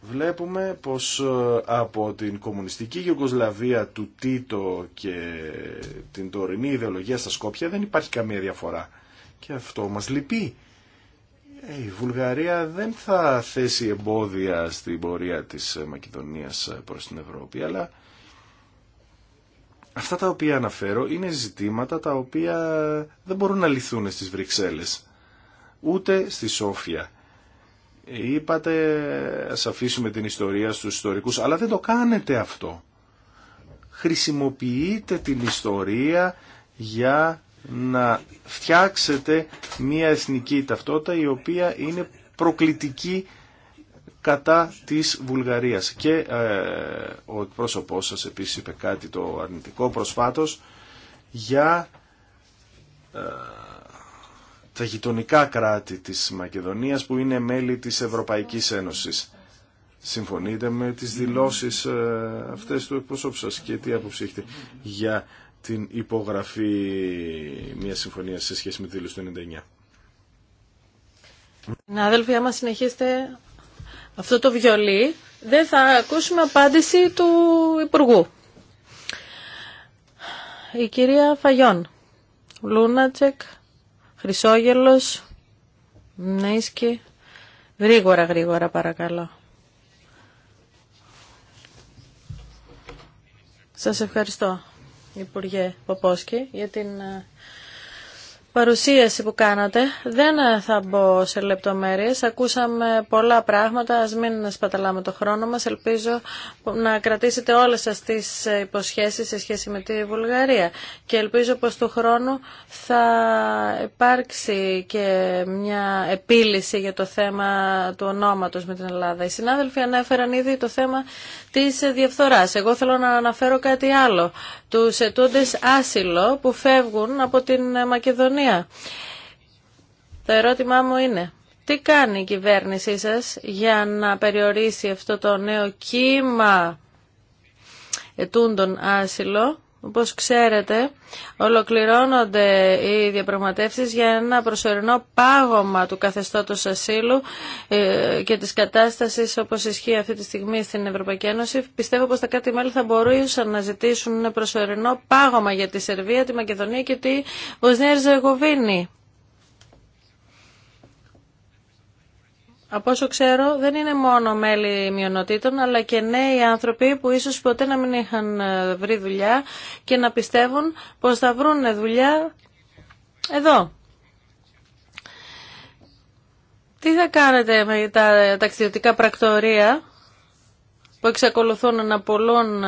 Βλέπουμε πως ε, από την κομμουνιστική Γιουγκοσλαβία του Τίτο και την τωρινή ιδεολογία στα Σκόπια δεν υπάρχει καμία διαφορά. Και αυτό μας λυπεί. Ε, η Βουλγαρία δεν θα θέσει εμπόδια στην πορεία της Μακεδονίας προς την Ευρώπη, αλλά αυτά τα οποία αναφέρω είναι ζητήματα τα οποία δεν μπορούν να λυθούν στις Βρυξέλλες, ούτε στη Σόφια. Είπατε ας αφήσουμε την ιστορία στους ιστορικούς, αλλά δεν το κάνετε αυτό. Χρησιμοποιείτε την ιστορία για να φτιάξετε μια εθνική ταυτότητα η οποία είναι προκλητική κατά της Βουλγαρίας. Και ε, ο πρόσωπός σας επίσης είπε κάτι το αρνητικό προσφάτως για ε, τα γειτονικά κράτη της Μακεδονίας που είναι μέλη της Ευρωπαϊκής Ένωσης. Συμφωνείτε με τις δηλώσεις ε, αυτές του εκπροσώπου σας και τι άποψη για την υπογραφή μια συμφωνία σε σχέση με τη δήλωση του 99. Να αδελφοί, άμα συνεχίσετε αυτό το βιολί, δεν θα ακούσουμε απάντηση του Υπουργού. Η κυρία Φαγιόν, Λούνατσεκ, Χρυσόγελος, Νέισκι, γρήγορα γρήγορα παρακαλώ. Σας ευχαριστώ. Υπουργέ Ποπόσκη, για την ε, παρουσίαση που κάνατε. Δεν θα μπω σε λεπτομέρειες. Ακούσαμε πολλά πράγματα. Ας μην σπαταλάμε το χρόνο μας. Ελπίζω να κρατήσετε όλες σας τις υποσχέσεις σε σχέση με τη Βουλγαρία. Και ελπίζω πως του χρόνου θα υπάρξει και μια επίλυση για το θέμα του ονόματος με την Ελλάδα. Οι συνάδελφοι ανέφεραν ήδη το θέμα της διαφθοράς. Εγώ θέλω να αναφέρω κάτι άλλο. Τους ετούντες άσυλο που φεύγουν από την Μακεδονία το ερώτημά μου είναι, τι κάνει η κυβέρνησή σας για να περιορίσει αυτό το νέο κύμα ετούντων άσυλο όπως ξέρετε, ολοκληρώνονται οι διαπραγματεύσεις για ένα προσωρινό πάγωμα του καθεστώτος ασύλου ε, και της κατάστασης όπως ισχύει αυτή τη στιγμή στην Ευρωπαϊκή Ένωση. Πιστεύω πως τα κάτι μέλη θα μπορούσαν να ζητήσουν ένα προσωρινό πάγωμα για τη Σερβία, τη Μακεδονία και τη Βοσνία Ριζεγοβίνη. από όσο ξέρω, δεν είναι μόνο μέλη μειονοτήτων, αλλά και νέοι άνθρωποι που ίσως ποτέ να μην είχαν ε, βρει δουλειά και να πιστεύουν πως θα βρουν δουλειά εδώ. Τι θα κάνετε με τα ταξιδιωτικά πρακτορία που εξακολουθούν να πουλούν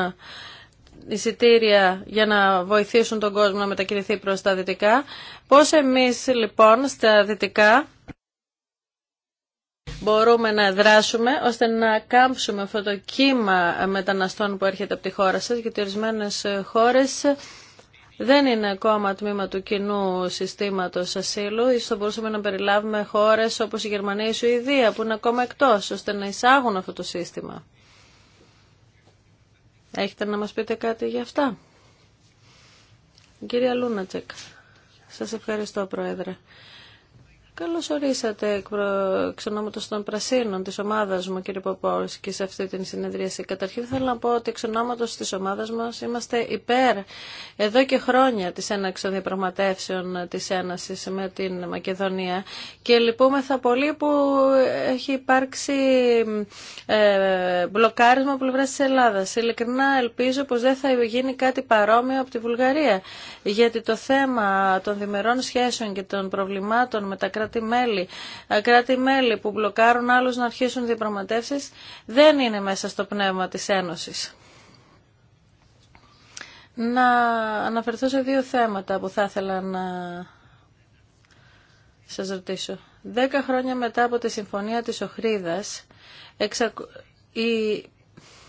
εισιτήρια για να βοηθήσουν τον κόσμο να μετακινηθεί προς τα δυτικά. Πώς εμείς λοιπόν στα δυτικά μπορούμε να δράσουμε ώστε να κάμψουμε αυτό το κύμα μεταναστών που έρχεται από τη χώρα σας, γιατί ορισμένε χώρες δεν είναι ακόμα τμήμα του κοινού συστήματος ασύλου. Ίσως θα μπορούσαμε να περιλάβουμε χώρες όπως η Γερμανία ή η Σουηδία που είναι ακόμα εκτός, ώστε να εισάγουν αυτό το σύστημα. Έχετε να μας πείτε κάτι για αυτά. Κυρία Λούνατσεκ, σας ευχαριστώ Πρόεδρε. Καλώς ορίσατε εκ, προ... των Πρασίνων της ομάδας μου κύριε και σε αυτή την συνεδρίαση. Καταρχήν θέλω να πω ότι εξ ονόματος της ομάδας μας είμαστε υπέρ εδώ και χρόνια της έναξης διαπραγματεύσεων της Ένασης με την Μακεδονία και λυπούμεθα πολύ που έχει υπάρξει ε, μπλοκάρισμα από πλευρά της Ελλάδας. Ειλικρινά ελπίζω πως δεν θα γίνει κάτι παρόμοιο από τη Βουλγαρία γιατί το θέμα των διμερών σχέσεων και των προβλημάτων με κράτη-μέλη, ε, κρατη που μπλοκάρουν άλλους να αρχίσουν διαπραγματεύσεις, δεν είναι μέσα στο πνεύμα της Ένωσης. Να αναφερθώ σε δύο θέματα που θα ήθελα να σας ρωτήσω. Δέκα χρόνια μετά από τη Συμφωνία της Οχρίδας, οι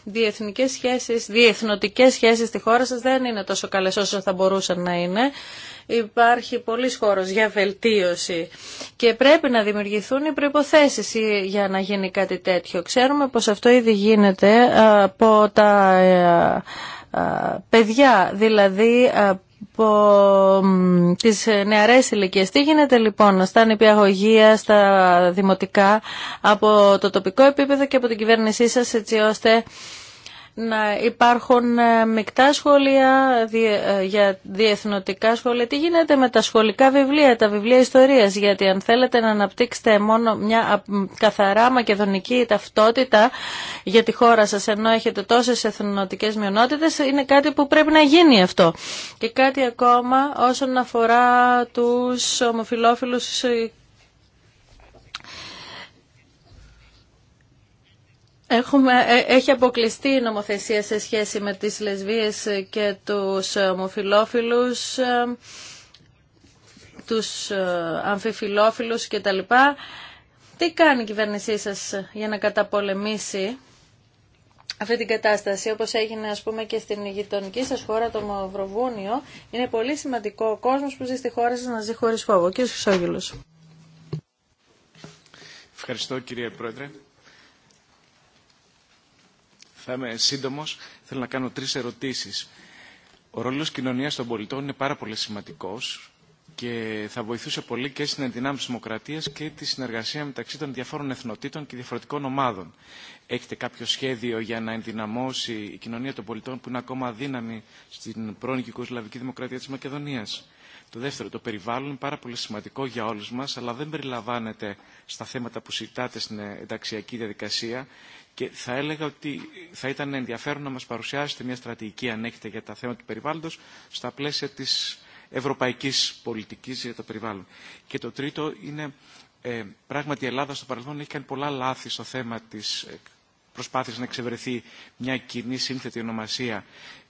διεθνικές σχέσεις, διεθνωτικές σχέσεις στη χώρα σας δεν είναι τόσο καλές όσο θα μπορούσαν να είναι υπάρχει πολύς χώρος για βελτίωση και πρέπει να δημιουργηθούν οι προϋποθέσεις για να γίνει κάτι τέτοιο. Ξέρουμε πως αυτό ήδη γίνεται ε, από τα ε, ε, παιδιά, δηλαδή από τις νεαρές ηλικίε. Τι γίνεται λοιπόν στα νηπιαγωγεία, στα δημοτικά, από το τοπικό επίπεδο και από την κυβέρνησή σας έτσι ώστε να υπάρχουν ε, μεικτά σχολεία ε, για διεθνωτικά σχολεία. Τι γίνεται με τα σχολικά βιβλία, τα βιβλία ιστορίας, γιατί αν θέλετε να αναπτύξετε μόνο μια καθαρά μακεδονική ταυτότητα για τη χώρα σας, ενώ έχετε τόσες εθνωτικές μειονότητες, είναι κάτι που πρέπει να γίνει αυτό. Και κάτι ακόμα όσον αφορά τους ομοφιλόφιλους ε, Έχουμε, ε, έχει αποκλειστεί η νομοθεσία σε σχέση με τις λεσβίες και τους ομοφιλόφιλους, ε, τους ε, αμφιφιλόφιλους κτλ. Τι κάνει η κυβέρνησή σας για να καταπολεμήσει αυτή την κατάσταση, όπως έγινε ας πούμε και στην γειτονική σας χώρα, το Μαυροβούνιο, είναι πολύ σημαντικό ο κόσμος που ζει στη χώρα σας να ζει χωρίς φόβο. Κύριε Ευχαριστώ κύριε Πρόεδρε θα είμαι σύντομο. Θέλω να κάνω τρει ερωτήσει. Ο ρόλο κοινωνία των πολιτών είναι πάρα πολύ σημαντικό και θα βοηθούσε πολύ και στην ενδυνάμωση τη δημοκρατία και τη συνεργασία μεταξύ των διαφόρων εθνοτήτων και διαφορετικών ομάδων. Έχετε κάποιο σχέδιο για να ενδυναμώσει η κοινωνία των πολιτών που είναι ακόμα αδύναμη στην πρώην κυκλοσλαβική Δημοκρατία τη Μακεδονία. Το δεύτερο, το περιβάλλον είναι πάρα πολύ σημαντικό για όλου μα, αλλά δεν περιλαμβάνεται στα θέματα που συζητάτε στην ενταξιακή διαδικασία και θα έλεγα ότι θα ήταν ενδιαφέρον να μας παρουσιάσετε μια στρατηγική, αν έχετε, για τα θέματα του περιβάλλοντος, στα πλαίσια της ευρωπαϊκής πολιτικής για το περιβάλλον. Και το τρίτο είναι, ε, πράγματι η Ελλάδα στο παρελθόν έχει κάνει πολλά λάθη στο θέμα της ε, προσπάθειας να εξευρεθεί μια κοινή σύνθετη ονομασία.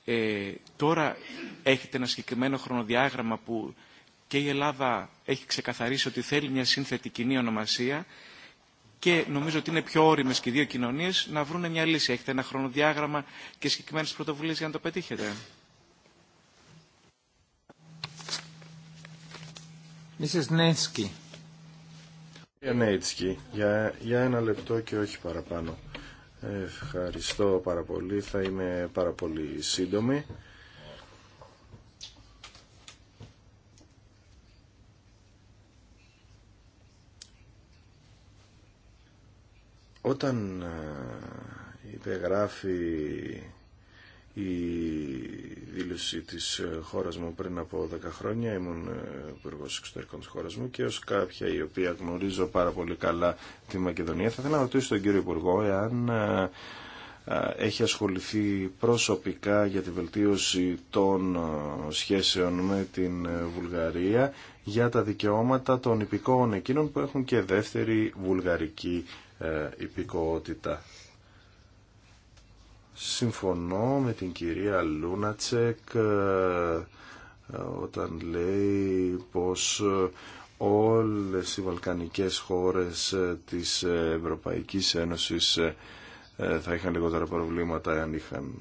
Ε, τώρα έχετε ένα συγκεκριμένο χρονοδιάγραμμα που και η Ελλάδα έχει ξεκαθαρίσει ότι θέλει μια σύνθετη κοινή ονομασία και νομίζω ότι είναι πιο όριμε και οι δύο κοινωνίε να βρουν μια λύση. Έχετε ένα χρονοδιάγραμμα και συγκεκριμένε πρωτοβουλίε για να το πετύχετε. Νέτσκι. Για, για ένα λεπτό και όχι παραπάνω. Ευχαριστώ πάρα πολύ. Θα είμαι πάρα πολύ σύντομη. Όταν ε, υπεγράφει η δήλωση της ε, χώρας μου πριν από 10 χρόνια ήμουν ε, υπουργό εξωτερικών της χώρας μου και ως κάποια η οποία γνωρίζω πάρα πολύ καλά τη Μακεδονία θα ήθελα να ρωτήσω τον κύριο Υπουργό εάν έχει ασχοληθεί προσωπικά για τη βελτίωση των σχέσεων με την Βουλγαρία για τα δικαιώματα των υπηκόων εκείνων που έχουν και δεύτερη βουλγαρική ε, υπηκοότητα. Συμφωνώ με την κυρία Λούνατσεκ ε, όταν λέει πως όλες οι βαλκανικές χώρες ε, της Ευρωπαϊκής Ένωσης θα είχαν λιγότερα προβλήματα αν είχαν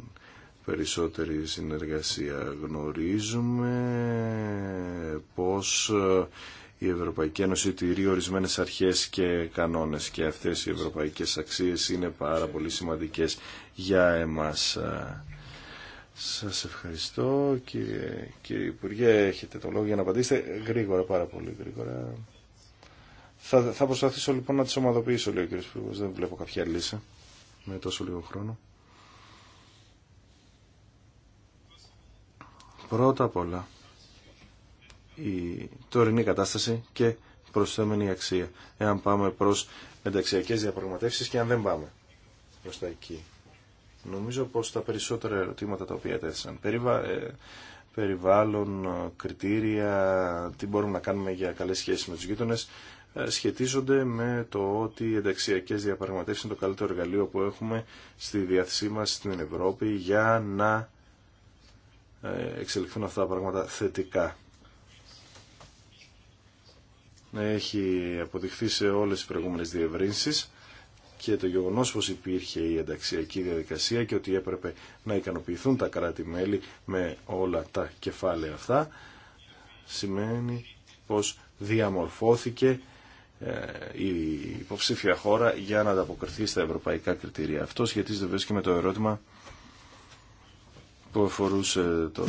περισσότερη συνεργασία. Γνωρίζουμε πως η Ευρωπαϊκή Ένωση τηρεί ορισμένες αρχές και κανόνες και αυτές οι ευρωπαϊκές αξίες είναι πάρα πολύ σημαντικές για εμάς. Σας ευχαριστώ κύριε, κύριε Υπουργέ, έχετε το λόγο για να απαντήσετε γρήγορα, πάρα πολύ γρήγορα. Θα, θα προσπαθήσω λοιπόν να τις ομαδοποιήσω, λέει ο Υπουργός, δεν βλέπω κάποια λύση με τόσο λίγο χρόνο. Πρώτα απ' όλα, η τωρινή κατάσταση και προσθέμενη αξία. Εάν πάμε προς ενταξιακές διαπραγματεύσει και αν δεν πάμε προς τα εκεί. Νομίζω πως τα περισσότερα ερωτήματα τα οποία τέθησαν, ε, περιβάλλον, κριτήρια, τι μπορούμε να κάνουμε για καλές σχέσεις με τους γείτονες, ε, σχετίζονται με το ότι οι ενταξιακές διαπραγματεύσεις είναι το καλύτερο εργαλείο που έχουμε στη διάθεσή μας στην Ευρώπη για να ε, εξελιχθούν αυτά τα πράγματα θετικά έχει αποδειχθεί σε όλες τις προηγούμενες διευρύνσεις και το γεγονός πως υπήρχε η ενταξιακή διαδικασία και ότι έπρεπε να ικανοποιηθούν τα κράτη-μέλη με όλα τα κεφάλαια αυτά σημαίνει πως διαμορφώθηκε ε, η υποψήφια χώρα για να ανταποκριθεί στα ευρωπαϊκά κριτήρια. Αυτό σχετίζεται βέβαια και με το ερώτημα που αφορούσε το,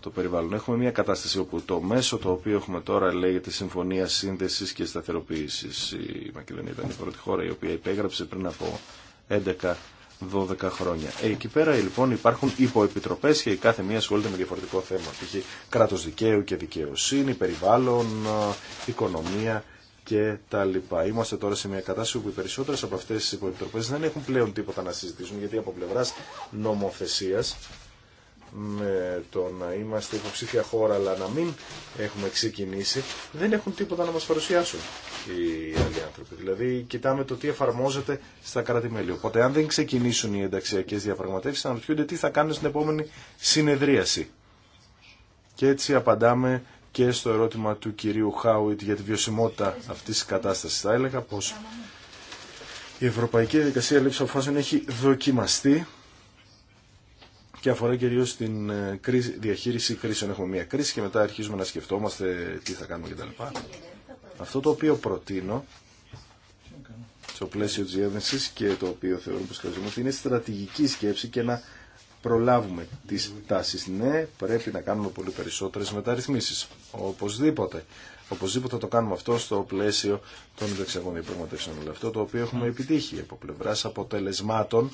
το περιβάλλον. Έχουμε μια κατάσταση όπου το μέσο το οποίο έχουμε τώρα λέγεται Συμφωνία Σύνδεσης και Σταθεροποίησης. Η Μακεδονία ήταν η πρώτη χώρα η οποία υπέγραψε πριν από 11 12 χρόνια. εκεί πέρα λοιπόν υπάρχουν υποεπιτροπές και η κάθε μία ασχολείται με διαφορετικό θέμα. Π.χ. κράτος δικαίου και δικαιοσύνη, περιβάλλον, οικονομία και τα λοιπά. Είμαστε τώρα σε μια κατάσταση όπου οι περισσότερε από αυτέ τι υποεπιτροπέ δεν έχουν πλέον τίποτα να συζητήσουν γιατί από πλευρά νομοθεσία με το να είμαστε υποψήφια χώρα αλλά να μην έχουμε ξεκινήσει, δεν έχουν τίποτα να μας παρουσιάσουν οι άλλοι άνθρωποι. Δηλαδή κοιτάμε το τι εφαρμόζεται στα κρατη Οπότε αν δεν ξεκινήσουν οι ενταξιακές διαπραγματεύσεις αναρωτιούνται τι θα κάνουν στην επόμενη συνεδρίαση. Και έτσι απαντάμε και στο ερώτημα του κυρίου Χάουιτ για τη βιωσιμότητα αυτής της κατάστασης. Θα έλεγα πως η Ευρωπαϊκή Διαδικασία Λήψης Αποφάσεων έχει δοκιμαστεί και αφορά κυρίως την ε, διαχείριση κρίσεων. Έχουμε μια κρίση και μετά αρχίζουμε να σκεφτόμαστε τι θα κάνουμε κτλ. Αυτό το οποίο προτείνω στο πλαίσιο της διεύθυνσης και το οποίο θεωρούμε πως χρειαζόμαστε είναι στρατηγική σκέψη και να προλάβουμε τις τάσεις. Ναι, πρέπει να κάνουμε πολύ περισσότερες μεταρρυθμίσεις. Οπωσδήποτε. Οπωσδήποτε το κάνουμε αυτό στο πλαίσιο των δεξιαγών διαπραγματεύσεων. αυτό το οποίο έχουμε επιτύχει από πλευρά αποτελεσμάτων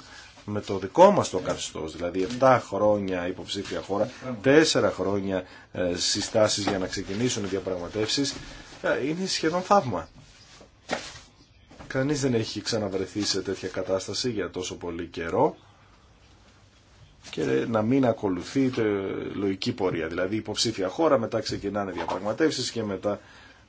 με το δικό μας το καθεστώς, δηλαδή 7 χρόνια υποψήφια χώρα, 4 χρόνια ε, συστάσεις για να ξεκινήσουν οι διαπραγματεύσεις, ε, είναι σχεδόν θαύμα. Κανείς δεν έχει ξαναβρεθεί σε τέτοια κατάσταση για τόσο πολύ καιρό και να μην ακολουθεί λογική πορεία. Δηλαδή υποψήφια χώρα, μετά ξεκινάνε διαπραγματεύσεις και μετά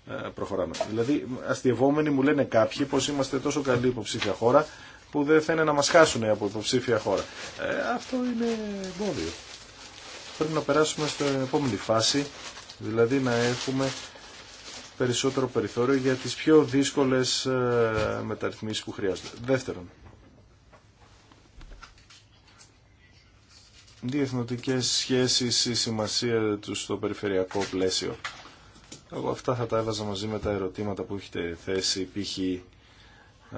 ε, προχωράμε. Δηλαδή αστευόμενοι μου λένε κάποιοι πως είμαστε τόσο καλή υποψήφια χώρα που δεν θέλουν να μα χάσουν από υποψήφια χώρα. Ε, αυτό είναι εμπόδιο. Πρέπει να περάσουμε στην επόμενη φάση, δηλαδή να έχουμε περισσότερο περιθώριο για τις πιο δύσκολες ε, μεταρρυθμίσεις που χρειάζονται. Δεύτερον, διεθνωτικές σχέσεις, η σημασία τους στο περιφερειακό πλαίσιο. Εγώ αυτά θα τα έβαζα μαζί με τα ερωτήματα που έχετε θέσει, π.χ. Ε,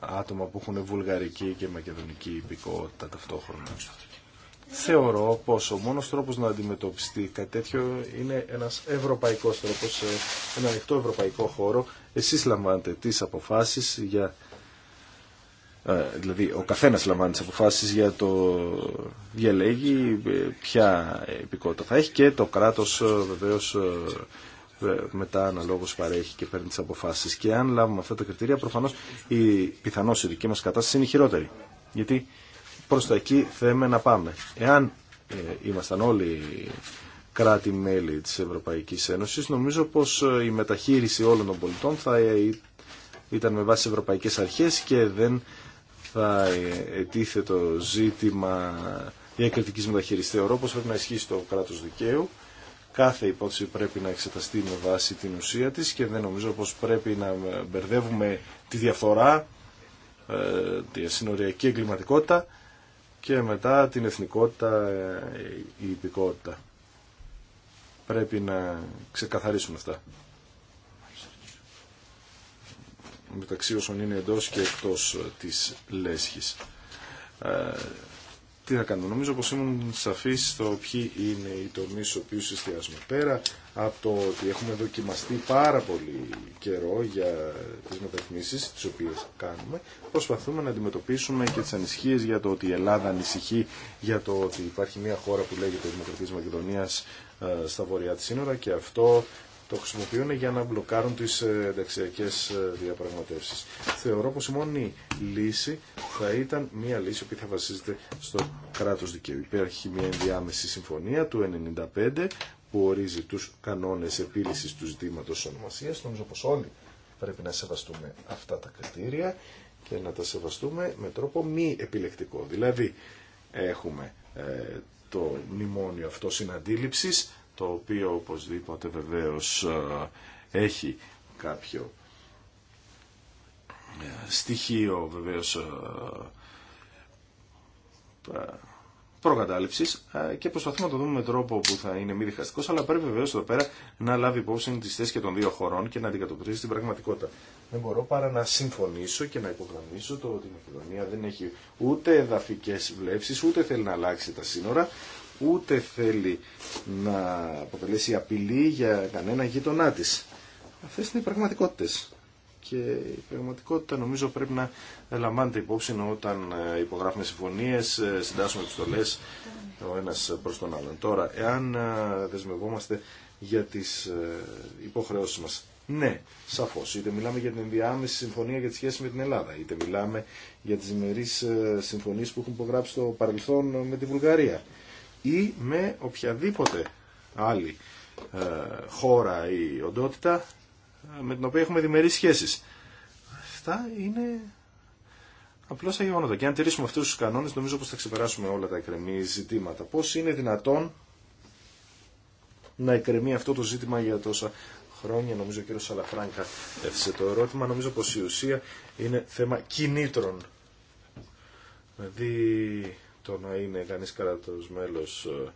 άτομα που έχουν βουλγαρική και μακεδονική υπηκότητα ταυτόχρονα. Θεωρώ πως ο μόνος τρόπος να αντιμετωπιστεί κάτι τέτοιο είναι ένας ευρωπαϊκός τρόπος, ε, ένα ανοιχτό ευρωπαϊκό χώρο. Εσείς λαμβάνετε τις αποφάσεις για... Ε, δηλαδή, ο καθένας λαμβάνει τις αποφάσεις για το διαλέγει ποια υπηκότητα θα έχει και το κράτος βεβαίως μετά αναλόγω παρέχει και παίρνει τι αποφάσει. Και αν λάβουμε αυτά τα κριτήρια, προφανώς η πιθανώ η δική μα κατάσταση είναι χειρότερη. Γιατί προς τα εκεί θέμε να πάμε. Εάν ε, ήμασταν όλοι κράτη-μέλη της Ευρωπαϊκής Ένωσης, νομίζω πως ε, η μεταχείριση όλων των πολιτών θα ε, ήταν με βάση ευρωπαϊκές αρχές και δεν θα ετίθετο ζήτημα διακριτικής μεταχείρισης. Θεωρώ πως πρέπει να ισχύσει το κράτος δικαίου κάθε υπόθεση πρέπει να εξεταστεί με βάση την ουσία της και δεν νομίζω πως πρέπει να μπερδεύουμε τη διαφορά ε, τη συνοριακή εγκληματικότητα και μετά την εθνικότητα, ε, η υπηκότητα. Πρέπει να ξεκαθαρίσουμε αυτά. Μεταξύ όσων είναι εντός και εκτός ε, της λέσχης τι θα κάνουμε. Νομίζω πως ήμουν σαφής στο ποιοι είναι οι τομείς στους οποίους εστιάζουμε. Πέρα από το ότι έχουμε δοκιμαστεί πάρα πολύ καιρό για τις μεταρρυθμίσεις τις οποίες κάνουμε, προσπαθούμε να αντιμετωπίσουμε και τις ανησυχίες για το ότι η Ελλάδα ανησυχεί για το ότι υπάρχει μια χώρα που λέγεται Δημοκρατής Μακεδονίας ε, στα βορειά της σύνορα και αυτό το χρησιμοποιούν για να μπλοκάρουν τις δεξιακές ε, διαπραγματεύσεις. Θεωρώ πως η μόνη λύση θα ήταν μια λύση που θα βασίζεται στο κράτος δικαίου. Υπάρχει μια ενδιάμεση συμφωνία του 1995 που ορίζει τους κανόνες επίλυσης του ζητήματος ονομασίας. Νομίζω πως όλοι πρέπει να σεβαστούμε αυτά τα κριτήρια και να τα σεβαστούμε με τρόπο μη επιλεκτικό. Δηλαδή έχουμε ε, το μνημόνιο αυτό συναντήληψης το οποίο οπωσδήποτε βεβαίως ε, έχει κάποιο ε, στοιχείο βεβαίως ε, προκατάληψης και προσπαθούμε να το δούμε με τρόπο που θα είναι μη διχαστικός αλλά πρέπει βεβαίως εδώ πέρα να λάβει υπόψη τις θέσεις και των δύο χωρών και να αντικατοπτρίζει την πραγματικότητα. Δεν μπορώ παρά να συμφωνήσω και να υπογραμμίσω το ότι η Μακεδονία δεν έχει ούτε εδαφικές βλέψεις ούτε θέλει να αλλάξει τα σύνορα ούτε θέλει να αποτελέσει απειλή για κανένα γείτονά τη. Αυτές είναι οι πραγματικότητες. Και η πραγματικότητα νομίζω πρέπει να λαμβάνεται υπόψη όταν ε, υπογράφουμε συμφωνίες, ε, συντάσσουμε επιστολές ο ένας προς τον άλλον. Τώρα, εάν ε, δεσμευόμαστε για τις υποχρεώσεις μας. Ναι, σαφώς. Είτε μιλάμε για την ενδιάμεση συμφωνία για τη σχέση με την Ελλάδα, είτε μιλάμε για τις ημερείς συμφωνίες που έχουν υπογράψει στο παρελθόν με τη Βουλγαρία ή με οποιαδήποτε άλλη ε, χώρα ή οντότητα ε, με την οποία έχουμε διμερείς σχέσεις. Αυτά είναι απλώς τα γεγονότα. Και αν τηρήσουμε αυτούς τους κανόνες νομίζω πως θα ξεπεράσουμε όλα τα εκκρεμή ζητήματα. Πώς είναι δυνατόν να εκκρεμεί αυτό το ζήτημα για τόσα χρόνια. Νομίζω ο κύριος Σαλαφράγκα έφυσε το ερώτημα. Νομίζω πως η ουσία είναι θέμα κινήτρων. Δηλαδή το να είναι κανείς κράτος μέλος ε,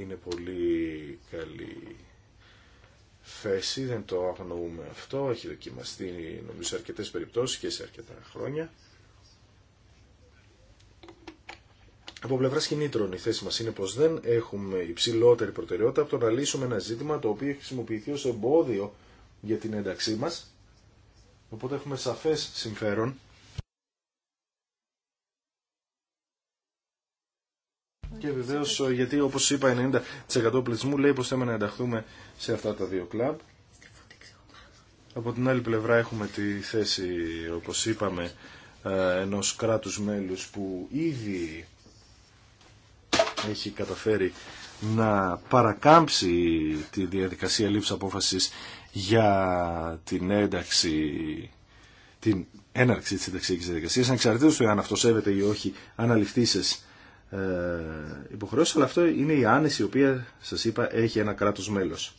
είναι πολύ καλή θέση, δεν το αγνοούμε αυτό, έχει δοκιμαστεί νομίζω σε αρκετές περιπτώσεις και σε αρκετά χρόνια. Από πλευρά κινήτρων η θέση μα είναι πω δεν έχουμε υψηλότερη προτεραιότητα από το να λύσουμε ένα ζήτημα το οποίο έχει χρησιμοποιηθεί ω εμπόδιο για την ένταξή μα. Οπότε έχουμε σαφέ συμφέρον Και βεβαίω, ε, γιατί όπω είπα, 90% πληθυσμού λέει πω θέλουμε να ενταχθούμε σε αυτά τα δύο κλαμπ. Από την άλλη πλευρά έχουμε τη θέση, όπως είπαμε, ε, ενός κράτους μέλους που ήδη έχει καταφέρει να παρακάμψει τη διαδικασία λήψη απόφασης για την ένταξη, την έναρξη της συνταξιακής διαδικασίας, ανεξαρτήτως του αν αυτό σέβεται ή όχι αναληφθήσεις ε, υποχρεώσει, αλλά αυτό είναι η άνεση η οποία σας είπα έχει ένα κράτος μέλος.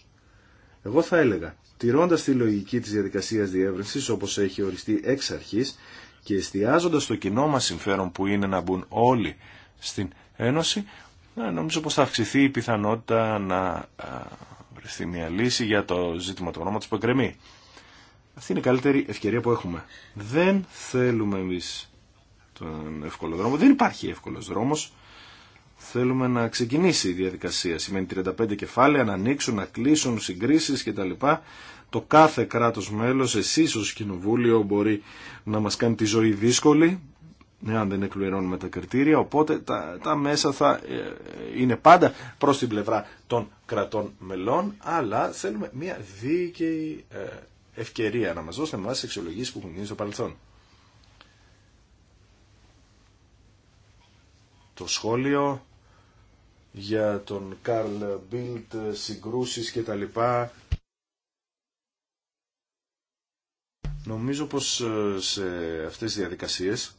Εγώ θα έλεγα, τηρώντας τη λογική της διαδικασίας διεύρυνση όπως έχει οριστεί εξ αρχής και εστιάζοντας το κοινό μας συμφέρον που είναι να μπουν όλοι στην Ένωση, ε, νομίζω πως θα αυξηθεί η πιθανότητα να ε, βρεθεί μια λύση για το ζήτημα του ονόματος που εκκρεμεί. Αυτή είναι η καλύτερη ευκαιρία που έχουμε. Δεν θέλουμε εμείς τον εύκολο δρόμο. Δεν υπάρχει εύκολος δρόμος θέλουμε να ξεκινήσει η διαδικασία. Σημαίνει 35 κεφάλαια, να ανοίξουν, να κλείσουν συγκρίσεις κτλ. Το κάθε κράτος μέλος, εσείς ως κοινοβούλιο, μπορεί να μας κάνει τη ζωή δύσκολη, εάν δεν εκπληρώνουμε τα κριτήρια, οπότε τα, τα μέσα θα ε, είναι πάντα προς την πλευρά των κρατών μελών, αλλά θέλουμε μια δίκαιη ε, ευκαιρία να μας δώσουν εμάς εξολογήσεις που έχουν γίνει στο παρελθόν. Το σχόλιο για τον Καρλ Μπίλτ, συγκρούσεις λοιπά Νομίζω πως ε, σε αυτές τις διαδικασίες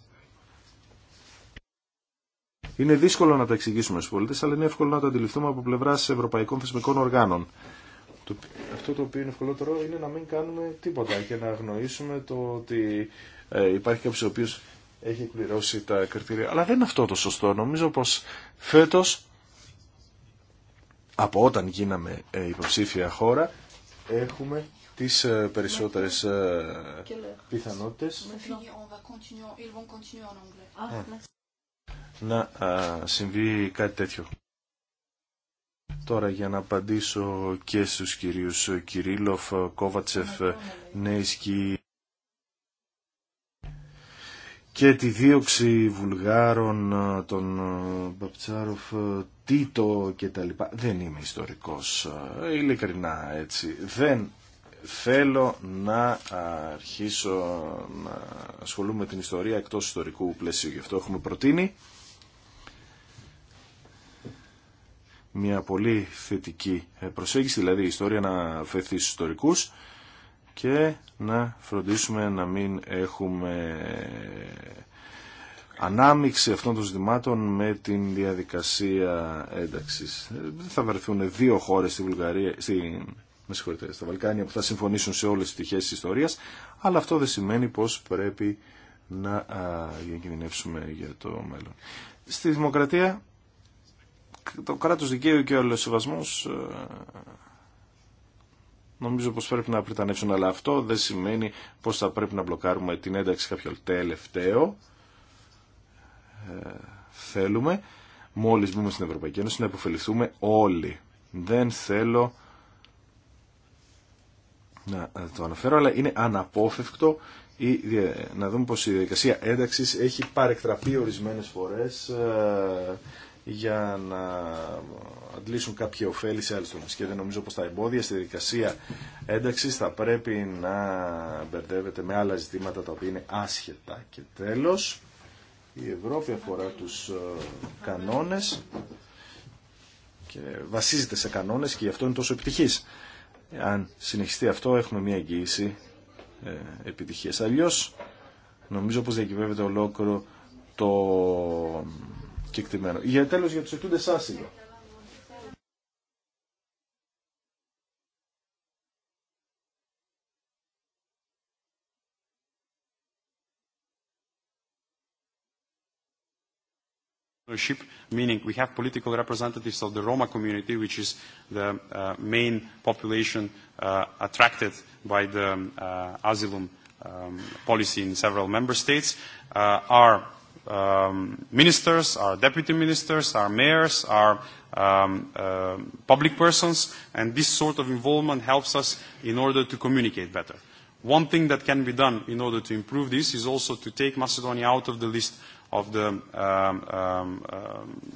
είναι δύσκολο να τα εξηγήσουμε στους πολίτες, αλλά είναι εύκολο να τα αντιληφθούμε από πλευράς ευρωπαϊκών θεσμικών οργάνων. Αυτό το οποίο είναι ευκολότερο είναι να μην κάνουμε τίποτα και να αγνοήσουμε το ότι ε, υπάρχει κάποιος ο οποίος έχει πληρώσει τα κριτήρια. Αλλά δεν είναι αυτό το σωστό. Νομίζω πως φέτος από όταν γίναμε ε, υποψήφια χώρα έχουμε τις ε, περισσότερες ε, πιθανότητες να συμβεί κάτι τέτοιο. Τώρα για να απαντήσω και στους κυρίους Κυρίλοφ, Κόβατσεφ, Νέισκι και τη δίωξη Βουλγάρων, ε, τον ε, Μπαπτσάροφ, ε, Τίτο κτλ. Δεν είμαι ιστορικός, ειλικρινά έτσι. Δεν θέλω να αρχίσω να ασχολούμαι την ιστορία εκτός ιστορικού πλαισίου. Γι' αυτό έχουμε προτείνει μια πολύ θετική προσέγγιση, δηλαδή η ιστορία να φεύθει στους ιστορικούς και να φροντίσουμε να μην έχουμε ανάμιξη αυτών των ζητημάτων με την διαδικασία ένταξης. Δεν θα βρεθούν δύο χώρες στη Βουλγαρία, στη, με στα Βαλκάνια που θα συμφωνήσουν σε όλες τις τυχές της ιστορίας, αλλά αυτό δεν σημαίνει πως πρέπει να διακινδυνεύσουμε για το μέλλον. Στη δημοκρατία το κράτος δικαίου και ο αλληλοσεβασμός Νομίζω πως πρέπει να πριτανεύσουν, αλλά αυτό δεν σημαίνει πως θα πρέπει να μπλοκάρουμε την ένταξη κάποιο τελευταίο. Ε, θέλουμε, μόλις μπούμε στην Ευρωπαϊκή Ένωση, να υποφεληθούμε όλοι. Δεν θέλω να ε, το αναφέρω, αλλά είναι αναπόφευκτο ή, να δούμε πως η διαδικασία ένταξης έχει παρεκτραπεί ορισμένες φορές ε, για να αντλήσουν κάποια ωφέλη σε άλλες τομείς. Και δεν νομίζω πως τα εμπόδια στη δικασία ένταξης θα πρέπει να μπερδεύεται με άλλα ζητήματα τα οποία είναι άσχετα. Και τέλος, η Ευρώπη αφορά τους ε, κανόνες και βασίζεται σε κανόνες και γι' αυτό είναι τόσο επιτυχής. Αν συνεχιστεί αυτό έχουμε μια εγγύηση ε, επιτυχίας. Αλλιώς νομίζω πως διακυβεύεται ολόκληρο το κεκτημένο. Για τέλος για τους ετούντες άσυλο. meaning we have political representatives of the Roma community, which is the main population attracted by the asylum policy in several member states, are ministers, our deputy ministers, our mayors, our public persons, and this sort of involvement helps us in order to communicate better. One thing that can be done in order to improve this is also to take Macedonia out of the list of the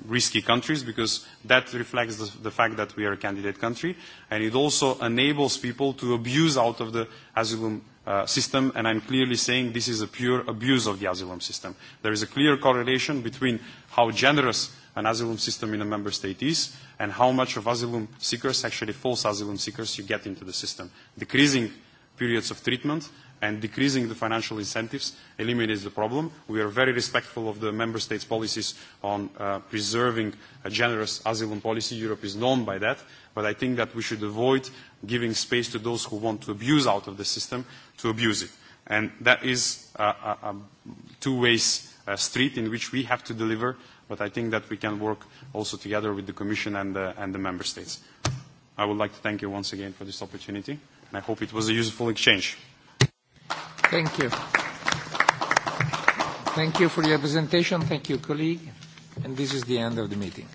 risky countries because that reflects the fact that we are a candidate country and it also enables people to abuse out of the asylum system, and am clearly saying this is a pure abuse of the asylum system. There is a clear correlation between how generous an asylum system in a member state is and how much of asylum seekers, actually false asylum seekers, you get into the system. Decreasing periods of treatment and decreasing the financial incentives eliminates the problem. We are very respectful of the member states' policies on preserving a generous asylum policy. Europe is known by that, but I think that we should avoid giving space to those who want to abuse out of the system to abuse it. And that is a two-way street in which we have to deliver, but I think that we can work also together with the Commission and the Member States. I would like to thank you once again for this opportunity, and I hope it was a useful exchange. Thank you. Thank you for your presentation. Thank you, colleague. And this is the end of the meeting.